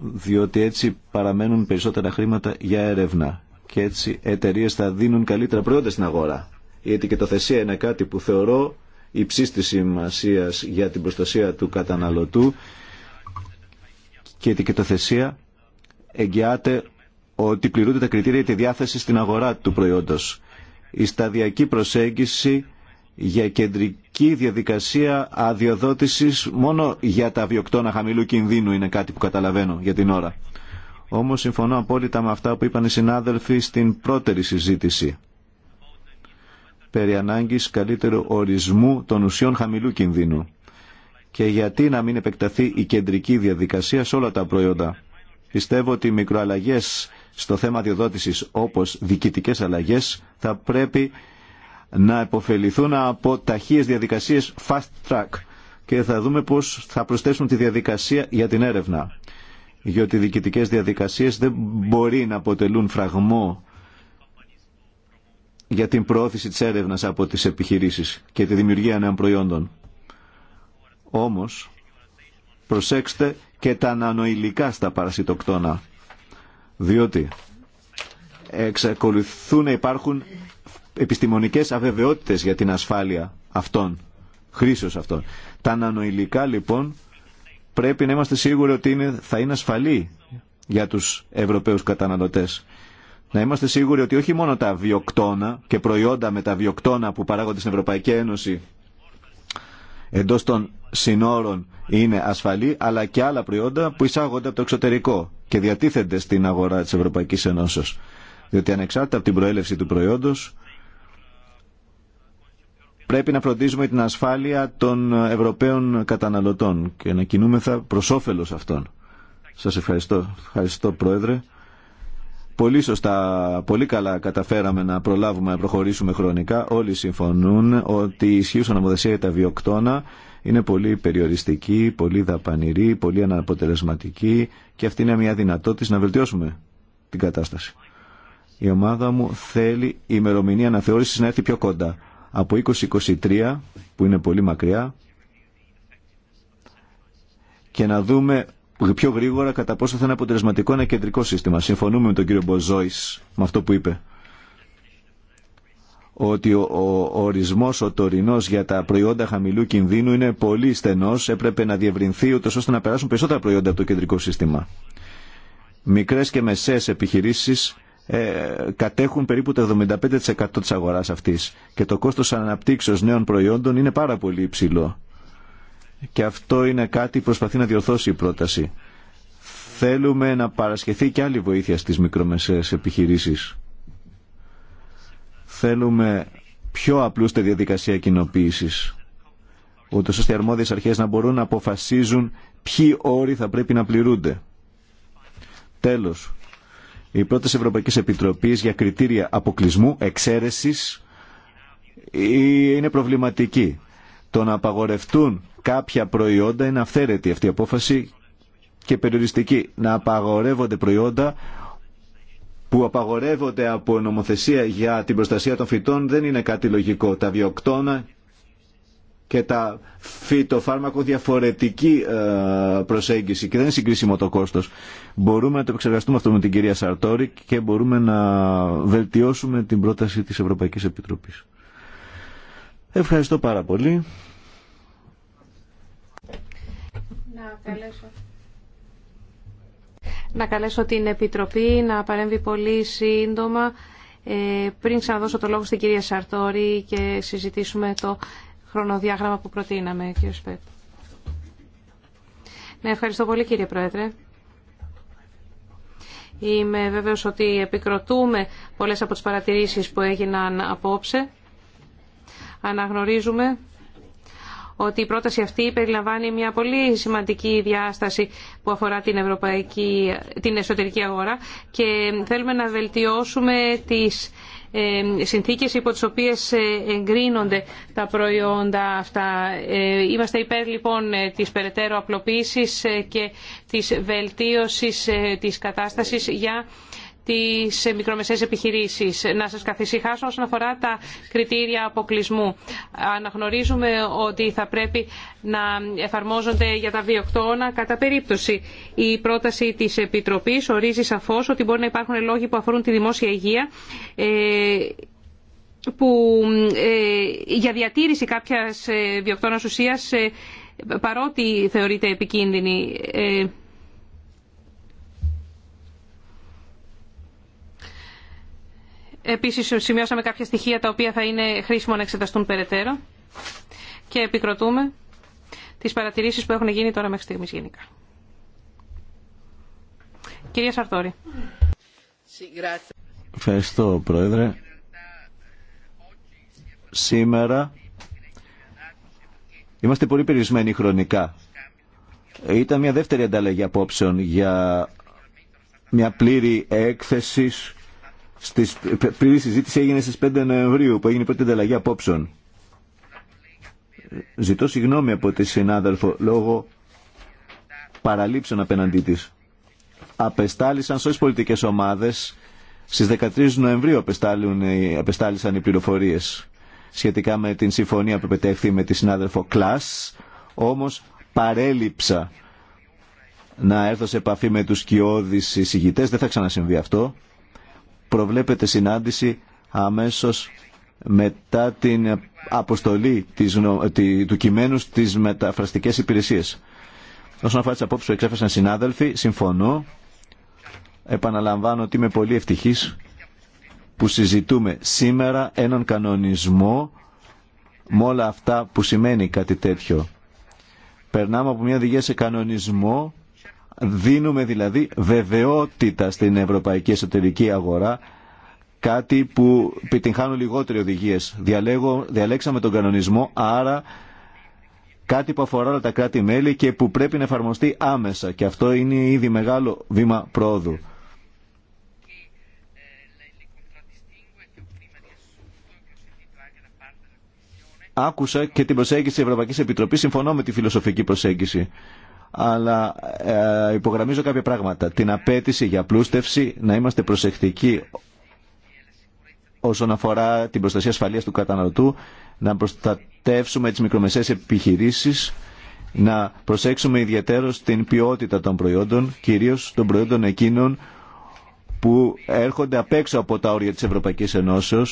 διότι έτσι παραμένουν περισσότερα χρήματα για έρευνα και έτσι εταιρείε θα δίνουν καλύτερα προϊόντα στην αγορά. Η ετικετοθεσία είναι κάτι που θεωρώ υψής της σημασίας για την προστασία του καταναλωτού και η ετικετοθεσία εγγυάται ότι πληρούνται τα κριτήρια για τη διάθεση στην αγορά του προϊόντος. Η σταδιακή προσέγγιση για κεντρική διαδικασία αδειοδότησης μόνο για τα βιοκτώνα χαμηλού κινδύνου είναι κάτι που καταλαβαίνω για την ώρα. Όμως συμφωνώ απόλυτα με αυτά που είπαν οι συνάδελφοι στην πρώτερη συζήτηση περί ανάγκης καλύτερου ορισμού των ουσιών χαμηλού κινδύνου. Και γιατί να μην επεκταθεί η κεντρική διαδικασία σε όλα τα προϊόντα. Πιστεύω ότι οι μικροαλλαγές στο θέμα διοδότησης όπως διοικητικές αλλαγές θα πρέπει να υποφεληθούν από ταχείες διαδικασίες fast track και θα δούμε πώς θα προσθέσουν τη διαδικασία για την έρευνα. Γιατί οι διοικητικές διαδικασίες δεν μπορεί να αποτελούν φραγμό για την προώθηση της έρευνας από τις επιχειρήσεις και τη δημιουργία νέων προϊόντων. Όμως, προσέξτε και τα ανανοηλικά στα παρασιτοκτόνα. Διότι εξακολουθούν να υπάρχουν επιστημονικές αβεβαιότητες για την ασφάλεια αυτών, χρήσεως αυτών. Τα ανανοηλικά λοιπόν πρέπει να είμαστε σίγουροι ότι είναι, θα είναι ασφαλή για τους Ευρωπαίους καταναλωτές. Να είμαστε σίγουροι ότι όχι μόνο τα βιοκτόνα και προϊόντα με τα βιοκτώνα που παράγονται στην Ευρωπαϊκή Ένωση Εντό των συνόρων είναι ασφαλή, αλλά και άλλα προϊόντα που εισάγονται από το εξωτερικό και διατίθενται στην αγορά της Ευρωπαϊκής Ενώσεω. Διότι ανεξάρτητα από την προέλευση του προϊόντος, πρέπει να φροντίζουμε την ασφάλεια των Ευρωπαίων καταναλωτών και να κινούμεθα προ όφελο αυτών. Σας ευχαριστώ. Ευχαριστώ Πρόεδρε. Πολύ σωστά, πολύ καλά καταφέραμε να προλάβουμε να προχωρήσουμε χρονικά. Όλοι συμφωνούν ότι η ισχύουσα νομοθεσία για τα βιοκτώνα είναι πολύ περιοριστική, πολύ δαπανηρή, πολύ αναποτελεσματική και αυτή είναι μια δυνατότητα να βελτιώσουμε την κατάσταση. Η ομάδα μου θέλει η ημερομηνία αναθεώρησης να έρθει πιο κοντά. Από 2023, που είναι πολύ μακριά, και να δούμε πιο γρήγορα κατά πόσο θα είναι αποτελεσματικό ένα κεντρικό σύστημα. Συμφωνούμε με τον κύριο Μποζόη με αυτό που είπε. Ότι ο, ο ορισμός ο τωρινός για τα προϊόντα χαμηλού κινδύνου είναι πολύ στενός, έπρεπε να διευρυνθεί ούτω ώστε να περάσουν περισσότερα προϊόντα από το κεντρικό σύστημα. Μικρές και μεσαίες επιχειρήσεις ε, κατέχουν περίπου το 75% της αγοράς αυτής και το κόστος αναπτύξεως νέων προϊόντων είναι πάρα πολύ υψηλό. Και αυτό είναι κάτι που προσπαθεί να διορθώσει η πρόταση. Θέλουμε να παρασχεθεί και άλλη βοήθεια στις μικρομεσαίες επιχειρήσεις. Θέλουμε πιο απλούστε διαδικασία κοινοποίηση, ούτως ώστε οι αρμόδιες αρχές να μπορούν να αποφασίζουν ποιοι όροι θα πρέπει να πληρούνται. Τέλος, η πρόταση Ευρωπαϊκής Επιτροπής για κριτήρια αποκλεισμού, εξαίρεσης, ε, είναι προβληματική το να απαγορευτούν κάποια προϊόντα είναι αυθαίρετη αυτή η απόφαση και περιοριστική. Να απαγορεύονται προϊόντα που απαγορεύονται από νομοθεσία για την προστασία των φυτών δεν είναι κάτι λογικό. Τα βιοκτώνα και τα φυτοφάρμακο διαφορετική ε, προσέγγιση και δεν είναι συγκρίσιμο το κόστος. Μπορούμε να το επεξεργαστούμε αυτό με την κυρία Σαρτόρη και μπορούμε να βελτιώσουμε την πρόταση της Ευρωπαϊκής Επιτροπής. Ευχαριστώ πάρα πολύ. Να καλέσω. Να καλέσω την Επιτροπή να παρέμβει πολύ σύντομα ε, πριν ξαναδώσω το λόγο στην κυρία Σαρτόρη και συζητήσουμε το χρονοδιάγραμμα που προτείναμε, κύριε Σπέτ. Ναι, ευχαριστώ πολύ κύριε Πρόεδρε. Είμαι βέβαιος ότι επικροτούμε πολλές από τις παρατηρήσεις που έγιναν απόψε αναγνωρίζουμε ότι η πρόταση αυτή περιλαμβάνει μια πολύ σημαντική διάσταση που αφορά την, ευρωπαϊκή, την εσωτερική αγορά και θέλουμε να βελτιώσουμε τις συνθήκες υπό τις οποίες ε, εγκρίνονται τα προϊόντα αυτά. Ε, είμαστε υπέρ λοιπόν ε, της περαιτέρω απλοποίησης και της βελτίωσης της κατάστασης για τις ε, μικρομεσαίες επιχειρήσεις. Να σας καθησυχάσω όσον αφορά τα κριτήρια αποκλεισμού. Αναγνωρίζουμε ότι θα πρέπει να εφαρμόζονται για τα βιοκτώνα κατά περίπτωση. Η πρόταση της Επιτροπής ορίζει σαφώς ότι μπορεί να υπάρχουν λόγοι που αφορούν τη δημόσια υγεία ε, που ε, για διατήρηση κάποιας βιοκτώνας ουσίας παρότι θεωρείται επικίνδυνη Επίση, σημειώσαμε κάποια στοιχεία τα οποία θα είναι χρήσιμο να εξεταστούν περαιτέρω και επικροτούμε τις παρατηρήσεις που έχουν γίνει τώρα μέχρι στιγμή γενικά. Κυρία Σαρτόρη. Ευχαριστώ Πρόεδρε. Σήμερα είμαστε πολύ περιορισμένοι χρονικά. Ήταν μια δεύτερη ανταλλαγή απόψεων για μια πλήρη έκθεση στις, η συζήτηση έγινε στις 5 Νοεμβρίου που έγινε η πρώτη ανταλλαγή απόψεων. Ζητώ συγγνώμη από τη συνάδελφο λόγω παραλήψεων απέναντί της. Απεστάλησαν σε όλες πολιτικές ομάδες. Στις 13 Νοεμβρίου απεστάλησαν οι πληροφορίες σχετικά με την συμφωνία που πετέχθη με τη συνάδελφο Κλάς. Όμως παρέλειψα να έρθω σε επαφή με τους κοιόδης εισηγητές. Δεν θα ξανασυμβεί αυτό προβλέπεται συνάντηση αμέσως μετά την αποστολή της, του κειμένου στις μεταφραστικές υπηρεσίες. Όσον αφορά τις απόψεις που εξέφρασαν συνάδελφοι, συμφωνώ. Επαναλαμβάνω ότι είμαι πολύ ευτυχής που συζητούμε σήμερα έναν κανονισμό με όλα αυτά που σημαίνει κάτι τέτοιο. Περνάμε από μια οδηγία σε κανονισμό Δίνουμε δηλαδή βεβαιότητα στην ευρωπαϊκή εσωτερική αγορά, κάτι που επιτυγχάνουν λιγότεροι οδηγίες. Διαλέγω, διαλέξαμε τον κανονισμό, άρα κάτι που αφορά όλα τα κράτη-μέλη και που πρέπει να εφαρμοστεί άμεσα. Και αυτό είναι ήδη μεγάλο βήμα πρόοδου. Άκουσα και την προσέγγιση της Ευρωπαϊκής Επιτροπής, συμφωνώ με τη φιλοσοφική προσέγγιση αλλά ε, υπογραμμίζω κάποια πράγματα. Την απέτηση για πλούστευση, να είμαστε προσεκτικοί όσον αφορά την προστασία ασφαλείας του καταναλωτού, να προστατεύσουμε τις μικρομεσαίες επιχειρήσεις, να προσέξουμε ιδιαίτερως την ποιότητα των προϊόντων, κυρίως των προϊόντων εκείνων που έρχονται απ' έξω από τα όρια της Ευρωπαϊκής Ενώσεω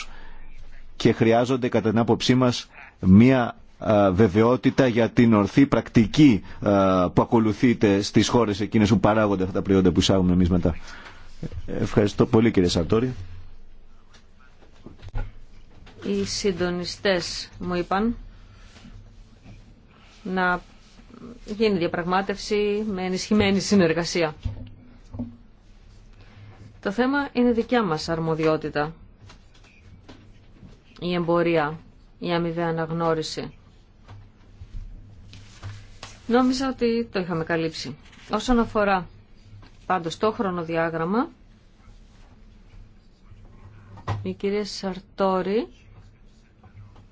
και χρειάζονται κατά την άποψή μας μία ε, βεβαιότητα για την ορθή πρακτική ε, που ακολουθείται στις χώρες εκείνες που παράγονται αυτά τα προϊόντα που εισάγουμε εμείς μετά. Ευχαριστώ πολύ κύριε Σαρτόρη. Οι συντονιστές μου είπαν να γίνει διαπραγμάτευση με ενισχυμένη συνεργασία. Το θέμα είναι δικιά μας αρμοδιότητα. Η εμπορία, η αμοιβή αναγνώριση. Νόμιζα ότι το είχαμε καλύψει. Όσον αφορά πάντως το χρονοδιάγραμμα, η κυρία Σαρτόρη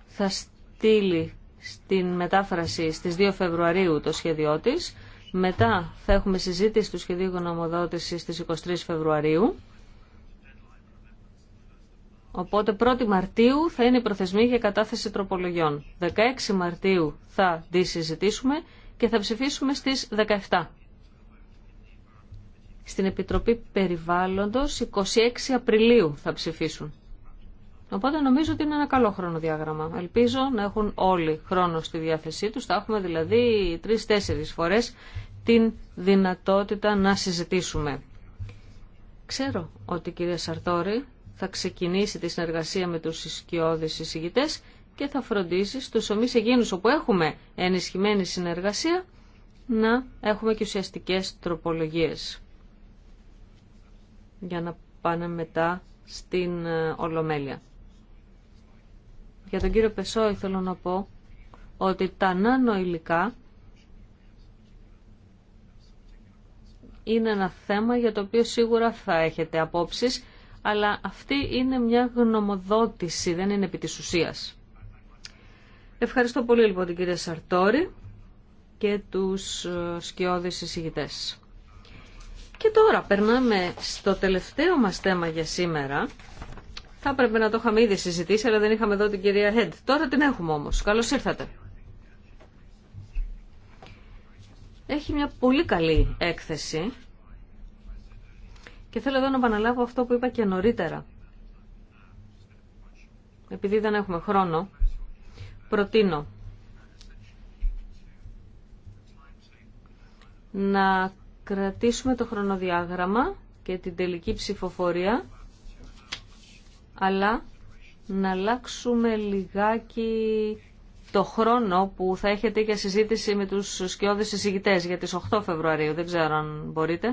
θα στείλει στην μετάφραση στις 2 Φεβρουαρίου το σχέδιό της. Μετά θα έχουμε συζήτηση του σχεδίου γνωμοδότησης στις 23 Φεβρουαρίου. Οπότε 1η Μαρτίου θα είναι η προθεσμή για κατάθεση τροπολογιών. 16 Μαρτίου θα τη συζητήσουμε και θα ψηφίσουμε στις 17. Στην Επιτροπή Περιβάλλοντος 26 Απριλίου θα ψηφίσουν. Οπότε νομίζω ότι είναι ένα καλό χρονοδιάγραμμα. Ελπίζω να έχουν όλοι χρόνο στη διάθεσή τους. Θα έχουμε δηλαδή τρεις-τέσσερις φορές την δυνατότητα να συζητήσουμε. Ξέρω ότι η κυρία Σαρτόρη θα ξεκινήσει τη συνεργασία με τους ισκιώδεις εισηγητές και θα φροντίσει στους ομείς εκείνους όπου έχουμε ενισχυμένη συνεργασία να έχουμε και ουσιαστικές τροπολογίες για να πάνε μετά στην ε, Ολομέλεια. Για τον κύριο Πεσό ήθελα να πω ότι τα νάνο υλικά είναι ένα θέμα για το οποίο σίγουρα θα έχετε απόψεις, αλλά αυτή είναι μια γνωμοδότηση, δεν είναι επί της ουσίας. Ευχαριστώ πολύ λοιπόν την κυρία Σαρτόρη και τους ε, σκιώδεις εισηγητές. Και τώρα περνάμε στο τελευταίο μας θέμα για σήμερα. Θα έπρεπε να το είχαμε ήδη συζητήσει, αλλά δεν είχαμε εδώ την κυρία Χέντ. Τώρα την έχουμε όμως. Καλώς ήρθατε. Έχει μια πολύ καλή έκθεση και θέλω εδώ να επαναλάβω αυτό που είπα και νωρίτερα. Επειδή δεν έχουμε χρόνο, προτείνω να κρατήσουμε το χρονοδιάγραμμα και την τελική ψηφοφορία, αλλά να αλλάξουμε λιγάκι το χρόνο που θα έχετε για συζήτηση με τους σκιώδες συζητητές για τις 8 Φεβρουαρίου. Δεν ξέρω αν μπορείτε.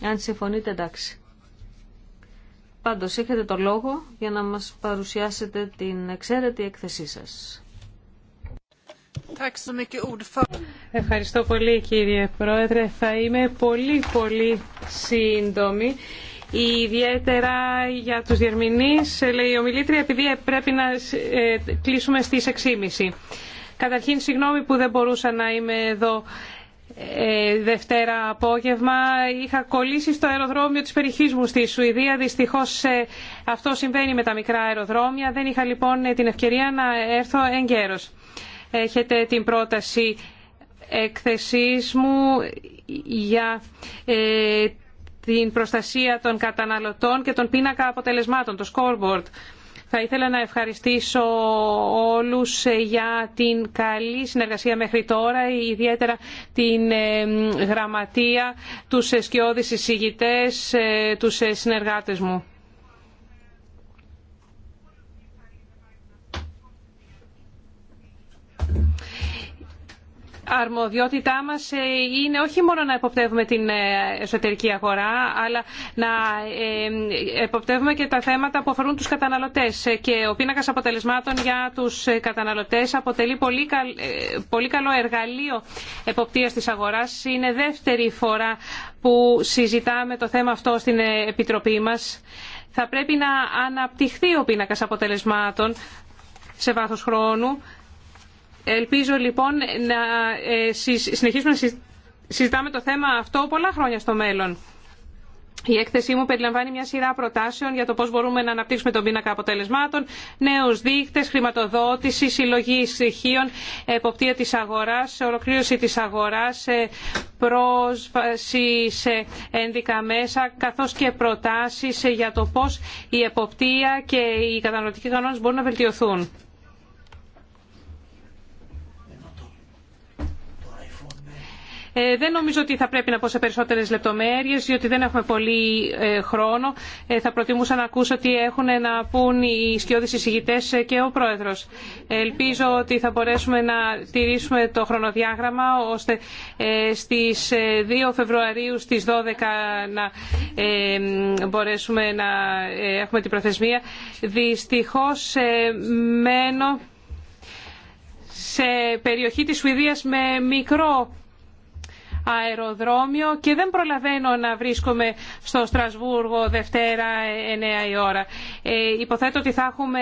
Αν συμφωνείτε, εντάξει. Πάντως, έχετε το λόγο για να μας παρουσιάσετε την εξαίρετη έκθεσή σας. Ευχαριστώ πολύ κύριε Πρόεδρε. Θα είμαι πολύ πολύ σύντομη. Ιδιαίτερα για τους διερμηνείς, λέει η ομιλήτρια, επειδή πρέπει να ε, κλείσουμε στις 6.30. Καταρχήν, συγγνώμη που δεν μπορούσα να είμαι εδώ ε, Δευτέρα απόγευμα είχα κολλήσει στο αεροδρόμιο της περιοχής μου στη Σουηδία. Δυστυχώς ε, αυτό συμβαίνει με τα μικρά αεροδρόμια. Δεν είχα λοιπόν ε, την ευκαιρία να έρθω εγκαίρως. Έχετε την πρόταση εκθεσής μου για την προστασία των καταναλωτών και των πίνακα αποτελεσμάτων, το scoreboard. Θα ήθελα να ευχαριστήσω όλους για την καλή συνεργασία μέχρι τώρα, ιδιαίτερα την ε, γραμματεία, τους σκιώδεις εισηγητές, ε, τους συνεργάτες μου αρμοδιότητά μας ε, είναι όχι μόνο να εποπτεύουμε την ε, εσωτερική αγορά, αλλά να ε, εποπτεύουμε και τα θέματα που αφορούν τους καταναλωτές. Και ο πίνακας αποτελεσμάτων για τους καταναλωτές αποτελεί πολύ, καλό εργαλείο εποπτείας της αγοράς. Είναι δεύτερη φορά που συζητάμε το θέμα αυτό στην Επιτροπή μας. Θα πρέπει να αναπτυχθεί ο πίνακας αποτελεσμάτων σε βάθος χρόνου Ελπίζω λοιπόν να ε, συνεχίσουμε να συζητάμε το θέμα αυτό πολλά χρόνια στο μέλλον. Η έκθεσή μου περιλαμβάνει μια σειρά προτάσεων για το πώ μπορούμε να αναπτύξουμε τον πίνακα αποτελεσμάτων, νέου δείκτε, χρηματοδότηση, συλλογή στοιχείων, εποπτεία τη αγορά, ολοκλήρωση τη αγορά, ε, πρόσβαση σε ένδικα μέσα, καθώ και προτάσει ε, για το πώ η εποπτεία και οι καταναλωτικοί κανόνε μπορούν να βελτιωθούν. Ε, δεν νομίζω ότι θα πρέπει να πω σε περισσότερες λεπτομέρειε, διότι δεν έχουμε πολύ ε, χρόνο. Ε, θα προτιμούσα να ακούσω τι έχουν να πούν οι σκιώδεις εισηγητές και ο Πρόεδρος. Ελπίζω ότι θα μπορέσουμε να τηρήσουμε το χρονοδιάγραμμα, ώστε ε, στις 2 Φεβρουαρίου στι 12 να μπορέσουμε να έχουμε την προθεσμία. Δυστυχώς μένω σε περιοχή της Σουηδίας με μικρό αεροδρόμιο και δεν προλαβαίνω να βρίσκομαι στο Στρασβούργο Δευτέρα 9 η ώρα. Ε, υποθέτω ότι θα έχουμε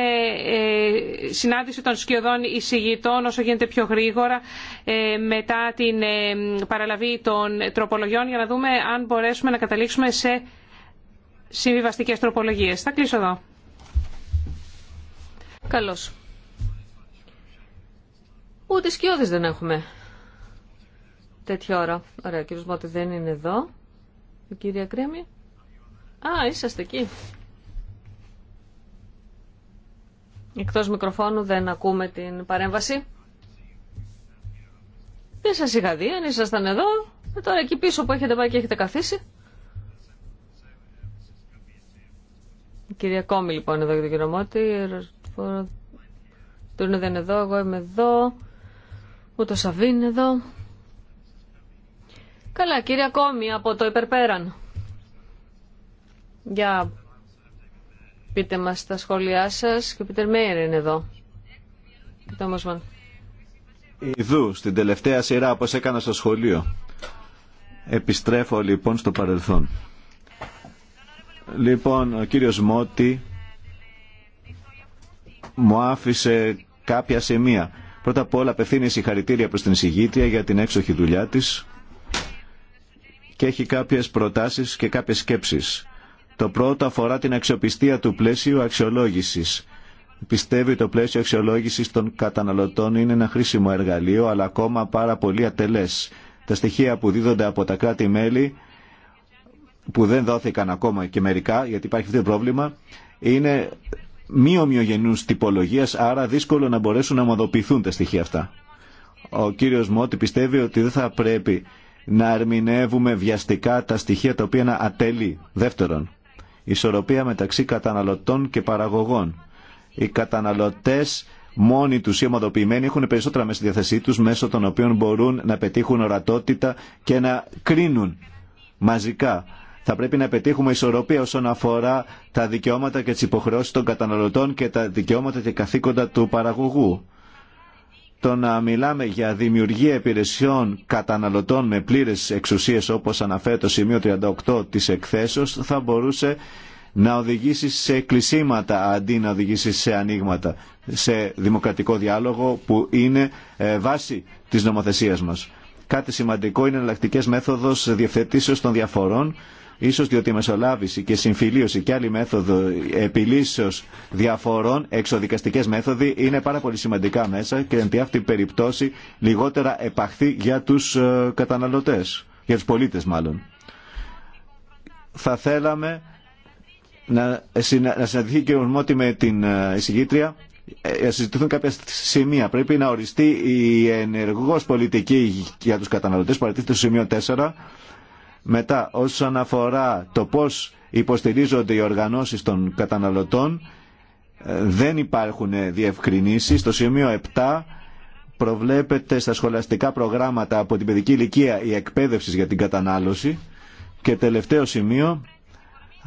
ε, συνάντηση των σκιωδών εισηγητών όσο γίνεται πιο γρήγορα ε, μετά την ε, παραλαβή των τροπολογιών για να δούμε αν μπορέσουμε να καταλήξουμε σε συμβιβαστικές τροπολογίες. Θα κλείσω εδώ. Καλώς. Ούτε σκιώδες δεν έχουμε τέτοια ώρα. Ωραία, ο κύριος Μότη δεν είναι εδώ. Η κυρία Κρέμη. Α, είσαστε εκεί. Εκτός μικροφώνου δεν ακούμε την παρέμβαση. Δεν σας είχα δει, αν ήσασταν εδώ. Ε, τώρα εκεί πίσω που έχετε πάει και έχετε καθίσει. Η κυρία Κόμη λοιπόν εδώ για τον κύριο Μότη. Του είναι δεν εδώ, εγώ είμαι εδώ. Ούτε ο είναι εδώ. Καλά, κύριε ακόμη από το υπερπέραν. Για πείτε μας τα σχόλιά σας και ο Πίτερ Μέιερ είναι εδώ. Ιδού, στην τελευταία σειρά, όπως έκανα στο σχολείο. Επιστρέφω λοιπόν στο παρελθόν. Λοιπόν, ο κύριος Μότι μου άφησε κάποια σημεία. Πρώτα απ' όλα απευθύνει συγχαρητήρια προς την εισηγήτρια για την έξοχη δουλειά της και έχει κάποιες προτάσεις και κάποιες σκέψεις. Το πρώτο αφορά την αξιοπιστία του πλαίσιου αξιολόγησης. Πιστεύει το πλαίσιο αξιολόγησης των καταναλωτών είναι ένα χρήσιμο εργαλείο, αλλά ακόμα πάρα πολύ ατελές. Τα στοιχεία που δίδονται από τα κράτη-μέλη, που δεν δόθηκαν ακόμα και μερικά, γιατί υπάρχει αυτό το πρόβλημα, είναι μη ομοιογενούς τυπολογίας, άρα δύσκολο να μπορέσουν να ομοδοποιηθούν τα στοιχεία αυτά. Ο κύριο Μότι πιστεύει ότι δεν θα πρέπει να ερμηνεύουμε βιαστικά τα στοιχεία τα οποία είναι ατελή. Δεύτερον, ισορροπία μεταξύ καταναλωτών και παραγωγών. Οι καταναλωτές μόνοι τους ή ομοδοποιημένοι έχουν περισσότερα μέσα στη διαθεσή τους μέσω των οποίων μπορούν να πετύχουν ορατότητα και να κρίνουν μαζικά. Θα πρέπει να πετύχουμε ισορροπία όσον αφορά τα δικαιώματα και τις υποχρεώσεις των καταναλωτών και τα δικαιώματα και καθήκοντα του παραγωγού το να μιλάμε για δημιουργία υπηρεσιών καταναλωτών με πλήρες εξουσίες όπως αναφέρει το σημείο 38 της εκθέσεως θα μπορούσε να οδηγήσει σε κλεισίματα αντί να οδηγήσει σε ανοίγματα, σε δημοκρατικό διάλογο που είναι ε, βάση της νομοθεσίας μας. Κάτι σημαντικό είναι εναλλακτικέ μέθοδος διευθετήσεως των διαφορών Ίσως διότι η μεσολάβηση και συμφιλίωση και άλλη μέθοδο επιλύσεως διαφορών, εξοδικαστικές μέθοδοι, είναι πάρα πολύ σημαντικά μέσα και εν αυτή περιπτώσει λιγότερα επαχθεί για τους ε, καταναλωτές, για τους πολίτες μάλλον. Θα θέλαμε να συναντηθεί και Μότι με την ε, εισηγήτρια ε, να συζητηθούν κάποια σημεία. Πρέπει να οριστεί η ενεργός πολιτική για τους καταναλωτές, στο σημείο 4 μετά, όσον αφορά το πώς υποστηρίζονται οι οργανώσεις των καταναλωτών, ε, δεν υπάρχουν διευκρινήσεις. Στο σημείο 7 προβλέπεται στα σχολαστικά προγράμματα από την παιδική ηλικία η εκπαίδευση για την κατανάλωση. Και τελευταίο σημείο,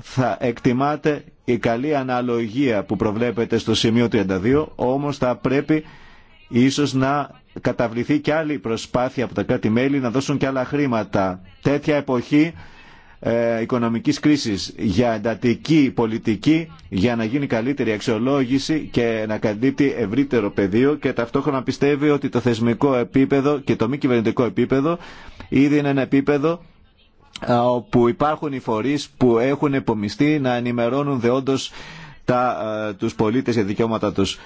θα εκτιμάται η καλή αναλογία που προβλέπεται στο σημείο 32, όμως θα πρέπει ίσως να καταβληθεί και άλλη προσπάθεια από τα κράτη-μέλη να δώσουν και άλλα χρήματα. Τέτοια εποχή ε, οικονομικής κρίσης για εντατική πολιτική για να γίνει καλύτερη αξιολόγηση και να καλύπτει ευρύτερο πεδίο και ταυτόχρονα πιστεύει ότι το θεσμικό επίπεδο και το μη κυβερνητικό επίπεδο ήδη είναι ένα επίπεδο όπου υπάρχουν οι φορείς που έχουν επομιστεί να ενημερώνουν δεόντως τα, ε, τους πολίτες για δικαιώματα τους.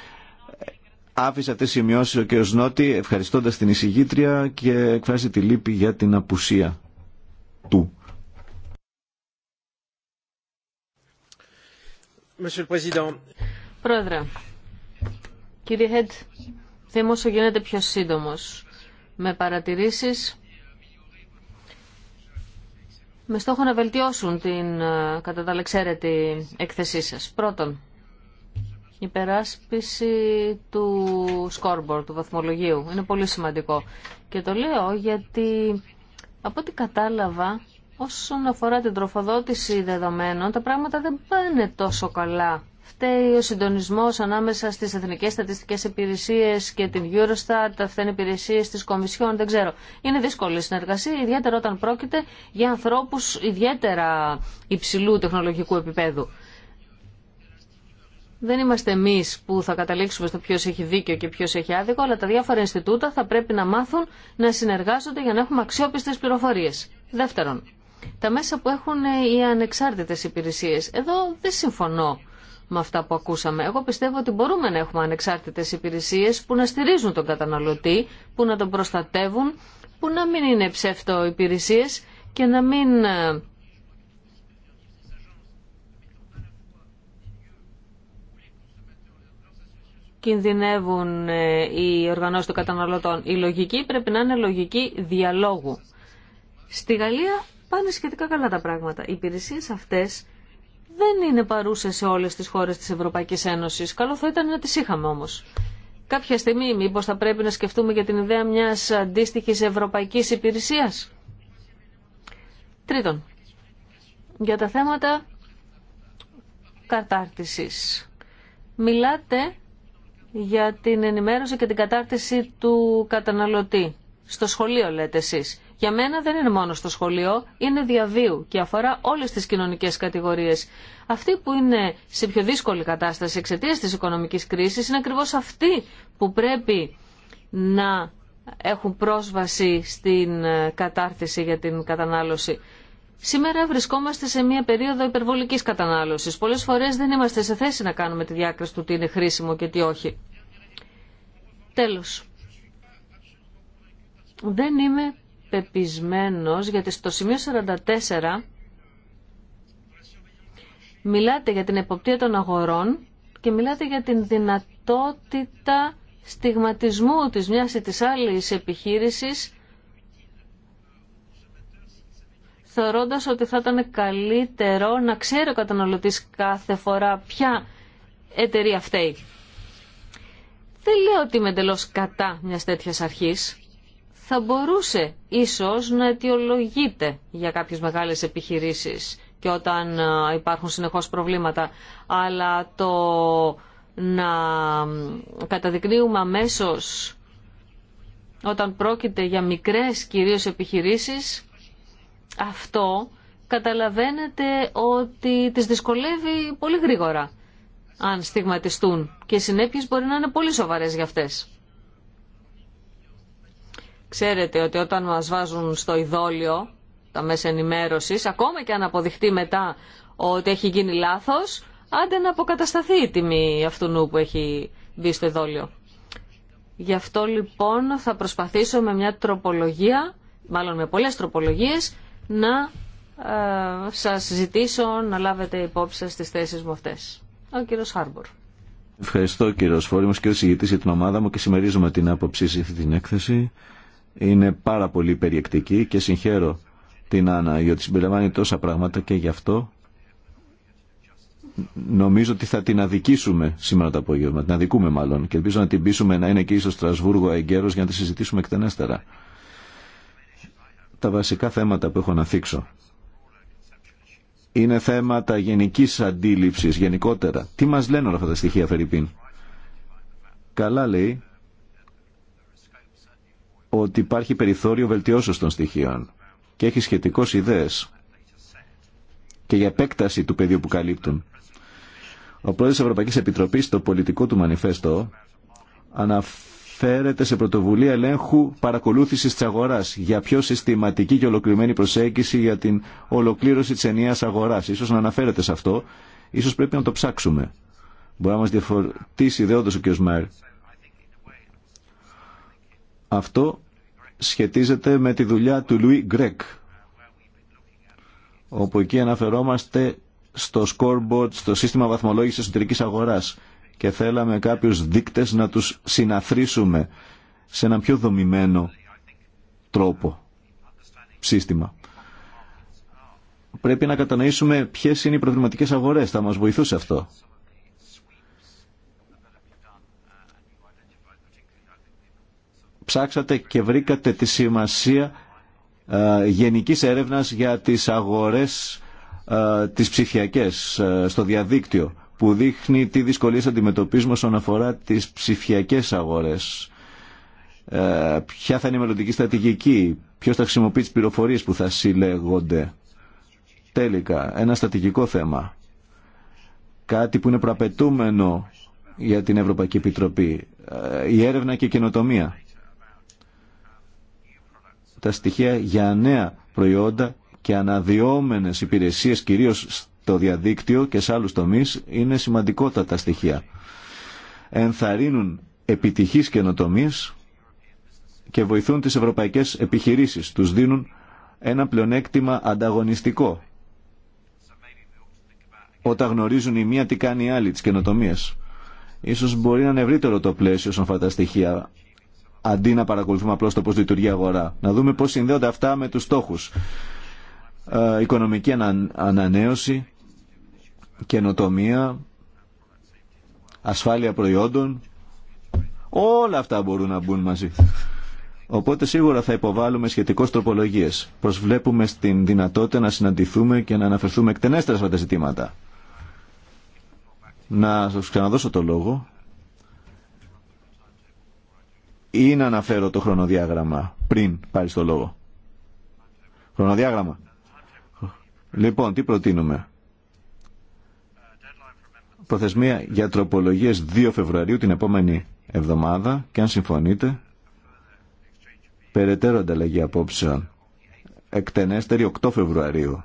Άφησα τις σημειώσει ο κ. Νότι ευχαριστώντας την εισηγήτρια και εκφράζει τη λύπη για την απουσία του. Πρόεδρε, κύριε Χέντ, θα γίνεται πιο σύντομος. Με παρατηρήσεις με στόχο να βελτιώσουν την ε, κατά τα λεξαίρετη έκθεσή σας. Πρώτον, η υπεράσπιση του scoreboard, του βαθμολογίου. Είναι πολύ σημαντικό. Και το λέω γιατί από ό,τι κατάλαβα όσον αφορά την τροφοδότηση δεδομένων τα πράγματα δεν πάνε τόσο καλά. Φταίει ο συντονισμός ανάμεσα στις Εθνικές Στατιστικές Υπηρεσίε και την Eurostat, τα είναι υπηρεσίε της Κομισιόν, δεν ξέρω. Είναι δύσκολη η συνεργασία, ιδιαίτερα όταν πρόκειται για ανθρώπου ιδιαίτερα υψηλού τεχνολογικού επίπεδου. Δεν είμαστε εμεί που θα καταλήξουμε στο ποιο έχει δίκιο και ποιο έχει άδικο, αλλά τα διάφορα Ινστιτούτα θα πρέπει να μάθουν να συνεργάζονται για να έχουμε αξιόπιστε πληροφορίε. Δεύτερον, τα μέσα που έχουν οι ανεξάρτητε υπηρεσίε. Εδώ δεν συμφωνώ με αυτά που ακούσαμε. Εγώ πιστεύω ότι μπορούμε να έχουμε ανεξάρτητε υπηρεσίε που να στηρίζουν τον καταναλωτή, που να τον προστατεύουν, που να μην είναι ψεύτο υπηρεσίε και να μην ε, κινδυνεύουν ε, οι οργανώσεις των καταναλωτών. Η λογική πρέπει να είναι λογική διαλόγου. Στη Γαλλία πάνε σχετικά καλά τα πράγματα. Οι υπηρεσίες αυτές δεν είναι παρούσες σε όλες τις χώρες της Ευρωπαϊκής Ένωσης. Καλό θα ήταν να τις είχαμε όμως. Κάποια στιγμή μήπως θα πρέπει να σκεφτούμε για την ιδέα μιας αντίστοιχης ευρωπαϊκής υπηρεσίας. Τρίτον, για τα θέματα κατάρτισης. Μιλάτε για την ενημέρωση και την κατάρτιση του καταναλωτή. Στο σχολείο λέτε εσείς. Για μένα δεν είναι μόνο στο σχολείο, είναι διαβίου και αφορά όλες τις κοινωνικές κατηγορίες. Αυτοί που είναι σε πιο δύσκολη κατάσταση εξαιτία της οικονομικής κρίσης είναι ακριβώς αυτοί που πρέπει να έχουν πρόσβαση στην κατάρτιση για την κατανάλωση. Σήμερα βρισκόμαστε σε μια περίοδο υπερβολικής κατανάλωση. Πολλέ φορέ δεν είμαστε σε θέση να κάνουμε τη διάκριση του τι είναι χρήσιμο και τι όχι. Τέλο, Δεν είμαι πεπισμένος γιατί στο σημείο 44 μιλάτε για την εποπτεία των αγορών και μιλάτε για την δυνατότητα στιγματισμού της μιας ή της άλλης επιχείρησης θεωρώντα ότι θα ήταν καλύτερο να ξέρει ο καταναλωτή κάθε φορά ποια εταιρεία φταίει. Δεν λέω ότι είμαι εντελώ κατά μια τέτοια αρχής. Θα μπορούσε ίσως να αιτιολογείται για κάποιες μεγάλες επιχειρήσεις και όταν υπάρχουν συνεχώς προβλήματα. Αλλά το να καταδεικνύουμε αμέσω όταν πρόκειται για μικρές κυρίως επιχειρήσεις αυτό καταλαβαίνετε ότι τις δυσκολεύει πολύ γρήγορα αν στιγματιστούν και οι συνέπειες μπορεί να είναι πολύ σοβαρές για αυτές. Ξέρετε ότι όταν μας βάζουν στο ειδόλιο τα μέσα ενημέρωσης, ακόμα και αν αποδειχτεί μετά ότι έχει γίνει λάθος, άντε να αποκατασταθεί η τιμή αυτού που έχει μπει στο ειδόλιο. Γι' αυτό λοιπόν θα προσπαθήσω με μια τροπολογία, μάλλον με πολλές τροπολογίες, να ε, σας ζητήσω να λάβετε υπόψη σας τις θέσεις μου αυτές. Ο κύριος Χάρμπορ. Ευχαριστώ κύριο Φόρημος, και ο συγητής για την ομάδα μου και συμμερίζουμε την άποψή σε αυτή την έκθεση. Είναι πάρα πολύ περιεκτική και συγχαίρω την Άννα γιατί συμπεριλαμβάνει τόσα πράγματα και γι' αυτό νομίζω ότι θα την αδικήσουμε σήμερα το απόγευμα. Την αδικούμε μάλλον και ελπίζω να την πείσουμε να είναι και στο Στρασβούργο αγκαίρος για να τη συζητήσουμε εκτενέστερα τα βασικά θέματα που έχω να θίξω. Είναι θέματα γενικής αντίληψης, γενικότερα. Τι μας λένε όλα αυτά τα στοιχεία, Φερρυπίν. Καλά λέει ότι υπάρχει περιθώριο βελτιώσεως των στοιχείων και έχει σχετικώς ιδέες και για επέκταση του πεδίου που καλύπτουν. Ο πρόεδρος της Ευρωπαϊκής Επιτροπής στο πολιτικό του μανιφέστο αναφέρει Φέρεται σε πρωτοβουλία ελέγχου παρακολούθησης τη αγορά για πιο συστηματική και ολοκληρωμένη προσέγγιση για την ολοκλήρωση της ενιαία αγοράς. Ίσως να αναφέρεται σε αυτό, ίσως πρέπει να το ψάξουμε. Μπορεί να μα διαφορτήσει του ο κ. Μάιρ. Αυτό σχετίζεται με τη δουλειά του Λουί Γκρέκ, όπου εκεί αναφερόμαστε στο scoreboard, στο σύστημα βαθμολόγηση εσωτερική αγορά και θέλαμε κάποιους δείκτες να τους συναθρήσουμε σε ένα πιο δομημένο τρόπο, σύστημα. Πρέπει να κατανοήσουμε ποιες είναι οι προβληματικές αγορές, θα μας βοηθούσε αυτό. Ψάξατε και βρήκατε τη σημασία ε, γενικής έρευνας για τις αγορές τι ε, τις ε, στο διαδίκτυο που δείχνει τι δυσκολίες αντιμετωπίζουμε όσον αφορά τις ψηφιακές αγορές. Ε, ποια θα είναι η μελλοντική στρατηγική, ποιος θα χρησιμοποιεί τις πληροφορίες που θα συλλέγονται. Τέλικα, ένα στρατηγικό θέμα. Κάτι που είναι προαπαιτούμενο για την Ευρωπαϊκή Επιτροπή. Ε, η έρευνα και η καινοτομία. Τα στοιχεία για νέα προϊόντα και αναδυόμενες υπηρεσίες, κυρίως το διαδίκτυο και σε άλλους τομείς είναι σημαντικότατα στοιχεία. Ενθαρρύνουν επιτυχείς καινοτομίες και βοηθούν τις ευρωπαϊκές επιχειρήσεις. Τους δίνουν ένα πλεονέκτημα ανταγωνιστικό όταν γνωρίζουν η μία τι κάνει η άλλη, τις καινοτομίες. Ίσως μπορεί να είναι ευρύτερο το πλαίσιο σαν αυτά τα στοιχεία αντί να παρακολουθούμε απλώς το πώς λειτουργεί η αγορά. Να δούμε πώς συνδέονται αυτά με τους στόχους. Ε, οικονομική ανανέωση, καινοτομία, ασφάλεια προϊόντων, όλα αυτά μπορούν να μπουν μαζί. Οπότε σίγουρα θα υποβάλουμε σχετικώ τροπολογίε. Προσβλέπουμε στην δυνατότητα να συναντηθούμε και να αναφερθούμε εκτενέστερα σε αυτά τα ζητήματα. Να σα ξαναδώσω το λόγο ή να αναφέρω το χρονοδιάγραμμα πριν πάρει το λόγο. Χρονοδιάγραμμα. Λοιπόν, τι προτείνουμε. Προθεσμία για τροπολογίε 2 Φεβρουαρίου την επόμενη εβδομάδα και αν συμφωνείτε περαιτέρω ανταλλαγή απόψεων εκτενέστερη 8 Φεβρουαρίου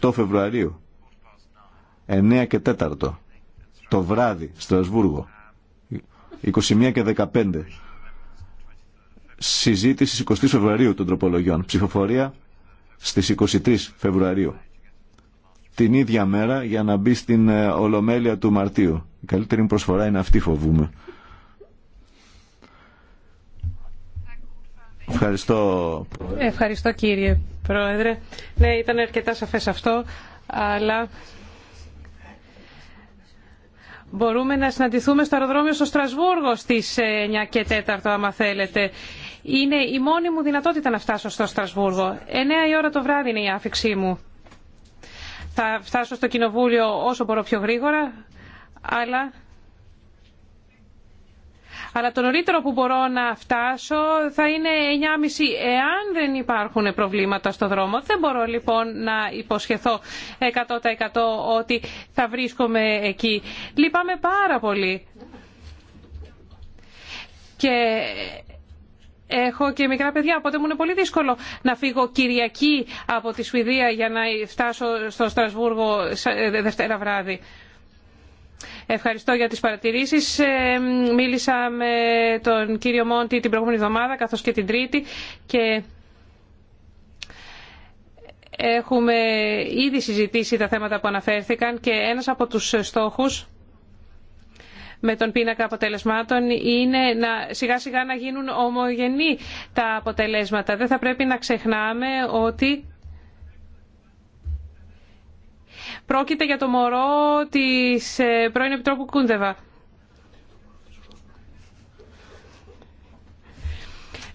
8 Φεβρουαρίου 9 και 4 το βράδυ Στρασβούργο 21 και 15 συζήτηση 20 Φεβρουαρίου των τροπολογιών ψηφοφορία στις 23 Φεβρουαρίου την ίδια μέρα για να μπει στην ε, Ολομέλεια του Μαρτίου. Η καλύτερη προσφορά είναι αυτή φοβούμε. Ευχαριστώ. Ευχαριστώ κύριε Πρόεδρε. Ναι, ήταν αρκετά σαφές αυτό, αλλά μπορούμε να συναντηθούμε στο αεροδρόμιο στο Στρασβούργο στις 9 και 4 άμα θέλετε. Είναι η μόνη μου δυνατότητα να φτάσω στο Στρασβούργο. 9 η ώρα το βράδυ είναι η άφηξή μου. Θα φτάσω στο Κοινοβούλιο όσο μπορώ πιο γρήγορα, αλλά... Αλλά το νωρίτερο που μπορώ να φτάσω θα είναι 9.30 εάν δεν υπάρχουν προβλήματα στο δρόμο. Δεν μπορώ λοιπόν να υποσχεθώ 100% ότι θα βρίσκομαι εκεί. Λυπάμαι πάρα πολύ έχω και μικρά παιδιά, οπότε μου είναι πολύ δύσκολο να φύγω Κυριακή από τη Σουηδία για να φτάσω στο Στρασβούργο ε, Δευτέρα βράδυ. Ευχαριστώ για τις παρατηρήσεις. Ε, μίλησα με τον κύριο Μόντι την προηγούμενη εβδομάδα, καθώς και την Τρίτη και έχουμε ήδη συζητήσει τα θέματα που αναφέρθηκαν και ένας από τους στόχους με τον πίνακα αποτελεσμάτων είναι να, σιγά σιγά να γίνουν ομογενή τα αποτελέσματα. Δεν θα πρέπει να ξεχνάμε ότι πρόκειται για το μωρό της ε, πρώην Επιτρόπου Κούντεβα.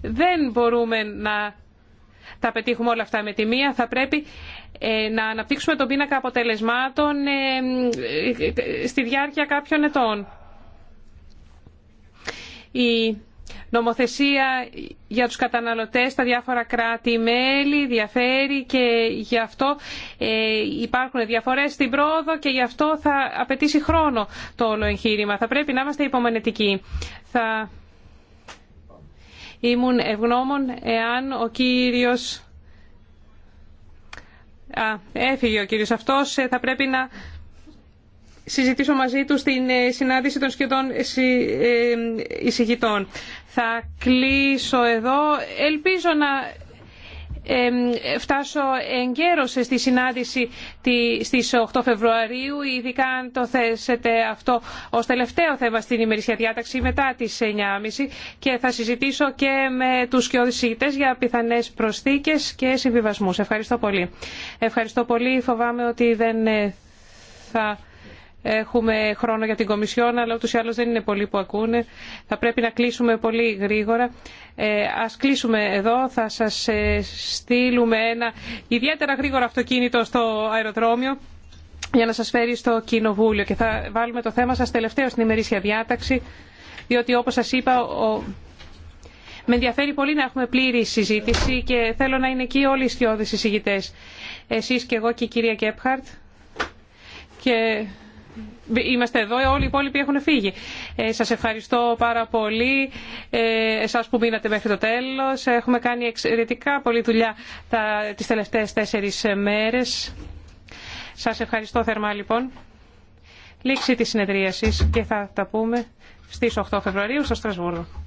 Δεν μπορούμε να τα πετύχουμε όλα αυτά με τη μία. Θα πρέπει ε, να αναπτύξουμε τον πίνακα αποτελεσμάτων ε, στη διάρκεια κάποιων ετών. Η νομοθεσία για τους καταναλωτές στα διάφορα κράτη-μέλη διαφέρει και γι' αυτό ε, υπάρχουν διαφορές στην πρόοδο και γι' αυτό θα απαιτήσει χρόνο το όλο εγχείρημα. Θα πρέπει να είμαστε υπομενετικοί. Θα ήμουν ευγνώμων εάν ο κύριος... Α, έφυγε ο κύριος αυτός. Ε, θα πρέπει να συζητήσω μαζί του στην ε, συνάντηση των σχεδόν ε, ε, εισηγητών. Θα κλείσω εδώ. Ελπίζω να φτάσω εγκαίρως στη συνάντηση στις 8 Φεβρουαρίου, ειδικά αν το θέσετε αυτό ως τελευταίο θέμα στην ημερησία διάταξη μετά τις 9.30 και θα συζητήσω και με τους κοιόδης για πιθανές προσθήκες και συμβιβασμούς. Ευχαριστώ πολύ. Ευχαριστώ πολύ. Φοβάμαι ότι δεν θα... Έχουμε χρόνο για την Κομισιόν, αλλά ούτως ή άλλως δεν είναι πολλοί που ακούνε. Θα πρέπει να κλείσουμε πολύ γρήγορα. Ε, ας κλείσουμε εδώ. Θα σας ε, στείλουμε ένα ιδιαίτερα γρήγορο αυτοκίνητο στο αεροδρόμιο για να σας φέρει στο Κοινοβούλιο. Και θα βάλουμε το θέμα σας τελευταίο στην ημερήσια διάταξη, διότι όπως σας είπα... Ο... Με ενδιαφέρει πολύ να έχουμε πλήρη συζήτηση και θέλω να είναι εκεί όλοι οι σκιώδεις εισηγητές. Εσείς και εγώ και η κυρία Κέπχαρτ. Και Είμαστε εδώ, όλοι οι υπόλοιποι έχουν φύγει. Ε, σας ευχαριστώ πάρα πολύ ε, εσάς που μείνατε μέχρι το τέλος. Έχουμε κάνει εξαιρετικά πολλή δουλειά τα, τις τελευταίες τέσσερις μέρες. Σας ευχαριστώ θερμά λοιπόν. Λήξη της συνεδρίασης και θα τα πούμε στις 8 Φεβρουαρίου στο Στρασβούργο.